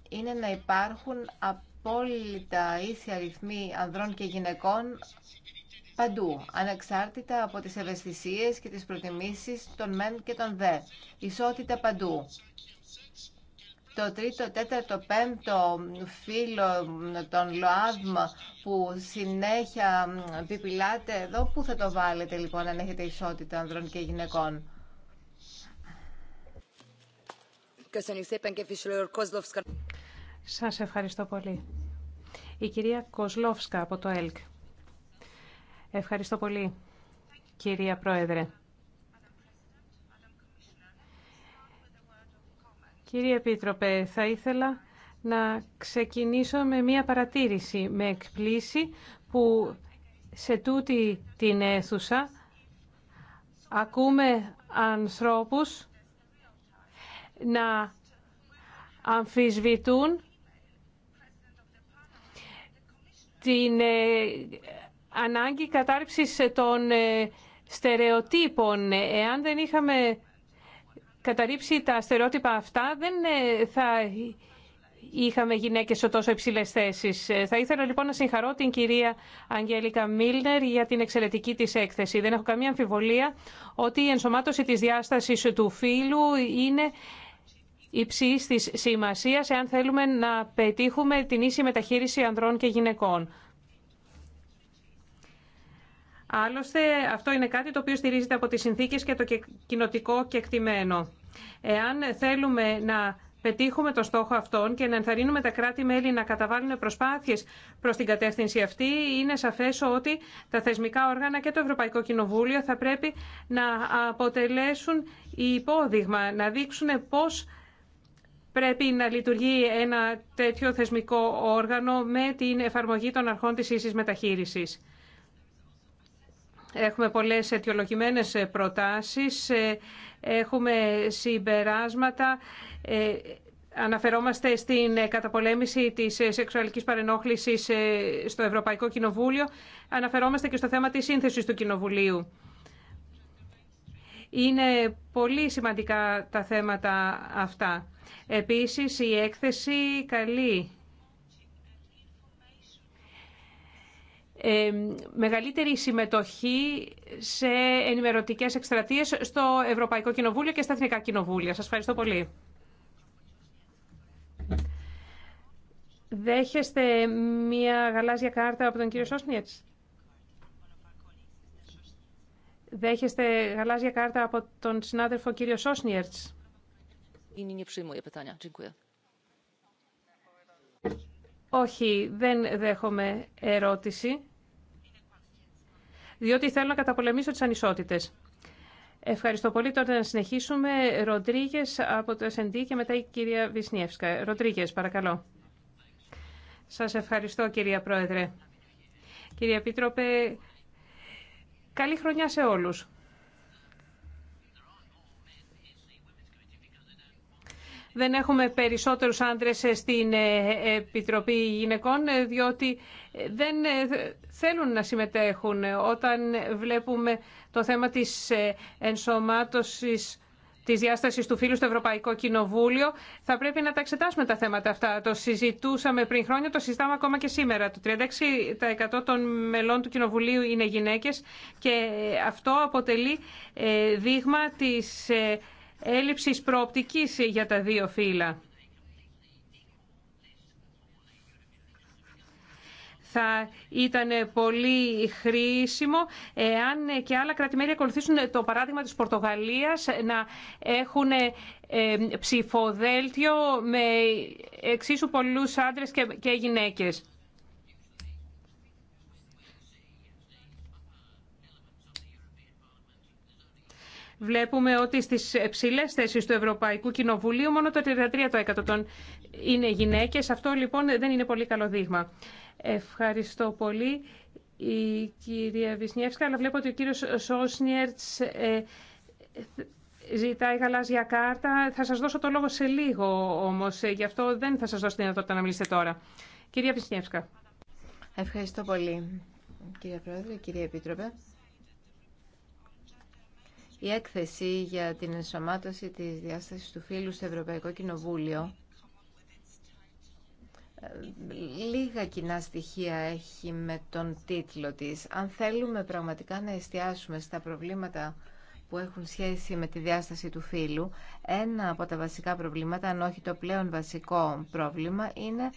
είναι να υπάρχουν απόλυτα ίσοι αριθμοί ανδρών και γυναικών παντού, ανεξάρτητα από τις ευαισθησίες και τις προτιμήσεις των μεν και των δε. Ισότητα παντού το τρίτο, τέταρτο, πέμπτο φίλο των ΛΟΑΔΜ που συνέχεια πιπηλάτε εδώ, πού θα το βάλετε λοιπόν αν έχετε ισότητα ανδρών και γυναικών. Σας ευχαριστώ πολύ. Η κυρία Κοσλόφσκα από το ΕΛΚ. Ευχαριστώ πολύ, κυρία Πρόεδρε. Κύριε Επίτροπε, θα ήθελα να ξεκινήσω με μία παρατήρηση. Με εκπλήση, που σε τούτη την αίθουσα ακούμε ανθρώπους να αμφισβητούν την ε, ανάγκη κατάρριψης των ε, στερεοτύπων. Εάν δεν είχαμε καταρρύψει τα στερεότυπα αυτά, δεν ε, θα είχαμε γυναίκε σε τόσο υψηλέ θέσει. Ε, θα ήθελα λοιπόν να συγχαρώ την κυρία Αγγέλικα Μίλνερ για την εξαιρετική τη έκθεση. Δεν έχω καμία αμφιβολία ότι η ενσωμάτωση τη διάσταση του φύλου είναι υψή τη σημασία εάν θέλουμε να πετύχουμε την ίση μεταχείριση ανδρών και γυναικών. Άλλωστε, αυτό είναι κάτι το οποίο στηρίζεται από τις συνθήκες και το κοινοτικό κεκτημένο. Εάν θέλουμε να πετύχουμε το στόχο αυτόν και να ενθαρρύνουμε τα κράτη-μέλη να καταβάλουν προσπάθειες προς την κατεύθυνση αυτή, είναι σαφές ότι τα θεσμικά όργανα και το Ευρωπαϊκό Κοινοβούλιο θα πρέπει να αποτελέσουν υπόδειγμα, να δείξουν πώς πρέπει να λειτουργεί ένα τέτοιο θεσμικό όργανο με την εφαρμογή των αρχών της ίσης μεταχείρισης. Έχουμε πολλές αιτιολογημένες προτάσεις ε, έχουμε συμπεράσματα ε, Αναφερόμαστε στην ε, καταπολέμηση της ε, σεξουαλικής παρενόχλησης στο Ευρωπαϊκό Κοινοβούλιο. Αναφερόμαστε και στο θέμα της σύνθεσης του Κοινοβουλίου. Είναι πολύ σημαντικά τα θέματα αυτά. Επίσης, η έκθεση καλή. μεγαλύτερη συμμετοχή σε ενημερωτικές εκστρατείες στο Ευρωπαϊκό Κοινοβούλιο και στα Εθνικά Κοινοβούλια. Σας ευχαριστώ πολύ. Δέχεστε μία γαλάζια κάρτα από τον κύριο Σόσνιετς. Δέχεστε γαλάζια κάρτα από τον συνάδελφο κύριο Σόσνιερτς. Όχι, δεν δέχομαι ερώτηση διότι θέλω να καταπολεμήσω τις ανισότητες. Ευχαριστώ πολύ. Τώρα να συνεχίσουμε. Ροντρίγε από το S&D και μετά η κυρία Βυσνιεύσκα. Ροντρίγε, παρακαλώ. Σα ευχαριστώ, κυρία Πρόεδρε. Κυρία Επίτροπε, καλή χρονιά σε όλους. δεν έχουμε περισσότερους άντρες στην ε, Επιτροπή Γυναικών, ε, διότι ε, δεν θέλουν να συμμετέχουν. Όταν βλέπουμε το θέμα της ενσωμάτωσης τη διάσταση του φίλου στο Ευρωπαϊκό Κοινοβούλιο. Θα πρέπει να τα εξετάσουμε τα θέματα αυτά. Το συζητούσαμε πριν χρόνια, το συζητάμε ακόμα και σήμερα. Το 36% των μελών του Κοινοβουλίου είναι γυναίκε και αυτό αποτελεί δείγμα τη έλλειψης προοπτικής για τα δύο φύλλα. θα ήταν πολύ χρήσιμο εάν και άλλα κρατημέρια ακολουθήσουν το παράδειγμα της Πορτογαλίας να έχουν ε, ψηφοδέλτιο με εξίσου πολλούς άντρες και γυναίκες. βλέπουμε ότι στις ψηλέ θέσει του Ευρωπαϊκού Κοινοβουλίου μόνο το 33% των είναι γυναίκες. Αυτό λοιπόν δεν είναι πολύ καλό δείγμα. Ευχαριστώ πολύ η κυρία Βυσνιεύσκα, αλλά βλέπω ότι ο κύριος Σόσνιερτς ε, ζητάει γαλάζια κάρτα. Θα σας δώσω το λόγο σε λίγο όμως, ε, γι' αυτό δεν θα σας δώσω τη δυνατότητα να μιλήσετε τώρα. Κυρία Βυσνιεύσκα. Ευχαριστώ πολύ, κύριε Πρόεδρε, κύριε Επίτροπε. Η έκθεση για την ενσωμάτωση της διάστασης του φύλου στο Ευρωπαϊκό Κοινοβούλιο ε, λίγα κοινά στοιχεία έχει με τον τίτλο της. Αν θέλουμε πραγματικά να εστιάσουμε στα προβλήματα που έχουν σχέση με τη διάσταση του φίλου, ένα από τα βασικά προβλήματα, αν όχι το πλέον βασικό πρόβλημα, είναι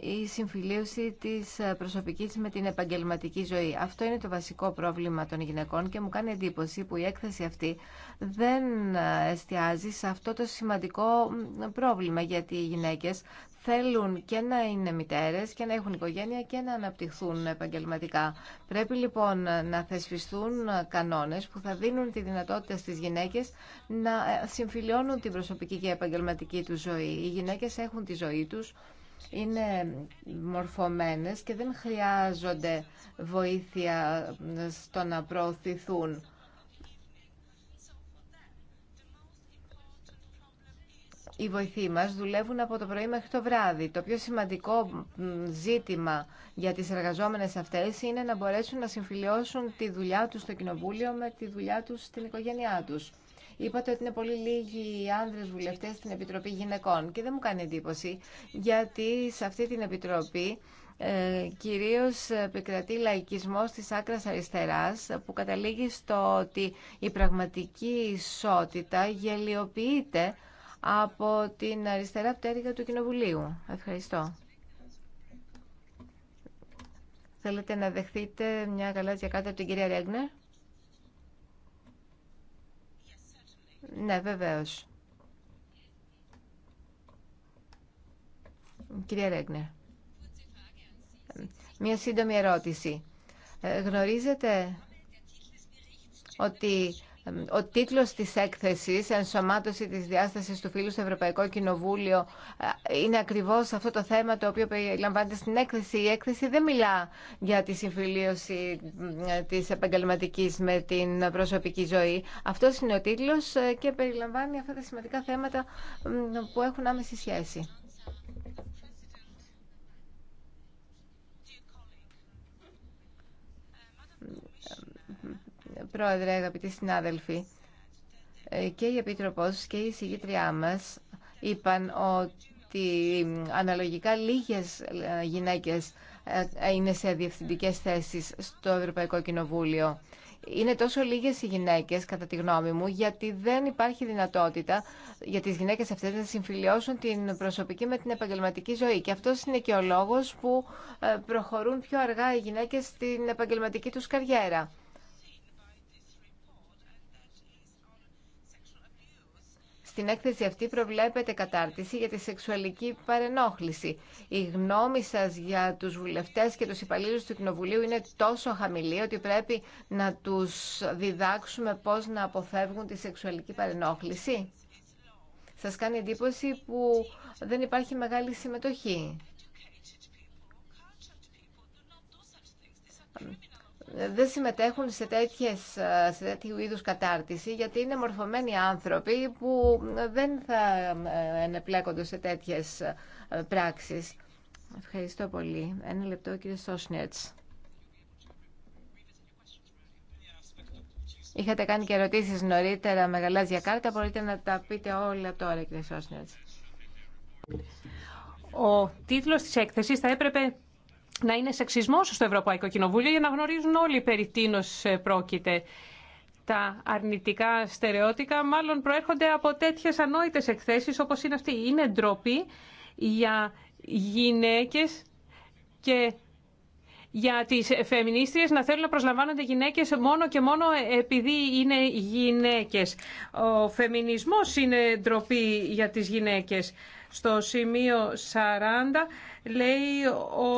η συμφιλίωση της ε, προσωπικής με την επαγγελματική ζωή. Αυτό είναι το βασικό πρόβλημα των γυναικών και μου κάνει εντύπωση που η έκθεση αυτή δεν ε, εστιάζει σε αυτό το σημαντικό πρόβλημα γιατί οι γυναίκες θέλουν και να είναι μητέρες και να έχουν οικογένεια και να αναπτυχθούν επαγγελματικά. Πρέπει λοιπόν ε, να θεσπιστούν κανόνες που θα δίνουν τη δυνατότητα στις γυναίκες να συμφιλιώνουν την προσωπική και επαγγελματική του ζωή. Οι γυναίκες έχουν τη ζωή τους είναι μορφωμένες και δεν χρειάζονται βοήθεια ε, στο να προωθηθούν. Οι βοηθοί μας δουλεύουν από το πρωί μέχρι το βράδυ. Το πιο σημαντικό ζήτημα για τις εργαζόμενες αυτές είναι να μπορέσουν να συμφιλιώσουν τη δουλειά τους στο κοινοβούλιο με τη δουλειά τους στην οικογένειά τους. Είπατε ότι είναι πολύ λίγοι οι άνδρες βουλευτές στην Επιτροπή Γυναικών και δεν μου κάνει εντύπωση γιατί σε αυτή την Επιτροπή ε, κυρίως επικρατεί λαϊκισμός της άκρας αριστεράς που καταλήγει στο ότι η πραγματική ισότητα γελιοποιείται από την αριστερά πτέρυγα του Κοινοβουλίου. Ευχαριστώ. Θέλετε να δεχτείτε μια καλά διακάτα από την κυρία Ρέγνερ. Ναι, βεβαίως. Κυρία Ρέγνερ, μία σύντομη ερώτηση. Ε, γνωρίζετε ότι ο τίτλος της έκθεσης «Ενσωμάτωση της διάστασης του φίλου στο Ευρωπαϊκό Κοινοβούλιο» ε, είναι ακριβώς αυτό το θέμα το οποίο περιλαμβάνεται στην έκθεση. Η έκθεση δεν μιλά για τη συμφιλίωση ε, της επαγγελματικής με την προσωπική ζωή. Αυτό είναι ο τίτλος ε, και περιλαμβάνει αυτά τα σημαντικά θέματα που έχουν άμεση σχέση. Πρόεδρε, αγαπητοί συνάδελφοι, ε, και η Επίτροπος και η συγγήτριά μας είπαν ότι αναλογικά λίγες ε, γυναίκες ε, είναι σε διευθυντικές θέσεις στο Ευρωπαϊκό Κοινοβούλιο. Είναι τόσο λίγες οι γυναίκες, κατά τη γνώμη μου, γιατί δεν υπάρχει δυνατότητα για τις γυναίκες αυτές να συμφιλιώσουν την προσωπική με την επαγγελματική ζωή. Και αυτός είναι και ο λόγος που προχωρούν πιο αργά οι γυναίκες στην επαγγελματική τους καριέρα. Στην έκθεση αυτή προβλέπεται κατάρτιση για τη σεξουαλική παρενόχληση. Η γνώμη σα για του βουλευτέ και του υπαλλήλου του Κοινοβουλίου είναι τόσο χαμηλή ότι πρέπει να του διδάξουμε πώ να αποφεύγουν τη σεξουαλική παρενόχληση. Σα κάνει εντύπωση που δεν υπάρχει μεγάλη συμμετοχή δεν συμμετέχουν σε, τέτοιες, ε, σε τέτοιου είδους κατάρτιση γιατί είναι μορφωμένοι άνθρωποι που δεν θα ε, ενεπλέκονται σε τέτοιες ε, πράξεις. Ευχαριστώ πολύ. Ένα λεπτό κύριε Σόσνιετς. Είχατε κάνει και ερωτήσεις νωρίτερα με γαλάζια κάρτα. Μπορείτε να τα πείτε όλα τώρα κύριε Σόσνιετς. Ο τίτλος της έκθεσης θα έπρεπε να είναι σεξισμός στο Ευρωπαϊκό Κοινοβούλιο για να γνωρίζουν όλοι περί τίνο ε, πρόκειται. Τα αρνητικά στερεότυπα μάλλον προέρχονται από τέτοιες ανόητε εκθέσεις όπως είναι αυτή. Είναι ντροπή για γυναίκες και για τις φεμινίστριες να θέλουν να προσλαμβάνονται γυναίκες μόνο και μόνο επειδή είναι γυναίκες. Ο φεμινισμός είναι ντροπή για τις γυναίκες. Στο σημείο 40 λέει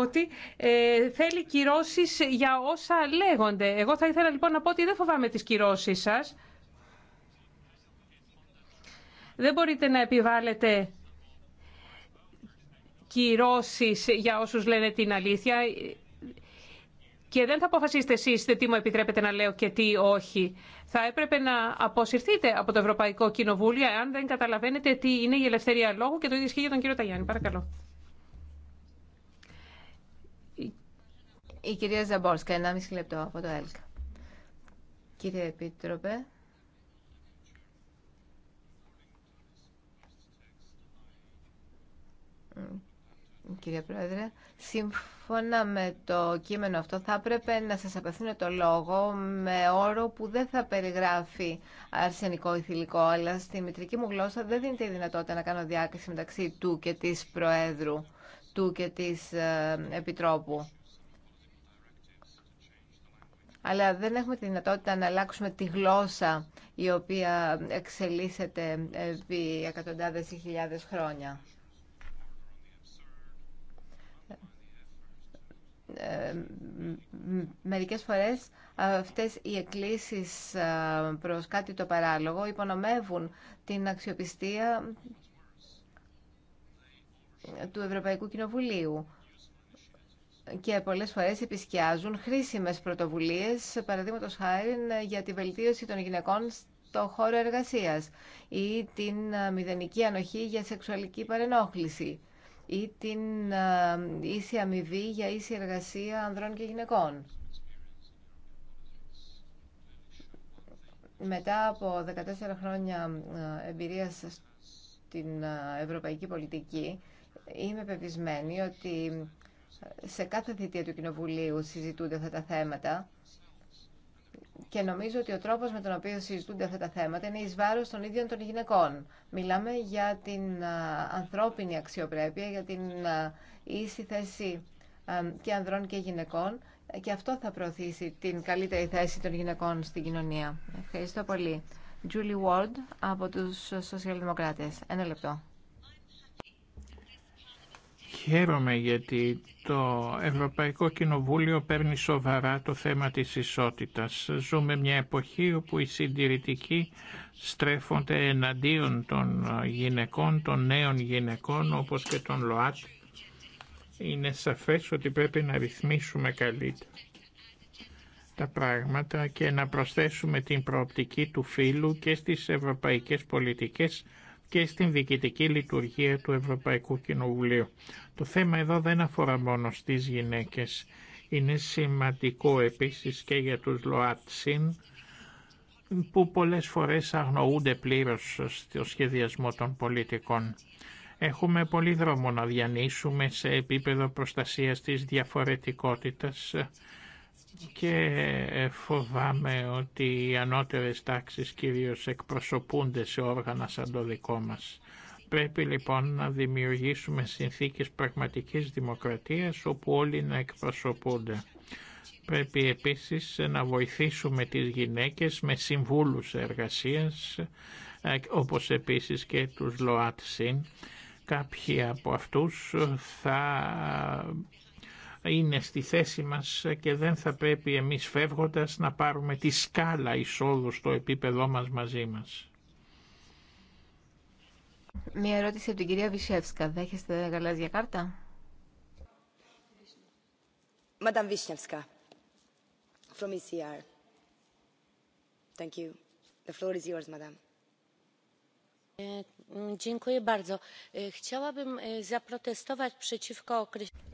ότι ε, θέλει κυρώσεις για όσα λέγονται. Εγώ θα ήθελα λοιπόν να πω ότι δεν φοβάμαι τις κυρώσεις σας. Δεν μπορείτε να επιβάλλετε κυρώσεις για όσους λένε την αλήθεια. Και δεν θα αποφασίσετε εσείς τι μου επιτρέπετε να λέω και τι όχι. Θα έπρεπε να αποσυρθείτε από το Ευρωπαϊκό Κοινοβούλιο αν δεν καταλαβαίνετε τι είναι η ελευθερία λόγου και το ίδιο ισχύει για τον κύριο Ταγιάννη. Παρακαλώ. Η κυρία Ζαμπόρσκα, μισή λεπτό από το ΕΛΚ. Κύριε Επίτροπε. Κύριε Πρόεδρε, σύμφωνα Σύμφωνα με το κείμενο αυτό θα έπρεπε να σας απευθύνω το λόγο με όρο που δεν θα περιγράφει αρσενικό ή θηλυκό, αλλά στη μητρική μου γλώσσα δεν δίνεται η δυνατότητα να κάνω διάκριση μεταξύ του και της Προέδρου, του και της ε, Επιτρόπου. Αλλά δεν έχουμε τη δυνατότητα να αλλάξουμε τη γλώσσα η οποία εξελίσσεται επί εκατοντάδες ή χιλιάδες χρόνια. Ε, μερικές φορές αυτές οι εκκλήσεις ε, προς κάτι το παράλογο υπονομεύουν την αξιοπιστία του Ευρωπαϊκού Κοινοβουλίου και πολλές φορές επισκιάζουν χρήσιμες πρωτοβουλίες, παραδείγματο χάρη για τη βελτίωση των γυναικών στο χώρο εργασίας ή την μηδενική ανοχή για σεξουαλική παρενόχληση ή την ε, ίση αμοιβή για ίση εργασία ανδρών και γυναικών. Μετά από 14 χρόνια ε, εμπειρίας στην ε, ευρωπαϊκή πολιτική, είμαι πεπισμένη ότι σε κάθε θητεία του Κοινοβουλίου συζητούνται αυτά τα θέματα και νομίζω ότι ο τρόπος με τον οποίο συζητούνται αυτά τα θέματα είναι εις βάρος των ίδιων των γυναικών. Μιλάμε για την ανθρώπινη αξιοπρέπεια, για την ίση θέση και ανδρών και γυναικών και αυτό θα προωθήσει την καλύτερη θέση των γυναικών στην κοινωνία. Ευχαριστώ πολύ. Julie Ward από τους Σοσιαλδημοκράτες. Ένα λεπτό. Χαίρομαι γιατί το Ευρωπαϊκό Κοινοβούλιο παίρνει σοβαρά το θέμα της ισότητας. Ζούμε μια εποχή όπου οι συντηρητικοί στρέφονται εναντίον των γυναικών, των νέων γυναικών όπως και των ΛΟΑΤ. Είναι σαφές ότι πρέπει να ρυθμίσουμε καλύτερα τα πράγματα και να προσθέσουμε την προοπτική του φύλου και στις ευρωπαϊκές πολιτικές και στην διοικητική λειτουργία του Ευρωπαϊκού Κοινοβουλίου. Το θέμα εδώ δεν αφορά μόνο στις γυναίκες. Είναι σημαντικό επίσης και για τους ΛΟΑΤΣΙΝ που πολλές φορές αγνοούνται πλήρως στο σχεδιασμό των πολιτικών. Έχουμε πολύ δρόμο να διανύσουμε σε επίπεδο προστασίας της διαφορετικότητας και ε, φοβάμαι ότι οι ανώτερες τάξεις κυρίως εκπροσωπούνται σε όργανα σαν το δικό μας. Πρέπει λοιπόν να δημιουργήσουμε συνθήκες πραγματικής δημοκρατίας όπου όλοι να εκπροσωπούνται. Πρέπει επίσης να βοηθήσουμε τις γυναίκες με συμβούλους εργασίας, ε, όπως επίσης και τους ΛΟΑΤΣΙΝ. Κάποιοι από αυτούς θα είναι στη θέση μας και δεν θα πρέπει εμείς φεύγοντας να πάρουμε τη σκάλα εισόδου στο επίπεδό μας μαζί μας. Μία ερώτηση από την κυρία Βυσσεύσκα. Δέχεστε γαλάζια κάρτα? Madam Vishnevska, from ECR. Thank you. The floor is yours, Madam. E, e, e,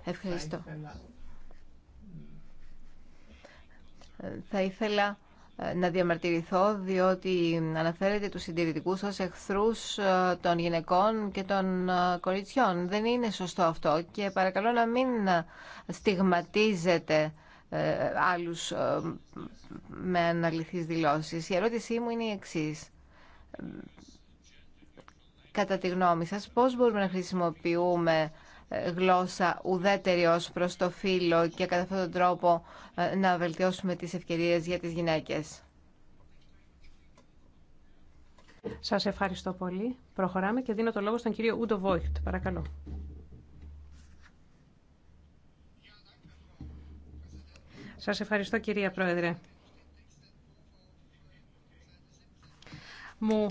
Ευχαριστώ. Θα ήθελα ε, να διαμαρτυρηθώ διότι αναφέρετε τους συντηρητικού ως εχθρούς ε, των γυναικών και των ε, κοριτσιών. Δεν είναι σωστό αυτό και παρακαλώ να μην στιγματίζετε άλλους με αναλυθείς δηλώσεις. Η ερώτησή μου είναι η εξής. Κατά τη γνώμη σας, πώς μπορούμε να χρησιμοποιούμε ε, γλώσσα ουδέτερη ως προς το φύλλο και κατά αυτόν τον τρόπο ε, να βελτιώσουμε τις ευκαιρίες για τις γυναίκες. Σας ευχαριστώ πολύ. Προχωράμε και δίνω το λόγο στον κύριο Ούντο Βόιχτ. Παρακαλώ. Σας ευχαριστώ κυρία Πρόεδρε. Μου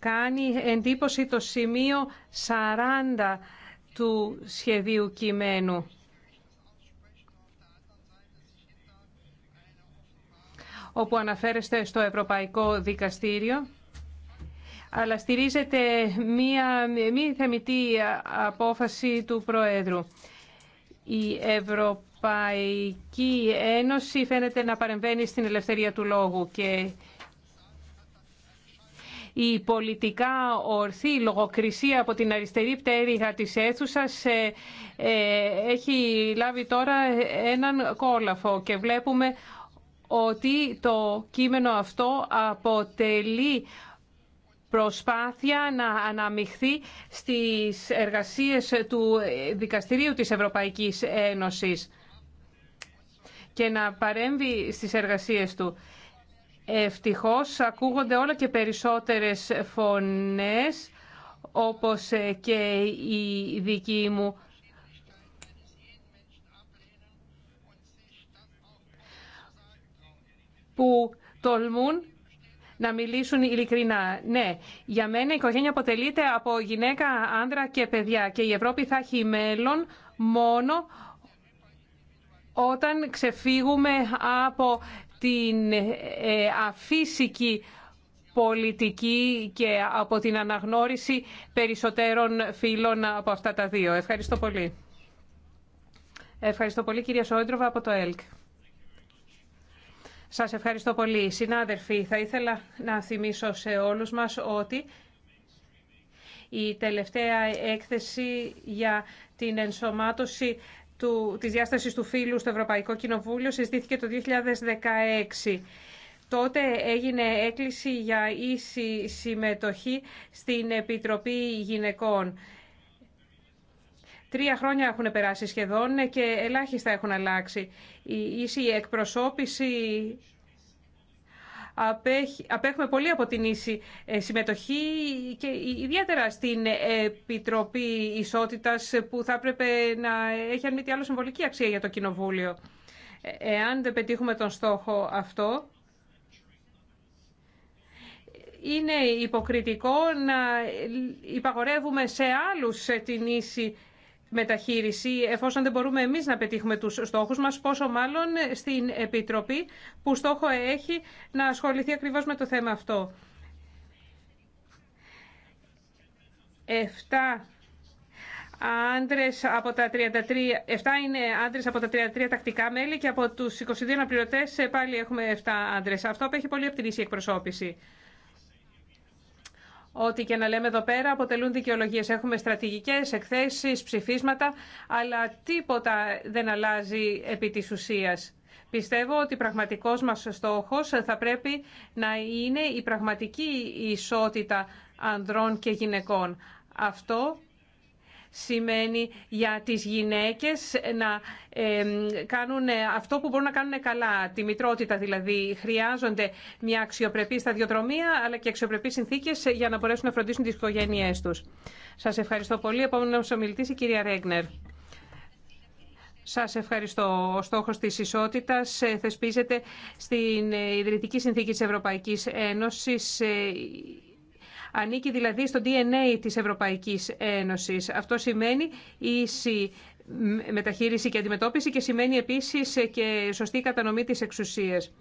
κάνει εντύπωση το σημείο 40 του σχεδίου κειμένου. όπου αναφέρεστε στο Ευρωπαϊκό Δικαστήριο, αλλά στηρίζεται μία μη θεμητή απόφαση του Προέδρου. Η Ευρωπαϊκή Ένωση φαίνεται να παρεμβαίνει στην ελευθερία του λόγου και η πολιτικά ορθή λογοκρισία από την αριστερή πτέρυγα της αίθουσας ε, ε, έχει λάβει τώρα έναν κόλαφο και βλέπουμε ότι το κείμενο αυτό αποτελεί προσπάθεια να αναμειχθεί στις εργασίες του Δικαστηρίου της Ευρωπαϊκής Ένωσης και να παρέμβει στις εργασίες του. Ευτυχώς ακούγονται όλα και περισσότερες φωνές, όπως ε, και η δική μου. που τολμούν να μιλήσουν ειλικρινά. Ναι, για μένα η οικογένεια αποτελείται από γυναίκα, άντρα και παιδιά και η Ευρώπη θα έχει μέλλον μόνο όταν ξεφύγουμε από την ε, αφύσικη πολιτική και από την αναγνώριση περισσότερων φίλων από αυτά τα δύο. Ευχαριστώ πολύ. Ευχαριστώ πολύ κυρία Σόντροβα από το ΕΛΚ. Σας ευχαριστώ πολύ. Συνάδελφοι, θα ήθελα να θυμίσω σε όλους μας ότι η τελευταία έκθεση για την ενσωμάτωση του, της διάστασης του φύλου στο Ευρωπαϊκό Κοινοβούλιο συζητήθηκε το 2016. Τότε έγινε έκκληση για ίση συμμετοχή στην Επιτροπή Γυναικών. Τρία χρόνια έχουν περάσει σχεδόν και ελάχιστα έχουν αλλάξει. Η ίση εκπροσώπηση απέχουμε πολύ από την ίση ε, συμμετοχή και ιδιαίτερα στην Επιτροπή Ισότητας που θα έπρεπε να έχει αν μη τι άλλο συμβολική αξία για το Κοινοβούλιο. Ε, εάν δεν πετύχουμε τον στόχο αυτό, είναι υποκριτικό να υπαγορεύουμε σε άλλους ε, την ίση μεταχείριση εφόσον δεν μπορούμε εμείς να πετύχουμε τους στόχους μας, πόσο μάλλον στην Επιτροπή που στόχο έχει να ασχοληθεί ακριβώς με το θέμα αυτό. Εφτά άντρες από τα 33, 7 είναι άντρες από τα 33 τακτικά μέλη και από τους 22 αναπληρωτές ε, πάλι έχουμε 7 άντρες. Αυτό απέχει πολύ από την ίση εκπροσώπηση. Ό,τι και να λέμε εδώ πέρα αποτελούν δικαιολογίες. Έχουμε στρατηγικές, εκθέσεις, ψηφίσματα, αλλά τίποτα δεν αλλάζει επί της ουσίας. Πιστεύω ότι πραγματικός μας στόχος θα πρέπει να είναι η πραγματική ισότητα ανδρών και γυναικών. Αυτό σημαίνει για τις γυναίκες να κάνουν αυτό που μπορούν να κάνουν καλά, τη μητρότητα δηλαδή. Χρειάζονται μια αξιοπρεπή σταδιοδρομία αλλά και αξιοπρεπή συνθήκες για να μπορέσουν να φροντίσουν τις οικογένειές τους. Σας ευχαριστώ πολύ. Επόμενος ομιλητής η κυρία Ρέγνερ. Σας ευχαριστώ. Ο στόχος της ισότητας ε, θεσπίζεται στην ε, Ιδρυτική Συνθήκη της Ευρωπαϊκής Ένωσης ε, Ανήκει δηλαδή στο DNA της Ευρωπαϊκής Ένωσης. Αυτό σημαίνει ίση μεταχείριση και αντιμετώπιση και σημαίνει επίσης και σωστή κατανομή της εξουσίας.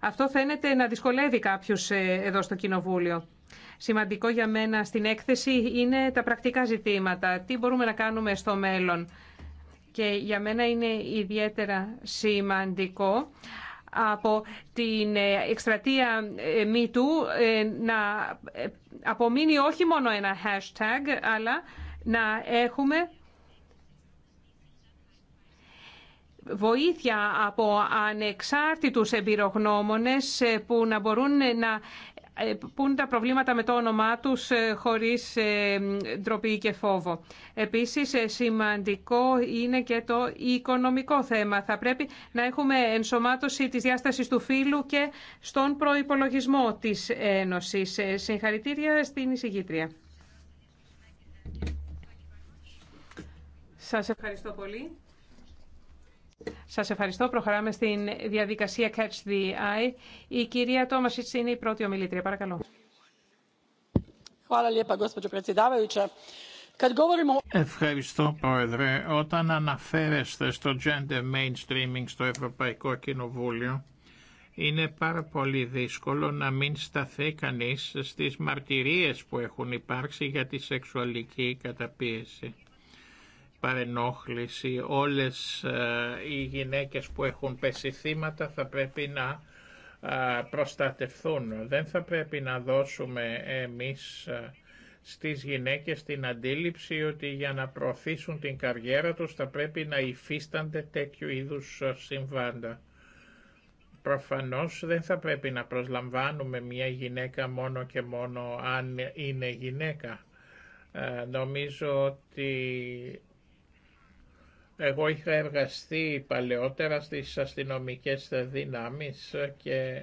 Αυτό φαίνεται να δυσκολεύει κάποιους ε, εδώ στο Κοινοβούλιο. Σημαντικό για μένα στην έκθεση είναι τα πρακτικά ζητήματα. Τι μπορούμε να κάνουμε στο μέλλον. Και για μένα είναι ιδιαίτερα σημαντικό από την ε, εκστρατεία ε, MeToo ε, να απομείνει όχι μόνο ένα hashtag, αλλά να έχουμε βοήθεια από ανεξάρτητους εμπειρογνώμονες που να μπορούν να είναι τα προβλήματα με το όνομά τους ε, χωρίς ε, ντροπή και φόβο. Επίσης, ε, σημαντικό είναι και το οικονομικό θέμα. Θα πρέπει να έχουμε ενσωμάτωση της διάστασης του φύλου και στον προϋπολογισμό της Ένωσης. Συγχαρητήρια στην εισηγήτρια. Σας ευχαριστώ πολύ. Σας ευχαριστώ. Προχωράμε στην διαδικασία Catch the Eye. Η κυρία Τόμασιτς είναι η πρώτη ομιλήτρια. Παρακαλώ. Ευχαριστώ, Πρόεδρε. Όταν αναφέρεστε στο gender mainstreaming στο Ευρωπαϊκό Κοινοβούλιο, είναι πάρα πολύ δύσκολο να μην σταθεί κανείς στις μαρτυρίες που έχουν υπάρξει για τη σεξουαλική καταπίεση παρενόχληση όλες ε, οι γυναίκες που έχουν πέσει θύματα θα πρέπει να ε, προστατευθούν. Δεν θα πρέπει να δώσουμε εμείς ε, στις γυναίκες την αντίληψη ότι για να προωθήσουν την καριέρα τους θα πρέπει να υφίστανται τέτοιου είδους συμβάντα. Προφανώς δεν θα πρέπει να προσλαμβάνουμε μια γυναίκα μόνο και μόνο αν είναι γυναίκα. Νομίζω ότι εγώ είχα εργαστεί παλαιότερα στις αστυνομικές δυνάμεις και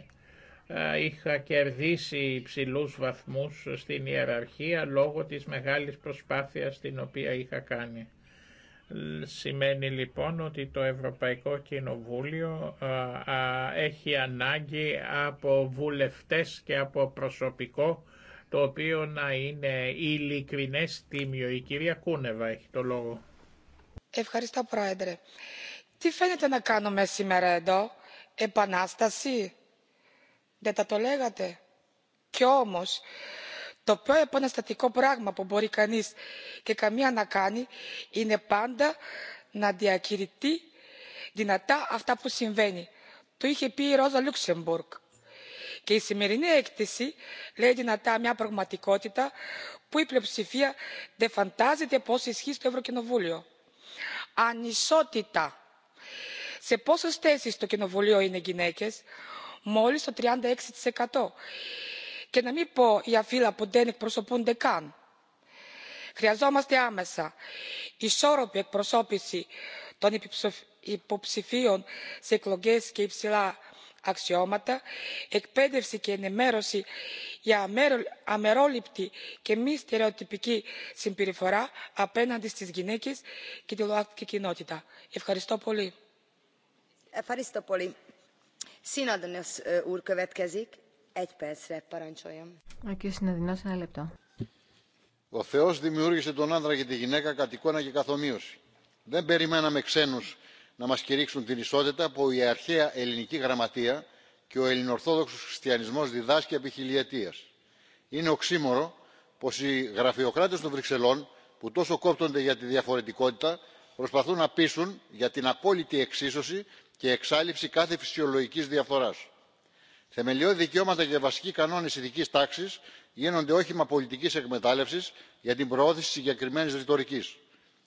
είχα κερδίσει υψηλούς βαθμούς στην ιεραρχία λόγω της μεγάλης προσπάθειας την οποία είχα κάνει. Σημαίνει λοιπόν ότι το Ευρωπαϊκό Κοινοβούλιο έχει ανάγκη από βουλευτές και από προσωπικό το οποίο να είναι ειλικρινές τίμιο. Η κυρία Κούνεβα έχει το λόγο. Ευχαριστώ, Πρόεδρε. Τι φαίνεται να κάνουμε σήμερα εδώ, επανάσταση. Δεν τα το λέγατε. Κι όμως, το πιο επαναστατικό πράγμα που μπορεί κανείς και καμία να κάνει είναι πάντα να διακηρυχθεί δυνατά αυτά που συμβαίνει. Το είχε πει η Ρόζα Λουξεμπούργκ Και η σημερινή έκθεση λέει δυνατά μια πραγματικότητα που η πλειοψηφία δεν φαντάζεται πώς ισχύει στο Ευρωκοινοβούλιο ανισότητα. σε πόσες θέσεις στο κοινοβούλιο είναι γυναίκες μόλις το 36% και να μην πω για φύλλα που δεν εκπροσωπούνται καν. Χρειαζόμαστε άμεσα ισόρροπη εκπροσώπηση των υποψηφίων σε εκλογές και υψηλά αξιώματα εκπαίδευση και ενημέρωση για αμερόληπτη και μη στερεοτυπική συμπεριφορά απέναντι στις γυναίκες και τη ΛΟΑΤΚΙ κοινότητα. Ευχαριστώ πολύ. Ευχαριστώ πολύ. Ο λεπτό. Ο Θεός δημιούργησε τον άντρα και τη γυναίκα κατ' εικόνα και καθομοίωση. Δεν περιμέναμε ξένους να μας κηρύξουν την ισότητα που η αρχαία ελληνική γραμματεία και ο ελληνοορθόδοξος χριστιανισμός διδάσκει επί χιλιετίες. Είναι οξύμορο πως οι γραφειοκράτες των Βρυξελών που τόσο κόπτονται για τη διαφορετικότητα προσπαθούν να πείσουν για την απόλυτη εξίσωση και εξάλληψη κάθε φυσιολογικής διαφθοράς. Θεμελιώδη δικαιώματα και βασικοί κανόνε ειδική τάξη γίνονται όχημα πολιτική εκμετάλλευση για την προώθηση συγκεκριμένη ρητορική.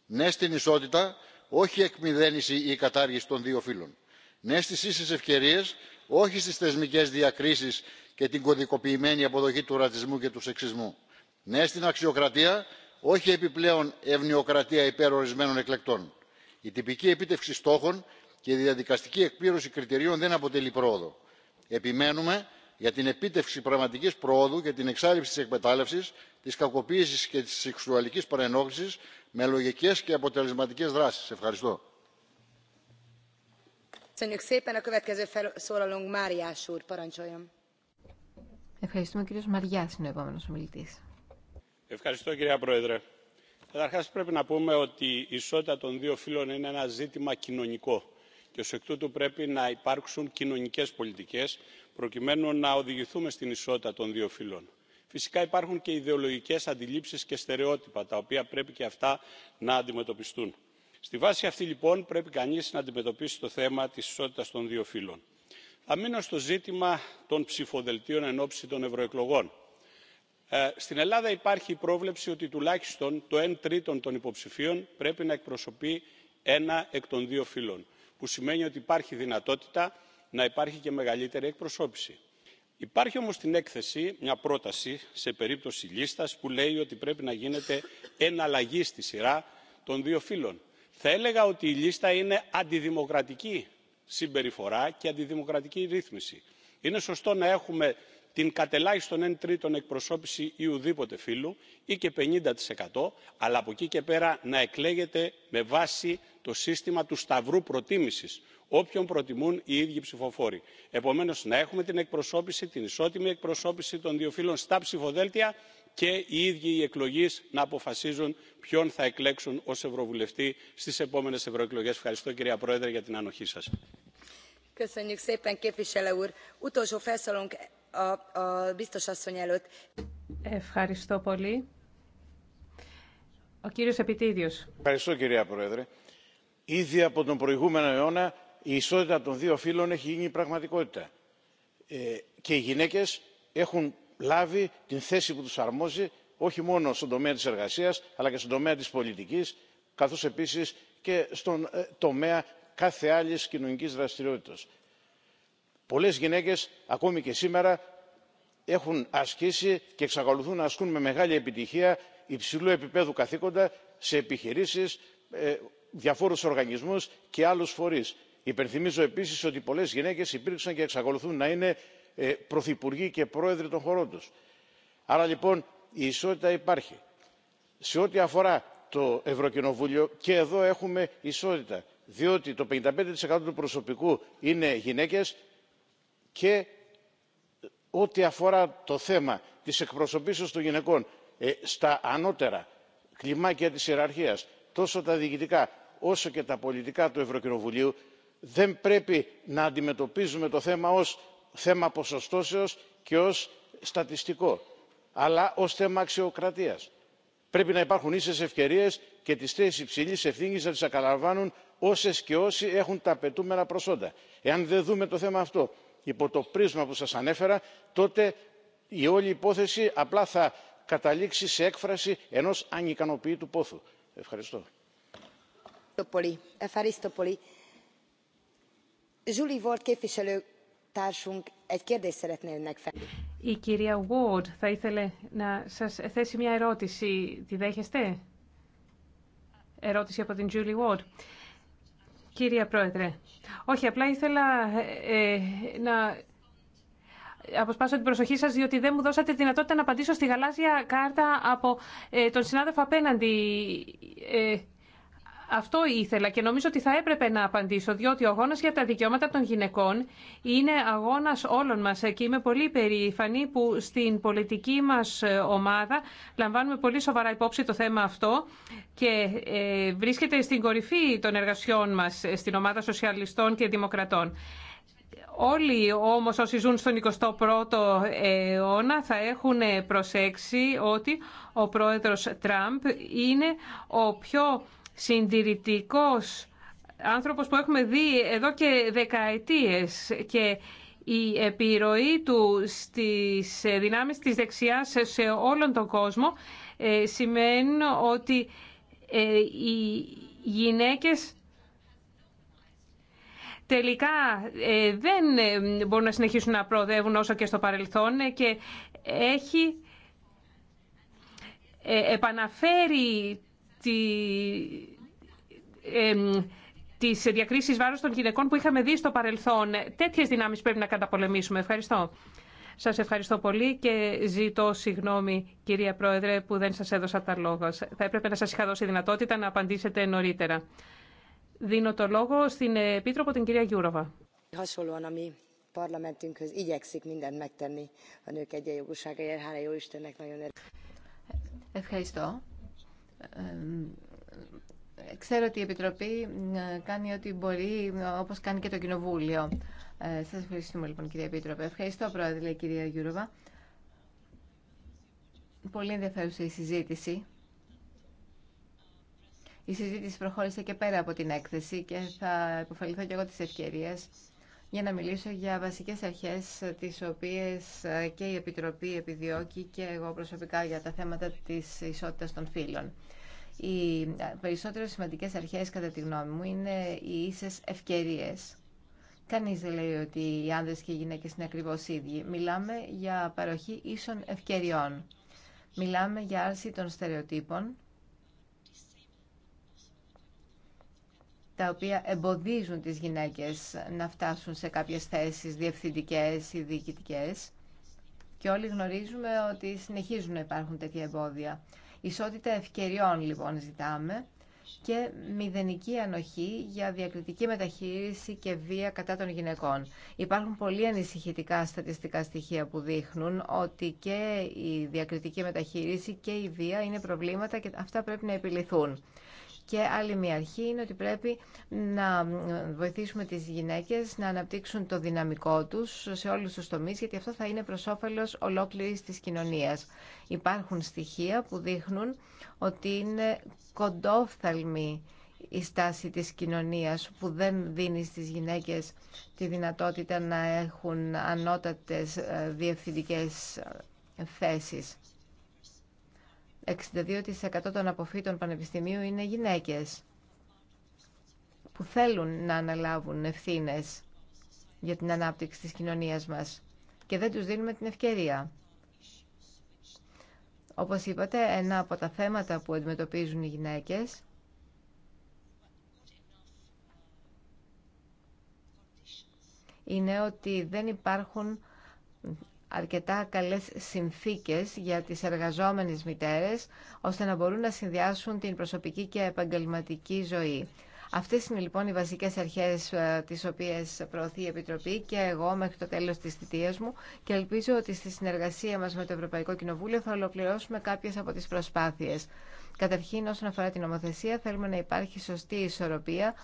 Ναι στην ισότητα όχι εκμυδένιση ή κατάργηση των δύο φύλων ναι στις ίσες ευκαιρίες όχι στις θεσμικές διακρίσεις και την κωδικοποιημένη αποδοχή του ρατσισμού και του σεξισμού ναι στην αξιοκρατία όχι επιπλέον ευνοιοκρατία υπέρ ορισμένων εκλεκτών. η τυπική επίτευξη στόχων και η διαδικαστική εκπλήρωση κριτηρίων δεν αποτελεί πρόοδο. επιμένουμε για την επίτευξη πραγματικής προόδου και την εξάλληψη της εκμετάλλευσης της κακοποίησης και της σεξουαλικής παρενόχλησης με λογικές και αποτελεσματικές δράσεις. ευχαριστώ. Ευχαριστώ κυρία Πρόεδρε. Καταρχάς πρέπει να πούμε ότι η ισότητα των δύο φύλων είναι ένα ζήτημα κοινωνικό και ως εκ τούτου πρέπει να υπάρξουν κοινωνικές πολιτικές προκειμένου να οδηγηθούμε στην ισότητα των δύο φύλων. φυσικά υπάρχουν και ιδεολογικές αντιλήψεις και στερεότυπα τα οποία πρέπει και αυτά να αντιμετωπιστούν. στη βάση αυτή λοιπόν πρέπει κανείς να αντιμετωπίσει το θέμα της ισότητας των δύο φύλων. θα μείνω στο ζήτημα των ψηφοδελτίων εν ώψη των ευρωεκλογών. Ε, στην ελλάδα υπάρχει η πρόβλεψη ότι τουλάχιστον το ένα τρίτο των υποψηφίων πρέπει να εκπροσωπεί ένα εκ των δύο φύλων που σημαίνει ότι υπάρχει δυνατότητα να υπάρχει και μεγαλύτερη εκπροσώπηση. Υπάρχει όμως στην έκθεση μια πρόταση σε περίπτωση λίστας που λέει ότι πρέπει να γίνεται εναλλαγή στη σειρά των δύο φύλων. Θα έλεγα ότι η λίστα είναι αντιδημοκρατική συμπεριφορά και αντιδημοκρατική ρύθμιση. Είναι σωστό να έχουμε την κατελάχιστον εν τρίτον εκπροσώπηση ή ουδήποτε φύλου ή και 50% αλλά από εκεί και πέρα να εκλέγεται με βάση το σύστημα του σταυρού προτίμησης όποιον προτιμούν οι ίδιοι ψηφοφόροι. επομένω να έχουμε την εκπροσώπηση την ισότιμη εκπροσώπηση των δύο φίλων στα ψηφοδέλτια και οι ίδιοι οι εκλογεί να αποφασίζουν ποιον θα εκλέξουν ω ευρωβουλευτή στι επόμενε ευρωεκλογέ. ευχαριστώ κυρία πρόεδρε για την ανοχή σα. Ευχαριστώ πολύ. Ο κύριος Ευχαριστώ κυρία Πρόεδρε. Ήδη από τον προηγούμενο αιώνα η ισότητα των δύο φύλων έχει γίνει πραγματικότητα ε, και οι γυναίκες έχουν λάβει την θέση που τους αρμόζει όχι μόνο στον τομέα της εργασίας αλλά και στον τομέα της πολιτικής καθώς επίσης και στον ε, τομέα κάθε άλλης κοινωνικής δραστηριότητας. πολλές γυναίκες ακόμη και σήμερα έχουν ασκήσει και εξακολουθούν να ασκούν με μεγάλη επιτυχία υψηλού επίπεδου καθήκοντα σε επιχειρήσεις ε, διαφόρους οργανισμούς και άλλους φορείς υπενθυμίζω επίσης ότι πολλές γυναίκες υπήρξαν και εξακολουθούν να είναι ε, πρωθυπουργοί και πρόεδροι των χωρών τους. άρα λοιπόν η ισότητα υπάρχει. σε ό,τι αφορά το ευρωκοινοβούλιο και εδώ έχουμε ισότητα διότι το 55% του προσωπικού είναι γυναίκες και ό,τι αφορά το θέμα της εκπροσωπήσεως των γυναικών ε, στα ανώτερα κλιμάκια της ιεραρχίας τόσο τα διοικητικά όσο και τα πολιτικά του ευρωκοινοβουλίου δεν πρέπει να αντιμετωπίζουμε το θέμα ως θέμα ποσοστώσεως και ως στατιστικό αλλά ως θέμα αξιοκρατίας. πρέπει να υπάρχουν ίσες ευκαιρίες και τις θέσεις υψηλής ευθύνης να τις αναλαμβάνουν όσες και όσοι έχουν τα απαιτούμενα προσόντα. εάν δεν δούμε το θέμα αυτό υπό το πρίσμα που σας ανέφερα τότε η όλη υπόθεση απλά θα καταλήξει σε έκφραση ενός ανικανοποιήτου πόθου. ευχαριστώ. Η κυρία Ward θα ήθελε να σας θέσει μια ερώτηση. Τη δέχεστε? Ερώτηση από την Julie Ward. Κυρία Πρόεδρε, όχι, απλά ήθελα ε, να αποσπάσω την προσοχή σας, διότι δεν μου δώσατε δυνατότητα να απαντήσω στη γαλάζια κάρτα από ε, τον συνάδελφο απέναντι. Ε, αυτό ήθελα και νομίζω ότι θα έπρεπε να απαντήσω, διότι ο αγώνας για τα δικαιώματα των γυναικών είναι αγώνας όλων μας και είμαι πολύ περήφανη που στην πολιτική μας ομάδα λαμβάνουμε πολύ σοβαρά υπόψη το θέμα αυτό και ε, βρίσκεται στην κορυφή των εργασιών μας στην ομάδα σοσιαλιστών και δημοκρατών. Όλοι όμως όσοι ζουν στον 21ο αιώνα θα έχουν προσέξει ότι ο πρόεδρος Τραμπ είναι ο πιο συντηρητικός άνθρωπος που έχουμε δει εδώ και δεκαετίες και η επιρροή του στις δυνάμεις της δεξιάς σε όλον τον κόσμο ε, σημαίνει ότι ε, οι γυναίκες τελικά ε, δεν μπορούν να συνεχίσουν να προοδεύουν όσο και στο παρελθόν και έχει επαναφέρει τη, ε, τις διακρίσεις βάρος των γυναικών που είχαμε δει στο παρελθόν. Τέτοιες δυνάμεις πρέπει να καταπολεμήσουμε. Ευχαριστώ. Σας ευχαριστώ πολύ και ζητώ συγγνώμη, κυρία Πρόεδρε, που δεν σας έδωσα τα λόγια. Θα έπρεπε να σας είχα δώσει δυνατότητα να απαντήσετε νωρίτερα. Δίνω το λόγο στην Επίτροπο, την κυρία Γιούροβα. Ευχαριστώ. Ε, ξέρω ότι η Επιτροπή ε, κάνει ό,τι μπορεί, όπως κάνει και το Κοινοβούλιο. Ε, σας ευχαριστούμε λοιπόν κυρία Επίτροπε. Ευχαριστώ πρόεδρε κυρία Γιούροβα. Πολύ ενδιαφέρουσα η συζήτηση. Η συζήτηση προχώρησε και πέρα από την έκθεση και θα υποφεληθώ και εγώ της ευκαιρίας για να μιλήσω για βασικές αρχές ε, τις οποίες ε, και η Επιτροπή επιδιώκει και εγώ προσωπικά για τα θέματα της ισότητας των φίλων. Οι ε, περισσότερε σημαντικές αρχές κατά τη γνώμη μου είναι οι ίσες ευκαιρίες. Κανείς δεν λέει ότι οι άνδρες και οι γυναίκες είναι ακριβώς ίδιοι. Μιλάμε για παροχή ίσων ευκαιριών. Μιλάμε για άρση των στερεοτύπων τα οποία εμποδίζουν τις γυναίκες να φτάσουν σε κάποιες θέσεις διευθυντικές ή διοικητικές. Και όλοι γνωρίζουμε ότι συνεχίζουν να υπάρχουν τέτοια εμπόδια. Ισότητα ευκαιριών λοιπόν ζητάμε και μηδενική ανοχή για διακριτική μεταχείριση και βία κατά των γυναικών. Υπάρχουν πολύ ανησυχητικά στατιστικά στοιχεία που δείχνουν ότι και η διακριτική μεταχείριση και η βία είναι προβλήματα και αυτά πρέπει να επιληθούν. Και άλλη μια αρχή είναι ότι πρέπει να βοηθήσουμε τις γυναίκες να αναπτύξουν το δυναμικό τους σε όλους τους τομείς, γιατί αυτό θα είναι προς όφελος ολόκληρης της κοινωνίας. Υπάρχουν στοιχεία που δείχνουν ότι είναι κοντόφθαλμη η στάση της κοινωνίας που δεν δίνει στις γυναίκες τη δυνατότητα να έχουν ανώτατες ε, διευθυντικές ε, θέσεις. 62% των αποφύτων πανεπιστημίου είναι γυναίκες που θέλουν να αναλάβουν ευθύνες για την ανάπτυξη της κοινωνίας μας και δεν τους δίνουμε την ευκαιρία. Όπως είπατε, ένα από τα θέματα που αντιμετωπίζουν οι γυναίκες είναι ότι δεν υπάρχουν αρκετά καλές συνθήκες για τις εργαζόμενες μητέρες, ώστε να μπορούν να συνδυάσουν την προσωπική και επαγγελματική ζωή. Αυτές είναι λοιπόν οι βασικές αρχές ε, τις οποίες προωθεί η Επιτροπή και εγώ μέχρι το τέλος της θητείας μου και ελπίζω ότι στη συνεργασία μας με το Ευρωπαϊκό Κοινοβούλιο θα ολοκληρώσουμε κάποιες από τις προσπάθειες. Καταρχήν, όσον αφορά την νομοθεσία, θέλουμε να υπάρχει σωστή ισορροπία,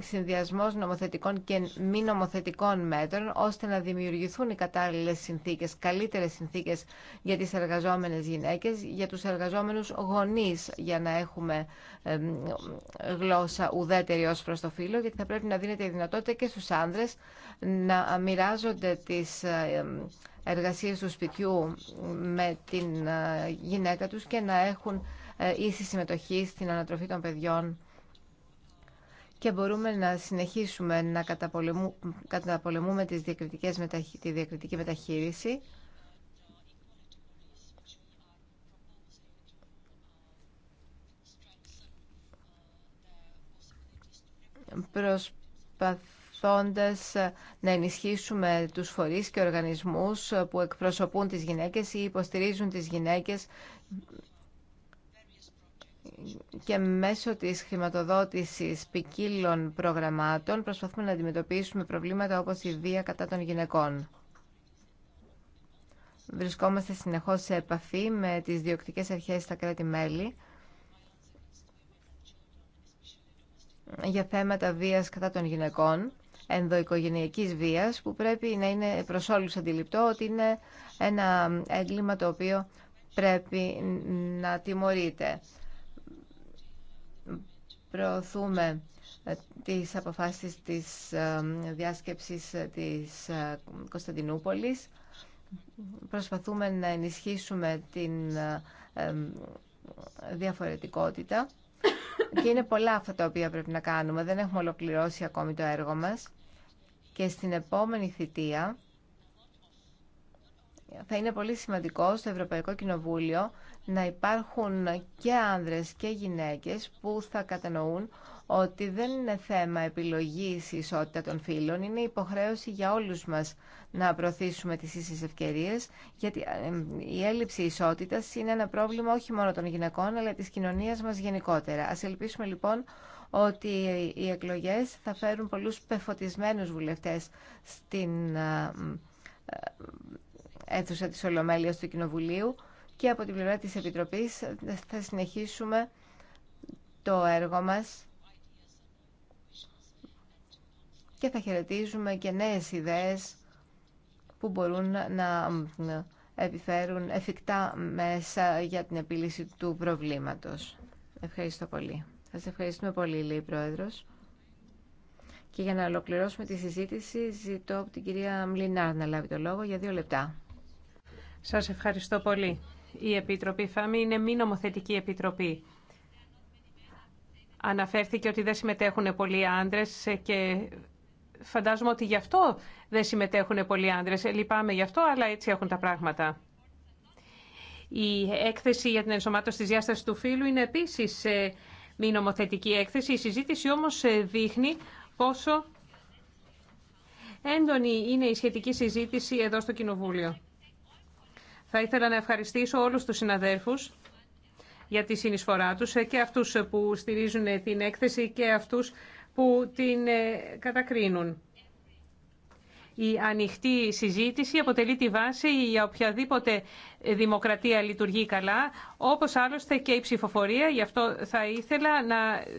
συνδυασμό νομοθετικών και μη νομοθετικών μέτρων, ώστε να δημιουργηθούν οι κατάλληλε συνθήκε, καλύτερε συνθήκε για τι εργαζόμενε γυναίκε, για του εργαζόμενου γονεί, για να έχουμε γλώσσα ουδέτερη ω προ το φύλλο, γιατί θα πρέπει να δίνεται η δυνατότητα και στου άνδρε να μοιράζονται τι εργασίες του σπιτιού με την ε, γυναίκα τους και να έχουν ε, ίση συμμετοχή στην ανατροφή των παιδιών και μπορούμε να συνεχίσουμε να καταπολεμούμε τις διακριτικές, τη διακριτική μεταχείριση προσπαθώντας να ενισχύσουμε τους φορείς και οργανισμούς που εκπροσωπούν τις γυναίκες ή υποστηρίζουν τις γυναίκες και μέσω της χρηματοδότησης ποικίλων προγραμμάτων προσπαθούμε να αντιμετωπίσουμε προβλήματα όπως η βία κατά των γυναικών. Βρισκόμαστε συνεχώς σε επαφή με τις διοκτικές αρχές στα κράτη-μέλη για θέματα βίας κατά των γυναικών, ενδοοικογενειακής βίας, που πρέπει να είναι προς όλους αντιληπτό ότι είναι ένα έγκλημα το οποίο πρέπει να τιμωρείται προωθούμε ε, τις αποφάσεις της ε, διάσκεψης ε, της Κωνσταντινούπολης. Προσπαθούμε να ενισχύσουμε την διαφορετικότητα και είναι πολλά αυτά τα οποία πρέπει να κάνουμε. Δεν έχουμε ολοκληρώσει ακόμη το έργο μας και στην επόμενη θητεία θα είναι πολύ σημαντικό στο Ευρωπαϊκό Κοινοβούλιο να υπάρχουν και άνδρες και γυναίκες που θα κατανοούν ότι δεν είναι θέμα επιλογής η ισότητα των φύλων, είναι υποχρέωση για όλους μας να προωθήσουμε τις ίσες ευκαιρίες, γιατί η έλλειψη ισότητας είναι ένα πρόβλημα όχι μόνο των γυναικών, αλλά της κοινωνίας μας γενικότερα. Ας ελπίσουμε λοιπόν ότι οι εκλογές θα φέρουν πολλούς πεφωτισμένους βουλευτές στην ε, ε, ε, αίθουσα της Ολομέλειας του Κοινοβουλίου, και από την πλευρά της Επιτροπής θα συνεχίσουμε το έργο μας και θα χαιρετίζουμε και νέες ιδέες που μπορούν να επιφέρουν εφικτά μέσα για την επίλυση του προβλήματος. Ευχαριστώ πολύ. Σας ευχαριστούμε πολύ, λέει η Πρόεδρος. Και για να ολοκληρώσουμε τη συζήτηση, ζητώ από την κυρία Μλινάρ να λάβει το λόγο για δύο λεπτά. Σας ευχαριστώ πολύ η Επιτροπή ΦΑΜΗ είναι μη νομοθετική επιτροπή. Αναφέρθηκε ότι δεν συμμετέχουν πολλοί άντρες και φαντάζομαι ότι γι' αυτό δεν συμμετέχουν πολλοί άντρες. Λυπάμαι γι' αυτό, αλλά έτσι έχουν τα πράγματα. Η έκθεση για την ενσωμάτωση της διάστασης του φύλου είναι επίσης ε, μη νομοθετική έκθεση. Η συζήτηση όμως ε, δείχνει πόσο έντονη είναι η σχετική συζήτηση εδώ στο Κοινοβούλιο. Θα ήθελα να ευχαριστήσω όλους τους συναδέλφους για τη συνεισφορά τους ε, και αυτούς που στηρίζουν την έκθεση και αυτούς που την ε, κατακρίνουν. Η ανοιχτή συζήτηση αποτελεί τη βάση για οποιαδήποτε δημοκρατία λειτουργεί καλά, όπως άλλωστε και η ψηφοφορία. Γι' αυτό θα ήθελα να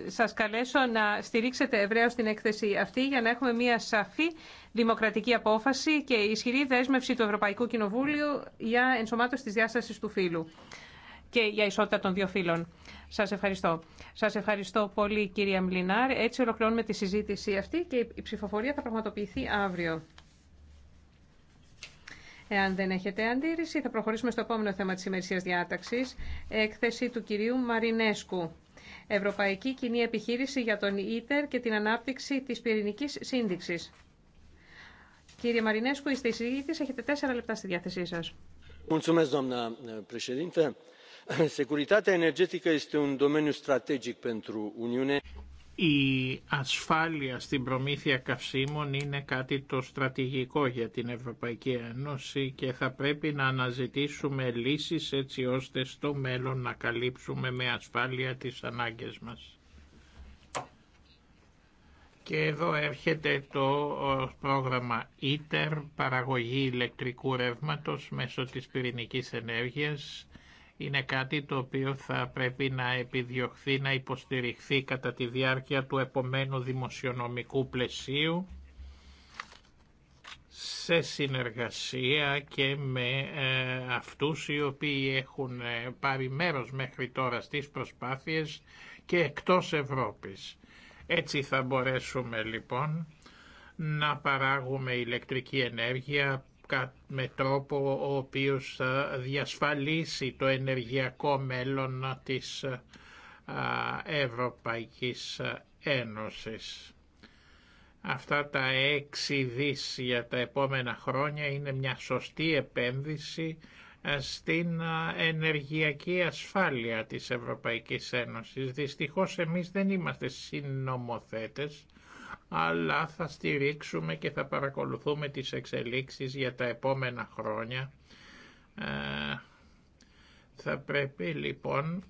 σας καλέσω να στηρίξετε ευρέως την έκθεση αυτή για να έχουμε μια σαφή δημοκρατική απόφαση και ισχυρή δέσμευση του Ευρωπαϊκού Κοινοβούλιου για ενσωμάτωση της διάστασης του φύλου και για ισότητα των δύο φύλων. Σας ευχαριστώ. Σας ευχαριστώ πολύ κυρία Μλινάρ. Έτσι ολοκληρώνουμε τη συζήτηση αυτή και η ψηφοφορία θα πραγματοποιηθεί αύριο. Εάν δεν έχετε αντίρρηση, θα προχωρήσουμε στο επόμενο θέμα της ημερησίας διάταξης, έκθεση του κυρίου Μαρινέσκου. Ευρωπαϊκή Κοινή Επιχείρηση για τον ΙΤΕΡ και την ανάπτυξη της πυρηνικής σύνδεξης. Κύριε Μαρινέσκου, είστε εισηγήτης, έχετε τέσσερα λεπτά στη διάθεσή σας. Η ασφάλεια στην προμήθεια καυσίμων είναι κάτι το στρατηγικό για την Ευρωπαϊκή Ένωση και θα πρέπει να αναζητήσουμε λύσεις έτσι ώστε στο μέλλον να καλύψουμε με ασφάλεια τις ανάγκες μας. Και εδώ έρχεται το πρόγραμμα ITER, παραγωγή ηλεκτρικού ρεύματος μέσω της πυρηνικής ενέργειας, είναι κάτι το οποίο θα πρέπει να επιδιωχθεί να υποστηριχθεί κατά τη διάρκεια του επομένου δημοσιονομικού πλαισίου σε συνεργασία και με ε, αυτούς οι οποίοι έχουν ε, πάρει μέρος μέχρι τώρα στις προσπάθειες και εκτός Ευρώπης. Έτσι θα μπορέσουμε λοιπόν να παράγουμε ηλεκτρική ενέργεια με τρόπο ο οποίος θα ε, διασφαλίσει το ενεργειακό μέλλον της ε, Ευρωπαϊκής ε, Ένωσης. Αυτά τα έξι δις για τα επόμενα χρόνια είναι μια σωστή επένδυση στην ενεργειακή ασφάλεια της Ευρωπαϊκής Ένωσης. Δυστυχώς εμείς δεν είμαστε συνομοθέτες αλλά θα στηρίξουμε και θα παρακολουθούμε τις εξελίξεις για τα επόμενα χρόνια. Ε, θα πρέπει λοιπόν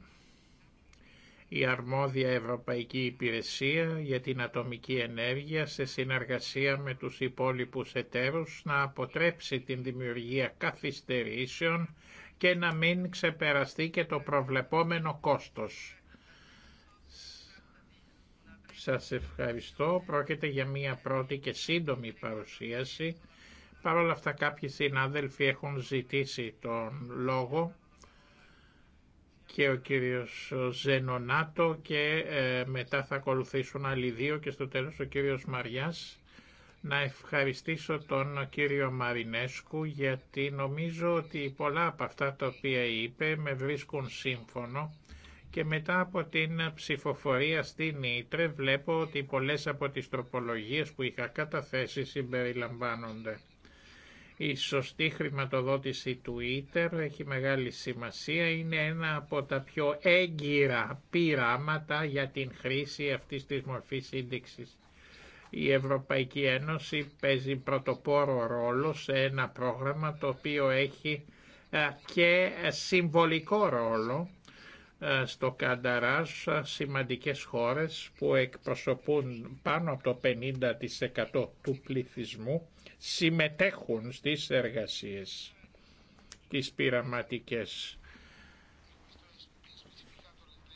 η αρμόδια Ευρωπαϊκή Υπηρεσία για την Ατομική Ενέργεια σε συνεργασία με τους υπόλοιπους εταίρους να αποτρέψει την δημιουργία καθυστερήσεων και να μην ξεπεραστεί και το προβλεπόμενο κόστος. Σας ευχαριστώ. Πρόκειται για μία πρώτη και σύντομη παρουσίαση. Παρ' όλα αυτά κάποιοι συνάδελφοι έχουν ζητήσει τον λόγο και ο κύριος Ζενονάτο και ε, μετά θα ακολουθήσουν άλλοι δύο και στο τέλος ο κύριος Μαριάς. Να ευχαριστήσω τον κύριο Μαρινέσκου γιατί νομίζω ότι πολλά από αυτά τα οποία είπε με βρίσκουν σύμφωνο και μετά από την ψηφοφορία στην Ήτρε βλέπω ότι πολλές από τις τροπολογίες που είχα καταθέσει συμπεριλαμβάνονται. Η σωστή χρηματοδότηση του Ίτερ έχει μεγάλη σημασία, είναι ένα από τα πιο έγκυρα πειράματα για την χρήση αυτής της μορφής σύνδεξης. Η Ευρωπαϊκή Ένωση παίζει πρωτοπόρο ρόλο σε ένα πρόγραμμα το οποίο έχει ε, και συμβολικό ρόλο ε, στο Κανταράς ε, σημαντικές χώρες που εκπροσωπούν πάνω από το 50% του πληθυσμού συμμετέχουν στις εργασίες, τις πειραματικές.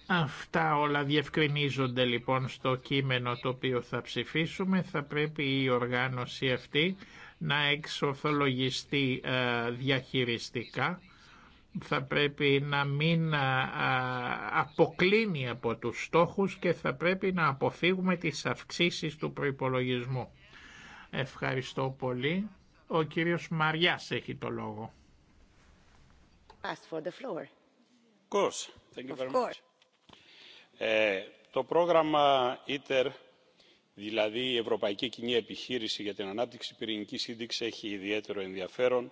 Αυτά όλα διευκρινίζονται λοιπόν στο κείμενο το οποίο θα ψηφίσουμε. Θα πρέπει η οργάνωση αυτή να εξορθολογιστεί ε, διαχειριστικά θα πρέπει να μην αποκλίνει από τους στόχους και θα πρέπει να αποφύγουμε τις αυξήσεις του προϋπολογισμού. Ευχαριστώ πολύ. Ο κύριος Μαριάς έχει το λόγο. For the floor. course. Thank you very much. Ε, το πρόγραμμα ITER, δηλαδή η Ευρωπαϊκή Κοινή Επιχείρηση για την Ανάπτυξη Πυρηνικής Σύνδεξης, έχει ιδιαίτερο ενδιαφέρον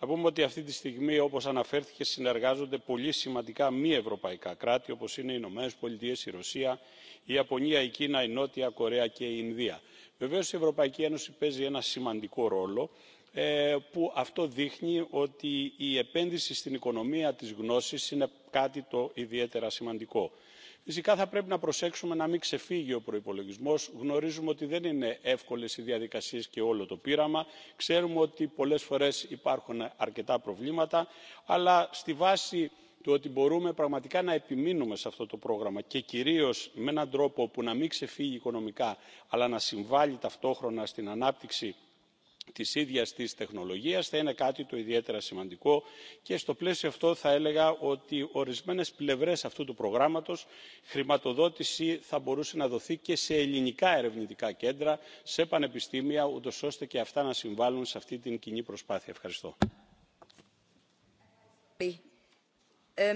να πούμε ότι αυτή τη στιγμή όπως αναφέρθηκε συνεργάζονται πολύ σημαντικά μη ευρωπαϊκά κράτη όπως είναι οι ηνωμένες πολιτείες η ρωσία η ιαπωνία η κίνα η νότια κορέα και η ινδία. βεβαίως η ευρωπαϊκή ένωση παίζει ένα σημαντικό ρόλο ε, που αυτό δείχνει ότι η επένδυση στην οικονομία της γνώσης είναι κάτι το ιδιαίτερα σημαντικό φυσικά θα πρέπει να προσέξουμε να μην ξεφύγει ο προπολογισμό. γνωρίζουμε ότι δεν είναι εύκολες οι διαδικασίες και όλο το πείραμα ξέρουμε ότι πολλές φορές υπάρχουν αρκετά προβλήματα αλλά στη βάση του ότι μπορούμε πραγματικά να επιμείνουμε σε αυτό το πρόγραμμα και κυρίως με έναν τρόπο που να μην ξεφύγει οικονομικά αλλά να συμβάλλει ταυτόχρονα στην ανάπτυξη της ίδιας της τεχνολογίας θα είναι κάτι το ιδιαίτερα σημαντικό και στο πλαίσιο αυτό θα έλεγα ότι ορισμένες πλευρές αυτού του προγράμματος χρηματοδότηση θα μπορούσε να δοθεί και σε ελληνικά ερευνητικά κέντρα σε πανεπιστήμια ούτως ώστε και αυτά να συμβάλλουν σε αυτή την κοινή προσπάθεια. Ευχαριστώ. Ε,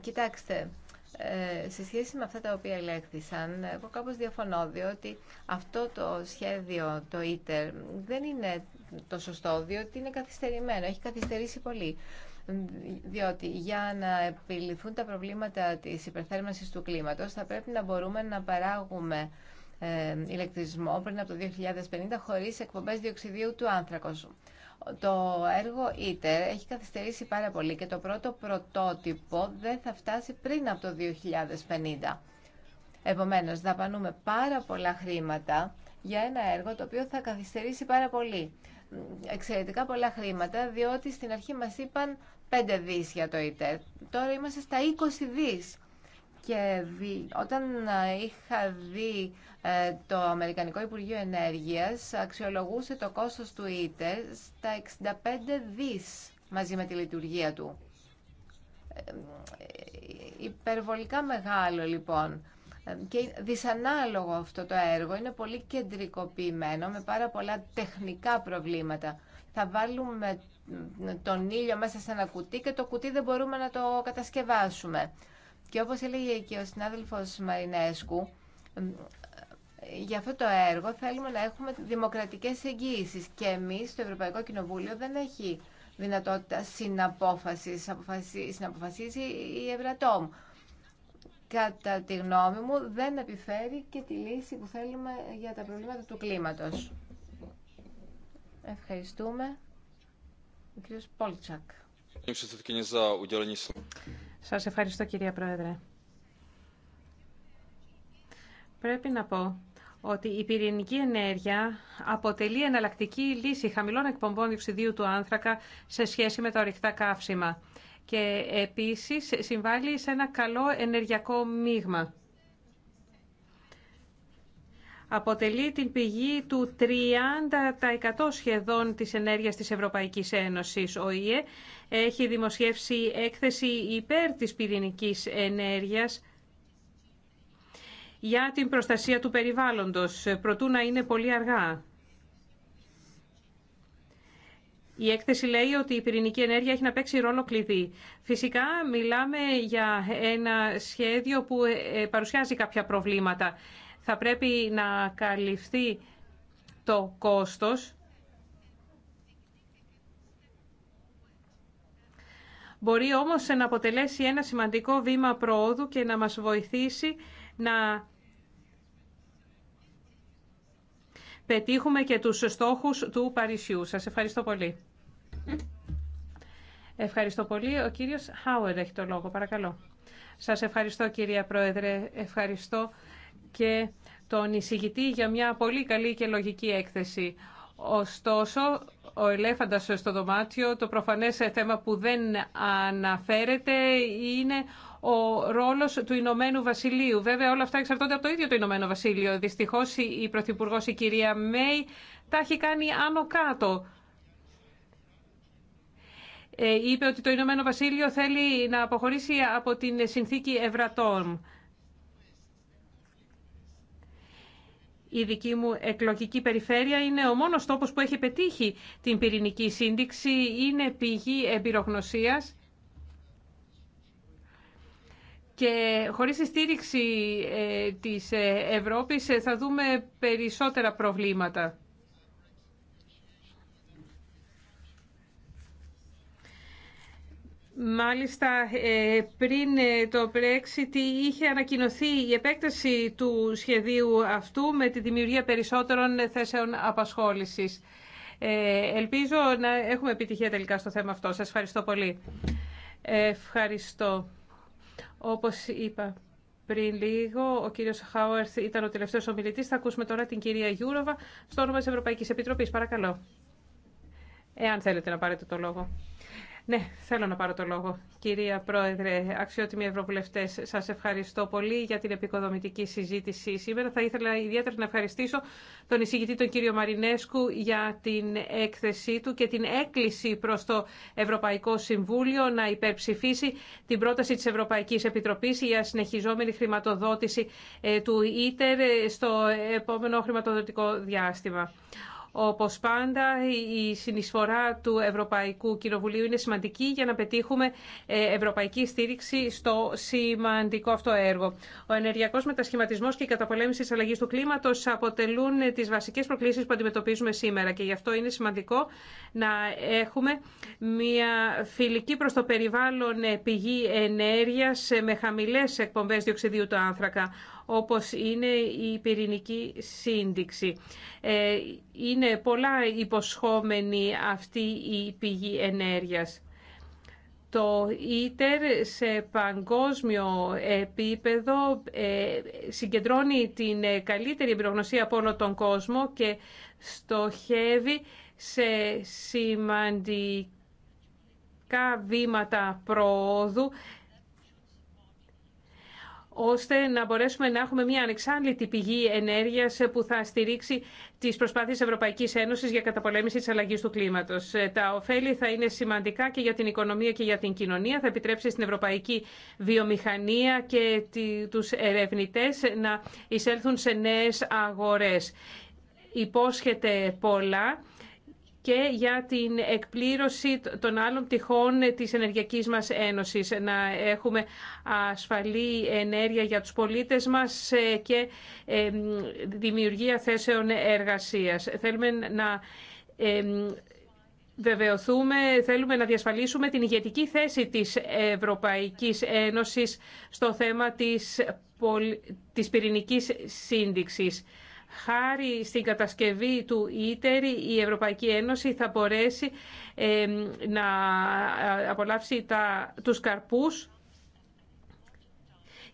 Κοιτάξτε, ε, σε σχέση με αυτά τα οποία ελέγχθησαν, εγώ κάπως διαφωνώ, διότι αυτό το σχέδιο, το ITER, δεν είναι το σωστό, διότι είναι καθυστερημένο, έχει καθυστερήσει πολύ. Διότι για να επιληθούν τα προβλήματα της υπερθέρμανσης του κλίματος, θα πρέπει να μπορούμε να παράγουμε ε, ηλεκτρισμό πριν από το 2050 χωρίς εκπομπές διοξιδίου του άνθρακος. Το έργο ITER έχει καθυστερήσει πάρα πολύ και το πρώτο πρωτότυπο δεν θα φτάσει πριν από το 2050. Επομένως, δαπανούμε πάρα πολλά χρήματα για ένα έργο το οποίο θα καθυστερήσει πάρα πολύ. Εξαιρετικά πολλά χρήματα, διότι στην αρχή μας είπαν 5 δις για το ITER. Τώρα είμαστε στα 20 δις. Και όταν ε, είχα δει ε, το Αμερικανικό Υπουργείο Ενέργειας, αξιολογούσε το κόστος του ΙΤΕ στα 65 δις μαζί με τη λειτουργία του. Ε, υπερβολικά μεγάλο λοιπόν. Και δυσανάλογο αυτό το έργο. Είναι πολύ κεντρικοποιημένο με πάρα πολλά τεχνικά προβλήματα. Θα βάλουμε τον ήλιο μέσα σε ένα κουτί και το κουτί δεν μπορούμε να το κατασκευάσουμε. Και όπως έλεγε και ο συνάδελφος Μαρινέσκου, για αυτό το έργο θέλουμε να έχουμε δημοκρατικές εγγύησεις και εμείς το Ευρωπαϊκό Κοινοβούλιο δεν έχει δυνατότητα συναπόφασης, συναποφασίζει η Ευρατόμ. Κατά τη γνώμη μου δεν επιφέρει και τη λύση που θέλουμε για τα προβλήματα του κλίματος. Ευχαριστούμε. Ο κύριος Πόλτσακ. Σας ευχαριστώ κυρία Πρόεδρε. Πρέπει να πω ότι η πυρηνική ενέργεια αποτελεί εναλλακτική λύση χαμηλών εκπομπών υψηδίου του άνθρακα σε σχέση με τα ορυκτά καύσιμα και επίσης συμβάλλει σε ένα καλό ενεργειακό μείγμα. Αποτελεί την πηγή του 30% σχεδόν της ενέργειας της Ευρωπαϊκής Ένωσης. Ο ΙΕ έχει δημοσιεύσει έκθεση υπέρ της πυρηνικής ενέργειας για την προστασία του περιβάλλοντος, προτού να είναι πολύ αργά. Η έκθεση λέει ότι η πυρηνική ενέργεια έχει να παίξει ρόλο κλειδί. Φυσικά μιλάμε για ένα σχέδιο που ε, παρουσιάζει κάποια προβλήματα. Θα πρέπει να καλυφθεί το κόστος Μπορεί όμως να αποτελέσει ένα σημαντικό βήμα προόδου και να μας βοηθήσει να πετύχουμε και τους στόχους του Παρισιού. Σας ευχαριστώ πολύ. Ευχαριστώ πολύ. Ο κύριος Χάουερ έχει το λόγο. Παρακαλώ. Σας ευχαριστώ κυρία Πρόεδρε. Ευχαριστώ και τον εισηγητή για μια πολύ καλή και λογική έκθεση. Ωστόσο, ο ελέφαντας στο δωμάτιο, το προφανές θέμα που δεν αναφέρεται είναι ο ρόλος του Ηνωμένου Βασιλείου. Βέβαια, όλα αυτά εξαρτώνται από το ίδιο το Ηνωμένο Βασίλειο. Δυστυχώς, η Πρωθυπουργό η κυρία Μέη, τα έχει κάνει άνω κάτω. Ε, είπε ότι το Ηνωμένο Βασίλειο θέλει να αποχωρήσει από την συνθήκη Ευρατών. Η δική μου εκλογική περιφέρεια είναι ο μόνος τόπος που έχει πετύχει την πυρηνική σύνδεξη, είναι πηγή εμπειρογνωσίας και χωρίς τη στήριξη ε, της ε, Ευρώπης ε, θα δούμε περισσότερα προβλήματα. Μάλιστα, ε, πριν ε, το Brexit είχε ανακοινωθεί η επέκταση του σχεδίου αυτού με τη δημιουργία περισσότερων θέσεων απασχόλησης. Ε, ελπίζω να έχουμε επιτυχία τελικά στο θέμα αυτό. Σας ευχαριστώ πολύ. Ευχαριστώ. Όπως είπα πριν λίγο, ο κύριος Χάουερθ ήταν ο τελευταίος ομιλητής. Θα ακούσουμε τώρα την κυρία Γιούροβα στο όνομα της Ευρωπαϊκής Επιτροπής. Παρακαλώ. Εάν θέλετε να πάρετε το λόγο. Ναι, θέλω να πάρω το λόγο. Κυρία Πρόεδρε, αξιότιμοι Ευρωβουλευτέ, σα ευχαριστώ πολύ για την επικοδομητική συζήτηση σήμερα. Θα ήθελα ιδιαίτερα να ευχαριστήσω τον εισηγητή, τον κύριο Μαρινέσκου, για την έκθεσή του και την έκκληση προ το Ευρωπαϊκό Συμβούλιο να υπερψηφίσει την πρόταση τη Ευρωπαϊκή Επιτροπή για συνεχιζόμενη χρηματοδότηση ε, του ΙΤΕΡ στο επόμενο χρηματοδοτικό διάστημα. Όπω πάντα, η συνεισφορά του Ευρωπαϊκού Κοινοβουλίου είναι σημαντική για να πετύχουμε ε, ευρωπαϊκή στήριξη στο σημαντικό αυτό έργο. Ο ενεργειακό μετασχηματισμό και η καταπολέμηση της αλλαγής του κλίματο αποτελούν ε, τι βασικέ προκλήσει που αντιμετωπίζουμε σήμερα και γι' αυτό είναι σημαντικό να έχουμε μια φιλική προ το περιβάλλον ε, πηγή ενέργεια με χαμηλέ εκπομπέ διοξιδίου του άνθρακα όπως είναι η πυρηνική σύνδεξη. Ε, είναι πολλά υποσχόμενη αυτή η πηγή ενέργειας. Το ΙΤΕΡ σε παγκόσμιο επίπεδο ε, συγκεντρώνει την καλύτερη εμπειρογνωσία από όλο τον κόσμο και στοχεύει σε σημαντικά βήματα προόδου ώστε να μπορέσουμε να έχουμε μια ανεξάρτητη πηγή ενέργειας που θα στηρίξει τις προσπάθειες Ευρωπαϊκής Ένωση για καταπολέμηση της αλλαγής του κλίματος. Ε, τα ωφέλη θα είναι σημαντικά και για την οικονομία και για την κοινωνία. Θα επιτρέψει στην ευρωπαϊκή βιομηχανία και τους ερευνητές να εισέλθουν σε νέε αγορέ. Υπόσχεται πολλά και για την εκπλήρωση των άλλων πτυχών της ενεργειακής μας ένωσης. Να έχουμε ασφαλή ενέργεια για τους πολίτες μας ε, και ε, δημιουργία θέσεων εργασίας. Θέλουμε να ε, θέλουμε να διασφαλίσουμε την ηγετική θέση της Ευρωπαϊκής Ένωσης στο θέμα της, της πυρηνικής σύνδεξης. Χάρη στην κατασκευή του ίτερ, η Ευρωπαϊκή Ένωση θα μπορέσει να απολαύσει τα, τους καρπούς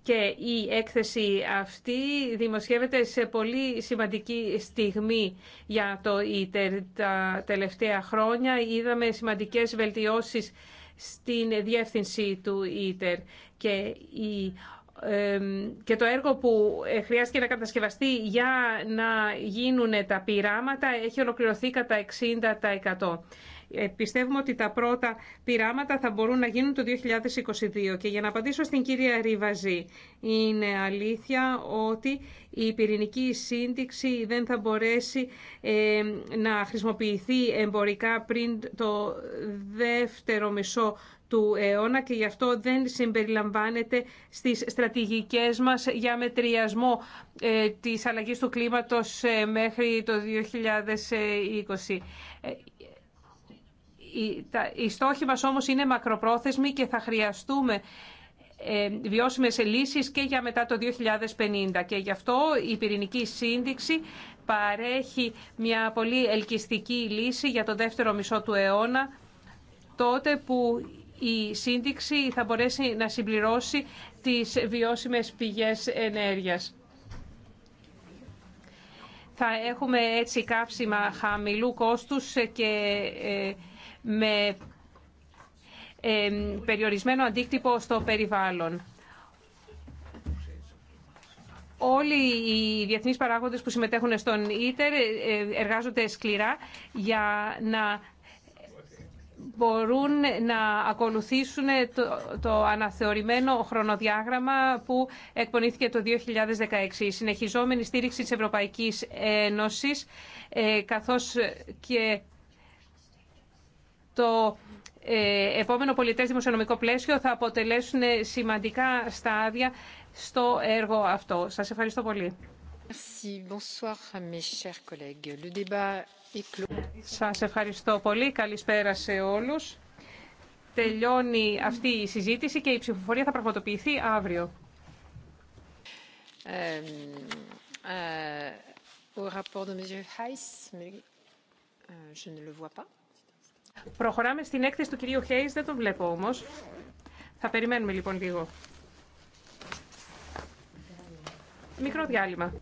και η έκθεση αυτή δημοσιεύεται σε πολύ σημαντική στιγμή για το ίτερ. Τα τελευταία χρόνια είδαμε σημαντικές βελτιώσεις στην διεύθυνση του ίτερ και η και το έργο που ε, χρειάστηκε να κατασκευαστεί για να γίνουν τα πειράματα έχει ολοκληρωθεί κατά 60%. Ε, πιστεύουμε ότι τα πρώτα πειράματα θα μπορούν να γίνουν το 2022. Και για να απαντήσω στην κυρία Ρίβαζη, είναι αλήθεια ότι η πυρηνική σύνδεξη δεν θα μπορέσει να χρησιμοποιηθεί εμπορικά πριν το δεύτερο μισό του αιώνα και γι' αυτό δεν συμπεριλαμβάνεται στις στρατηγικές μας για μετριασμό ε, της αλλαγής του κλίματος ε, μέχρι το 2020. Ε, οι στόχοι μας όμως είναι μακροπρόθεσμοι και θα χρειαστούμε βιώσιμες λύσεις και για μετά το 2050. Και γι' αυτό η πυρηνική σύνδεξη παρέχει μια πολύ ελκυστική λύση για το δεύτερο μισό του αιώνα, τότε που η σύνδεξη θα μπορέσει να συμπληρώσει τις βιώσιμες πηγές ενέργειας. Θα έχουμε έτσι κάψιμα χαμηλού κόστους και ε, με ε, περιορισμένο αντίκτυπο στο περιβάλλον. Όλοι οι διεθνείς παράγοντες που συμμετέχουν στον ΙΤΕΡ ε, εργάζονται σκληρά για να μπορούν να ακολουθήσουν το, το αναθεωρημένο χρονοδιάγραμμα που εκπονήθηκε το 2016. Η συνεχιζόμενη στήριξη της Ευρωπαϊκής Ένωσης ε, καθώς και το ε, επόμενο πολιτές δημοσιονομικό πλαίσιο θα αποτελέσουν σημαντικά στάδια στο έργο αυτό. Σας ευχαριστώ πολύ. Bonsoir, mes chers collègues. Le débat σας ευχαριστώ πολύ. Καλησπέρα σε όλους. Τελειώνει αυτή η συζήτηση και η ψηφοφορία θα πραγματοποιηθεί αύριο. Ε, ε, ε, Προχωράμε στην έκθεση του κυρίου Χέις, δεν τον βλέπω όμως. Θα περιμένουμε λοιπόν λίγο. Μικρό διάλειμμα.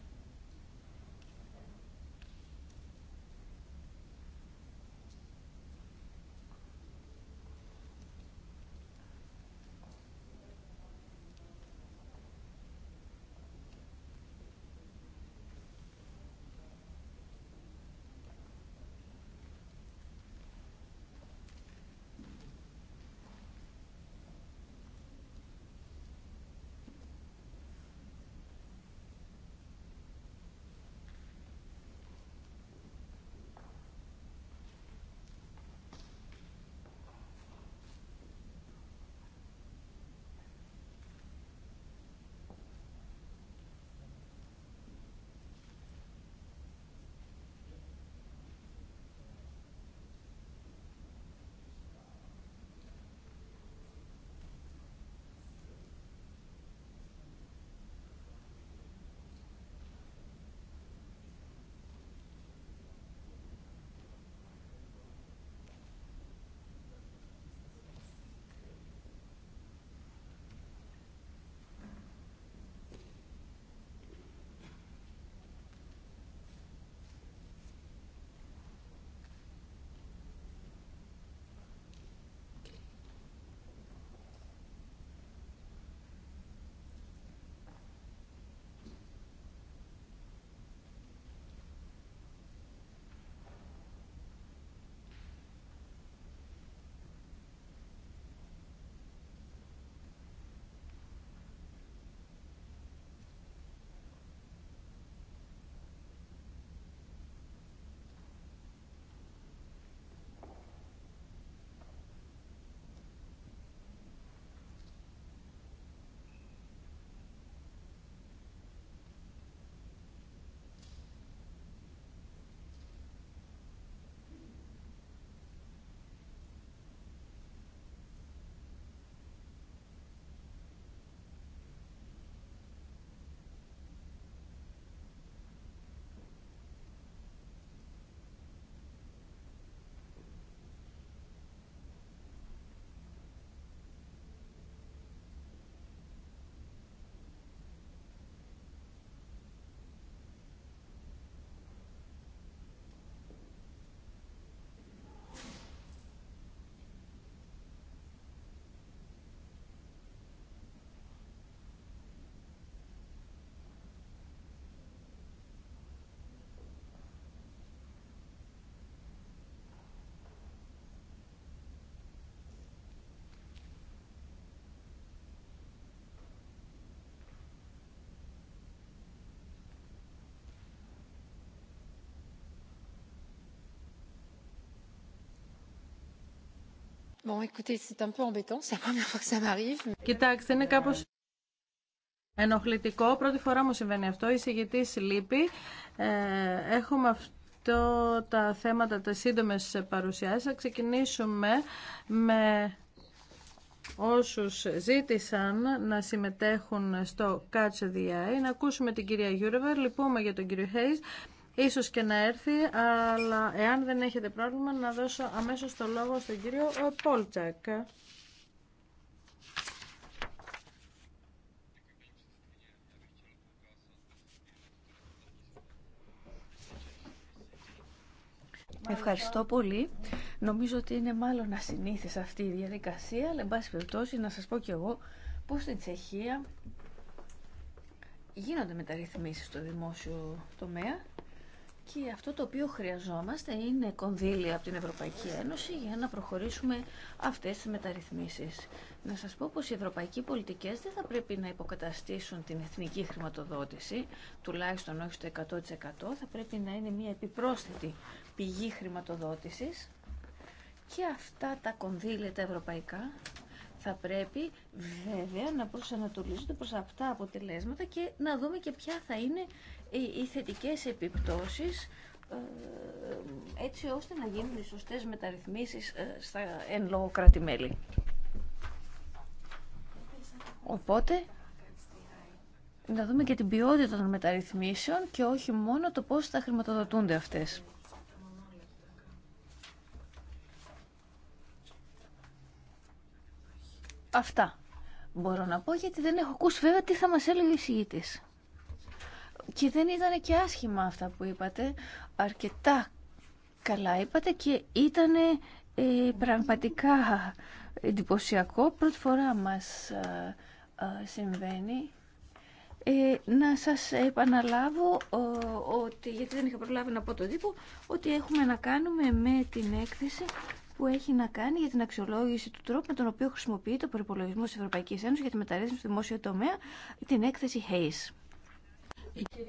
Κοιτάξτε, είναι κάπω ενοχλητικό. Πρώτη φορά μου συμβαίνει αυτό. Η συγγετή λείπει. Ε, έχουμε αυτό τα θέματα, τα σύντομε παρουσιάσεις. Θα ξεκινήσουμε με όσους ζήτησαν να συμμετέχουν στο Catch the Eye. Να ακούσουμε την κυρία Γιούρεβερ, λυπούμε για τον κύριο Χέις. Ίσως και να έρθει, αλλά εάν δεν έχετε πρόβλημα να δώσω αμέσως το λόγο στον κύριο ε, Πόλτσακ. Ευχαριστώ πολύ. Νομίζω ότι είναι μάλλον ασυνήθις αυτή η διαδικασία, αλλά εν πάση περιπτώσει να σας πω κι εγώ πως στην Τσεχία γίνονται μεταρρυθμίσεις στο δημόσιο τομέα και αυτό το οποίο χρειαζόμαστε είναι κονδύλια από την Ευρωπαϊκή Ένωση για να προχωρήσουμε αυτές τις μεταρρυθμίσεις. Να σας πω πως οι ευρωπαϊκοί πολιτικές δεν θα πρέπει να υποκαταστήσουν την εθνική χρηματοδότηση, τουλάχιστον όχι στο 100%, θα πρέπει να είναι μια επιπρόσθετη πηγή χρηματοδότησης και αυτά τα κονδύλια τα ευρωπαϊκά θα πρέπει βέβαια να προσανατολίζονται προς αυτά αποτελέσματα και να δούμε και ποια θα είναι οι θετικές επιπτώσεις ε, έτσι ώστε να γίνουν οι σωστές μεταρρυθμίσεις ε, στα εν λόγω κράτη-μέλη. Οπότε, να δούμε και την ποιότητα των μεταρρυθμίσεων και όχι μόνο το πώς θα χρηματοδοτούνται αυτές. Αυτά μπορώ να πω γιατί δεν έχω ακούσει βέβαια τι θα μας έλεγε η και δεν ήταν και άσχημα αυτά που είπατε, αρκετά καλά είπατε και ήταν ε, πραγματικά εντυπωσιακό. Πρώτη φορά μας συμβαίνει. Ε, να σας επαναλάβω ότι, γιατί δεν είχα προλάβει να πω το τύπο, ότι έχουμε να κάνουμε με την έκθεση που έχει να κάνει για την αξιολόγηση του τρόπου με τον οποίο χρησιμοποιείται ο προπολογισμό τη Ευρωπαϊκή Ένωση για τη μεταρρύθμιση του δημόσιου τομέα, την έκθεση Hayes. Η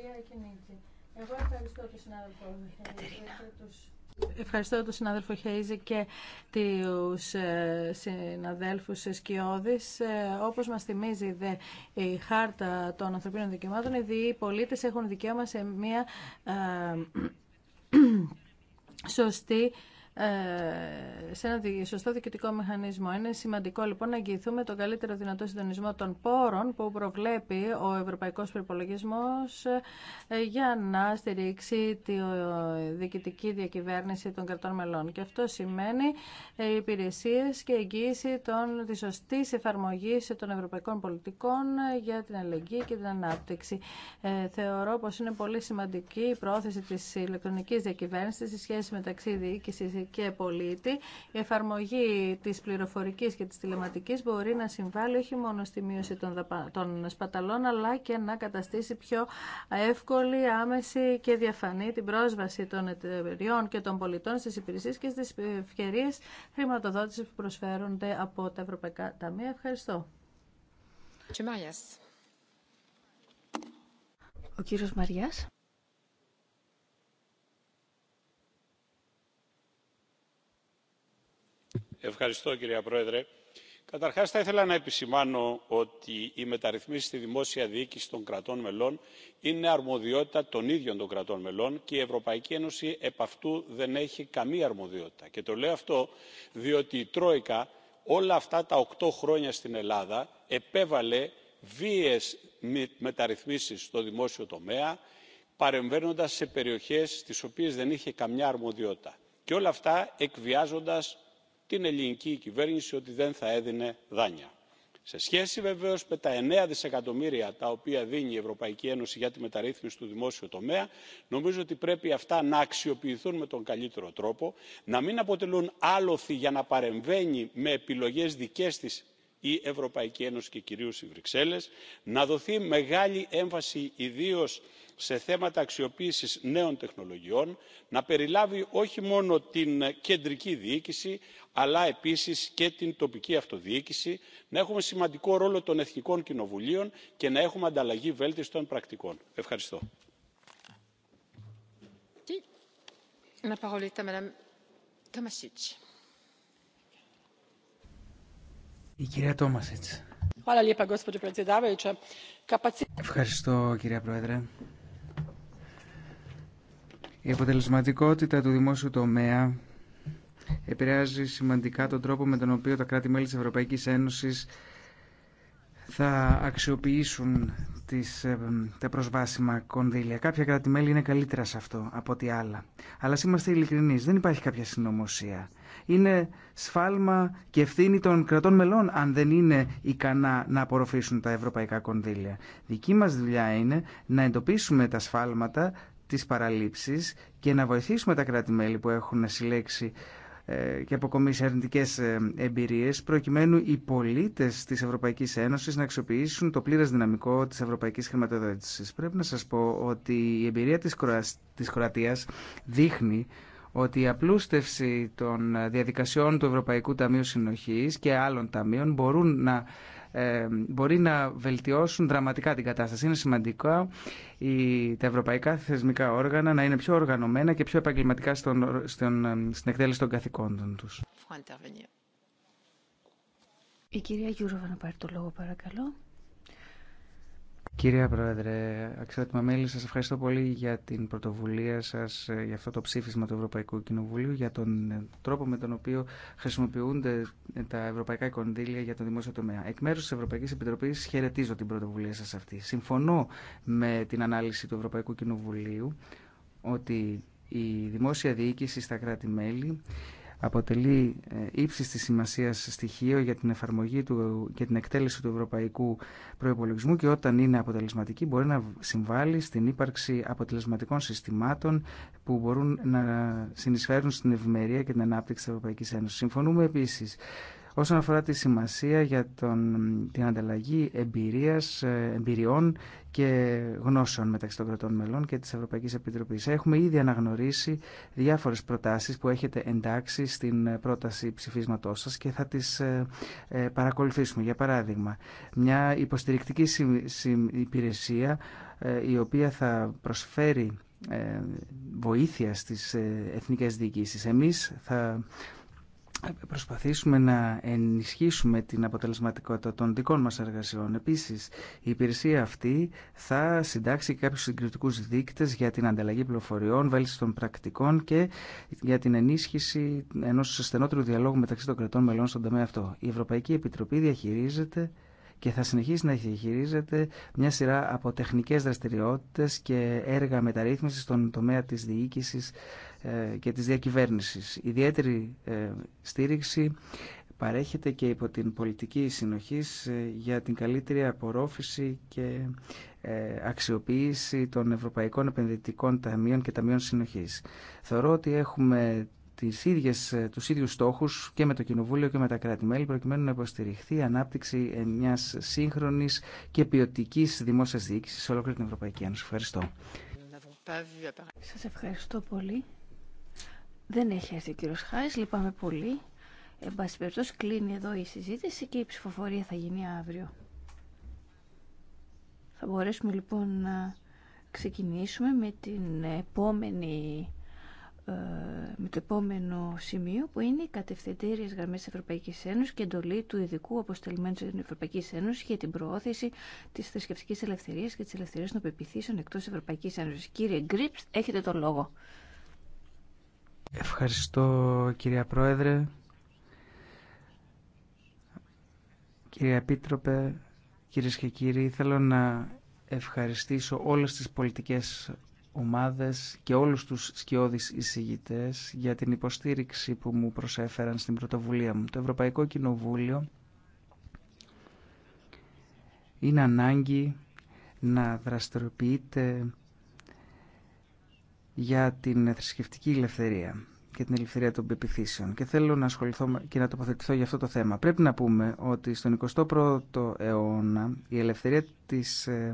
ευχαριστώ τον συνάδελφο Ευχαριστώ συνάδελφο Χέιζη και τους ε, συναδέλφους Σκιώδης. Ε, όπως μας θυμίζει η Χάρτα των Ανθρωπίνων Δικαιωμάτων, οι πολίτες έχουν δικαίωμα σε μια ε, σωστή ε, σε ένα σωστό διοικητικό μηχανισμό. Είναι σημαντικό λοιπόν να εγγυηθούμε τον καλύτερο δυνατό συντονισμό των πόρων που προβλέπει ο Ευρωπαϊκό προπολογισμό ε, για να στηρίξει τη ε, διοικητική διακυβέρνηση των κρατών μελών. Και αυτό σημαίνει υπηρεσίε και εγγύηση τη της εφαρμογή εφαρμογής των ευρωπαϊκών πολιτικών για την αλληλεγγύη και την ανάπτυξη. θεωρώ πω είναι πολύ σημαντική η πρόθεση τη ηλεκτρονική διακυβέρνηση στη σχέση μεταξύ διοίκηση και πολίτη, η εφαρμογή της πληροφορικής και της τηλεματικής μπορεί να συμβάλλει όχι μόνο στη μείωση των σπαταλών, αλλά και να καταστήσει πιο εύκολη, άμεση και διαφανή την πρόσβαση των εταιρεών και των πολιτών στις υπηρεσίες και στις ευκαιρίες χρηματοδότησης που προσφέρονται από τα Ευρωπαϊκά Ταμεία. Ευχαριστώ. Ο κύριος Μαριάς. Ευχαριστώ, κυρία Πρόεδρε. Καταρχάς, θα ήθελα να επισημάνω ότι οι μεταρρυθμίσεις στη δημόσια διοίκηση των κρατών μελών είναι αρμοδιότητα των ίδιων των κρατών μελών και η Ευρωπαϊκή Ένωση επ' αυτού δεν έχει καμία αρμοδιότητα. Και το λέω αυτό διότι η Τρόικα όλα αυτά τα οκτώ χρόνια στην Ελλάδα επέβαλε βίαιες μεταρρυθμίσεις στο δημόσιο τομέα, παρεμβαίνοντας σε περιοχές στις οποίες δεν είχε καμιά αρμοδιότητα. Και όλα αυτά εκβιάζοντας την ελληνική κυβέρνηση ότι δεν θα έδινε δάνεια σε σχέση βεβαίως με τα εννέα δισεκατομμύρια τα οποία δίνει η ευρωπαϊκή ένωση για τη μεταρρύθμιση του δημόσιου τομέα νομίζω ότι πρέπει αυτά να αξιοποιηθούν με τον καλύτερο τρόπο να μην αποτελούν άλοθη για να παρεμβαίνει με επιλογές δικές της η ευρωπαϊκή ένωση και κυρίως οι βρυξέλλες να δοθεί μεγάλη έμφαση ιδίως σε θέματα αξιοποίησης νέων τεχνολογιών να περιλάβει όχι μόνο την κεντρική διοίκηση αλλά επίσης και την τοπική αυτοδιοίκηση να έχουμε σημαντικό ρόλο των εθνικών κοινοβουλίων και να έχουμε ανταλλαγή βέλτιστων πρακτικών. ευχαριστώ. Ευχαριστώ κυρία Πρόεδρε. Η αποτελεσματικότητα του δημόσιου τομέα επηρεάζει σημαντικά τον τρόπο με τον οποίο τα κράτη-μέλη της Ευρωπαϊκής Ένωσης θα αξιοποιήσουν τις, ε, τα προσβάσιμα κονδύλια. Κάποια κράτη-μέλη είναι καλύτερα σε αυτό από ό,τι άλλα. Αλλά είμαστε ειλικρινεί, δεν υπάρχει κάποια συνωμοσία. Είναι σφάλμα και ευθύνη των κρατών μελών αν δεν είναι ικανά να απορροφήσουν τα ευρωπαϊκά κονδύλια. Δική μας δουλειά είναι να εντοπίσουμε τα σφάλματα, τις παραλήψεις και να βοηθήσουμε τα κράτη-μέλη που έχουν συλλέξει ε, και αποκομίσει αρνητικέ ε, εμπειρίε, προκειμένου οι πολίτε τη Ευρωπαϊκή Ένωση να αξιοποιήσουν το πλήρε δυναμικό τη ευρωπαϊκή χρηματοδότηση. Πρέπει να σα πω ότι η εμπειρία τη της Κροατία δείχνει ότι η απλούστευση των διαδικασιών του Ευρωπαϊκού Ταμείου Συνοχής και άλλων ταμείων μπορούν να ε, μπορεί να βελτιώσουν δραματικά την κατάσταση. Είναι σημαντικό τα ευρωπαϊκά θεσμικά όργανα να είναι πιο οργανωμένα και πιο επαγγελματικά στον, στον, στην εκτέλεση των καθηκόντων τους. Η κυρία Γιούροβα να το λόγο παρακαλώ. Κυρία Πρόεδρε, αξιότιμα μέλη, σας ευχαριστώ πολύ για την πρωτοβουλία σας, ε, για αυτό το ψήφισμα του Ευρωπαϊκού Κοινοβουλίου, για τον ε, τρόπο με τον οποίο χρησιμοποιούνται ε, τα ευρωπαϊκά κονδύλια για τον δημόσιο τομέα. Εκ μέρους της Ευρωπαϊκής Επιτροπής χαιρετίζω την πρωτοβουλία σας αυτή. Συμφωνώ με την ανάλυση του Ευρωπαϊκού Κοινοβουλίου ότι η δημόσια διοίκηση στα κράτη-μέλη αποτελεί ε, ύψιστη σημασία στοιχείο για την εφαρμογή του και την εκτέλεση του ευρωπαϊκού προϋπολογισμού και όταν είναι αποτελεσματική μπορεί να συμβάλλει στην ύπαρξη αποτελεσματικών συστημάτων που μπορούν να συνεισφέρουν στην ευημερία και την ανάπτυξη της Ευρωπαϊκής Ένωσης. Συμφωνούμε επίσης όσον αφορά τη σημασία για τον, την ανταλλαγή εμπειρίας, ε, εμπειριών και γνώσεων μεταξύ των κρατών μελών και της Ευρωπαϊκής Επιτροπής. Έχουμε ήδη αναγνωρίσει διάφορες προτάσεις που έχετε εντάξει στην ε, πρόταση ψηφίσματός σας και θα τις ε, παρακολουθήσουμε. Για παράδειγμα, μια υποστηρικτική υπηρεσία η οποία θα προσφέρει βοήθεια στις εθνικές διοικήσεις. Εμείς θα προσπαθήσουμε να ενισχύσουμε την αποτελεσματικότητα των δικών μας εργασιών. Επίσης, η υπηρεσία αυτή θα συντάξει κάποιους συγκριτικούς δείκτες για την ανταλλαγή πληροφοριών, βέλτιση των πρακτικών και για την ενίσχυση ενός στενότερου διαλόγου μεταξύ των κρατών μελών στον τομέα αυτό. Η Ευρωπαϊκή Επιτροπή διαχειρίζεται και θα συνεχίσει να χειρίζεται μια σειρά από τεχνικές δραστηριότητες και έργα μεταρρύθμισης στον τομέα της διοίκησης ε, και της διακυβέρνησης. Ιδιαίτερη ε, στήριξη παρέχεται και υπό την πολιτική συνοχή ε, για την καλύτερη απορρόφηση και αξιοποίηση των Ευρωπαϊκών Επενδυτικών Ταμείων και Ταμείων Συνοχής. Θεωρώ ότι έχουμε τις ίδιες, ε, τους ίδιους στόχους και με το Κοινοβούλιο και με τα κράτη-μέλη προκειμένου να υποστηριχθεί η ανάπτυξη ε, μιας σύγχρονης και ποιοτική δημόσιας διοίκησης σε ολόκληρη την Ευρωπαϊκή Ένωση. Ευχαριστώ. Σας ευχαριστώ πολύ. Δεν έχει έρθει ο κύριος Χάρης, λυπάμαι πολύ. Εν περιπτώσει κλείνει εδώ η συζήτηση και η ψηφοφορία θα γίνει αύριο. Θα μπορέσουμε λοιπόν να ξεκινήσουμε με την επόμενη ε, με το επόμενο σημείο που είναι οι κατευθυντήριες γραμμές της Ευρωπαϊκής Ένωσης και εντολή του ειδικού αποστελμένου της Ευρωπαϊκής Ένωσης για την προώθηση της θρησκευτική ελευθερίας και της ελευθερίας των πεπιθήσεων εκτός της Ευρωπαϊκής Ένωσης. Κύριε Γκρίπς, έχετε τον λόγο. Ευχαριστώ κυρία Πρόεδρε. Κύριε Επίτροπε, κυρίες και κύριοι, θέλω να ευχαριστήσω όλες τις πολιτικές ομάδες και όλους τους σκιώδεις εισηγητές για την υποστήριξη που μου προσέφεραν στην πρωτοβουλία μου. Το Ευρωπαϊκό Κοινοβούλιο είναι ανάγκη να δραστηριοποιείται για την θρησκευτική ελευθερία και την ελευθερία των πεπιθήσεων. Και θέλω να ασχοληθώ και να τοποθετηθώ για αυτό το θέμα. Πρέπει να πούμε ότι στον 21ο αιώνα η ελευθερία της, ε,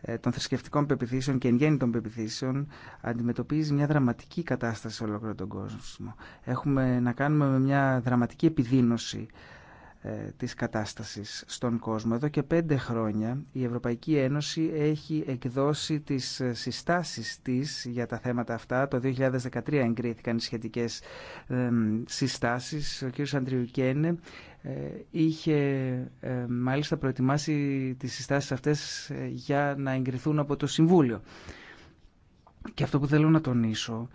ε, των θρησκευτικών πεπιθήσεων και εν γέννη των πεπιθήσεων αντιμετωπίζει μια δραματική κατάσταση σε ολόκληρο τον κόσμο. Έχουμε να κάνουμε με μια δραματική επιδείνωση ε, της κατάστασης στον κόσμο. Εδώ και πέντε χρόνια η Ευρωπαϊκή Ένωση έχει εκδώσει τις συστάσεις της για τα θέματα αυτά. Το 2013 εγκρίθηκαν οι σχετικές ε, συστάσεις. Ο κ. Αντριουκένε ε, είχε μάλιστα προετοιμάσει τις συστάσεις αυτές για να εγκριθούν από το Συμβούλιο. Και αυτό που θέλω να τονίσω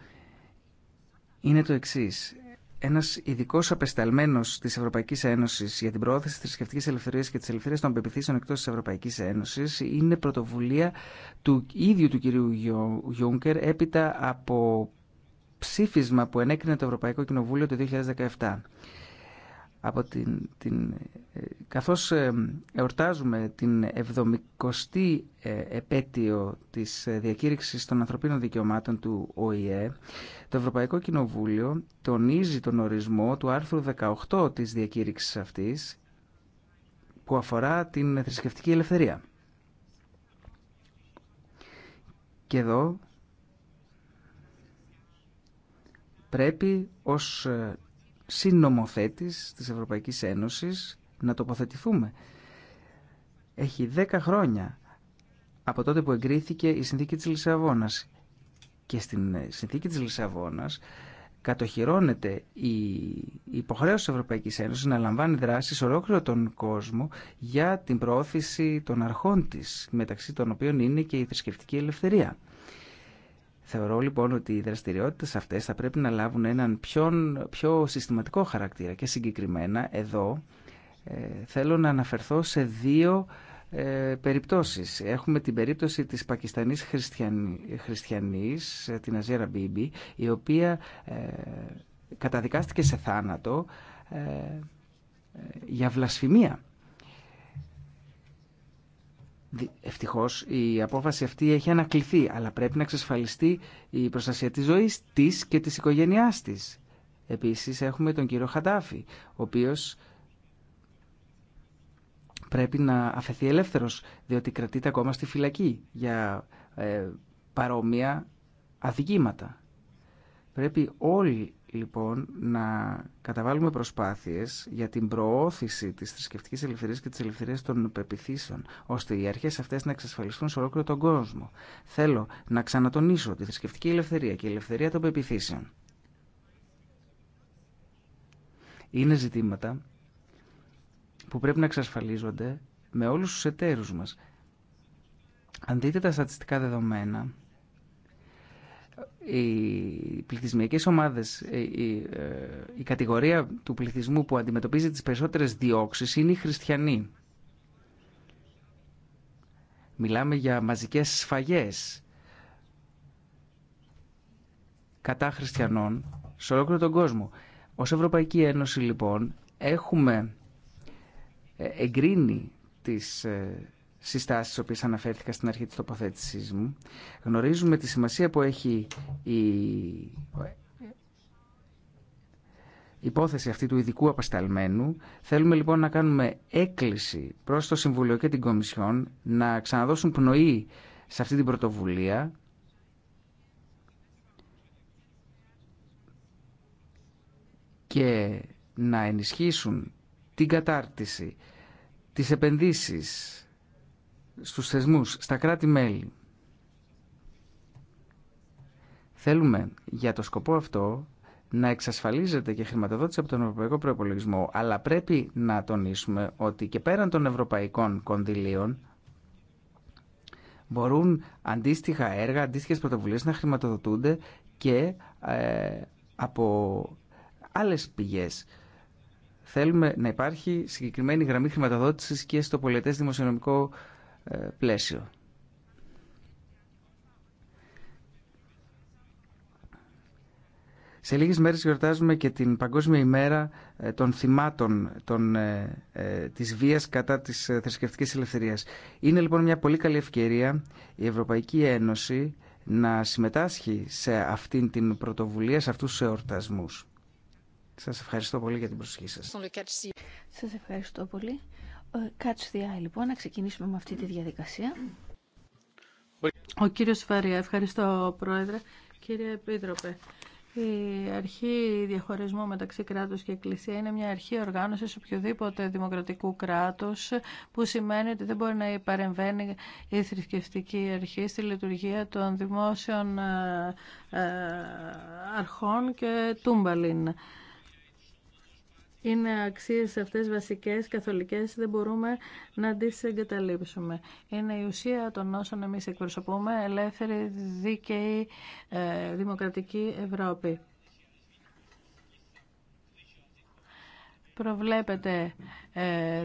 είναι το εξής ένας ειδικό απεσταλμένο τη Ευρωπαϊκή Ένωσης για την προώθηση της θρησκευτική ελευθερίας και της ελευθερίας των πεπιθήσεων εκτός της Ευρωπαϊκής Ένωσης είναι πρωτοβουλία του ίδιου του κυρίου Γιούγκερ έπειτα από ψήφισμα που ενέκρινε το Ευρωπαϊκό Κοινοβούλιο το 2017 από την, την, ε, καθώς ε, εορτάζουμε την 70η ε, επέτειο της διακήρυξης των ανθρωπίνων δικαιωμάτων του ΟΗΕ, το Ευρωπαϊκό Κοινοβούλιο τονίζει τον ορισμό του άρθρου 18 της διακήρυξης αυτής που αφορά την θρησκευτική ελευθερία. Και εδώ πρέπει ως συνομοθέτης της Ευρωπαϊκής Ένωσης να τοποθετηθούμε. Έχει 10 χρόνια από τότε που εγκρίθηκε η Συνθήκη της Λισαβόνας. Και στην ε, Συνθήκη της Λισαβόνας κατοχυρώνεται η υποχρέωση της Ευρωπαϊκής Ένωσης να λαμβάνει δράση σε ολόκληρο τον κόσμο για την προώθηση των αρχών της, μεταξύ των οποίων είναι και η θρησκευτική ελευθερία. Θεωρώ λοιπόν ότι οι δραστηριότητες αυτές θα πρέπει να λάβουν έναν πιο, πιο συστηματικό χαρακτήρα και συγκεκριμένα εδώ ε, θέλω να αναφερθώ σε δύο ε, περιπτώσεις. Έχουμε την περίπτωση της Πακιστανής χριστιανή, χριστιανής, την Αζέρα Μπίμπη, η οποία ε, καταδικάστηκε σε θάνατο ε, για βλασφημία. Ευτυχώ η απόφαση αυτή έχει ανακληθεί, αλλά πρέπει να εξασφαλιστεί η προστασία της ζωής της και της οικογένειάς της. Επίσης έχουμε τον κύριο Χαντάφη, ο οποίος πρέπει να αφαιθεί ελεύθερος, διότι κρατείται ακόμα στη φυλακή για ε, παρόμοια αδικήματα. Πρέπει όλοι λοιπόν να καταβάλουμε προσπάθειες για την προώθηση της θρησκευτική ελευθερίας και της ελευθερίας των πεπιθήσεων, ώστε οι αρχές αυτές να εξασφαλιστούν σε ολόκληρο τον κόσμο. Θέλω να ξανατονίσω τη θρησκευτική ελευθερία και η ελευθερία των πεπιθήσεων. Είναι ζητήματα που πρέπει να εξασφαλίζονται με όλους τους εταίρους μας. Αν δείτε τα στατιστικά δεδομένα, οι πληθυσμιακές ομάδες, ε, η, ε, η κατηγορία του πληθυσμού που αντιμετωπίζει τις περισσότερες διώξεις είναι οι χριστιανοί. Μιλάμε για μαζικές σφαγές κατά χριστιανών σε ολόκληρο τον κόσμο. Ως Ευρωπαϊκή Ένωση λοιπόν έχουμε ε, εγκρίνει τις συστάσεις οποίες αναφέρθηκα στην αρχή της τοποθέτησής μου. Γνωρίζουμε τη σημασία που έχει η υπόθεση αυτή του ειδικού απασταλμένου. Θέλουμε λοιπόν να κάνουμε έκκληση προς το Συμβουλίο και την Κομισιόν να ξαναδώσουν πνοή σε αυτή την πρωτοβουλία και να ενισχύσουν την κατάρτιση, της επενδύσεις στους θεσμούς, στα κράτη-μέλη. Θέλουμε για το σκοπό αυτό να εξασφαλίζεται και χρηματοδότηση από τον Ευρωπαϊκό Προπολογισμό, αλλά πρέπει να τονίσουμε ότι και πέραν των ευρωπαϊκών κονδυλίων μπορούν αντίστοιχα έργα, αντίστοιχες πρωτοβουλίες να χρηματοδοτούνται και ε, από άλλες πηγές. Θέλουμε να υπάρχει συγκεκριμένη γραμμή χρηματοδότησης και στο πολιτές δημοσιονομικό ε, πλαίσιο. Σε λίγες μέρες γιορτάζουμε και την Παγκόσμια ημέρα ε, των θυμάτων των, ε, ε, της βίας κατά της θρησκευτικής ελευθερίας. Είναι λοιπόν μια πολύ καλή ευκαιρία η Ευρωπαϊκή Ένωση να συμμετάσχει σε αυτήν την πρωτοβουλία, σε αυτούς τους εορτασμούς. Σας ευχαριστώ πολύ για την προσοχή σας. Σας ευχαριστώ πολύ. Κάτσε the λοιπόν, να ξεκινήσουμε με αυτή τη διαδικασία. Ο κύριος Φαρία, ευχαριστώ Πρόεδρε. Κύριε Επίτροπε, η αρχή διαχωρισμού μεταξύ κράτους και εκκλησία είναι μια αρχή οργάνωσης οποιοδήποτε δημοκρατικού κράτους που σημαίνει ότι δεν μπορεί να παρεμβαίνει η θρησκευτική αρχή στη λειτουργία των δημόσιων ε, ε, αρχών και τούμπαλιν. Είναι αξίες αυτές βασικές, καθολικές, δεν μπορούμε να τις εγκαταλείψουμε. Είναι η ουσία των όσων εμείς εκπροσωπούμε, ελεύθερη, δίκαιη, ε, δημοκρατική Ευρώπη. Προβλέπετε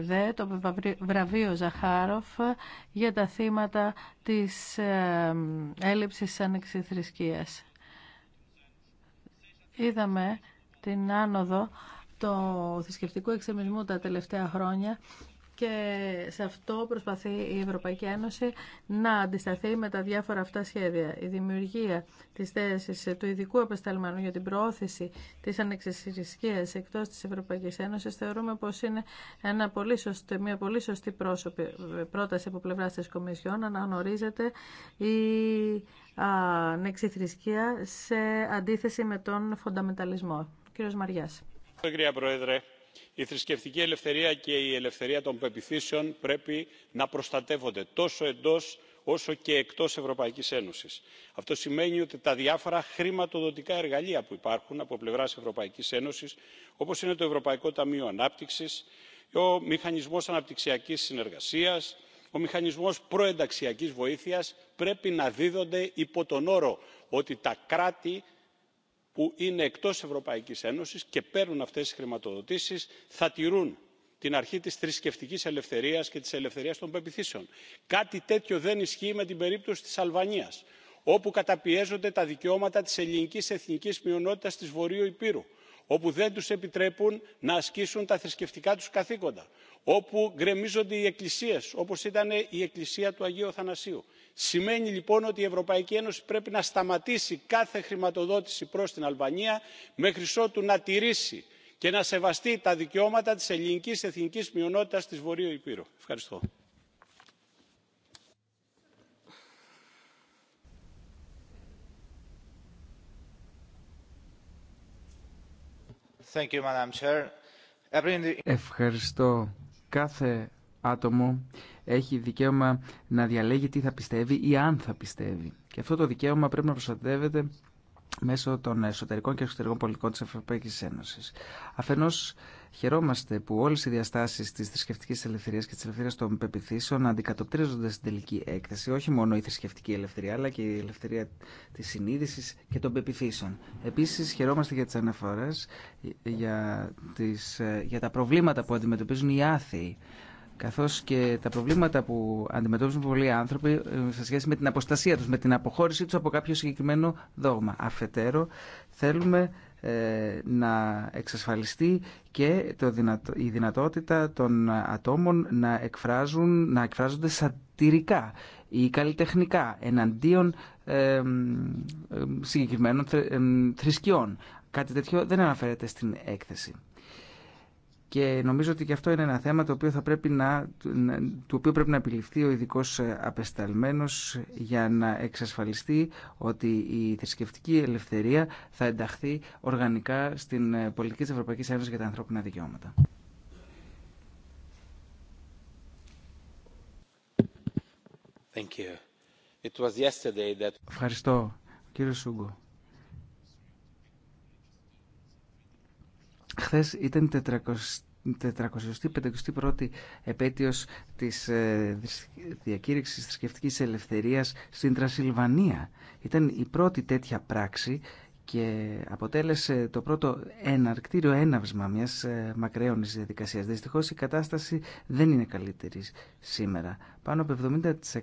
δε το βραβείο Ζαχάροφ για τα θύματα της ε, έλλειψης ανεξιθρησκείας. Είδαμε την άνοδο το θρησκευτικό εξεμισμό τα τελευταία χρόνια και σε αυτό προσπαθεί η Ευρωπαϊκή Ένωση να αντισταθεί με τα διάφορα αυτά σχέδια. Η δημιουργία της θέσης του ειδικού απεσταλμένου για την προώθηση της ανεξισυρισκίας εκτός της Ευρωπαϊκής Ένωσης θεωρούμε πως είναι ένα πολύ μια πολύ σωστή πρόταση από πλευρά της Κομισιόν αναγνωρίζεται η ανεξιθρησκεία σε αντίθεση με τον φονταμεταλισμό. Κύριος Μαριάς. Κύριε Πρόεδρε, η θρησκευτική ελευθερία και η ελευθερία των πεπιθήσεων πρέπει να προστατεύονται τόσο εντός όσο και εκτός Ευρωπαϊκής Ένωσης. Αυτό σημαίνει ότι τα διάφορα χρηματοδοτικά εργαλεία που υπάρχουν από πλευράς Ευρωπαϊκής Ένωσης, όπως είναι το Ευρωπαϊκό Ταμείο Ανάπτυξης, ο Μηχανισμός Αναπτυξιακής Συνεργασίας, ο Μηχανισμός Προενταξιακής Βοήθειας πρέπει να δίδονται υπό τον όρο ότι τα κράτη που είναι εκτός Ευρωπαϊκής Ένωσης και παίρνουν αυτές τις χρηματοδοτήσεις θα τηρούν την αρχή της θρησκευτικής ελευθερίας και της ελευθερίας των πεπιθήσεων. Κάτι τέτοιο δεν ισχύει με την περίπτωση της Αλβανίας, όπου καταπιέζονται τα δικαιώματα της ελληνικής εθνικής μειονότητας της Βορείου Υπήρου, όπου δεν τους επιτρέπουν να ασκήσουν τα θρησκευτικά τους καθήκοντα, όπου γκρεμίζονται οι εκκλησίες, όπως ήταν η εκκλησία του Αγίου Αθανασίου σημαίνει λοιπόν ότι η ευρωπαϊκή ένωση πρέπει να σταματήσει κάθε χρηματοδότηση προς την αλβανία μέχρι ότου να τηρήσει και να σεβαστεί τα δικαιώματα της ελληνικής εθνικής μειονότητας της βορείου ηπείρου. ευχαριστώ. Ευχαριστώ. Κάθε άτομο έχει δικαίωμα να διαλέγει τι θα πιστεύει ή αν θα πιστεύει. Και αυτό το δικαίωμα πρέπει να προστατεύεται μέσω των εσωτερικών και εξωτερικών πολιτικών της Ευρωπαϊκής Ένωσης. Αφενός χαιρόμαστε που όλες οι διαστάσεις της θρησκευτικής ελευθερίας και της ελευθερίας των πεπιθήσεων αντικατοπτρίζονται στην τελική έκθεση, όχι μόνο η θρησκευτική ελευθερία αλλά και η ελευθερία της συνείδησης και των πεπιθήσεων. Επίσης χαιρόμαστε για τις αναφορές για, τις, ε, για τα προβλήματα που αντιμετωπίζουν οι άθεοι καθώς και τα προβλήματα που αντιμετώπιζουν πολλοί άνθρωποι ε, σε σχέση με την αποστασία τους, με την αποχώρησή τους από κάποιο συγκεκριμένο δόγμα. Αφετέρου, θέλουμε ε, να εξασφαλιστεί και το η δυνατότητα των ατόμων να, εκφράζουν, να εκφράζονται σατυρικά ή καλλιτεχνικά εναντίον ε, συγκεκριμένων θρησκειών. Κάτι τέτοιο δεν αναφέρεται στην έκθεση. Και νομίζω ότι και αυτό είναι ένα θέμα το οποίο θα πρέπει να, του οποίου πρέπει να επιληφθεί ο ειδικό απεσταλμένο για να εξασφαλιστεί ότι η θρησκευτική ελευθερία θα ενταχθεί οργανικά στην πολιτική τη Ευρωπαϊκή Ένωση για τα ανθρώπινα δικαιώματα. Thank you. It was yesterday that... Ευχαριστώ, κύριε Σούγκο. Χθε ήταν 451η επέτειος της ε, διακήρυξης θρησκευτική ελευθερίας στην Τρασιλβανία. Ήταν η πρώτη τέτοια πράξη και αποτέλεσε το πρώτο εναρκτήριο έναυσμα μιας ε, μακραίωνης διαδικασίας. Δυστυχώς η κατάσταση δεν είναι καλύτερη σήμερα. Πάνω από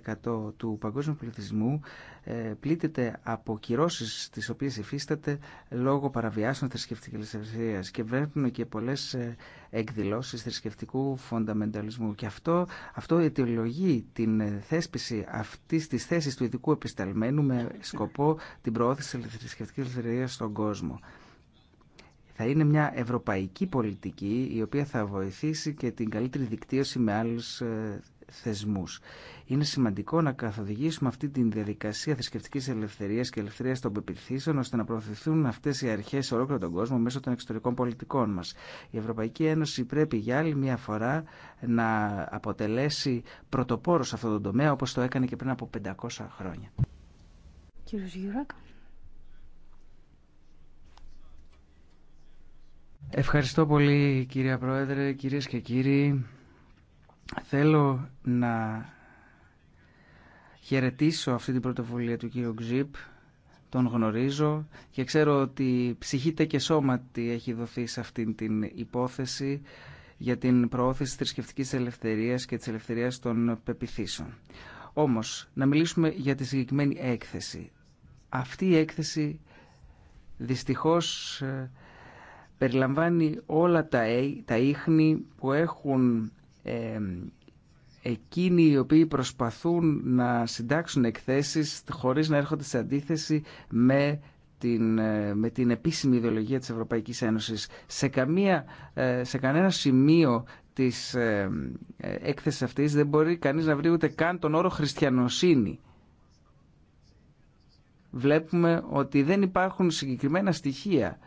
70% του παγκόσμιου πληθυσμού ε, πλήττεται από κυρώσει τι οποίε υφίσταται λόγω παραβιάσεων θρησκευτική ελευθερία. Και βλέπουμε και πολλέ ε, εκδηλώσει θρησκευτικού φονταμενταλισμού. Και αυτό, αυτό αιτιολογεί την ε, θέσπιση αυτή τη θέση του ειδικού επισταλμένου με σκοπό την προώθηση τη θρησκευτική ελευθερία στον κόσμο. Θα είναι μια ευρωπαϊκή πολιτική η οποία θα βοηθήσει και την καλύτερη δικτύωση με άλλους είναι σημαντικό να καθοδηγήσουμε αυτή τη διαδικασία θρησκευτική ελευθερία και ελευθερία των πεπιθήσεων ώστε να προωθηθούν αυτέ οι αρχέ σε ολόκληρο τον κόσμο μέσω των εξωτερικών πολιτικών μα. Η Ευρωπαϊκή Ένωση πρέπει για άλλη μια φορά να αποτελέσει πρωτοπόρο σε αυτόν τον τομέα όπω το έκανε και πριν από 500 χρόνια. Ευχαριστώ πολύ κυρία Πρόεδρε, κυρίες και κύριοι. Θέλω να χαιρετήσω αυτή την πρωτοβουλία του κύριου Ξύπ. Τον γνωρίζω και ξέρω ότι ψυχείται και σώματι έχει δοθεί σε αυτήν την υπόθεση για την προώθηση θρησκευτικής ελευθερίας και της ελευθερίας των πεπιθήσεων. Όμως, να μιλήσουμε για τη συγκεκριμένη έκθεση. Αυτή η έκθεση δυστυχώς ε, περιλαμβάνει όλα τα, ε, τα ίχνη που έχουν εκείνοι οι οποίοι προσπαθούν να συντάξουν εκθέσεις χωρίς να έρχονται σε αντίθεση με την, ε, με την επίσημη ιδεολογία της Ευρωπαϊκής Ένωσης. Σε, καμία, ε, σε κανένα σημείο της ε, έκθεσης αυτής δεν μπορεί κανείς να βρει ούτε καν τον όρο χριστιανοσύνη. Βλέπουμε ότι δεν υπάρχουν συγκεκριμένα στοιχεία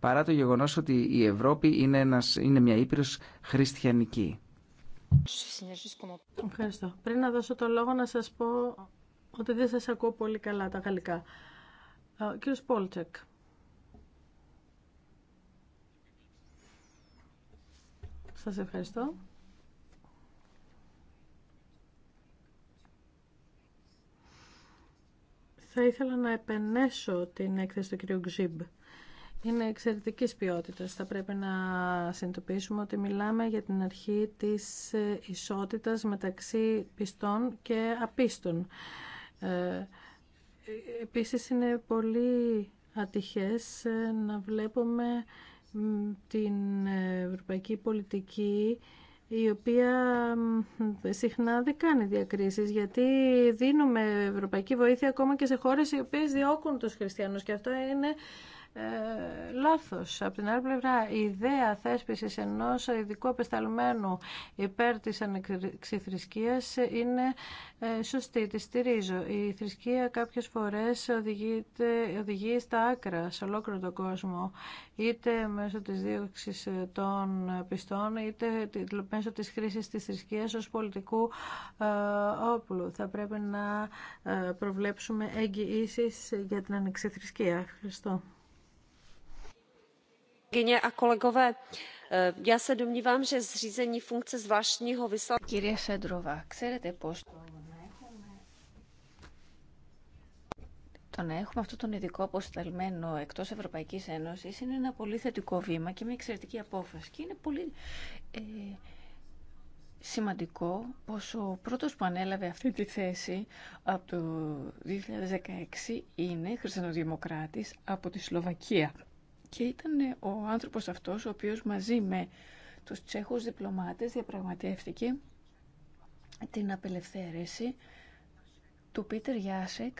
παρά το γεγονός ότι η Ευρώπη είναι, είναι μια Ήπειρος χριστιανική. Ευχαριστώ. Πριν να δώσω το λόγο να σας πω ότι δεν σας ακούω πολύ καλά τα γαλλικά. Ο κύριος Πόλτσεκ. Σας ευχαριστώ. Θα ήθελα να επενέσω την έκθεση του κυρίου Γκζίμπ είναι εξαιρετική ποιότητα. Θα πρέπει να συνειδητοποιήσουμε ότι μιλάμε για την αρχή της ε, ισότητας μεταξύ πιστών και απίστων. Ε, επίσης είναι πολύ ατυχές ε, να βλέπουμε την ευρωπαϊκή πολιτική η οποία συχνά δεν κάνει διακρίσεις γιατί δίνουμε ευρωπαϊκή βοήθεια ακόμα και σε χώρες οι οποίες διώκουν τους χριστιανούς και αυτό είναι ε, λάθος. Από την άλλη πλευρά, η ιδέα θέσπισης ενός ειδικού απεσταλμένου υπέρ της ανεξιθρησκείας είναι ε, σωστή, τη στηρίζω. Η θρησκεία κάποιες φορές οδηγεί στα άκρα, σε ολόκληρο τον κόσμο, είτε μέσω της δίωξης των πιστών, είτε μέσω της χρήσης της θρησκείας ως πολιτικού ε, όπλου. Θα πρέπει να προβλέψουμε εγγυήσεις για την ανεξιθρησκεία. Ευχαριστώ. Κυρία Σέντροβα, ξέρετε πώς Το να έχουμε αυτό τον ειδικό αποσταλμένο εκτός Ευρωπαϊκής Ένωσης είναι ένα πολύ θετικό βήμα και μια εξαιρετική απόφαση. Και είναι πολύ ε, σημαντικό πως ο πρώτος που ανέλαβε αυτή τη θέση από το 2016 είναι χριστιανοδημοκράτης από τη Σλοβακία. Και ήταν ο άνθρωπος αυτός ο οποίος μαζί με τους Τσέχους διπλωμάτες διαπραγματεύτηκε την απελευθέρωση του Πίτερ Γιάσεκ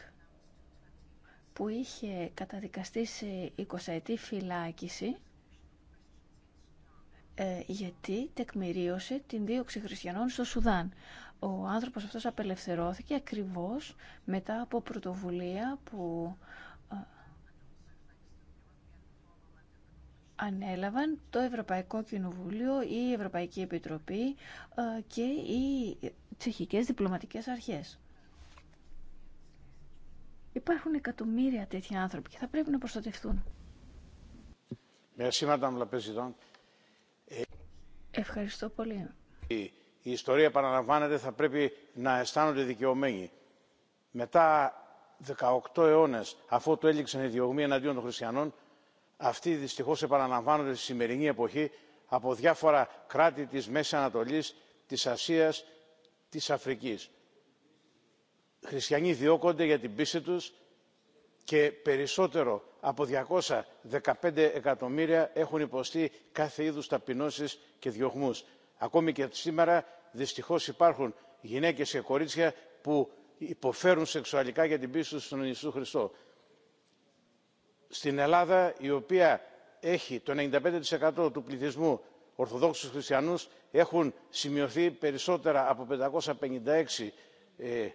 που είχε καταδικαστεί σε 20 ετή φυλάκιση ε, γιατί τεκμηρίωσε την δίωξη χριστιανών στο Σουδάν. Ο άνθρωπος αυτός απελευθερώθηκε ακριβώς μετά από πρωτοβουλία που ανέλαβαν το Ευρωπαϊκό Κοινοβούλιο, η Ευρωπαϊκή Επιτροπή ε, και οι τσεχικές διπλωματικές αρχές. Υπάρχουν εκατομμύρια τέτοιοι άνθρωποι και θα πρέπει να προστατευτούν. Ευχαριστώ πολύ. Η, ιστορία παραλαμβάνεται, θα πρέπει να αισθάνονται δικαιωμένοι. Μετά 18 αιώνες, αφού το έληξαν οι διωγμοί εναντίον των χριστιανών, αυτοί δυστυχώς επαναλαμβάνονται στη σημερινή εποχή από διάφορα κράτη της μέσης ανατολής της ασίας της αφρικής. χριστιανοί διώκονται για την πίστη τους και περισσότερο από 215 εκατομμύρια έχουν υποστεί κάθε είδους ταπεινώσεις και διωγμούς. Ακόμη και σήμερα δυστυχώς υπάρχουν γυναίκες και κορίτσια που υποφέρουν σεξουαλικά για την πίστη τους στον Ιησού Χριστό στην ελλάδα η οποία έχει το 95% του πληθυσμού ορθοδόξους χριστιανούς έχουν σημειωθεί περισσότερα από 556 ε,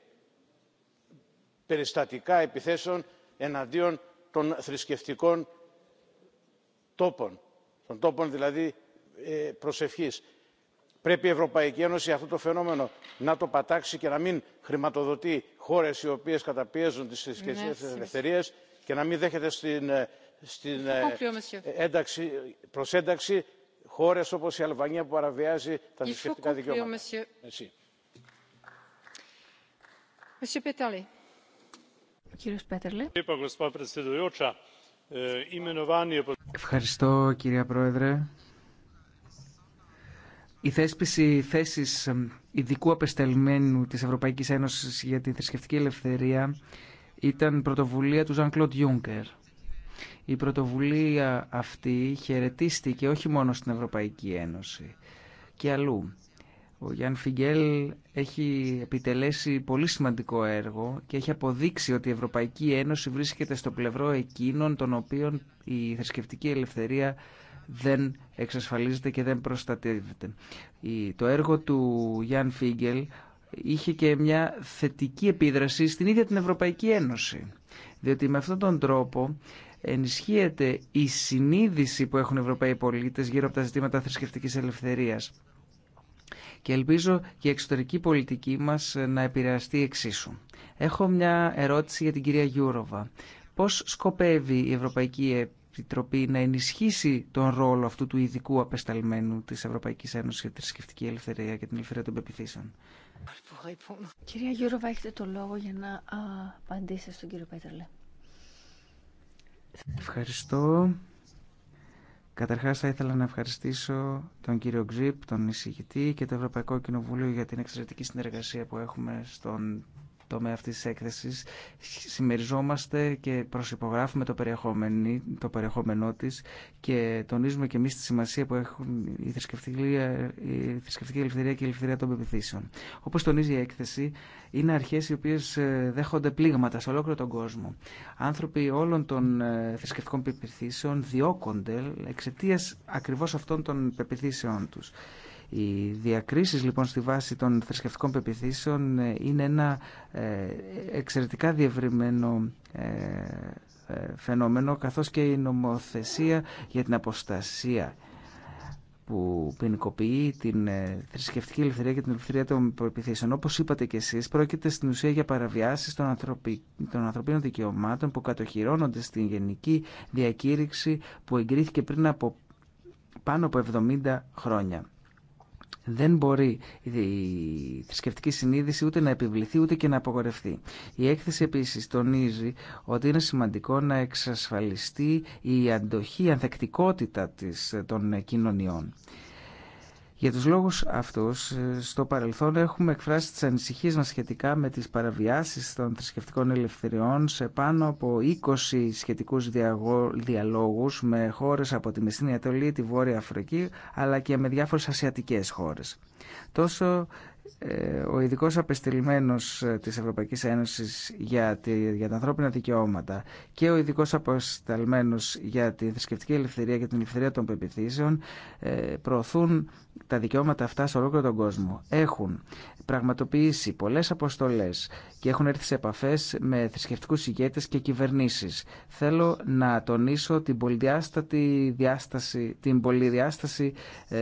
περιστατικά επιθέσεων εναντίον των θρησκευτικών τόπων, των τόπων δηλαδή ε, προσευχής. Πρέπει η Ευρωπαϊκή Ένωση αυτό το φαινόμενο να το πατάξει και να μην χρηματοδοτεί χώρες οι οποίες καταπιέζουν τις θρησκευτικές ναι, ελευθερίες και να μην δέχεται στην, ε, στην ε, ε, ένταξη, προς ένταξη χώρες όπως η Αλβανία που παραβιάζει τα θρησκευτικά δικαιώματα. E, Ευχαριστώ κυρία Πρόεδρε. Η θέσπιση θέσης ειδικού απεσταλμένου της Ευρωπαϊκής Ένωσης για τη θρησκευτική ελευθερία ήταν πρωτοβουλία του Ζαν κλοντ Juncker. Η πρωτοβουλία αυτή χαιρετίστηκε όχι μόνο στην Ευρωπαϊκή Ένωση και αλλού. Ο Γιάνν Φιγγέλ έχει επιτελέσει πολύ σημαντικό έργο και έχει αποδείξει ότι η Ευρωπαϊκή Ένωση βρίσκεται στο πλευρό εκείνων των οποίων η θρησκευτική ελευθερία δεν εξασφαλίζεται και δεν προστατεύεται. Το έργο του Γιάνν Φιγγέλ είχε και μια θετική επίδραση στην ίδια την Ευρωπαϊκή Ένωση. Διότι με αυτόν τον τρόπο ενισχύεται η συνείδηση που έχουν οι Ευρωπαίοι πολίτες γύρω από τα ζητήματα θρησκευτικής ελευθερίας. Και ελπίζω και η εξωτερική πολιτική μας να επηρεαστεί εξίσου. Έχω μια ερώτηση για την κυρία Γιούροβα. Πώς σκοπεύει η Ευρωπαϊκή Επιτροπή να ενισχύσει τον ρόλο αυτού του ειδικού απεσταλμένου της Ευρωπαϊκής Ένωσης για τη θρησκευτική ελευθερία και την ελευθερία των πεπιθήσεων. Κυρία Γιούροβα, έχετε το λόγο για να απαντήσετε στον κύριο Πέτρελε. Ευχαριστώ. Καταρχάς θα ήθελα να ευχαριστήσω τον κύριο Γκζιπ, τον εισηγητή και το Ευρωπαϊκό Κοινοβούλιο για την εξαιρετική συνεργασία που έχουμε στον τομέα αυτής της έκθεσης. Συμμεριζόμαστε και προσυπογράφουμε το, το περιεχόμενό της και τονίζουμε και εμείς τη σημασία που έχουν η θρησκευτική, η θρησκευτική ελευθερία και η ελευθερία των πεπιθήσεων. Όπως τονίζει η έκθεση, είναι αρχές οι οποίες ε, δέχονται πλήγματα σε ολόκληρο τον κόσμο. Άνθρωποι όλων των ε, θρησκευτικών πεπιθήσεων διώκονται εξαιτία ακριβώς αυτών των πεπιθήσεών τους. Οι διακρίσεις λοιπόν στη βάση των θρησκευτικών πεπιθήσεων ε, είναι ένα ε, εξαιρετικά διευρυμένο ε, φαινόμενο καθώς και η νομοθεσία για την αποστασία που ποινικοποιεί την θρησκευτική ελευθερία και την ελευθερία των πεπιθήσεων. Όπως είπατε και εσείς, πρόκειται στην ουσία για παραβιάσεις των, ανθρωπι... των ανθρωπίνων δικαιωμάτων που κατοχυρώνονται στην Γενική Διακήρυξη που εγκρίθηκε πριν από πάνω από 70 χρόνια. Δεν μπορεί η θρησκευτική συνείδηση ούτε να επιβληθεί ούτε και να απογορευτεί. Η έκθεση επίσης τονίζει ότι είναι σημαντικό να εξασφαλιστεί η αντοχή, η ανθεκτικότητα των κοινωνιών. Για τους λόγους αυτούς, ε, στο παρελθόν έχουμε εκφράσει τις ανησυχίες μας σχετικά με τις παραβιάσεις των θρησκευτικών ελευθεριών σε πάνω από 20 σχετικούς διαλόγους με χώρες από τη Μεσσηνή Ατολή, τη Βόρεια Αφρική, αλλά και με διάφορες ασιατικές χώρες. Τόσο ε, ο ειδικός απεστηλμένος ε, της Ευρωπαϊκής Ένωσης για, τη, για τα ανθρώπινα δικαιώματα και ο ειδικός απεσταλμένος για τη θρησκευτική ελευθερία και την ελευθερία των πεπιθήσεων ε, προωθούν τα δικαιώματα αυτά σε ολόκληρο τον κόσμο. Έχουν πραγματοποιήσει πολλές αποστολές και έχουν έρθει σε επαφές με θρησκευτικούς ηγέτες και κυβερνήσεις. Θέλω να τονίσω την πολυδιάστατη διάσταση, την πολυδιάσταση,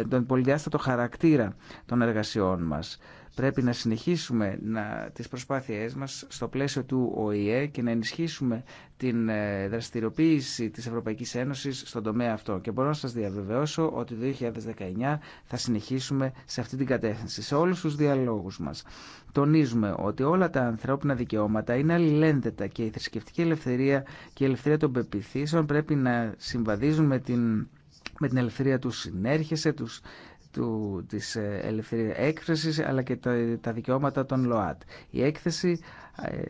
τον πολυδιάστατο χαρακτήρα των εργασιών μας. Πρέπει να συνεχίσουμε να, τις προσπάθειές μας στο πλαίσιο του ΟΗΕ και να ενισχύσουμε την ε, δραστηριοποίηση της Ευρωπαϊκής Ένωσης στον τομέα αυτό. Και μπορώ να σας διαβεβαιώσω ότι το 2019 θα συνεχίσουμε σε αυτή την κατεύθυνση, σε όλους τους διαλόγους μας. Τονίζουμε ότι όλα τα ανθρώπινα δικαιώματα είναι αλληλένδετα και η θρησκευτική ελευθερία και η ελευθερία των πεπιθήσεων πρέπει να συμβαδίζουν με την με την ελευθερία του συνέρχεσαι, τους, του, της ε, ελευθερίας έκφρασης αλλά και τα δικαιώματα των ΛΟΑΤ. Η έκθεση ε,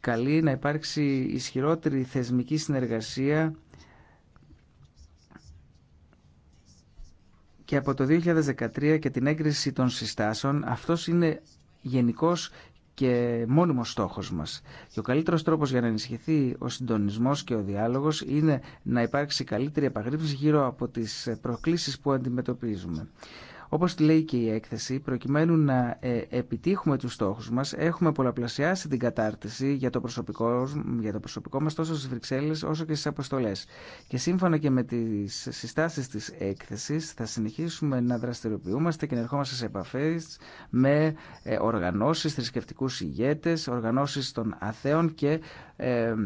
καλεί να υπάρξει ισχυρότερη θεσμική συνεργασία και από το 2013 και την έγκριση των συστάσεων αυτός είναι γενικός και μόνιμο στόχο μας. Και ο καλύτερος τρόπος για να ενισχυθεί ο συντονισμός και ο διάλογος είναι να υπάρξει καλύτερη επαγρύπνηση γύρω από τις προκλήσεις που αντιμετωπίζουμε. Όπως λέει και η έκθεση, προκειμένου να ε, επιτύχουμε τους στόχους μας, έχουμε πολλαπλασιάσει την κατάρτιση για το προσωπικό, για το προσωπικό μας τόσο στις Βρυξέλλες όσο και στις αποστολές. Και σύμφωνα και με τις συστάσεις της έκθεσης, θα συνεχίσουμε να δραστηριοποιούμαστε και να ερχόμαστε σε επαφές με ε, οργανώσεις, θρησκευτικού ηγέτες, οργανώσεις των αθέων και ε, ε,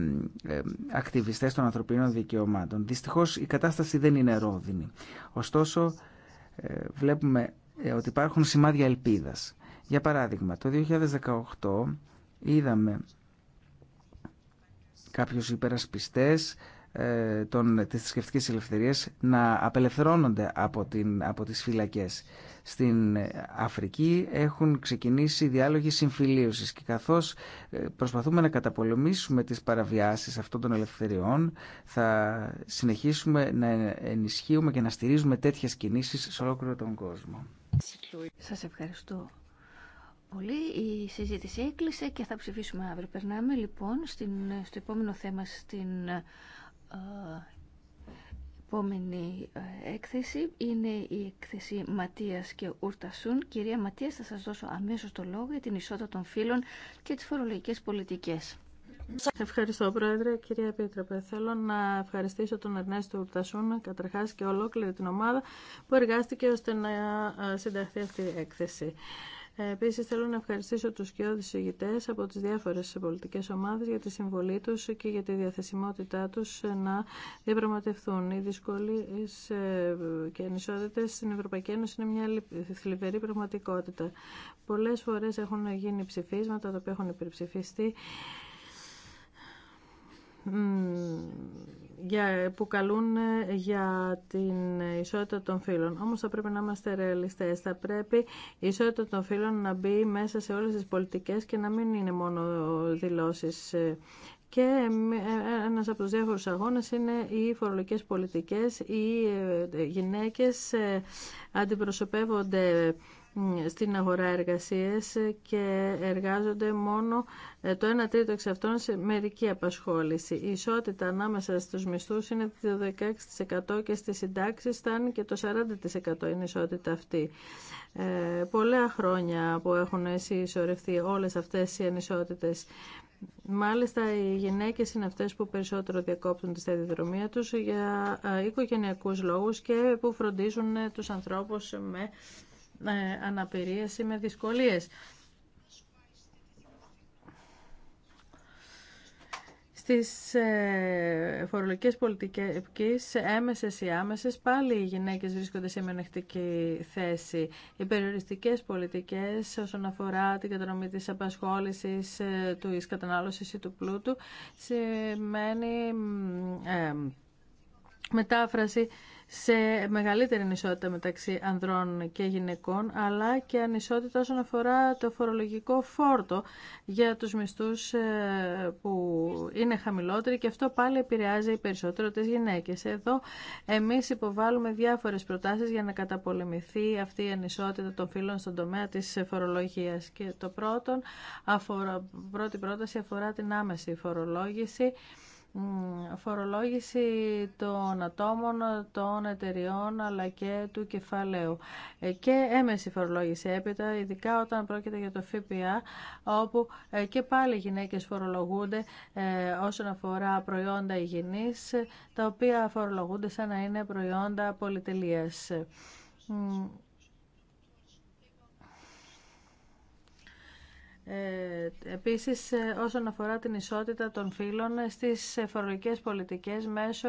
ακτιβιστές των ανθρωπίνων δικαιωμάτων. Δυστυχώς η κατάσταση δεν είναι ρόδινη. Ωστόσο, βλέπουμε ε, ότι υπάρχουν σημάδια ελπίδας. Για παράδειγμα, το 2018 είδαμε κάποιους υπερασπιστές τις ε, των, της να απελευθερώνονται από, την, από τις φυλακές. Στην Αφρική έχουν ξεκινήσει διάλογοι συμφιλίωσης και καθώς ε, προσπαθούμε να καταπολεμήσουμε τις παραβιάσεις αυτών των ελευθεριών θα συνεχίσουμε να ενισχύουμε και να στηρίζουμε τέτοιες κινήσεις σε ολόκληρο τον κόσμο. Σας ευχαριστώ πολύ. Η συζήτηση έκλεισε και θα ψηφίσουμε αύριο. Περνάμε λοιπόν στην, στο επόμενο θέμα στην επόμενη ε, έκθεση είναι η έκθεση Ματίας και Ουρτασούν. Κυρία Ματίας, θα σας δώσω αμέσως το λόγο για την ισότητα των φύλων και τις φορολογικές πολιτικές. Ευχαριστώ, Πρόεδρε. Κυρία Επίτροπε, θέλω να ευχαριστήσω τον Ερνέστο Ουρτασούν, καταρχά και ολόκληρη την ομάδα που εργάστηκε ώστε να ε, συνταχθεί αυτή η έκθεση. Ε, Επίση, θέλω να ευχαριστήσω τους κοιόδης ηγητέ από τις διάφορες πολιτικέ ομάδες για τη συμβολή τους και για τη διαθεσιμότητά τους να διαπραγματευτούν. Οι δυσκολίε ε, και ανισότητε στην Ευρωπαϊκή Ένωση είναι μια θλιβερή πραγματικότητα. Πολλές φορές έχουν γίνει ψηφίσματα τα οποία έχουν υπερψηφιστεί που καλούν ε, για την ισότητα των φύλων. Όμως θα πρέπει να είμαστε ρεαλιστές. Θα πρέπει η ισότητα των φύλων να μπει μέσα σε όλες τις πολιτικές και να μην είναι μόνο δηλώσεις ε, και ε, ένας από τους διάφορους αγώνες είναι οι φορολογικές πολιτικές. Οι γυναίκες αντιπροσωπεύονται στην αγορά εργασίας και εργάζονται μόνο ε, το 1 τρίτο εξ αυτών σε μερική απασχόληση. Η ισότητα ανάμεσα στους μισθούς είναι το 16% και στις συντάξεις φτάνει και το 40% είναι η ισότητα αυτή. Ε, πολλά χρόνια που έχουν συσσωρευτεί όλες αυτές οι ανισότητες. Μάλιστα, οι γυναίκες είναι αυτές που περισσότερο διακόπτουν τη σταδιοδρομία τους για ε, οικογενειακούς λόγους και που φροντίζουν ε, τους ανθρώπους με αναπηρίες με δυσκολίες. στις ε, φορολογικές πολιτικές έμεσες ή άμεσες πάλι οι γυναίκες βρίσκονται σε μενεχτική θέση. Οι περιοριστικές πολιτικές όσον αφορά την κατανομή της απασχόλησης, ε, του κατανάλωσης ή του πλούτου σημαίνει ε, μετάφραση σε μεγαλύτερη ανισότητα μεταξύ ανδρών και γυναικών, αλλά και ανισότητα όσον αφορά το φορολογικό φόρτο για τους μισθούς ε, που είναι χαμηλότεροι και αυτό πάλι επηρεάζει περισσότερο τις γυναίκες. Εδώ εμείς υποβάλλουμε διάφορες προτάσεις για να καταπολεμηθεί αυτή η ανισότητα των φύλων στον τομέα της φορολογίας. Και το πρώτον, αφορά, πρώτη πρόταση αφορά την άμεση φορολόγηση φορολόγηση των ατόμων, των εταιριών αλλά και του κεφαλαίου ε, και έμεση φορολόγηση έπειτα ειδικά όταν πρόκειται για το ΦΠΑ όπου ε, και πάλι οι γυναίκες φορολογούνται ε, όσον αφορά προϊόντα υγιεινής τα οποία φορολογούνται σαν να είναι προϊόντα πολυτελείας. Ε, επίσης, ε, όσον αφορά την ισότητα των φύλων ε, στις φορολογικές πολιτικές μέσω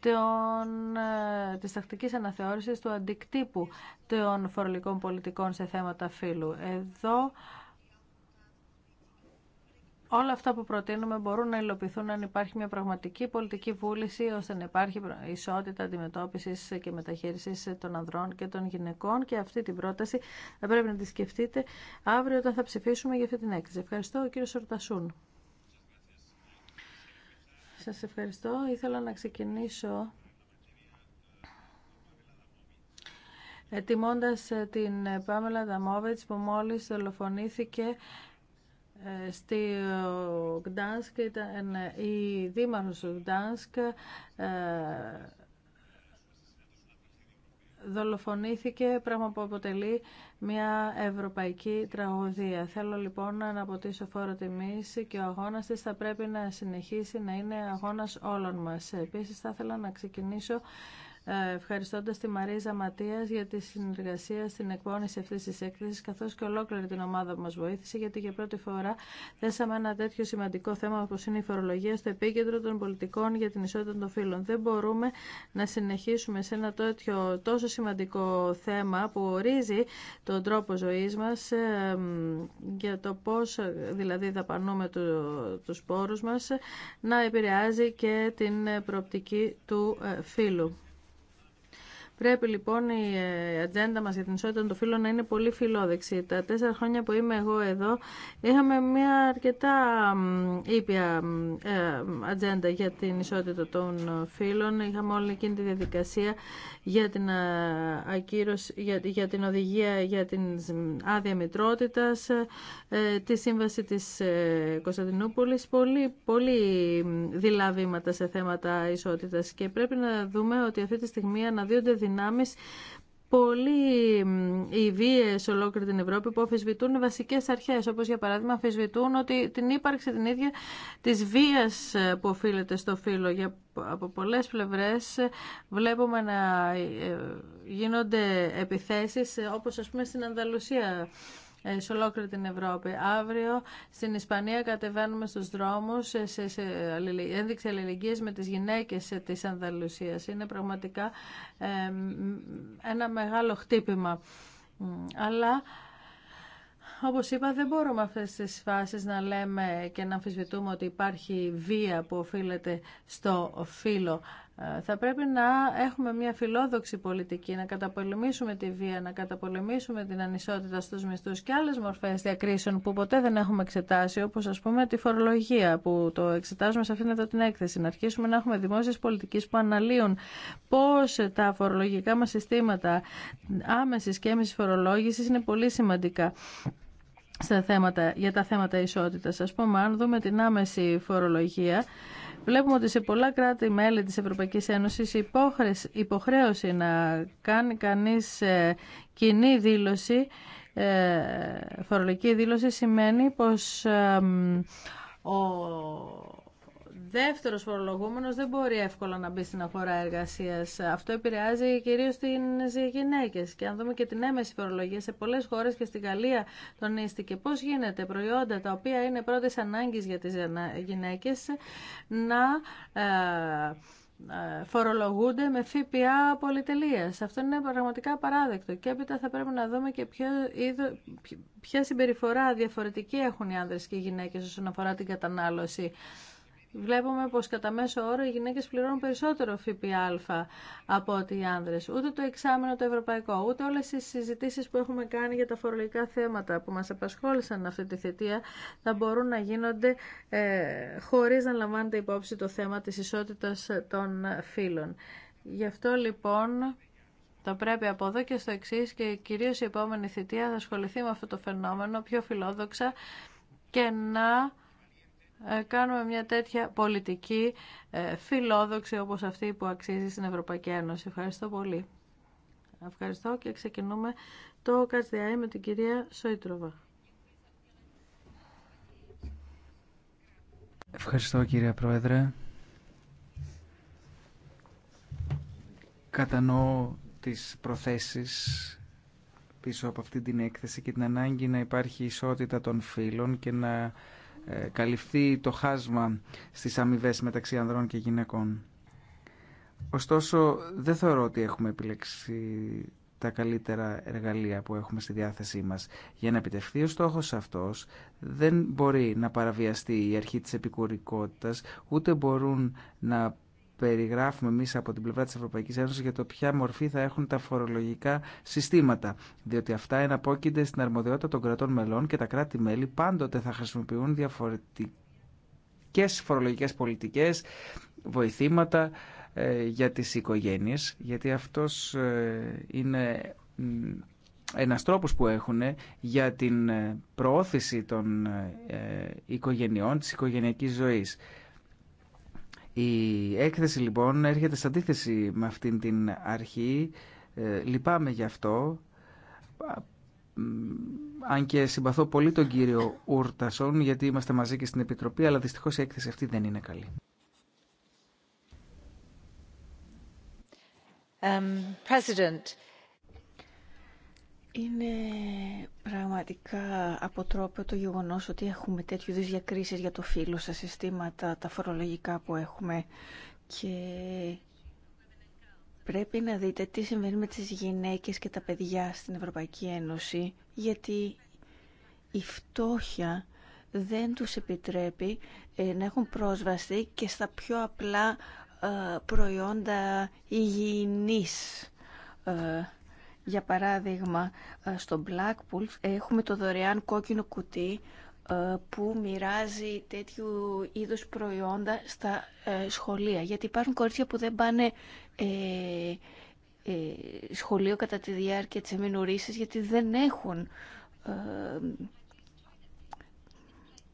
των, της τακτικής αναθεώρησης του αντικτύπου των φορολογικών πολιτικών σε θέματα φύλου. Εδώ Όλα αυτά που προτείνουμε μπορούν να υλοποιηθούν αν υπάρχει μια πραγματική πολιτική βούληση ώστε να υπάρχει ισότητα αντιμετώπιση και μεταχείριση των ανδρών και των γυναικών. Και αυτή την πρόταση θα πρέπει να τη σκεφτείτε αύριο όταν θα ψηφίσουμε για αυτή την έκθεση. Ευχαριστώ, ο κύριο Σορτασούν. Σας ευχαριστώ. Ήθελα να ξεκινήσω ετοιμώντα την Πάμελα Νταμόβετ που μόλι δολοφονήθηκε στη Γκτάνσκ ήταν η δήμαρχος του Γκτάνσκ ε, δολοφονήθηκε, πράγμα που αποτελεί μια ευρωπαϊκή τραγωδία. Θέλω λοιπόν να αποτίσω φόρο τιμής και ο αγώνας της θα πρέπει να συνεχίσει να είναι αγώνας όλων μας. Επίσης θα ήθελα να ξεκινήσω ε, ευχαριστώντα τη Μαρίζα Ματία για τη συνεργασία στην εκπόνηση αυτή τη έκθεση, καθώ και ολόκληρη την ομάδα που μα βοήθησε, γιατί για πρώτη φορά θέσαμε ένα τέτοιο σημαντικό θέμα όπω είναι η φορολογία στο επίκεντρο των πολιτικών για την ισότητα των φύλων. Δεν μπορούμε να συνεχίσουμε σε ένα τέτοιο τόσο σημαντικό θέμα που ορίζει τον τρόπο ζωή μα ε, για το πώ δηλαδή δαπανούμε το, του πόρου μα να επηρεάζει και την προοπτική του ε, φύλου. Πρέπει λοιπόν ε, η ατζέντα μας για την ισότητα των φίλων να είναι πολύ φιλόδεξη. Τα τέσσερα χρόνια που είμαι εγώ εδώ είχαμε μια αρκετά ήπια ε, ατζέντα για την ισότητα των φίλων Είχαμε όλη εκείνη τη διαδικασία για την, ε, ακύρωση, για, την οδηγία για την άδεια μητρότητας, ε, τη σύμβαση της ε, Κωνσταντινούπολης, πολύ, πολύ δειλά βήματα σε θέματα ισότητας και πρέπει να δούμε ότι αυτή τη στιγμή αναδύονται δυνάμεις Πολλοί οι βίε σε ολόκληρη την Ευρώπη που αφισβητούν βασικές αρχές, όπως για παράδειγμα αφισβητούν ότι την ύπαρξη την ίδια της βίας που οφείλεται στο φύλλο. Για, από πολλές πλευρές βλέπουμε να ε, γίνονται επιθέσεις ε, όπως ας πούμε στην Ανδαλουσία ε, σε ολόκληρη την Ευρώπη. Αύριο στην Ισπανία κατεβαίνουμε στους δρόμους ε, σε, σε ένδειξη με τις γυναίκες ε, τη Ανδαλουσία. Είναι πραγματικά ένα μεγάλο χτύπημα. Αλλά όπως είπα, δεν μπορούμε αυτές τις φάσεις να λέμε και να αμφισβητούμε ότι υπάρχει βία που οφείλεται στο φύλλο. Ε, θα πρέπει να έχουμε μια φιλόδοξη πολιτική, να καταπολεμήσουμε τη βία, να καταπολεμήσουμε την ανισότητα στους μισθούς και άλλες μορφές διακρίσεων που ποτέ δεν έχουμε εξετάσει, όπως ας πούμε τη φορολογία που το εξετάζουμε σε αυτήν εδώ την έκθεση. Να αρχίσουμε να έχουμε δημόσιες πολιτικές που αναλύουν πώς τα φορολογικά μας συστήματα άμεσης και έμεσης φορολόγησης είναι πολύ σημαντικά στα θέματα, για τα θέματα ισότητας. Ας πούμε, αν δούμε την άμεση φορολογία, Βλέπουμε ότι σε πολλά κράτη-μέλη της Ευρωπαϊκής Ένωσης η υποχρέωση να κάνει κανείς ε, κοινή δήλωση, ε, φορολογική δήλωση, σημαίνει πως ε, ο δεύτερος φορολογούμενος δεν μπορεί εύκολα να μπει στην αγορά εργασίας. Αυτό επηρεάζει κυρίως τις γυναίκες. Και αν δούμε και την έμεση φορολογία σε πολλές χώρες και στην Γαλλία τονίστηκε πώς γίνεται προϊόντα τα οποία είναι πρώτες ανάγκες για τις γυναίκες να ε, ε, φορολογούνται με ΦΠΑ πολυτελείας. Αυτό είναι πραγματικά παράδεκτο. Και έπειτα θα πρέπει να δούμε και ποιο είδο, ποια συμπεριφορά διαφορετική έχουν οι άνδρες και οι γυναίκες όσον αφορά την κατανάλωση βλέπουμε πως κατά μέσο όρο οι γυναίκες πληρώνουν περισσότερο ΦΠΑ από ότι οι άνδρες. Ούτε το εξάμενο το ευρωπαϊκό, ούτε όλες οι συζητήσεις που έχουμε κάνει για τα φορολογικά θέματα που μας απασχόλησαν αυτή τη θητεία θα μπορούν να γίνονται ε, χωρίς να λαμβάνεται υπόψη το θέμα της ισότητας των φύλων. Γι' αυτό λοιπόν... Θα πρέπει από εδώ και στο εξή και κυρίως η επόμενη θητεία θα ασχοληθεί με αυτό το φαινόμενο πιο φιλόδοξα και να ε, κάνουμε μια τέτοια πολιτική ε, φιλόδοξη όπως αυτή που αξίζει στην Ευρωπαϊκή Ένωση. Ευχαριστώ πολύ. Ευχαριστώ και ξεκινούμε το Κατσδιαή με την κυρία Σόιτροβα. Ευχαριστώ κυρία Πρόεδρε. Κατανοώ τις προθέσεις πίσω από αυτή την έκθεση και την ανάγκη να υπάρχει ισότητα των φύλων και να ε, καλυφθεί το χάσμα στις αμοιβέ μεταξύ ανδρών και γυναικών. Ωστόσο, δεν θεωρώ ότι έχουμε επιλέξει τα καλύτερα εργαλεία που έχουμε στη διάθεσή μας. Για να επιτευχθεί ο στόχος αυτός δεν μπορεί να παραβιαστεί η αρχή της επικουρικότητας, ούτε μπορούν να περιγράφουμε εμεί από την πλευρά τη Ευρωπαϊκή Ένωση για το ποια μορφή θα έχουν τα φορολογικά συστήματα. Διότι αυτά εναπόκεινται στην αρμοδιότητα των κρατών μελών και τα κράτη-μέλη πάντοτε θα χρησιμοποιούν διαφορετικέ φορολογικέ πολιτικέ, βοηθήματα ε, για τις οικογένειε, γιατί αυτός ε, είναι ένα τρόπος που έχουν για την ε, προώθηση των οικογενειών, της οικογενειακής ζωής. Η έκθεση λοιπόν έρχεται σε αντίθεση με αυτήν την αρχή. Ε, λυπάμαι γι' αυτό. Αν και συμπαθώ πολύ τον κύριο Ούρτασον γιατί είμαστε μαζί και στην Επιτροπή αλλά δυστυχώς η έκθεση αυτή δεν είναι καλή. Um, Είναι πραγματικά αποτρόπαιο το γεγονός ότι έχουμε τέτοιου διακρίσεις για το φύλλο στα συστήματα, τα φορολογικά που έχουμε και πρέπει να δείτε τι συμβαίνει με τις γυναίκες και τα παιδιά στην Ευρωπαϊκή Ένωση γιατί η φτώχεια δεν τους επιτρέπει ε, να έχουν πρόσβαση και στα πιο απλά ε, προϊόντα υγιεινής ε, για παράδειγμα, ε, στο Blackpool έχουμε το δωρεάν κόκκινο κουτί ε, που μοιράζει τέτοιου είδους προϊόντα στα ε, σχολεία. Γιατί υπάρχουν κορίτσια που δεν πάνε σχολείο κατά τη διάρκεια της εμεινουρίσης γιατί δεν έχουν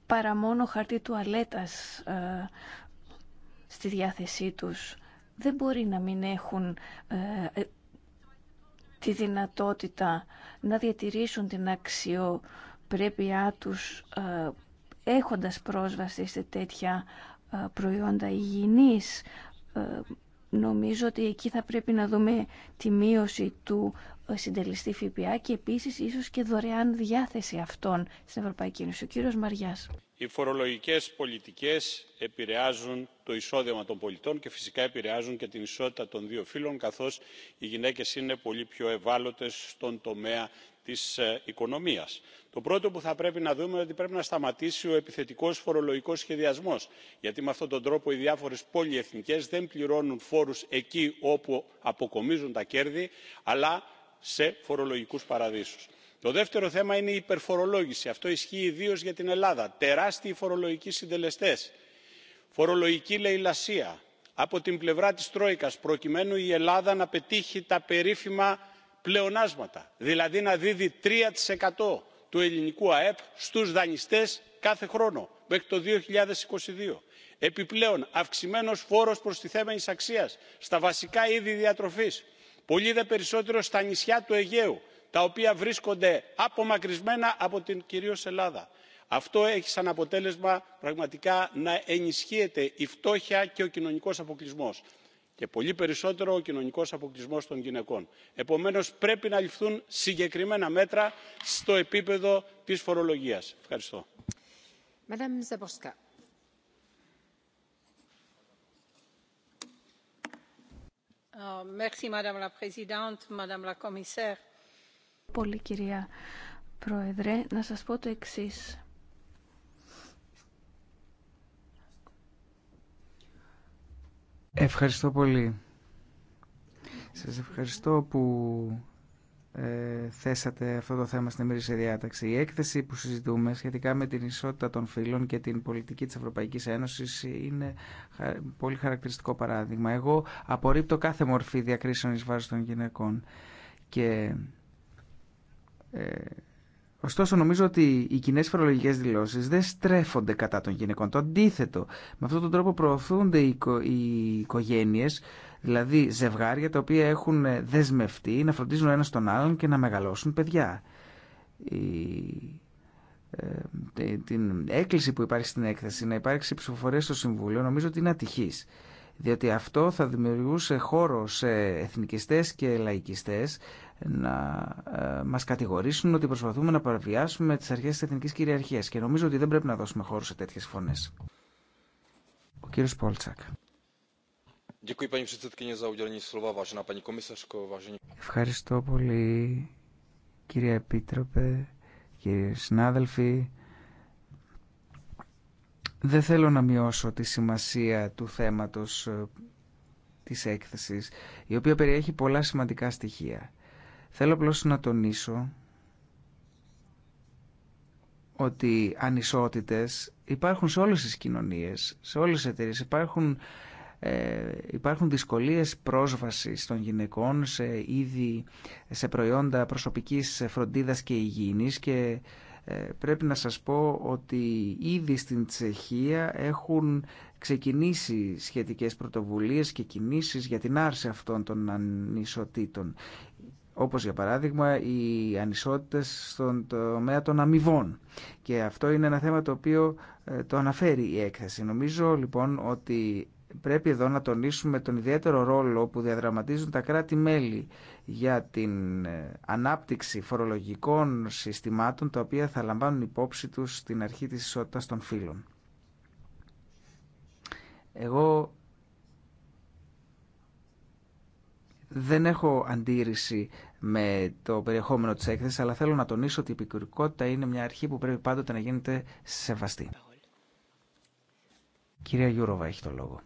παρά μόνο χαρτί τουαλέτας στη διάθεσή τους. Δεν μπορεί να μην έχουν τη δυνατότητα να διατηρήσουν την αξιοπρέπειά τους ε, έχοντας πρόσβαση σε τέτοια ε, προϊόντα υγιεινής. Ε, νομίζω ότι εκεί θα πρέπει να δούμε τη μείωση του συντελεστή ΦΠΑ και επίσης ίσως και δωρεάν διάθεση αυτών στην Ευρωπαϊκή Ένωση. Ο κύριος Μαριάς οι φορολογικές πολιτικές επηρεάζουν το εισόδημα των πολιτών και φυσικά επηρεάζουν και την ισότητα των δύο φύλων καθώς οι γυναίκες είναι πολύ πιο ευάλωτες στον τομέα της ε, οικονομίας. Το πρώτο που θα πρέπει να δούμε είναι ότι πρέπει να σταματήσει ο επιθετικός φορολογικός σχεδιασμός γιατί με αυτόν τον τρόπο οι διάφορες πολυεθνικές δεν πληρώνουν φόρους εκεί όπου αποκομίζουν τα κέρδη αλλά σε φορολογικούς παραδείσους το δεύτερο θέμα είναι η υπερφορολόγηση. αυτό ισχύει ιδίως για την ελλάδα τεράστιοι φορολογικοί συντελεστές φορολογική λαιλασία από την πλευρά της τρόικας προκειμένου η ελλάδα να πετύχει τα περίφημα πλεονάσματα δηλαδή να δίδει 3% του ελληνικού αεπ στους δανειστές κάθε χρόνο μέχρι το 2022. Επιπλέον αυξημένος φόρος προστιθέμενης αξίας στα βασικά είδη διατροφής πολύ δε περισσότερο στα νησιά του Αιγαίου τα οποία βρίσκονται απομακρυσμένα από την κυρίως ελλάδα. αυτό έχει σαν αποτέλεσμα πραγματικά να ενισχύεται η φτώχεια και ο κοινωνικός αποκλεισμός και πολύ περισσότερο ο κοινωνικός αποκλεισμός των γυναικών. επομένως πρέπει να ληφθούν συγκεκριμένα μέτρα στο επίπεδο της φορολογίας. ευχαριστώ πολύ κυρία Πρόεδρε. Να σας πω το εξής. Ευχαριστώ πολύ. Σας ευχαριστώ που ε, θέσατε αυτό το θέμα στην ημερήσια διάταξη. Η έκθεση που συζητούμε σχετικά με την ισότητα των φύλων και την πολιτική της Ευρωπαϊκής Ένωσης είναι πολύ χαρακτηριστικό παράδειγμα. Εγώ απορρίπτω κάθε μορφή διακρίσεων εις βάρος των γυναικών και ε, ωστόσο, νομίζω ότι οι κοινέ φορολογικέ δηλώσει δεν στρέφονται κατά των γυναικών. Το αντίθετο, με αυτόν τον τρόπο προωθούνται οι, οικογένειε, δηλαδή ζευγάρια τα οποία έχουν δεσμευτεί να φροντίζουν ένα τον άλλον και να μεγαλώσουν παιδιά. Ε, την έκκληση που υπάρχει στην έκθεση να υπάρξει ψηφοφορία στο Συμβούλιο νομίζω ότι είναι ατυχής διότι αυτό θα δημιουργούσε χώρο σε εθνικιστές και λαϊκιστές να ε, μας κατηγορήσουν ότι προσπαθούμε να παραβιάσουμε τις αρχές της εθνικής κυριαρχίας και νομίζω ότι δεν πρέπει να δώσουμε χώρο σε τέτοιες φωνές. Ο κύριος Πόλτσακ. Ευχαριστώ πολύ κύριε Επίτροπε, κύριε συνάδελφοι. Δεν θέλω να μειώσω τη σημασία του θέματος ε, της έκθεσης, η οποία περιέχει πολλά σημαντικά στοιχεία. Θέλω απλώς να τονίσω ότι ανισότητες υπάρχουν σε όλες τις κοινωνίες, σε όλες τις εταιρείες. Υπάρχουν, ε, υπάρχουν δυσκολίες πρόσβασης των γυναικών σε, είδη, σε προϊόντα προσωπικής φροντίδας και υγιεινής και ε, πρέπει να σας πω ότι ήδη στην Τσεχία έχουν ξεκινήσει σχετικές πρωτοβουλίες και κινήσεις για την άρση αυτών των ανισοτήτων. Όπως για παράδειγμα οι ανισότητες στον τομέα των αμοιβών. Και αυτό είναι ένα θέμα το οποίο ε, το αναφέρει η έκθεση. Νομίζω λοιπόν ότι Πρέπει εδώ να τονίσουμε τον ιδιαίτερο ρόλο που διαδραματίζουν τα κράτη-μέλη για την ε, ανάπτυξη φορολογικών συστημάτων τα οποία θα λαμβάνουν υπόψη τους στην αρχή της ισότητας των φύλων. Εγώ δεν έχω αντίρρηση με το περιεχόμενο της έκθεσης, αλλά θέλω να τονίσω ότι η επικουρικότητα είναι μια αρχή που πρέπει πάντοτε να γίνεται σεβαστή. Κυρία Γιούροβα έχει το λόγο.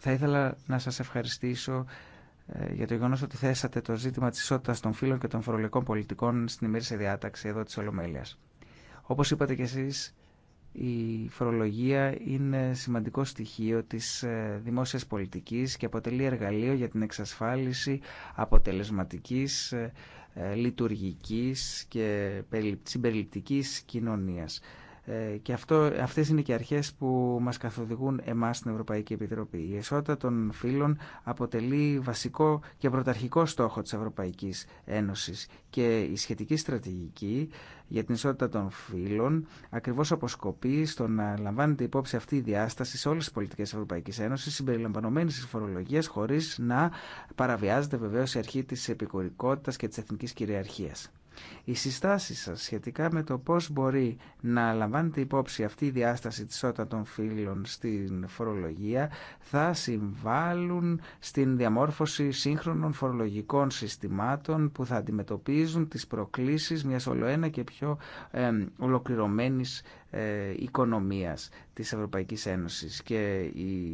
Θα ήθελα να σας ευχαριστήσω ε, για το γεγονό ότι θέσατε το ζήτημα της ισότητας των φύλων και των φορολογικών πολιτικών στην ημέρηση διάταξη εδώ της Ολομέλειας. Όπως είπατε και εσείς, η φορολογία είναι σημαντικό στοιχείο της ε, δημόσιας πολιτικής και αποτελεί εργαλείο για την εξασφάλιση αποτελεσματικής, ε, λειτουργικής και συμπεριληπτικής κοινωνίας. Ε, και αυτό, αυτές είναι και αρχές που μας καθοδηγούν εμάς στην Ευρωπαϊκή Επιτροπή. Η ισότητα των φύλων αποτελεί βασικό και πρωταρχικό στόχο της Ευρωπαϊκής Ένωσης και η σχετική στρατηγική για την ισότητα των φύλων ακριβώς αποσκοπεί στο να λαμβάνεται υπόψη αυτή η διάσταση σε όλες τις πολιτικές της Ευρωπαϊκής Ένωσης συμπεριλαμβανομένης της φορολογίας χωρίς να παραβιάζεται βεβαίως η αρχή της επικουρικότητας και της εθνικής κυριαρχίας. Οι συστάσεις σας σχετικά με το πώς μπορεί να λαμβάνετε υπόψη αυτή η διάσταση της ότα των φίλων στην φορολογία θα συμβάλλουν στην διαμόρφωση σύγχρονων φορολογικών συστημάτων που θα αντιμετωπίζουν τις προκλήσεις μιας ολοένα και πιο ε, ολοκληρωμένης ε, οικονομίας της Ευρωπαϊκής Ένωσης και η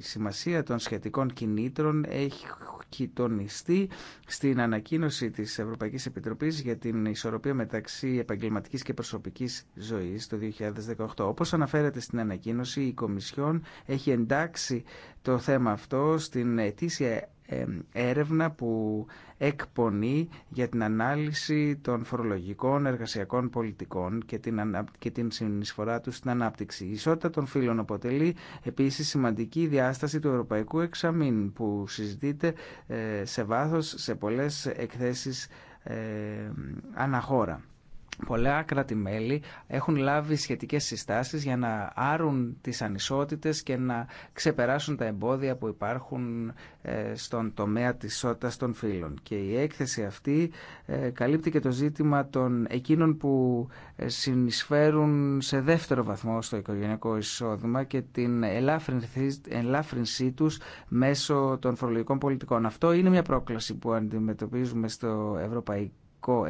σημασία των σχετικών κινήτρων έχει κοιτονιστεί στην ανακοίνωση της Ευρωπαϊκής Επιτροπής για την ισορροπία μεταξύ επαγγελματικής και προσωπικής ζωής το 2018. Όπως αναφέρεται στην ανακοίνωση, η Κομισιόν έχει εντάξει το θέμα αυτό στην ετήσια ε, έρευνα που εκπονεί για την ανάλυση των φορολογικών εργασιακών πολιτικών και την, και την συνεισφορά του στην ανάπτυξη. Η ισότητα των φύλων αποτελεί επίσης σημαντική διάσταση του Ευρωπαϊκού Εξαμήνου που συζητείται ε, σε βάθος σε πολλές εκθέσεις ε, αναχώρα πολλά κράτη-μέλη έχουν λάβει σχετικές συστάσεις για να άρουν τις ανισότητες και να ξεπεράσουν τα εμπόδια που υπάρχουν ε, στον τομέα της ισότητας των φύλων. Και η έκθεση αυτή ε, καλύπτει και το ζήτημα των εκείνων που ε, συνεισφέρουν σε δεύτερο βαθμό στο οικογενειακό εισόδημα και την ελάφρυνσή τους μέσω των φορολογικών πολιτικών. Αυτό είναι μια πρόκληση που αντιμετωπίζουμε στο ευρωπαϊκό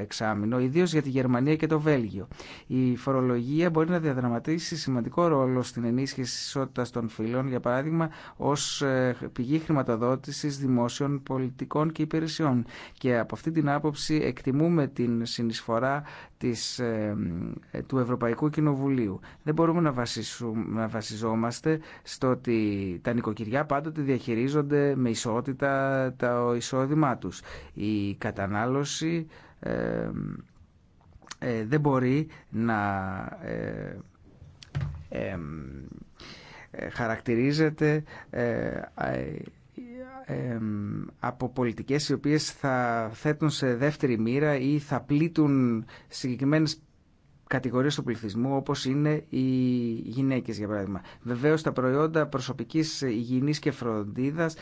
εξάμεινο, ιδίω για τη Γερμανία και το Βέλγιο. Η φορολογία μπορεί να διαδραματίσει σημαντικό ρόλο στην ενίσχυση τη ισότητα των φύλων, για παράδειγμα, ω ε, πηγή χρηματοδότηση δημόσιων πολιτικών και υπηρεσιών. Και από αυτή την άποψη εκτιμούμε την συνεισφορά της, ε, ε, του Ευρωπαϊκού Κοινοβουλίου. Δεν μπορούμε να, βασιζόμαστε στο ότι τα νοικοκυριά πάντοτε διαχειρίζονται με ισότητα το εισόδημά τους. Η κατανάλωση ε, ε, δεν μπορεί να ε, χαρακτηρίζεται από πολιτικές οι οποίες θα θέτουν σε δεύτερη μοίρα ή θα πλήττουν συγκεκριμένες κατηγορίες του πληθυσμού όπως είναι οι γυναίκες για παράδειγμα. Βεβαίως τα προϊόντα προσωπικής υγιεινής και φροντίδας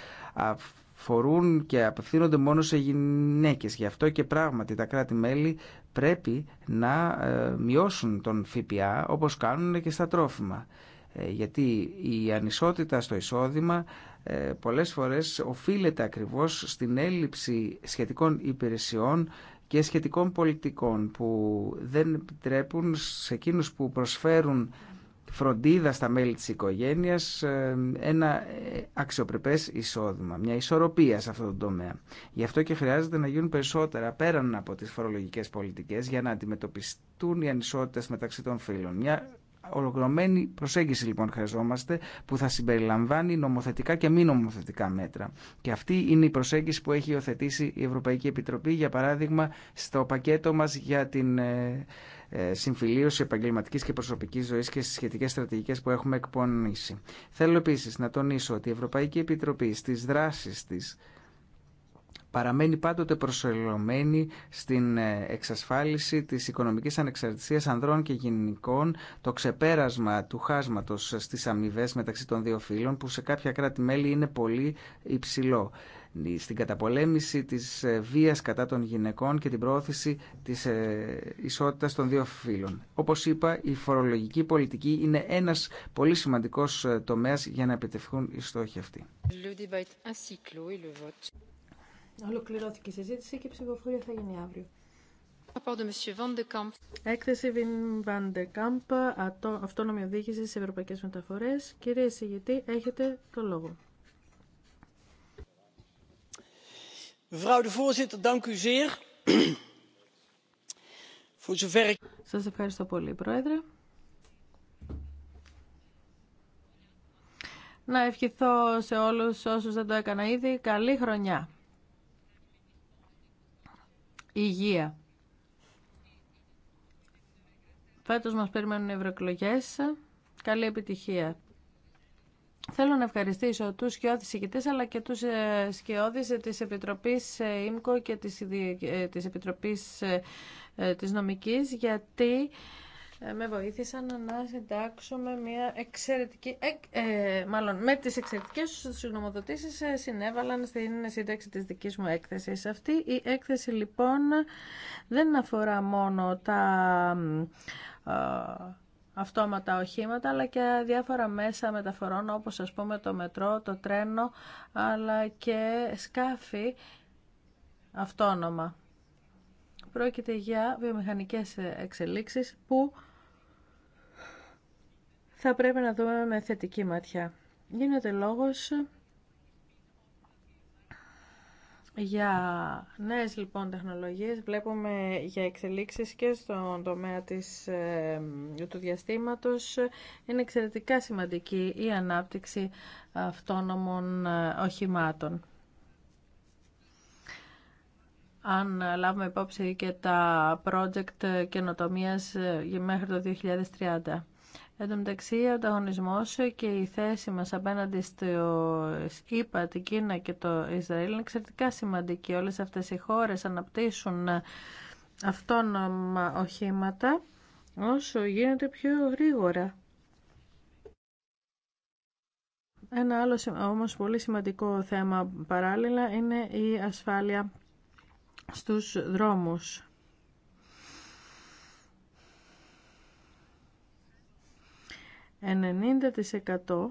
αφορούν και απευθύνονται μόνο σε γυναίκες. Γι' αυτό και πράγματι τα κράτη-μέλη πρέπει να ε, μειώσουν τον ΦΠΑ όπως κάνουν και στα τρόφιμα. Ε, γιατί η ανισότητα στο εισόδημα ε, πολλές φορές οφείλεται ακριβώς στην έλλειψη σχετικών υπηρεσιών και σχετικών πολιτικών που δεν επιτρέπουν σε εκείνους που προσφέρουν φροντίδα στα μέλη της οικογένειας, ε, ένα ε, αξιοπρεπές εισόδημα, μια ισορροπία σε αυτό το τομέα. Γι' αυτό και χρειάζεται να γίνουν περισσότερα πέραν από τις φορολογικές πολιτικές για να αντιμετωπιστούν οι ανισότητες μεταξύ των φύλων. Μια ολοκληρωμένη προσέγγιση λοιπόν χρειαζόμαστε που θα συμπεριλαμβάνει νομοθετικά και μη νομοθετικά μέτρα. Και αυτή είναι η προσέγγιση που έχει υιοθετήσει η Ευρωπαϊκή Επιτροπή, για παράδειγμα, στο πακέτο μας για την ε, ε, συμφιλίωση επαγγελματική και προσωπική ζωή και στι σχετικέ στρατηγικές που έχουμε εκπονήσει. Θέλω επίσης να τονίσω ότι η Ευρωπαϊκή Επιτροπή στις δράσεις της παραμένει πάντοτε προσελωμένη στην ε, εξασφάλιση της οικονομικής ανεξαρτησίας ανδρών και γυναικών, το ξεπέρασμα του χάσματος στις αμοιβέ μεταξύ των δύο φύλων, που σε κάποια κράτη-μέλη είναι πολύ υψηλό στην καταπολέμηση της ε, βίας κατά των γυναικών και την πρόθεση της ε, ισότητας των δύο φύλων. Όπως είπα, η φορολογική πολιτική είναι ένας πολύ σημαντικός ε, τομέας για να επιτευχθούν οι στόχοι αυτοί. Ολοκληρώθηκε η συζήτηση και η ψηφοφορία θα γίνει αύριο. Έκθεση Βιν Βαντεκάμπ, αυτόνομη οδήγηση σε ευρωπαϊκές μεταφορές. Κύριε εισηγητή, έχετε το λόγο. Σας ευχαριστώ πολύ, Πρόεδρε. Να ευχηθώ σε όλους όσους δεν το έκανα ήδη. Καλή χρονιά. Υγεία. Φέτος μας περιμένουν ευρωεκλογές. Καλή επιτυχία. Θέλω να ευχαριστήσω τους σκιώδεις ηγητές, αλλά και τους ε, σκιώδεις της Επιτροπής ε, ΙΜΚΟ και της ε, Επιτροπής της Νομικής γιατί με βοήθησαν να συντάξουμε μια εξαιρετική, ε, μάλλον με τις εξαιρετικές τους γνωμοδοτήσεις συνέβαλαν στην σύνταξη της δικής μου έκθεσης. Αυτή η έκθεση λοιπόν δεν αφορά μόνο τα αυτόματα οχήματα αλλά και διάφορα μέσα μεταφορών όπως ας πούμε το μετρό, το τρένο αλλά και σκάφη αυτόνομα. Πρόκειται για βιομηχανικές εξελίξεις που θα πρέπει να δούμε με θετική ματιά. Γίνεται λόγος για νέες λοιπόν τεχνολογίες βλέπουμε για εξελίξεις και στον τομέα της, ε, του διαστήματος. Είναι εξαιρετικά σημαντική η ανάπτυξη αυτόνομων ε, οχημάτων. Αν λάβουμε υπόψη και τα project καινοτομίας ε, μέχρι το 2030. Εν τω μεταξύ, ο ανταγωνισμό και η θέση μα απέναντι στο ΗΠΑ, την Κίνα και το Ισραήλ είναι εξαιρετικά σημαντική. Όλε αυτέ οι χώρε αναπτύσσουν αυτόνομα οχήματα όσο γίνεται πιο γρήγορα. Ένα άλλο όμως πολύ σημαντικό θέμα παράλληλα είναι η ασφάλεια στους δρόμους. 90%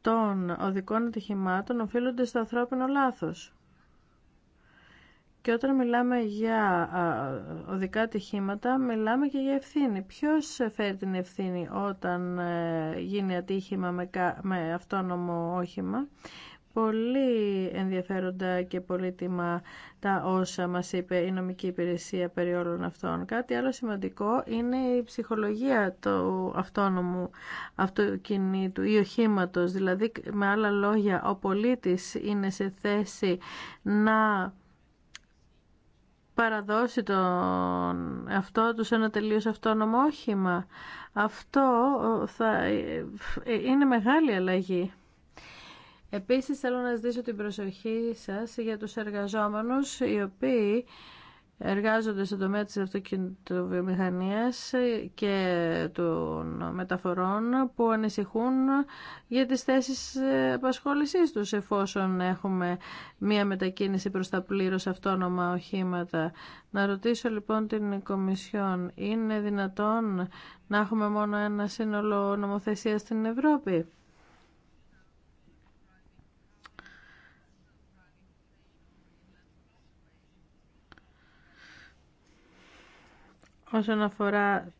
των οδικών ατυχημάτων οφείλονται στο ανθρώπινο λάθος. Και όταν μιλάμε για οδικά ατυχήματα, μιλάμε και για ευθύνη. Ποιος φέρει την ευθύνη όταν ε, γίνει ατύχημα με αυτόνομο όχημα πολύ ενδιαφέροντα και πολύτιμα τα όσα μας είπε η νομική υπηρεσία περί όλων αυτών. Κάτι άλλο σημαντικό είναι η ψυχολογία του αυτόνομου αυτοκινήτου ή οχήματο. Δηλαδή, με άλλα λόγια, ο πολίτης είναι σε θέση να παραδώσει τον αυτό του σε ένα τελείως αυτόνομο όχημα. Αυτό ε, θα... Ε, ε, είναι μεγάλη αλλαγή. Επίσης θέλω να ζητήσω την προσοχή σας για τους εργαζόμενους οι οποίοι εργάζονται στον τομέα της αυτοκινητοβιομηχανίας και των μεταφορών που ανησυχούν για τις θέσεις απασχόλησής τους εφόσον έχουμε μία μετακίνηση προς τα πλήρως αυτόνομα οχήματα. Να ρωτήσω λοιπόν την Κομισιόν, είναι δυνατόν να έχουμε μόνο ένα σύνολο νομοθεσία στην Ευρώπη. όσον αφορά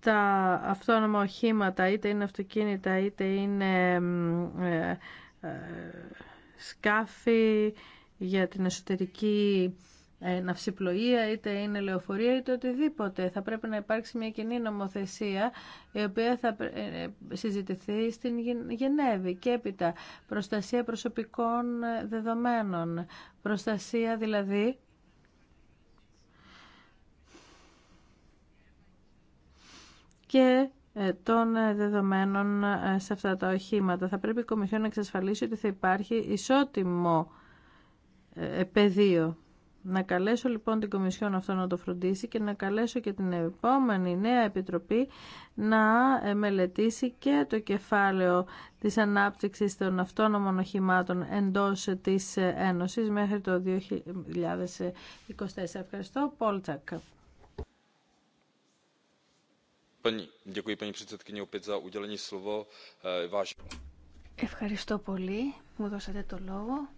τα αυτόνομα οχήματα, είτε είναι αυτοκίνητα, είτε είναι ε, ε, σκάφη για την εσωτερική ε, ναυσιπλοεία, είτε είναι λεωφορεία, είτε οτιδήποτε. Θα πρέπει να υπάρξει μια κοινή νομοθεσία η οποία θα συζητηθεί στην Γενέβη και έπειτα προστασία προσωπικών δεδομένων. Προστασία δηλαδή και ε, των ε, δεδομένων ε, σε αυτά τα οχήματα. Θα πρέπει η Κομισιόν να εξασφαλίσει ότι θα υπάρχει ισότιμο πεδίο. Να καλέσω λοιπόν την Κομισιόν αυτό να το φροντίσει και να καλέσω και την επόμενη νέα Επιτροπή να μελετήσει και το κεφάλαιο της ανάπτυξης των αυτόνομων οχημάτων εντός της Ένωσης μέχρι το 2024. Ευχαριστώ. Πολτσακ. Eh, ευχαριστώ πολύ που μου δώσατε το λόγο.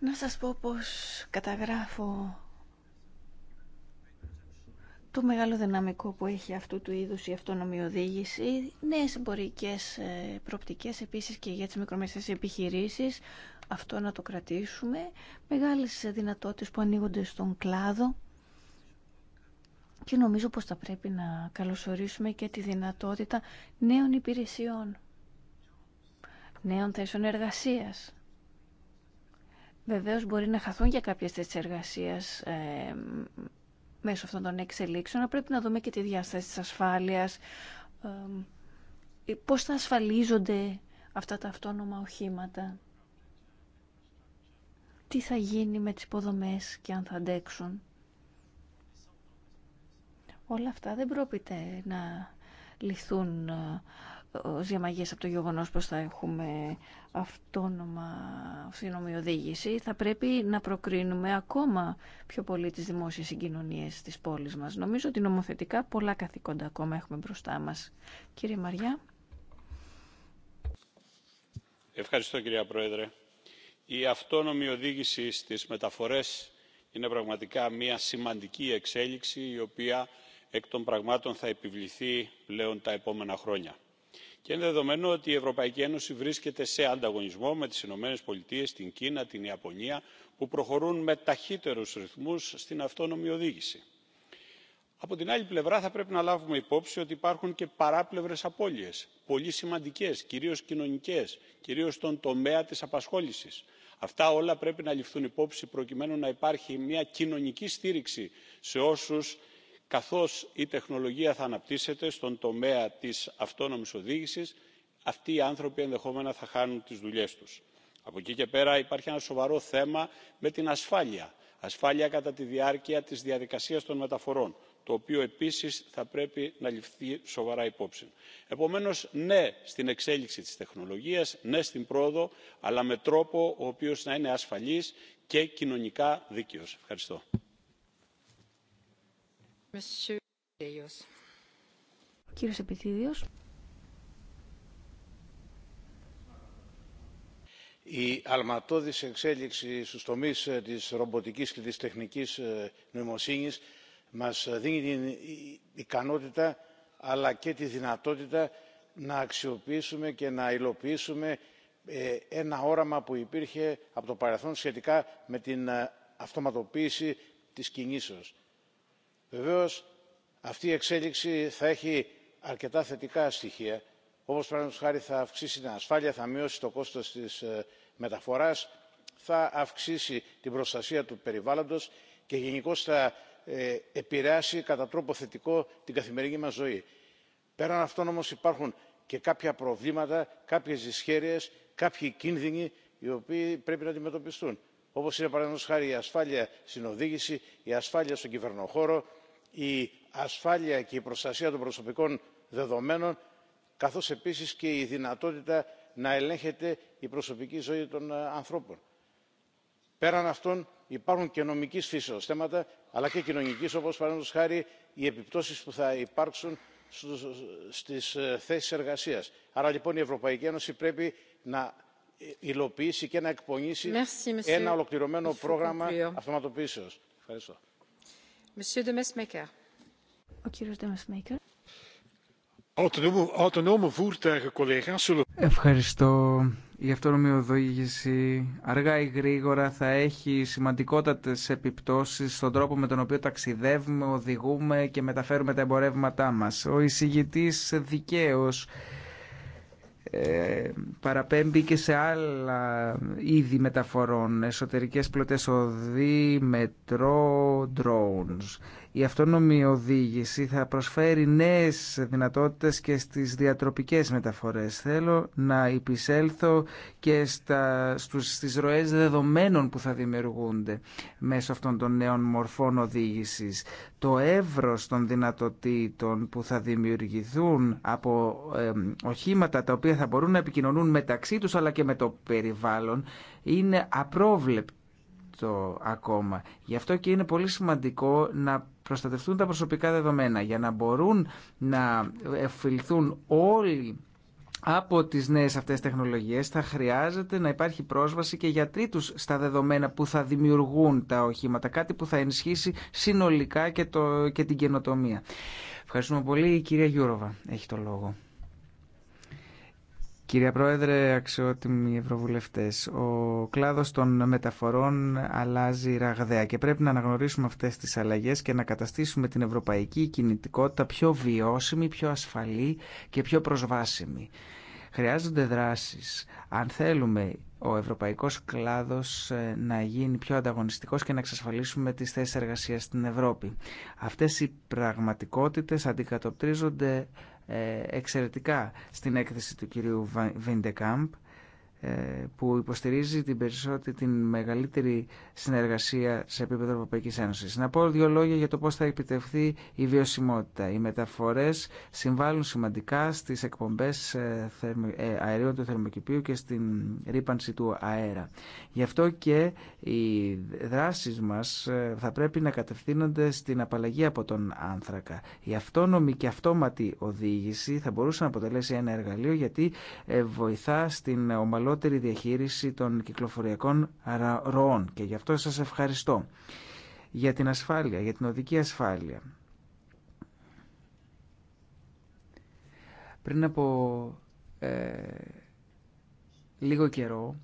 Να σας πω πως καταγράφω το μεγάλο δυναμικό που έχει αυτού του είδους η αυτόνομη οδήγηση, νέες εμπορικές ε, προπτικές, επίσης και για τις μικρομεσαίες επιχειρήσεις, αυτό να το κρατήσουμε, μεγάλες δυνατότητες που ανοίγονται στον κλάδο, και νομίζω πως θα πρέπει να καλωσορίσουμε και τη δυνατότητα νέων υπηρεσιών, νέων θέσεων εργασίας. Βεβαίως μπορεί να χαθούν για κάποιες θέσεις εργασίας ε, μέσω αυτών των εξελίξεων, αλλά πρέπει να δούμε και τη διάσταση της ασφάλειας, ε, πώς θα ασφαλίζονται αυτά τα αυτόνομα οχήματα, τι θα γίνει με τις υποδομές και αν θα αντέξουν όλα αυτά δεν πρόκειται να λυθούν ε, ως διαμαγές από το γεγονός πως θα έχουμε αυτόνομα αυτονομή οδήγηση, θα πρέπει να προκρίνουμε ακόμα πιο πολύ τις δημόσιες συγκοινωνίες της πόλης μας. Νομίζω ότι νομοθετικά πολλά καθήκοντα ακόμα έχουμε μπροστά μας. Κύριε Μαριά. Ευχαριστώ κυρία Πρόεδρε. Η αυτόνομη οδήγηση στις μεταφορές είναι πραγματικά μια σημαντική εξέλιξη η οποία εκ των πραγμάτων θα επιβληθεί πλέον τα επόμενα χρόνια. Και είναι δεδομένο ότι η Ευρωπαϊκή Ένωση βρίσκεται σε ανταγωνισμό με τις Ηνωμένες Πολιτείες, την Κίνα, την Ιαπωνία, που προχωρούν με ταχύτερους ρυθμούς στην αυτόνομη οδήγηση. Από την άλλη πλευρά θα πρέπει να λάβουμε υπόψη ότι υπάρχουν και παράπλευρες απώλειες, πολύ σημαντικές, κυρίως κοινωνικές, κυρίως στον τομέα της απασχόλησης. Αυτά όλα πρέπει να ληφθούν υπόψη προκειμένου να υπάρχει μια κοινωνική στήριξη σε όσους καθώς η τεχνολογία θα αναπτύσσεται στον τομέα της αυτόνομης οδήγησης αυτοί οι άνθρωποι ενδεχόμενα θα χάνουν τις δουλειές τους. από εκεί και πέρα υπάρχει ένα σοβαρό θέμα με την ασφάλεια ασφάλεια κατά τη διάρκεια της διαδικασίας των μεταφορών το οποίο επίσης θα πρέπει να ληφθεί σοβαρά υπόψη. επομένως ναι στην εξέλιξη της τεχνολογίας ναι στην πρόοδο αλλά με τρόπο ο οποίος να είναι ασφαλής και κοινωνικά δίκαιος. ευχαριστώ κύριος η αλματώδης εξέλιξη στους τομείς ε, της ρομποτικής και της τεχνικής ε, νοημοσύνης μας δίνει την ικανότητα αλλά και τη δυνατότητα να αξιοποιήσουμε και να υλοποιήσουμε ε, ένα όραμα που υπήρχε από το παρελθόν σχετικά με την αυτοματοποίηση της κινήσεως βεβαίως αυτή η εξέλιξη θα έχει αρκετά θετικά στοιχεία όπως παραδείγματος χάρη θα αυξήσει την ασφάλεια θα μειώσει το κόστος της ε, μεταφοράς θα αυξήσει την προστασία του περιβάλλοντος και γενικώ θα ε, επηρεάσει κατά τρόπο θετικό την καθημερινή μας ζωή. πέραν αυτών όμως υπάρχουν και κάποια προβλήματα κάποιες δυσχέρειες κάποιοι κίνδυνοι οι οποίοι πρέπει να αντιμετωπιστούν όπως είναι παραδείγματος χάρη η ασφάλεια στην οδήγηση η ασφάλεια στον κυβερνοχώρο η ασφάλεια και η προστασία των προσωπικών δεδομένων καθώς επίσης και η δυνατότητα να ελέγχεται η προσωπική ζωή των ε, ανθρώπων. πέραν αυτών υπάρχουν και νομικής φύσεως θέματα αλλά και κοινωνικής όπως παραδείγματος χάρη οι επιπτώσεις που θα υπάρξουν στις ε, θέσεις εργασίας. άρα λοιπόν η ευρωπαϊκή ένωση πρέπει να ε, υλοποιήσει και να εκπονήσει ένα ολοκληρωμένο πρόγραμμα αυτοματοποίησεως. ευχαριστώ voertuigen, collega's, zullen. Ευχαριστώ. Η αυτόνομη οδήγηση αργά ή γρήγορα θα έχει σημαντικότατε επιπτώσει στον τρόπο με τον οποίο ταξιδεύουμε, οδηγούμε και μεταφέρουμε τα εμπορεύματά μας. Ο εισηγητή δικαίω. Ε, παραπέμπει και σε άλλα είδη μεταφορών, εσωτερικές πλωτές οδοί, μετρό, drones. Η αυτόνομη οδήγηση θα προσφέρει νέες δυνατότητες και στις διατροπικές μεταφορές. Θέλω να υπησέλθω και στα, στους, στις ροές δεδομένων που θα δημιουργούνται μέσω αυτών των νέων μορφών οδήγησης. Το εύρος των δυνατοτήτων που θα δημιουργηθούν από ε, οχήματα τα οποία θα μπορούν να επικοινωνούν μεταξύ τους αλλά και με το περιβάλλον είναι απρόβλεπτο ακόμα. Γι' αυτό και είναι πολύ σημαντικό να προστατευτούν τα προσωπικά δεδομένα για να μπορούν να εφηλθούν όλοι από τις νέες αυτές τεχνολογίες θα χρειάζεται να υπάρχει πρόσβαση και για τρίτους στα δεδομένα που θα δημιουργούν τα οχήματα, κάτι που θα ενισχύσει συνολικά και, το, και την καινοτομία. Ευχαριστούμε πολύ. Η κυρία Γιούροβα έχει το λόγο. Κυρία Πρόεδρε, αξιότιμοι ευρωβουλευτές, ο κλάδος των μεταφορών αλλάζει ραγδαία και πρέπει να αναγνωρίσουμε αυτές τις αλλαγές και να καταστήσουμε την ευρωπαϊκή κινητικότητα πιο βιώσιμη, πιο ασφαλή και πιο προσβάσιμη. Χρειάζονται δράσεις. Αν θέλουμε ο ευρωπαϊκός κλάδος ε, να γίνει πιο ανταγωνιστικός και να εξασφαλίσουμε τις θέσεις εργασίας στην Ευρώπη. Αυτές οι πραγματικότητες αντικατοπτρίζονται ε, εξαιρετικά στην έκθεση του κυρίου Βίντεκάμπ ε, που υποστηρίζει την, περισσότερη, την μεγαλύτερη συνεργασία σε επίπεδο Ευρωπαϊκής Ένωσης. Να πω δύο λόγια για το πώς θα επιτευχθεί η βιωσιμότητα. Οι μεταφορές συμβάλλουν σημαντικά στις εκπομπές ε, ε, αερίων του θερμοκηπίου και στην ρήπανση του αέρα. Γι' αυτό και οι δράσεις μας θα πρέπει να κατευθύνονται στην απαλλαγή από τον άνθρακα. Η αυτόνομη και αυτόματη οδήγηση θα μπορούσε να αποτελέσει ένα εργαλείο γιατί βοηθά στην ομαλότητα ευκολότερη διαχείριση των κυκλοφοριακών ροών και γι' αυτό σας ευχαριστώ για την ασφάλεια, για την οδική ασφάλεια. Πριν από ε, λίγο καιρό,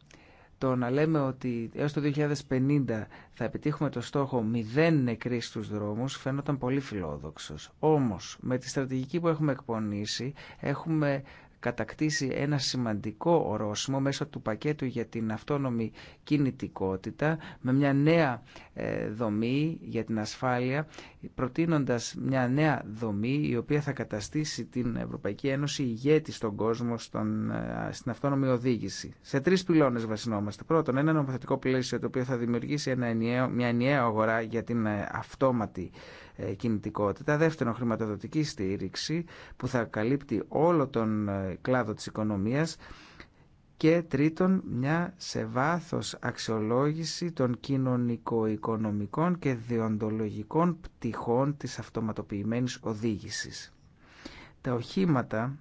το να λέμε ότι έως το 2050 θα επιτύχουμε το στόχο μηδέν νεκροί στους δρόμους φαίνονταν πολύ φιλόδοξος. Όμως, με τη στρατηγική που έχουμε εκπονήσει, έχουμε κατακτήσει ένα σημαντικό ορόσημο μέσω του πακέτου για την αυτόνομη κινητικότητα με μια νέα ε, δομή για την ασφάλεια προτείνοντας μια νέα δομή η οποία θα καταστήσει την Ευρωπαϊκή Ένωση ηγέτη στον κόσμο στον, ε, στην αυτόνομη οδήγηση. Σε τρεις πυλώνες βασινόμαστε. Πρώτον, ένα νομοθετικό πλαίσιο το οποίο θα δημιουργήσει ένα μια ενιαία αγορά για την ε, αυτόματη ε, κινητικότητα. Δεύτερον, χρηματοδοτική στήριξη που θα καλύπτει όλο τον ε, κλάδο της οικονομίας και τρίτον μια σε βάθος αξιολόγηση των κοινωνικο-οικονομικών και διοντολογικών πτυχών της αυτοματοποιημένης οδήγησης. Τα οχήματα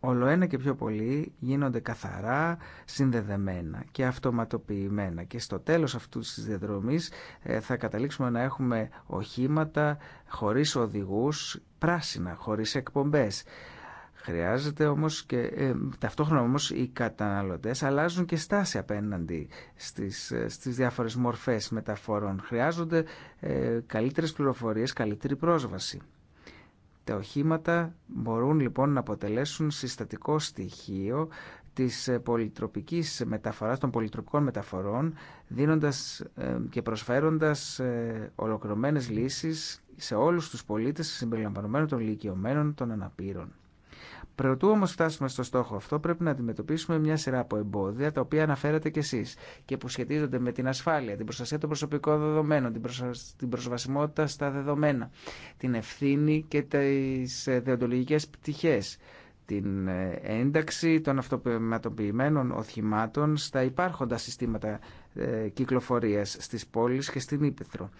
Όλο ένα και πιο πολύ γίνονται καθαρά συνδεδεμένα και αυτοματοποιημένα και στο τέλος αυτού της διαδρομής ε, θα καταλήξουμε να έχουμε οχήματα χωρίς οδηγούς πράσινα, χωρίς εκπομπές. Χρειάζεται όμως και ε, ταυτόχρονα όμως οι καταναλωτές αλλάζουν και στάση απέναντι στις, ε, στις διάφορες μορφές μεταφορών. Χρειάζονται ε, καλύτερες πληροφορίες, καλύτερη πρόσβαση. Τα οχήματα μπορούν λοιπόν να αποτελέσουν συστατικό στοιχείο της ε, πολυτροπικής μεταφοράς, των πολυτροπικών μεταφορών, δίνοντας ε, και προσφέροντας ε, ολοκληρωμένες λύσεις σε όλους τους πολίτες συμπεριλαμβανομένων των ηλικιωμένων των αναπήρων. Προτού όμω φτάσουμε στο στόχο αυτό, πρέπει να αντιμετωπίσουμε μια σειρά από εμπόδια, τα οποία αναφέρατε κι εσεί και που σχετίζονται με την ασφάλεια, την προστασία των προσωπικών δεδομένων, την προσβασιμότητα στα δεδομένα, την ευθύνη και τι δεοντολογικέ πτυχέ, την ε, ένταξη των αυτοματοποιημένων οχημάτων στα υπάρχοντα συστήματα ε, κυκλοφορίας στις πόλεις και στην Ήπεθρο.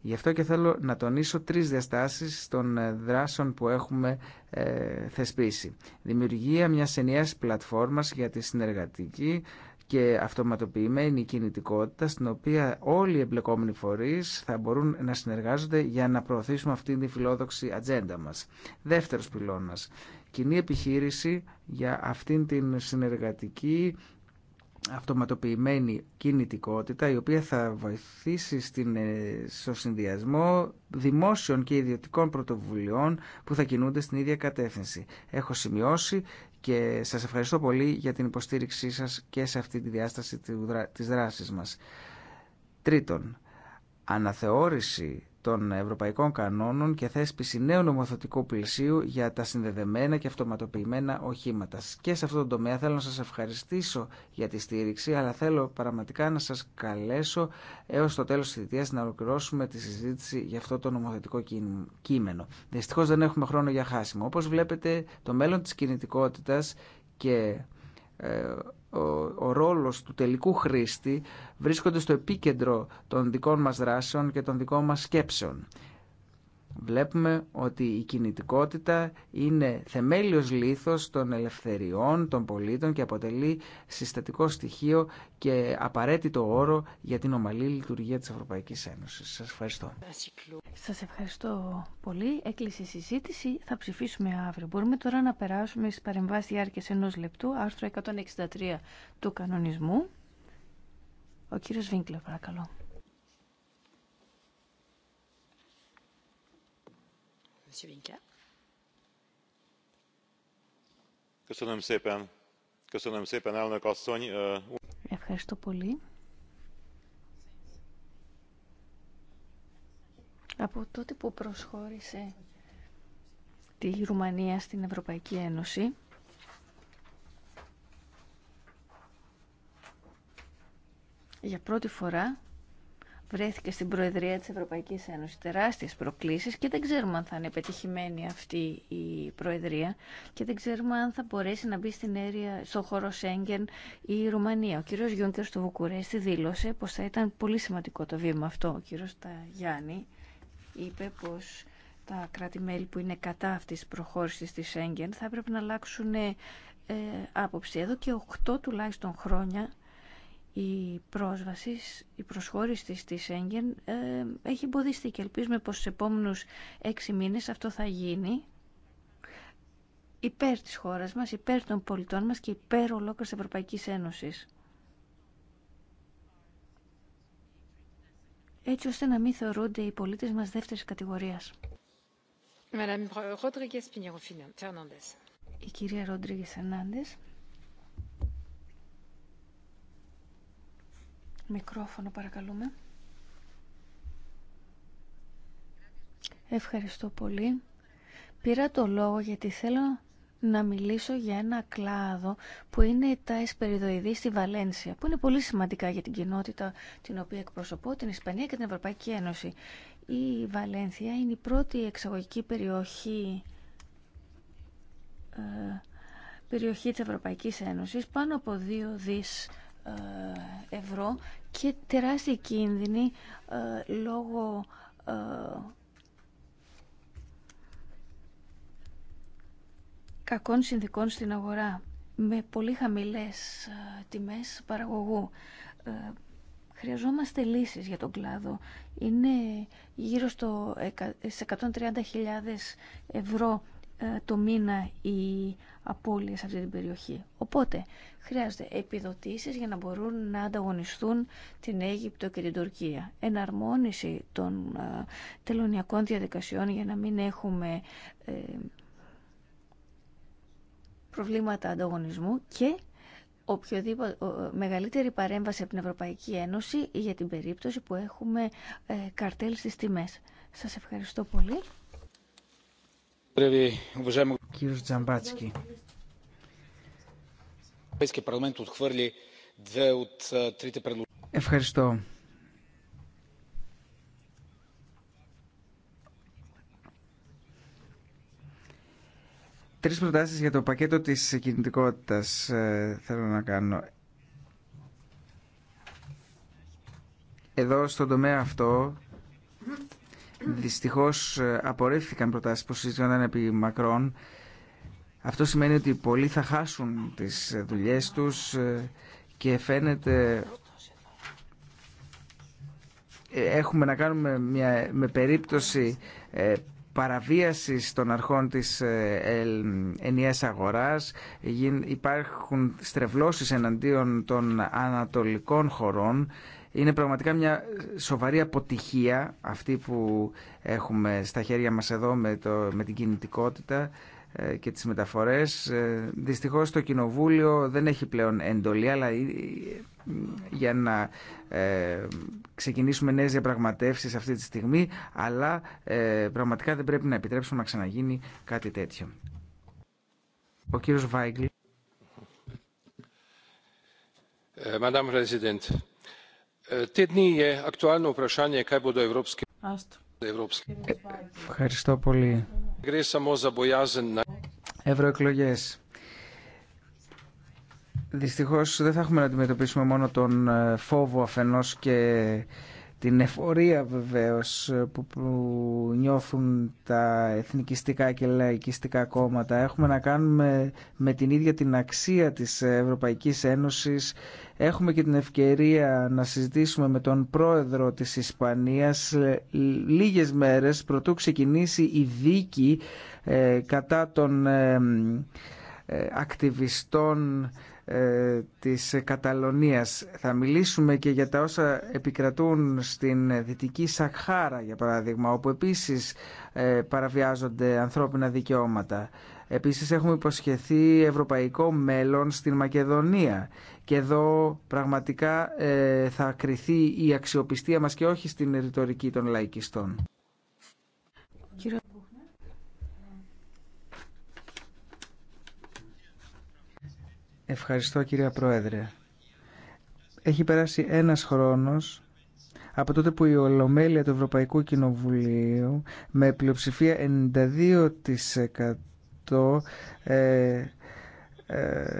Γι' αυτό και θέλω να τονίσω τρεις διαστάσεις των ε, δράσεων που έχουμε ε, θεσπίσει. Δημιουργία μιας ενιαίας πλατφόρμας για τη συνεργατική και αυτοματοποιημένη κινητικότητα στην οποία όλοι οι εμπλεκόμενοι φορείς θα μπορούν να συνεργάζονται για να προωθήσουμε αυτήν τη φιλόδοξη ατζέντα μας. Δεύτερος πυλώνας, κοινή επιχείρηση για αυτήν την συνεργατική αυτοματοποιημένη κινητικότητα η οποία θα βοηθήσει στην, ε, στο συνδυασμό δημόσιων και ιδιωτικών πρωτοβουλειών που θα κινούνται στην ίδια κατεύθυνση. Έχω σημειώσει και σας ευχαριστώ πολύ για την υποστήριξή σας και σε αυτή τη διάσταση της δράσης μας. Τρίτον, αναθεώρηση των ευρωπαϊκών κανόνων και θέσπιση νέου νομοθετικού πλησίου για τα συνδεδεμένα και αυτοματοποιημένα οχήματα. Και σε αυτόν τον τομέα θέλω να σας ευχαριστήσω για τη στήριξη, αλλά θέλω πραγματικά να σας καλέσω έως το τέλος της θητείας να ολοκληρώσουμε τη συζήτηση για αυτό το νομοθετικό κείμενο. Δυστυχώς δεν έχουμε χρόνο για χάσιμο. Όπως βλέπετε, το μέλλον της κινητικότητας και ε, ο, ο ρόλος του τελικού χρήστη βρίσκονται στο επίκεντρο των δικών μας δράσεων και των δικών μας σκέψεων βλέπουμε ότι η κινητικότητα είναι θεμέλιος λίθος των ελευθεριών των πολίτων και αποτελεί συστατικό στοιχείο και απαραίτητο όρο για την ομαλή λειτουργία της Ευρωπαϊκής Ένωσης. Σας ευχαριστώ. Σας ευχαριστώ πολύ. Έκλεισε η συζήτηση. Θα ψηφίσουμε αύριο. Μπορούμε τώρα να περάσουμε στις παρεμβάσεις διάρκειας ενός λεπτού, άρθρο 163 του κανονισμού. Ο κύριος Βίγκλε, παρακαλώ. Ευχαριστώ πολύ. Από τότε που προσχώρησε τη Ρουμανία στην Ευρωπαϊκή Ένωση, για πρώτη φορά βρέθηκε στην Προεδρία της Ευρωπαϊκής Ένωσης τεράστιες προκλήσεις και δεν ξέρουμε αν θα είναι πετυχημένη αυτή η Προεδρία και δεν ξέρουμε αν θα μπορέσει να μπει στην αίρια, στο χώρο Σέγγεν η Ρουμανία. Ο κύριος Γιούνκερ στο Βουκουρέστι δήλωσε πως θα ήταν πολύ σημαντικό το βήμα αυτό. Ο κύριος Γιάννη είπε πως τα κράτη-μέλη που είναι κατά αυτής της προχώρησης της Σέγγεν θα έπρεπε να αλλάξουν ε, άποψη. Εδώ και 8 τουλάχιστον χρόνια η πρόσβαση, η προσχώρηση της Σέγγεν ε, έχει εμποδιστεί και ελπίζουμε πως στους επόμενους έξι μήνες αυτό θα γίνει υπέρ της χώρας μας, υπέρ των πολιτών μας και υπέρ ολόκληρης Ευρωπαϊκής Ένωσης. Έτσι ώστε να μην θεωρούνται οι πολίτες μας δεύτερης κατηγορίας. Η κυρία Μικρόφωνο παρακαλούμε. Ευχαριστώ πολύ. Πήρα το λόγο γιατί θέλω να μιλήσω για ένα κλάδο που είναι τα εσπεριδοειδή στη Βαλένσια, που είναι πολύ σημαντικά για την κοινότητα την οποία εκπροσωπώ, την Ισπανία και την Ευρωπαϊκή Ένωση. Η Βαλένθια είναι η πρώτη εξαγωγική περιοχή ε, περιοχή της Ευρωπαϊκής Ένωσης, πάνω από 2 δις ε, ευρώ και τεράστιοι κίνδυνοι ε, λόγω ε, κακών συνθήκων στην αγορά με πολύ χαμηλές ε, τιμές παραγωγού. Ε, χρειαζόμαστε λύσεις για τον κλάδο. Είναι γύρω στο 130.000 ευρώ το μήνα οι απώλειες σε αυτή την περιοχή. Οπότε χρειάζεται επιδοτήσεις για να μπορούν να ανταγωνιστούν την Αίγυπτο και την Τουρκία. Εναρμόνιση των ε, τελωνιακών διαδικασιών για να μην έχουμε ε, προβλήματα ανταγωνισμού και οποιοδήποτε, μεγαλύτερη παρέμβαση από την Ευρωπαϊκή Ένωση για την περίπτωση που έχουμε ε, καρτέλ στις τιμές. Σας ευχαριστώ πολύ. Κύριος Τζαμπάτσκι. Ευχαριστώ. Τρεις προτάσεις για το πακέτο της κινητικότητας θέλω να κάνω. Εδώ στον τομέα αυτό Δυστυχώ ε, απορρίφθηκαν προτάσεις που συζητούνταν επί μακρόν. Αυτό σημαίνει ότι πολλοί θα χάσουν τις δουλειέ τους ε, και φαίνεται ε, έχουμε να κάνουμε μια, με περίπτωση παραβίασης των αρχών της ενιαίας αγοράς υπάρχουν στρεβλώσεις εναντίον των ανατολικών χωρών είναι πραγματικά μια σοβαρή αποτυχία αυτή που έχουμε στα χέρια μας εδώ με, το, με την κινητικότητα ε, και τις μεταφορές. Ε, δυστυχώς το Κοινοβούλιο δεν έχει πλέον εντολή, αλλά ε, για να ε, ξεκινήσουμε νέες διαπραγματεύσεις αυτή τη στιγμή, αλλά πραγματικά δεν πρέπει να επιτρέψουμε να ξαναγίνει κάτι τέτοιο. Ο κύριος Ευχαριστώ πολύ. Ευρωεκλογέ. Δυστυχώς δεν θα έχουμε να αντιμετωπίσουμε μόνο τον ε, φόβο αφενός και την εφορία βεβαίως που, που νιώθουν τα εθνικιστικά και λαϊκιστικά κόμματα. Έχουμε να κάνουμε με την ίδια την αξία της Ευρωπαϊκής Ένωσης. Έχουμε και την ευκαιρία να συζητήσουμε με τον πρόεδρο της Ισπανίας λίγες μέρες πρωτού ξεκινήσει η δίκη ε, κατά των ε, ε, ακτιβιστών ε, της Καταλωνίας. Θα μιλήσουμε και για τα όσα επικρατούν στην Δυτική Σαχάρα, για παράδειγμα, όπου επίσης ε, παραβιάζονται ανθρώπινα δικαιώματα. Επίσης έχουμε υποσχεθεί ευρωπαϊκό μέλλον στην Μακεδονία και εδώ πραγματικά ε, θα κριθεί η αξιοπιστία μας και όχι στην ρητορική των λαϊκιστών. Ευχαριστώ κυρία Πρόεδρε. Έχει περάσει ένας χρόνος από τότε που η Ολομέλεια του Ευρωπαϊκού Κοινοβουλίου με πλειοψηφία 92% ε, ε,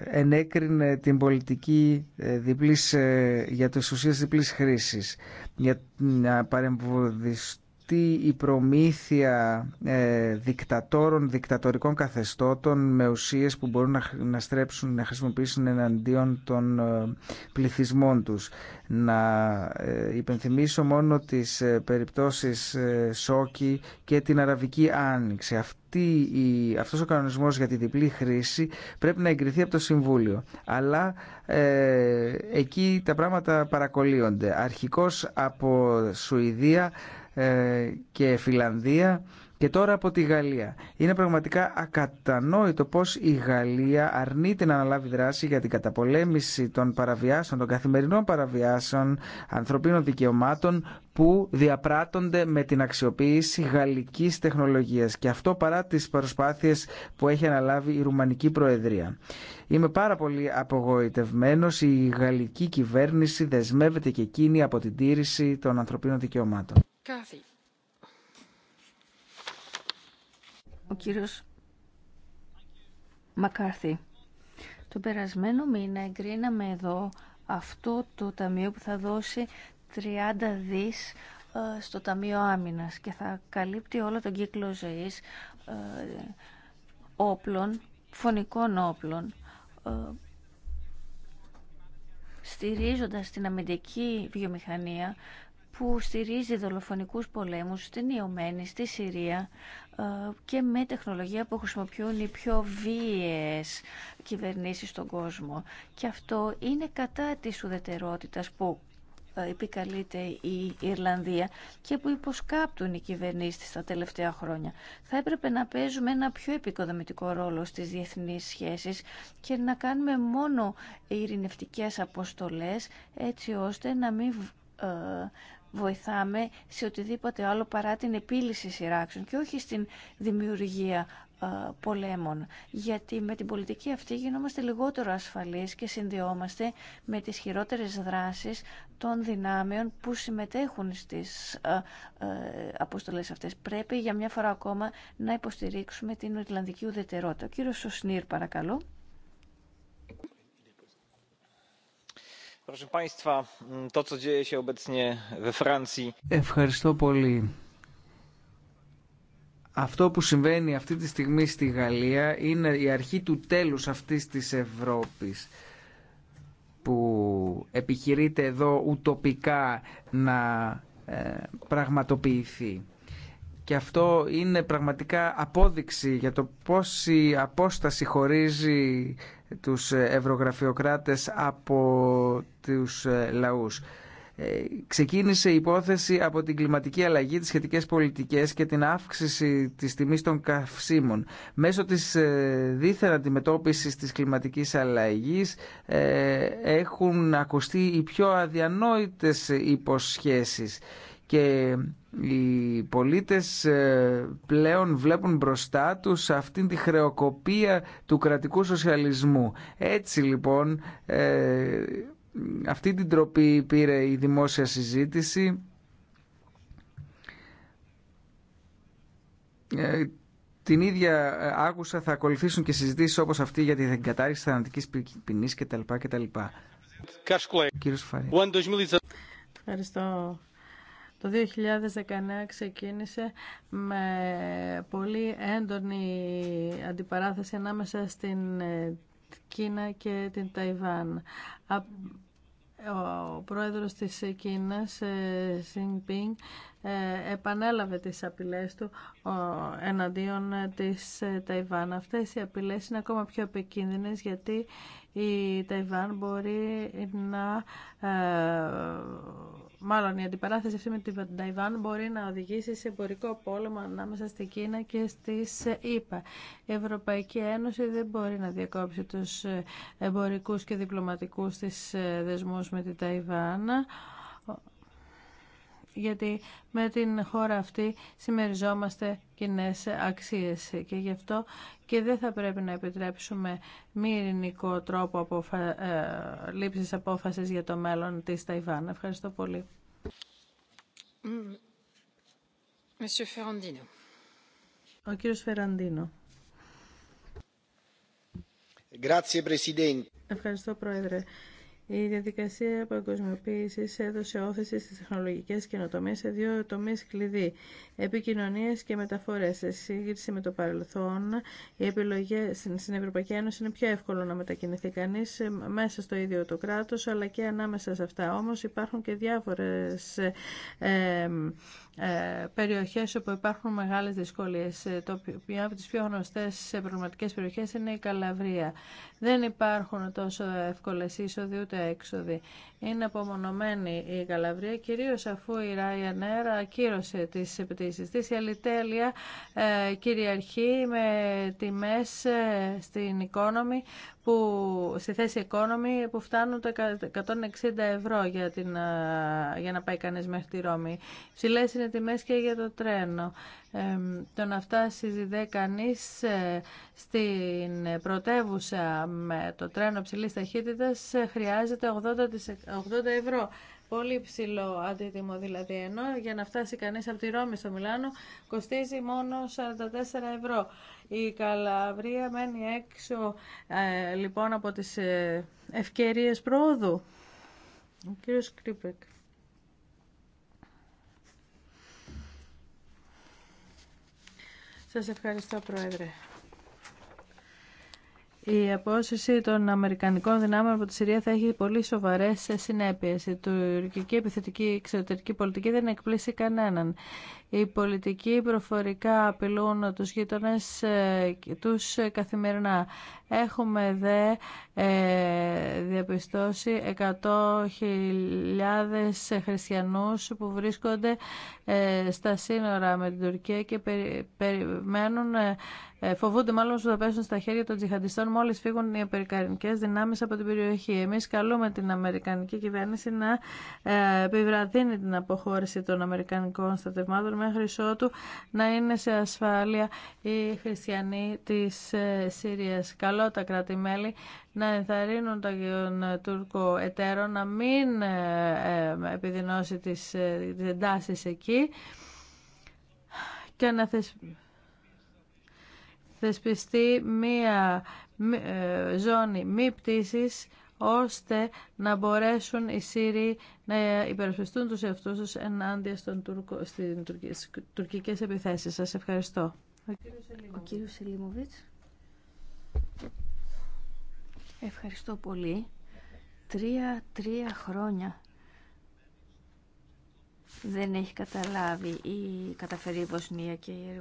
ενέκρινε την πολιτική ε, διπλής, ε, για τις ουσίες διπλής χρήσης για να παρεμποδιστούν αυτή η προμήθεια ε, δικτατόρων, δικτατορικών καθεστώτων με ουσίες που μπορούν να, να στρέψουν, να χρησιμοποιήσουν εναντίον των ε, πληθυσμών τους. Να ε, υπενθυμίσω μόνο τις περιπτώσεις Σόκη και την Αραβική Άνοιξη. Αυτή η, αυτός ο κανονισμός για τη διπλή χρήση πρέπει να εγκριθεί από το Συμβούλιο. Αλλά εκεί τα πράγματα παρακολύονται. Αρχικώς από Σουηδία ε, και Φιλανδία και τώρα από τη Γαλλία. Είναι πραγματικά ακατανόητο πώς η Γαλλία αρνείται να αναλάβει δράση για την καταπολέμηση των παραβιάσεων, των καθημερινών παραβιάσεων ανθρωπίνων δικαιωμάτων που διαπράττονται με την αξιοποίηση γαλλικής τεχνολογίας και αυτό παρά τις προσπάθειες που έχει αναλάβει η Ρουμανική Προεδρία. Είμαι πάρα πολύ απογοητευμένος, η γαλλική κυβέρνηση δεσμεύεται και εκείνη από την τήρηση των ανθρωπίνων δικαιωμάτων. Ο κύριος Μακάρθη. Το περασμένο μήνα εγκρίναμε εδώ αυτό το ταμείο που θα δώσει 30 δις ε, στο Ταμείο Άμυνας και θα καλύπτει όλο τον κύκλο ζωής ε, όπλων, φωνικών όπλων, ε, στηρίζοντας την αμυντική βιομηχανία που στηρίζει δολοφονικούς πολέμους στην Ιωμένη, στη Συρία ε, και με τεχνολογία που χρησιμοποιούν οι πιο βίαιες κυβερνήσεις στον κόσμο. Και αυτό είναι κατά της ουδετερότητας που ε, επικαλείται η Ιρλανδία και που υποσκάπτουν οι κυβερνήσεις τα τελευταία χρόνια. Θα έπρεπε να παίζουμε ένα πιο επικοδομητικό ρόλο στις διεθνείς σχέσεις και να κάνουμε μόνο ειρηνευτικές αποστολές έτσι ώστε να μην ε, βοηθάμε σε οτιδήποτε άλλο παρά την επίλυση σειράξεων και όχι στην δημιουργία ε, πολέμων. Γιατί με την πολιτική αυτή γινόμαστε λιγότερο ασφαλείς και συνδυόμαστε με τις χειρότερες δράσεις των δυνάμεων που συμμετέχουν στις ε, ε, αποστολές αυτές. Πρέπει για μια φορά ακόμα να υποστηρίξουμε την Ιρλανδική ουδετερότητα. Ο κύριος παρακαλώ. Ευχαριστώ πολύ. Αυτό που συμβαίνει αυτή τη στιγμή στη Γαλλία είναι η αρχή του τέλους αυτής της Ευρώπης που επιχειρείται εδώ ουτοπικά να ε, πραγματοποιηθεί. Και αυτό είναι πραγματικά απόδειξη για το πόση απόσταση χωρίζει τους ευρωγραφειοκράτες από τους ε, λαούς. Ε, ξεκίνησε η υπόθεση από την κλιματική αλλαγή, τις σχετικές πολιτικές και την αύξηση της τιμής των καυσίμων. Μέσω της ε, δίθερα αντιμετώπισης της κλιματικής αλλαγής έχουν ακουστεί οι πιο αδιανόητες υποσχέσεις και οι πολίτες ε, πλέον βλέπουν μπροστά τους αυτήν τη χρεοκοπία του κρατικού σοσιαλισμού. Έτσι λοιπόν ε, αυτή την τροπή πήρε η δημόσια συζήτηση ε, την ίδια άκουσα θα ακολουθήσουν και συζητήσεις όπως αυτή για την κατάρριξη θανατικής ποινής κτλ. κτλ. Κύριος Φαρή. Ευχαριστώ. Το 2019 ξεκίνησε με πολύ έντονη αντιπαράθεση ανάμεσα στην ε, Κίνα και την Ταϊβάν. Ο πρόεδρος της Κίνας, Σινπίνγκ, ε, ε, επανέλαβε τις απειλές του εναντίον της Ταϊβάν. Αυτές οι απειλές είναι ακόμα πιο επικίνδυνες γιατί η Ταϊβάν μπορεί να μάλλον η αντιπαράθεση αυτή με την Ταϊβάν μπορεί να οδηγήσει σε εμπορικό πόλεμο ανάμεσα στην Κίνα και στις ε, ΗΠΑ. Η Ευρωπαϊκή Ένωση δεν μπορεί να διακόψει τους ε, εμπορικούς και διπλωματικούς της ε, δεσμούς με την Ταϊβάν γιατί με την χώρα αυτή συμμεριζόμαστε κοινέ αξίες και γι' αυτό και δεν θα πρέπει να επιτρέψουμε μη ειρηνικό τρόπο αποφα... Ε, λήψης απόφασης για το μέλλον της Ταϊβάν. Ευχαριστώ πολύ. Ο κύριος Φεραντίνο. Ευχαριστώ, Πρόεδρε. Η διαδικασία παγκοσμιοποίηση έδωσε όθεση στι τεχνολογικέ καινοτομίε σε δύο τομεί κλειδί: επικοινωνίε και μεταφορέ. Σε σύγκριση με το παρελθόν, οι επιλογέ στην Ευρωπαϊκή Ένωση είναι πιο εύκολο να μετακινηθεί κανεί ε, μέσα στο ίδιο το κράτο, αλλά και ανάμεσα σε αυτά. Όμω υπάρχουν και διάφορε ε, ε, περιοχές όπου υπάρχουν μεγάλε δυσκολίε, ε, μια από τι πιο γνωστέ προβληματικέ περιοχέ είναι η Καλαβρία. Δεν υπάρχουν τόσο εύκολες είσοδοι έξοδοι είναι απομονωμένη η Καλαβρία, κυρίως αφού η Ryanair ακύρωσε τις επιτήσεις της. Η Αλιτέλεια ε, κυριαρχεί με τιμές ε, στην οικόνομη που, στη θέση οικόνομη που φτάνουν τα 160 ευρώ για, την, ε, για να πάει κανείς μέχρι τη Ρώμη. Ψηλές είναι τιμές και για το τρένο. Ε, το να φτάσει δε κανείς στην πρωτεύουσα με το τρένο ψηλής ταχύτητας χρειάζεται 80% 80 ευρώ. Πολύ ψηλό αντίτιμο δηλαδή, ενώ για να φτάσει κανείς από τη Ρώμη στο Μιλάνο κοστίζει μόνο 44 ευρώ. Η Καλαβρία μένει έξω ε, λοιπόν από τις ε, ευκαιρίες πρόοδου. Ο κύριος Κρύπεκ. Σας ευχαριστώ Πρόεδρε. Η απόσυρση των Αμερικανικών δυνάμεων από τη Συρία θα έχει πολύ σοβαρέ συνέπειε. Η τουρκική επιθετική εξωτερική πολιτική δεν εκπλήσει κανέναν. Οι πολιτικοί προφορικά απειλούν τους γείτονες ε, τους καθημερινά. Έχουμε δε ε, διαπιστώσει 100.000 χριστιανούς που βρίσκονται ε, στα σύνορα με την Τουρκία και περιμένουν ε, ε, φοβούνται μάλλον ότι θα πέσουν στα χέρια των τζιχαντιστών μόλι φύγουν οι αμερικανικέ δυνάμει από την περιοχή. Εμεί καλούμε την Αμερικανική κυβέρνηση να ε, επιβραδύνει την αποχώρηση των Αμερικανικών στρατευμάτων μέχρι ότου να είναι σε ασφάλεια οι χριστιανοί τη ε, Συρία. Καλό τα κράτη-μέλη να ενθαρρύνουν τον Τούρκο εταίρο να μην επιδεινώσει τις εντάσει εκεί και να θεσπίσει θεσπιστεί μία ε, ζώνη μη πτήσης ώστε να μπορέσουν οι Σύροι να υπερασπιστούν τους εαυτούς τους ενάντια στον Τουρκο, στην στις τουρκικές επιθέσεις. Σας ευχαριστώ. Ο κύριος Σελίμωβιτς. Ευχαριστώ πολύ. Τρία, τρία χρόνια δεν έχει καταλάβει η καταφερή Βοσνία και η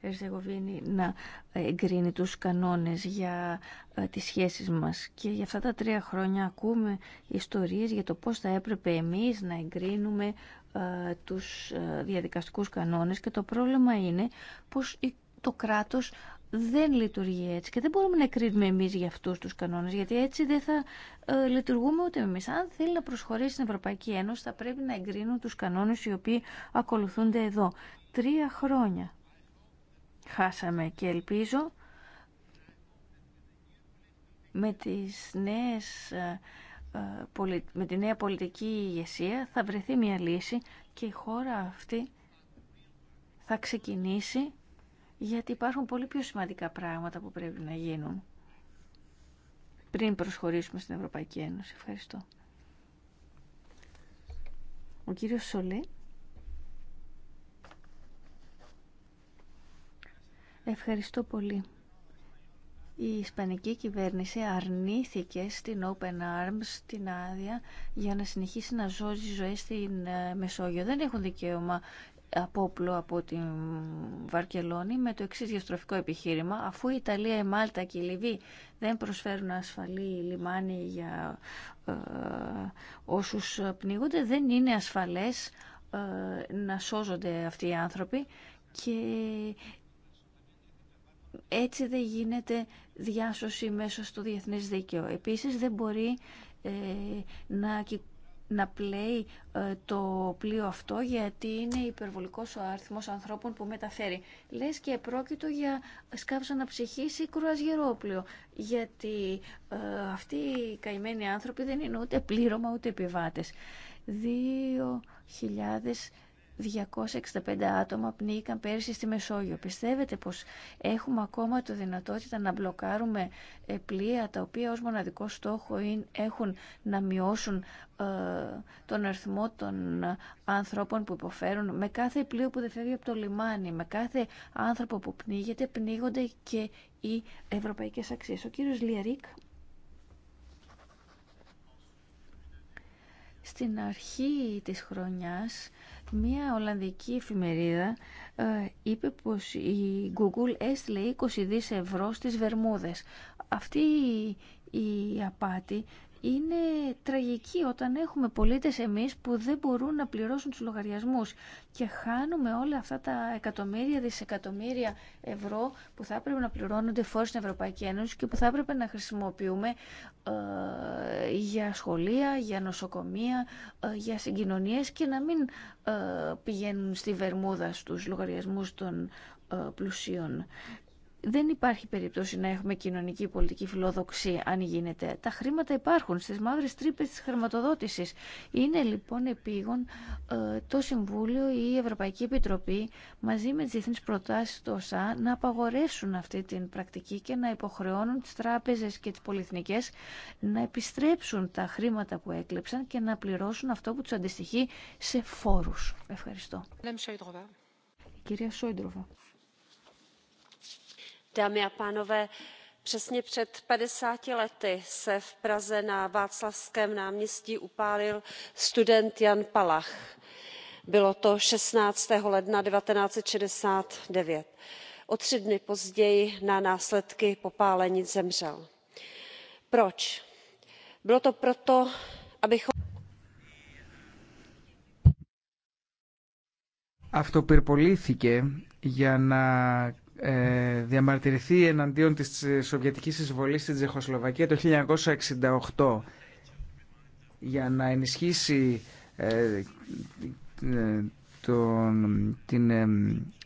Ερζεγοβίνη να εγκρίνει τους κανόνες για ε, τις σχέσεις μας. Και για αυτά τα τρία χρόνια ακούμε ιστορίες για το πώς θα έπρεπε εμείς να εγκρίνουμε ε, τους ε, διαδικαστικούς κανόνες και το πρόβλημα είναι πως το κράτος δεν λειτουργεί έτσι και δεν μπορούμε να κρίνουμε εμείς για αυτούς τους κανόνες γιατί έτσι δεν θα ε, λειτουργούμε ούτε εμείς. Αν θέλει να προσχωρήσει στην Ευρωπαϊκή Ένωση θα πρέπει να εγκρίνουν τους κανόνες οι οποίοι ακολουθούνται εδώ. Τρία χρόνια χάσαμε και ελπίζω με, τις ε, ε, με τη νέα πολιτική ηγεσία θα βρεθεί μια λύση και η χώρα αυτή θα ξεκινήσει γιατί υπάρχουν πολύ πιο σημαντικά πράγματα που πρέπει να γίνουν πριν προσχωρήσουμε στην Ευρωπαϊκή Ένωση. Ευχαριστώ. Ο κύριος Σολέ. Ευχαριστώ πολύ. Η Ισπανική κυβέρνηση αρνήθηκε στην Open Arms την άδεια για να συνεχίσει να ζώσει ζωές στην ε, Μεσόγειο. Δεν έχουν δικαίωμα απόπλο από την Βαρκελόνη με το εξής διαστροφικό επιχείρημα αφού η Ιταλία, η Μάλτα και η Λιβύη δεν προσφέρουν ασφαλή λιμάνι για ε, όσους πνίγονται δεν είναι ασφαλές ε, να σώζονται αυτοί οι άνθρωποι και έτσι δεν γίνεται διάσωση μέσα στο διεθνές δίκαιο. Επίσης δεν μπορεί ε, να, να πλέει ε, το πλοίο αυτό γιατί είναι υπερβολικός ο αριθμός ανθρώπων που μεταφέρει. Λες και πρόκειτο για σκάψα να ή κρουαζιερόπλοιο γιατί ε, αυτοί οι καημένοι άνθρωποι δεν είναι ούτε πλήρωμα ούτε επιβάτες. 2.000 265 άτομα πνίγηκαν πέρσι στη Μεσόγειο. Πιστεύετε πως έχουμε ακόμα το δυνατότητα να μπλοκάρουμε ε, πλοία τα οποία ως μοναδικό στόχο έχουν να μειώσουν ε, τον αριθμό των ανθρώπων που υποφέρουν. Με κάθε πλοίο που δεν φεύγει από το λιμάνι, με κάθε άνθρωπο που πνίγεται, πνίγονται και οι ευρωπαϊκές αξίες. Ο κύριος Λιαρίκ. Στην αρχή της χρονιάς Μία Ολλανδική εφημερίδα ε, είπε πως η Google έστειλε 20 δις ευρώ στις Βερμούδες. Αυτή η απάτη είναι τραγική όταν έχουμε πολίτες εμείς που δεν μπορούν να πληρώσουν τους λογαριασμούς και χάνουμε όλα αυτά τα εκατομμύρια δισεκατομμύρια ευρώ που θα έπρεπε να πληρώνονται φόρες στην Ευρωπαϊκή Ένωση και που θα έπρεπε να χρησιμοποιούμε ε, για σχολεία, για νοσοκομεία, ε, για συγκοινωνίες και να μην ε, πηγαίνουν στη Βερμούδα στους λογαριασμούς των πλουσίων δεν υπάρχει περίπτωση να έχουμε κοινωνική πολιτική φιλοδοξία αν γίνεται. Τα χρήματα υπάρχουν στις μαύρες τρύπες της χρηματοδότησης. Είναι λοιπόν επίγον ε, το Συμβούλιο ή η Ευρωπαϊκή Επιτροπή μαζί με τις διεθνείς προτάσεις του ΩΣΑ να απαγορέσουν αυτή την πρακτική και να υποχρεώνουν τις τράπεζες και τις πολυεθνικές να επιστρέψουν τα χρήματα που έκλεψαν και να πληρώσουν αυτό που τους αντιστοιχεί σε φόρους. Ευχαριστώ dámy a pánové přesně před padesáti lety se v praze na václavském náměstí upálil student jan palach. bylo to. sixteen ledna. one thousand nine hundred and sixty nine o tři dny později na následky popálenin zemřel. proč? bylo to proto abychom. Αυτοπυρπολήθηκε ε, διαμαρτυρηθεί εναντίον της ε, Σοβιετικής εισβολής στην Τσεχοσλοβακία το 1968 για να ενισχύσει ε, τον, την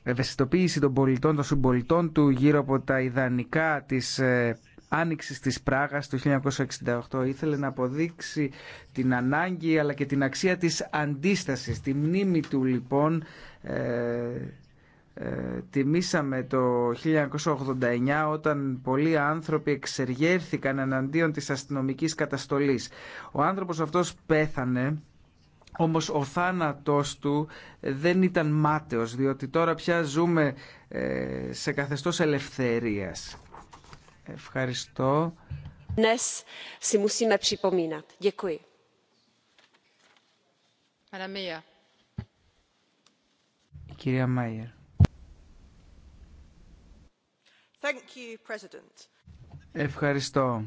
ευαισθητοποίηση των πολιτών, των συμπολιτών του γύρω από τα ιδανικά της άνοιξης της Πράγας το 1968 ήθελε να αποδείξει την ανάγκη αλλά και την αξία της αντίστασης. Τη μνήμη του λοιπόν ε, τιμήσαμε το 1989 όταν πολλοί άνθρωποι εξεργέρθηκαν εναντίον της αστυνομικής καταστολής. Ο άνθρωπος αυτός πέθανε όμως ο θάνατός του δεν ήταν μάταιος διότι τώρα πια ζούμε ε, σε καθεστώς ελευθερίας. Ευχαριστώ. Κυρία Μάιερ. Ευχαριστώ.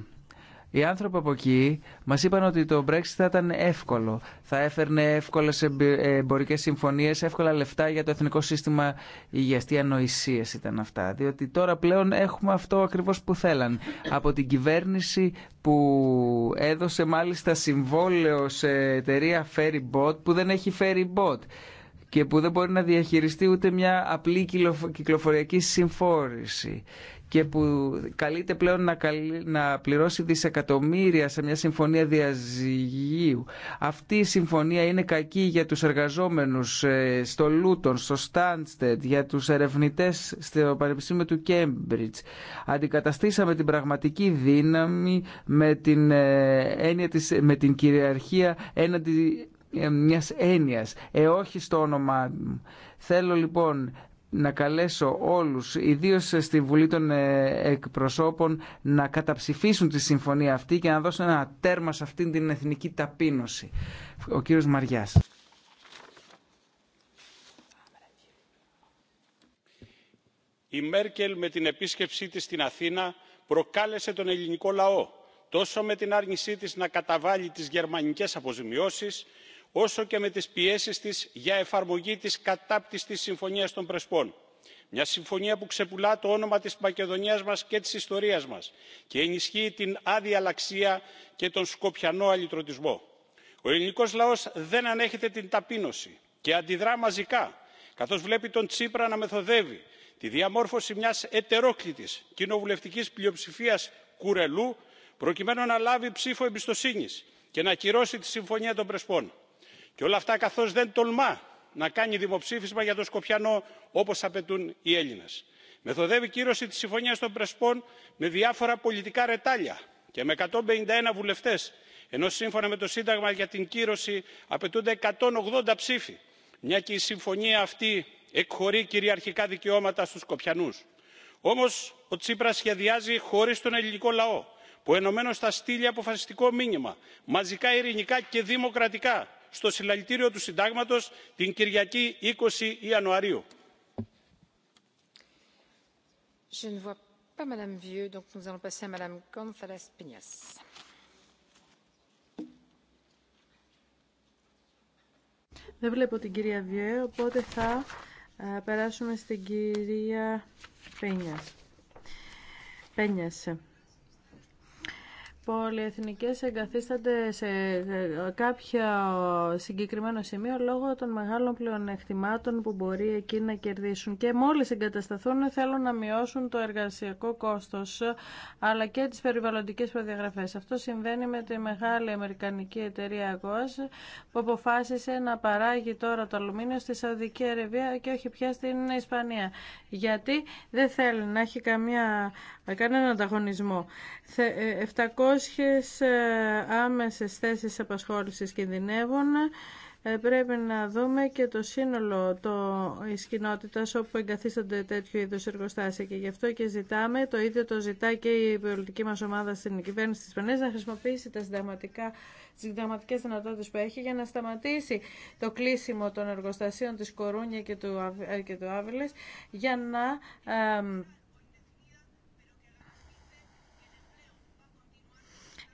Οι άνθρωποι από εκεί μας είπαν ότι το Brexit θα ήταν εύκολο. Θα έφερνε εύκολες εμπορικές συμφωνίες, εύκολα λεφτά για το εθνικό σύστημα υγείας. Τι ήταν αυτά. Διότι τώρα πλέον έχουμε αυτό ακριβώς που θέλαν. Από την κυβέρνηση που έδωσε μάλιστα συμβόλαιο σε εταιρεία Ferry Bot που δεν έχει Ferry Bot και που δεν μπορεί να διαχειριστεί ούτε μια απλή κυκλοφοριακή συμφόρηση και που καλείται πλέον να πληρώσει δισεκατομμύρια σε μια συμφωνία διαζυγίου. Αυτή η συμφωνία είναι κακή για τους εργαζόμενους ε, στο Λούτον, στο Στάνστετ, για τους ερευνητές στο Πανεπιστήμιο του Κέμπριτζ. Αντικαταστήσαμε την πραγματική δύναμη με την, ε, με την κυριαρχία έναντι ε, μιας έννοιας, ε όχι στο όνομα Θέλω λοιπόν να καλέσω όλους, ιδίως στη Βουλή των ε, Εκπροσώπων, να καταψηφίσουν τη συμφωνία αυτή και να δώσουν ένα τέρμα σε αυτήν την εθνική ταπείνωση. Ο κύριος Μαριάς. Η Μέρκελ με την επίσκεψή της στην Αθήνα προκάλεσε τον ελληνικό λαό τόσο με την άρνησή της να καταβάλει τις γερμανικές αποζημιώσεις όσο και με τις πιέσεις της για εφαρμογή της κατάπτυστης συμφωνίας των πρεσπών μια συμφωνία που ξεπουλά το όνομα της μακεδονίας μας και της ιστορίας μας και ενισχύει την αδιαλαξία και τον σκοπιανό αλυτρωτισμό. ο ελληνικός λαός δεν ανέχεται την ταπείνωση και αντιδρά μαζικά καθώς βλέπει τον τσίπρα να μεθοδεύει τη διαμόρφωση μιας ετερόκλητης κοινοβουλευτικής πλειοψηφίας κουρελού προκειμένου να λάβει ψήφο εμπιστοσύνης και να ακυρώσει τη συμφωνία των πρεσπών και όλα αυτά καθώς δεν τολμά να κάνει δημοψήφισμα για το σκοπιανό όπως απαιτούν οι έλληνες. μεθοδεύει κύρωση της συμφωνίας των πρεσπών με διάφορα πολιτικά ρετάλια και με 151 βουλευτές ενώ σύμφωνα με το σύνταγμα για την κύρωση απαιτούνται 180 ψήφοι μια και η συμφωνία αυτή εκχωρεί κυριαρχικά δικαιώματα στους σκοπιανούς. όμως ο τσίπρας σχεδιάζει χωρίς τον ελληνικό λαό που ενωμένος θα στείλει αποφασιστικό μήνυμα μαζικά ειρηνικά και δημοκρατικά στο συλλαλητήριο του συντάγματος την Κυριακή 20 Ιανουαρίου. Δεν βλέπω την κυρία Βιέ, οπότε θα ε, περάσουμε στην κυρία Πένιας. Πένιας πολυεθνικές εγκαθίστανται σε κάποιο συγκεκριμένο σημείο λόγω των μεγάλων πλεονεκτημάτων που μπορεί εκεί να κερδίσουν και μόλις εγκατασταθούν θέλουν να μειώσουν το εργασιακό κόστος αλλά και τις περιβαλλοντικές προδιαγραφές. Αυτό συμβαίνει με τη μεγάλη αμερικανική εταιρεία GOS που αποφάσισε να παράγει τώρα το αλουμίνιο στη Σαουδική Αραβία και όχι πια στην Ισπανία. Γιατί δεν θέλει να έχει καμία έναν ανταγωνισμό. 700 ε, ε, άμεσες θέσεις απασχόλησης κινδυνεύουν ε, πρέπει να δούμε και το σύνολο τη κοινότητα όπου εγκαθίστανται τέτοιου είδου εργοστάσια. Και γι' αυτό και ζητάμε, το ίδιο το ζητά και η πολιτική μα ομάδα στην κυβέρνηση τη Πενέζα, να χρησιμοποιήσει τι συνταγματικέ δυνατότητε που έχει για να σταματήσει το κλείσιμο των εργοστασίων τη Κορούνια και του, και του για να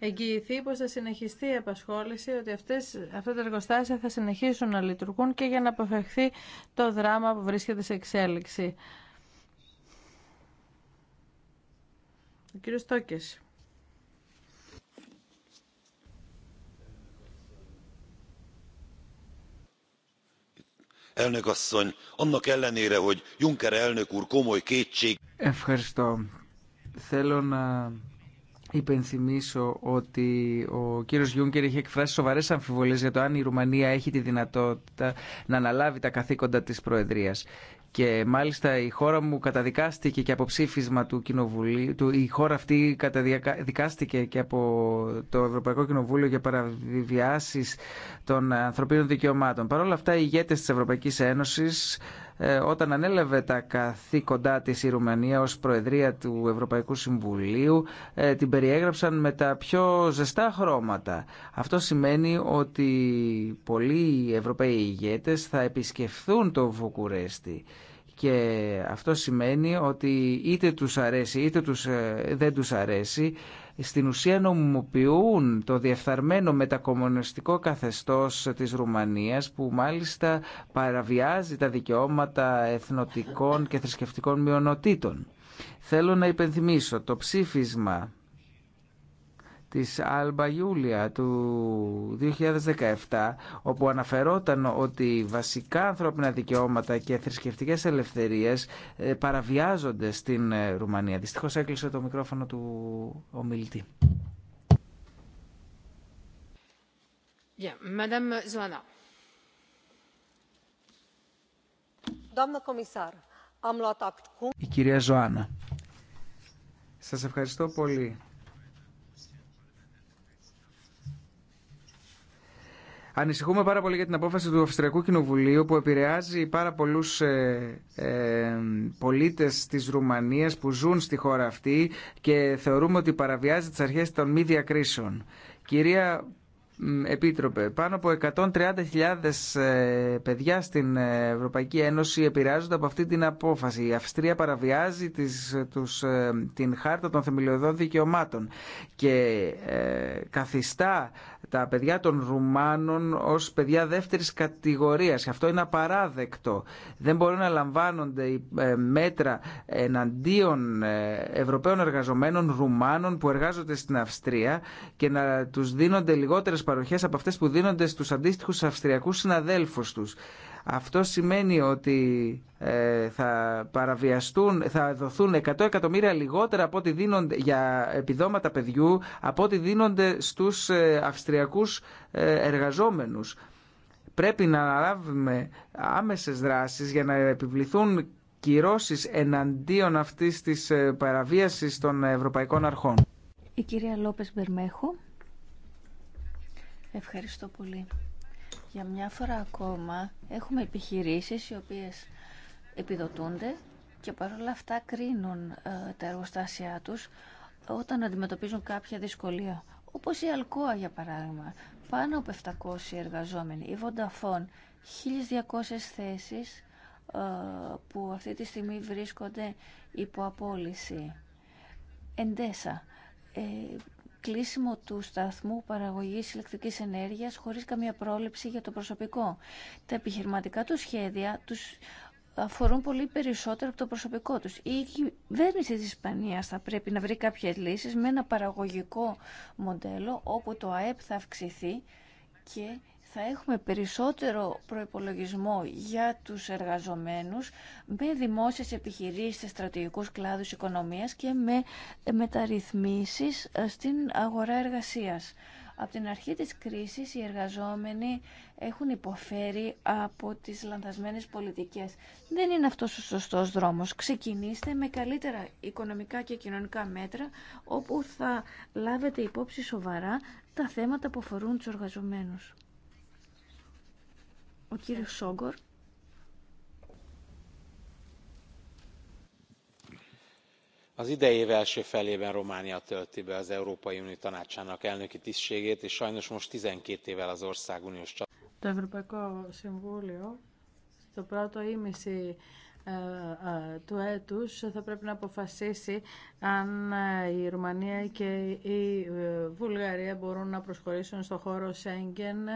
εγγυηθεί πως θα συνεχιστεί η απασχόληση, ότι αυτές, αυτά τα εργοστάσια θα συνεχίσουν να λειτουργούν και για να αποφευχθεί το δράμα που βρίσκεται σε εξέλιξη. Ο κύριος Τόκες. Ευχαριστώ. Θέλω να υπενθυμίσω ότι ο κύριος Γιούγκερ είχε εκφράσει σοβαρές αμφιβολίες για το αν η Ρουμανία έχει τη δυνατότητα να αναλάβει τα καθήκοντα της Προεδρίας. Και μάλιστα η χώρα μου καταδικάστηκε και από ψήφισμα του Κοινοβουλίου, του, η χώρα αυτή καταδικάστηκε και από το Ευρωπαϊκό Κοινοβούλιο για παραβιάσει των ανθρωπίνων δικαιωμάτων. Παρ' όλα αυτά οι ηγέτες της Ευρωπαϊκής Ένωσης ε, όταν ανέλαβε τα καθήκοντά της η Ρουμανία ως Προεδρία του Ευρωπαϊκού Συμβουλίου ε, την περιέγραψαν με τα πιο ζεστά χρώματα. Αυτό σημαίνει ότι πολλοί Ευρωπαίοι ηγέτες θα επισκεφθούν το Βουκουρέστι και αυτό σημαίνει ότι είτε τους αρέσει είτε τους, ε, δεν τους αρέσει στην ουσία νομιμοποιούν το διεφθαρμένο μετακομμουνιστικό καθεστώς της Ρουμανίας που μάλιστα παραβιάζει τα δικαιώματα εθνοτικών και θρησκευτικών μειονοτήτων. Θέλω να υπενθυμίσω το ψήφισμα της Άλμπα Ιούλια του 2017 όπου αναφερόταν ότι βασικά ανθρώπινα δικαιώματα και θρησκευτικές ελευθερίες ε, παραβιάζονται στην ε, Ρουμανία. Δυστυχώς έκλεισε το μικρόφωνο του ομιλητή. Η κυρία Ζωάνα. Σας ευχαριστώ πολύ Ανησυχούμε πάρα πολύ για την απόφαση του Αυστριακού Κοινοβουλίου που επηρεάζει πάρα πολλού ε, ε, πολίτες της Ρουμανίας που ζουν στη χώρα αυτή και θεωρούμε ότι παραβιάζει τις αρχές των μη διακρίσεων. Κυρία Επίτροπε, πάνω από 130.000 ε, παιδιά στην Ευρωπαϊκή Ένωση επηρεάζονται από αυτή την απόφαση. Η Αυστρία παραβιάζει τις, τους, ε, την χάρτα των θεμελιωδών δικαιωμάτων και ε, καθιστά τα παιδιά των Ρουμάνων ως παιδιά δεύτερης κατηγορίας. Αυτό είναι απαράδεκτο. Δεν μπορούν να λαμβάνονται οι ε, μέτρα εναντίον ε, Ευρωπαίων εργαζομένων Ρουμάνων που εργάζονται στην Αυστρία και να τους δίνονται λιγότερες παροχές από αυτές που δίνονται στους αντίστοιχους Αυστριακούς συναδέλφους τους. Αυτό σημαίνει ότι ε, θα παραβιαστούν, θα δοθούν 100 εκατομμύρια λιγότερα από ό,τι δίνονται για επιδόματα παιδιού από ό,τι δίνονται στους ε, αυστριακούς ε, εργαζόμενους. Πρέπει να αναλάβουμε άμεσες δράσεις για να επιβληθούν κυρώσεις εναντίον αυτής της παραβίασης των ευρωπαϊκών αρχών. Η κυρία Λόπες Μπερμέχου. Ευχαριστώ πολύ. Για μια φορά ακόμα έχουμε επιχειρήσεις οι οποίες επιδοτούνται και παρόλα αυτά κρίνουν ε, τα εργοστάσια τους όταν αντιμετωπίζουν κάποια δυσκολία. Όπως η Αλκόα για παράδειγμα, πάνω από 700 εργαζόμενοι, η Βονταφών, 1200 θέσεις ε, που αυτή τη στιγμή βρίσκονται υπό απόλυση. Εντέσα, κλείσιμο του σταθμού παραγωγής ηλεκτρικής ενέργειας χωρίς καμία πρόληψη για το προσωπικό. Τα επιχειρηματικά του σχέδια τους αφορούν πολύ περισσότερο από το προσωπικό τους. Η κυβέρνηση της Ισπανίας θα πρέπει να βρει κάποιες λύσεις με ένα παραγωγικό μοντέλο όπου το ΑΕΠ θα αυξηθεί και θα έχουμε περισσότερο προϋπολογισμό για τους εργαζομένους με δημόσιες επιχειρήσεις σε στρατηγικούς κλάδους οικονομίας και με μεταρρυθμίσεις ε, στην αγορά εργασίας. Από την αρχή της κρίσης οι εργαζόμενοι έχουν υποφέρει από τις λανθασμένες πολιτικές. Δεν είναι αυτός ο σωστός δρόμος. Ξεκινήστε με καλύτερα οικονομικά και κοινωνικά μέτρα όπου θα λάβετε υπόψη σοβαρά τα θέματα που αφορούν τους εργαζομένους. Ο κύριος Σόγκορ. az idei első felében románia tölti be az európai unió tanácsának elnöki tisztségét és sajnos most 12 évvel az ország uniós csatlakozása. Το Ευρωπαϊκό Συμβούλιο στο πρώτο ε, ε, του έτους θα πρέπει να αποφασίσει αν ε, η Ρουμανία και η Βουλγαρία μπορούν να προσχωρήσουν στο χώρο Σέγγεν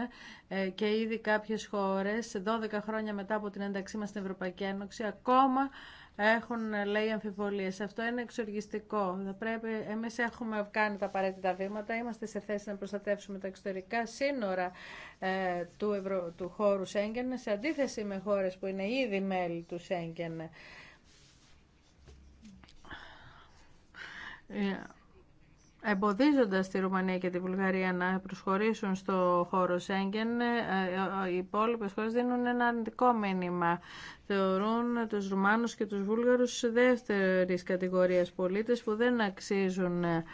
και ήδη κάποιες χώρες 12 χρόνια μετά από την ένταξή μας στην Ευρωπαϊκή Ένωση ακόμα έχουν ε, λέει αμφιβολίε. Αυτό είναι εξοργιστικό. Θα πρέπει, εμείς έχουμε κάνει τα απαραίτητα βήματα, είμαστε σε θέση να προστατεύσουμε τα εξωτερικά σύνορα ε, του, του χώρου Σέγγεν σε αντίθεση με χώρες που είναι ήδη μέλη του Σέγγεν. Ε, εμποδίζοντας τη Ρουμανία και τη Βουλγαρία να προσχωρήσουν στο χώρο Σέγγεν, ε, ε, οι υπόλοιπες χώρες δίνουν ένα αρνητικό μήνυμα. Θεωρούν τους Ρουμάνους και τους Βούλγαρους δεύτερης κατηγορίας πολίτες που δεν αξίζουν ε,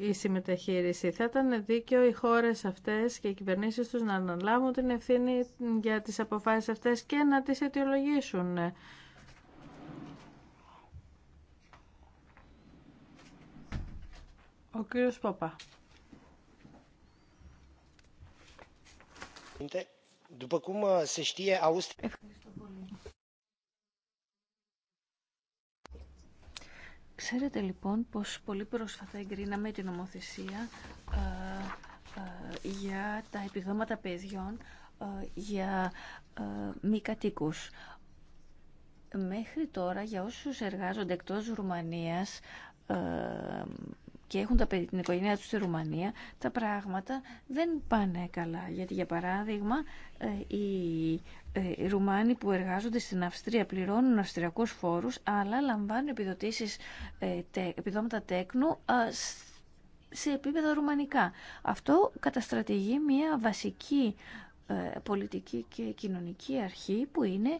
η συμμεταχείριση. Θα ήταν δίκαιο οι χώρες αυτές και οι κυβερνήσεις τους να αναλάβουν την ευθύνη για τις αποφάσεις αυτές και να τις αιτιολογήσουν. Ο κύριος Παπά. Uh, Ευχαριστώ πολύ. Ξέρετε λοιπόν πως πολύ πρόσφατα εγκρίναμε την νομοθεσία ε, ε, για τα επιδόματα παιδιών ε, για μη κατοίκους. Μέχρι τώρα για όσους εργάζονται εκτός Ρουμανίας και έχουν τα, την οικογένειά τους στη Ρουμανία, τα πράγματα δεν πάνε καλά. Γιατί, για παράδειγμα, ε, ε, οι Ρουμάνοι που εργάζονται στην Αυστρία πληρώνουν αυστριακούς φόρους, αλλά λαμβάνουν επιδοτήσεις, ε, επιδόματα τέκνου σε επίπεδα ρουμανικά. Αυτό καταστρατηγεί μια βασική πολιτική και κοινωνική αρχή που είναι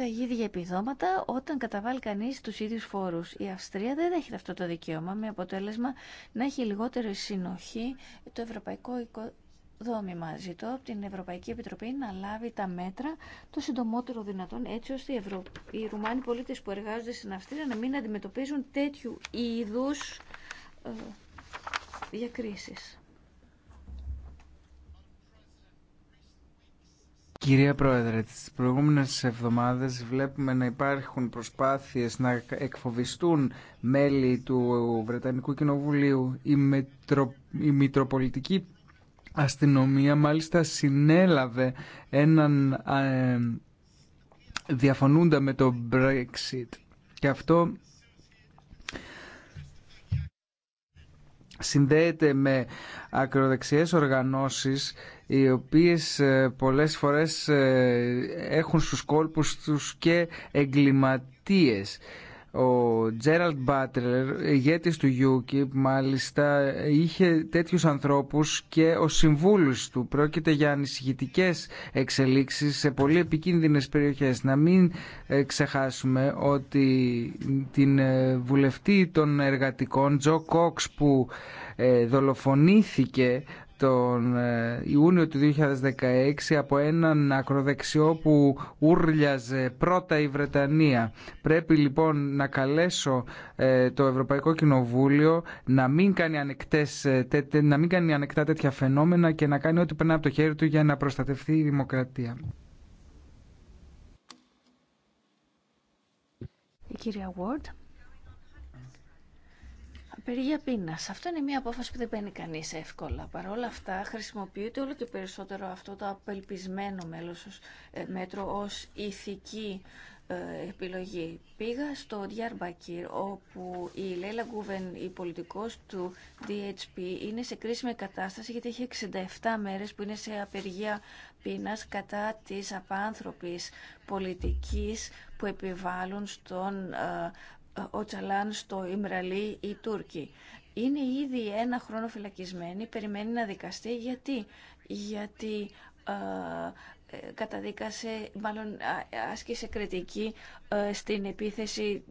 τα ίδια επιδόματα όταν καταβάλει κανείς τους ίδιους φόρους. Η Αυστρία δεν έχει αυτό το δικαίωμα με αποτέλεσμα να έχει λιγότερη συνοχή το ευρωπαϊκό οικοδόμημα. Ζητώ από την Ευρωπαϊκή Επιτροπή να λάβει τα μέτρα το συντομότερο δυνατόν, έτσι ώστε οι, Ευρω... Ρουμάνοι πολίτες που εργάζονται στην Αυστρία να μην αντιμετωπίζουν τέτοιου είδους ε, διακρίσει. Κυρία Πρόεδρε, τις προηγούμενες εβδομάδες βλέπουμε να υπάρχουν προσπάθειες να εκφοβιστούν μέλη του Βρετανικού Κοινοβουλίου. Η, Μετρο... η Μητροπολιτική Αστυνομία μάλιστα συνέλαβε έναν ε, διαφωνούντα με το Brexit. Και αυτό συνδέεται με ακροδεξιές οργανώσεις οι οποίες ε, πολλές φορές ε, έχουν στους κόλπους τους και εγκληματίες. Ο Τζέραλτ Μπάτλερ, ηγέτης του UKIP, μάλιστα είχε τέτοιους ανθρώπους και ο συμβούλους του. Πρόκειται για ανησυχητικέ εξελίξεις σε πολύ επικίνδυνες περιοχές. Να μην ε, ξεχάσουμε ότι την ε, βουλευτή των εργατικών, Τζο Κόξ, που ε, δολοφονήθηκε τον ε, Ιούνιο του 2016 από έναν ακροδεξιό που ούρλιαζε πρώτα η Βρετανία. Πρέπει λοιπόν να καλέσω ε, το Ευρωπαϊκό Κοινοβούλιο να μην κάνει, ανεκτές, ε, να μην κάνει ανεκτά τέτοια φαινόμενα και να κάνει ό,τι περνά από το χέρι του για να προστατευτεί η δημοκρατία. Η κυρία Απεργία πείνα. Αυτό είναι μια απόφαση που δεν παίρνει κανεί εύκολα. Παρ' όλα αυτά, χρησιμοποιείται όλο και περισσότερο αυτό το απελπισμένο μέλος, ε, μέτρο ω ηθική ε, επιλογή. Πήγα στο Διαρμπακύρ όπου η Λέλα Γκούβεν, η πολιτικός του DHP, είναι σε κρίσιμη κατάσταση γιατί έχει 67 μέρες που είναι σε απεργία πείνα κατά τη απάνθρωπη πολιτική που επιβάλλουν στον ε, ο Τσαλάν στο Ιμραλί η Τούρκοι. Είναι ήδη ένα χρόνο φυλακισμένη, περιμένει να δικαστεί. Γιατί, γιατί ε, καταδίκασε, μάλλον άσκησε κριτική ε, στην επίθεση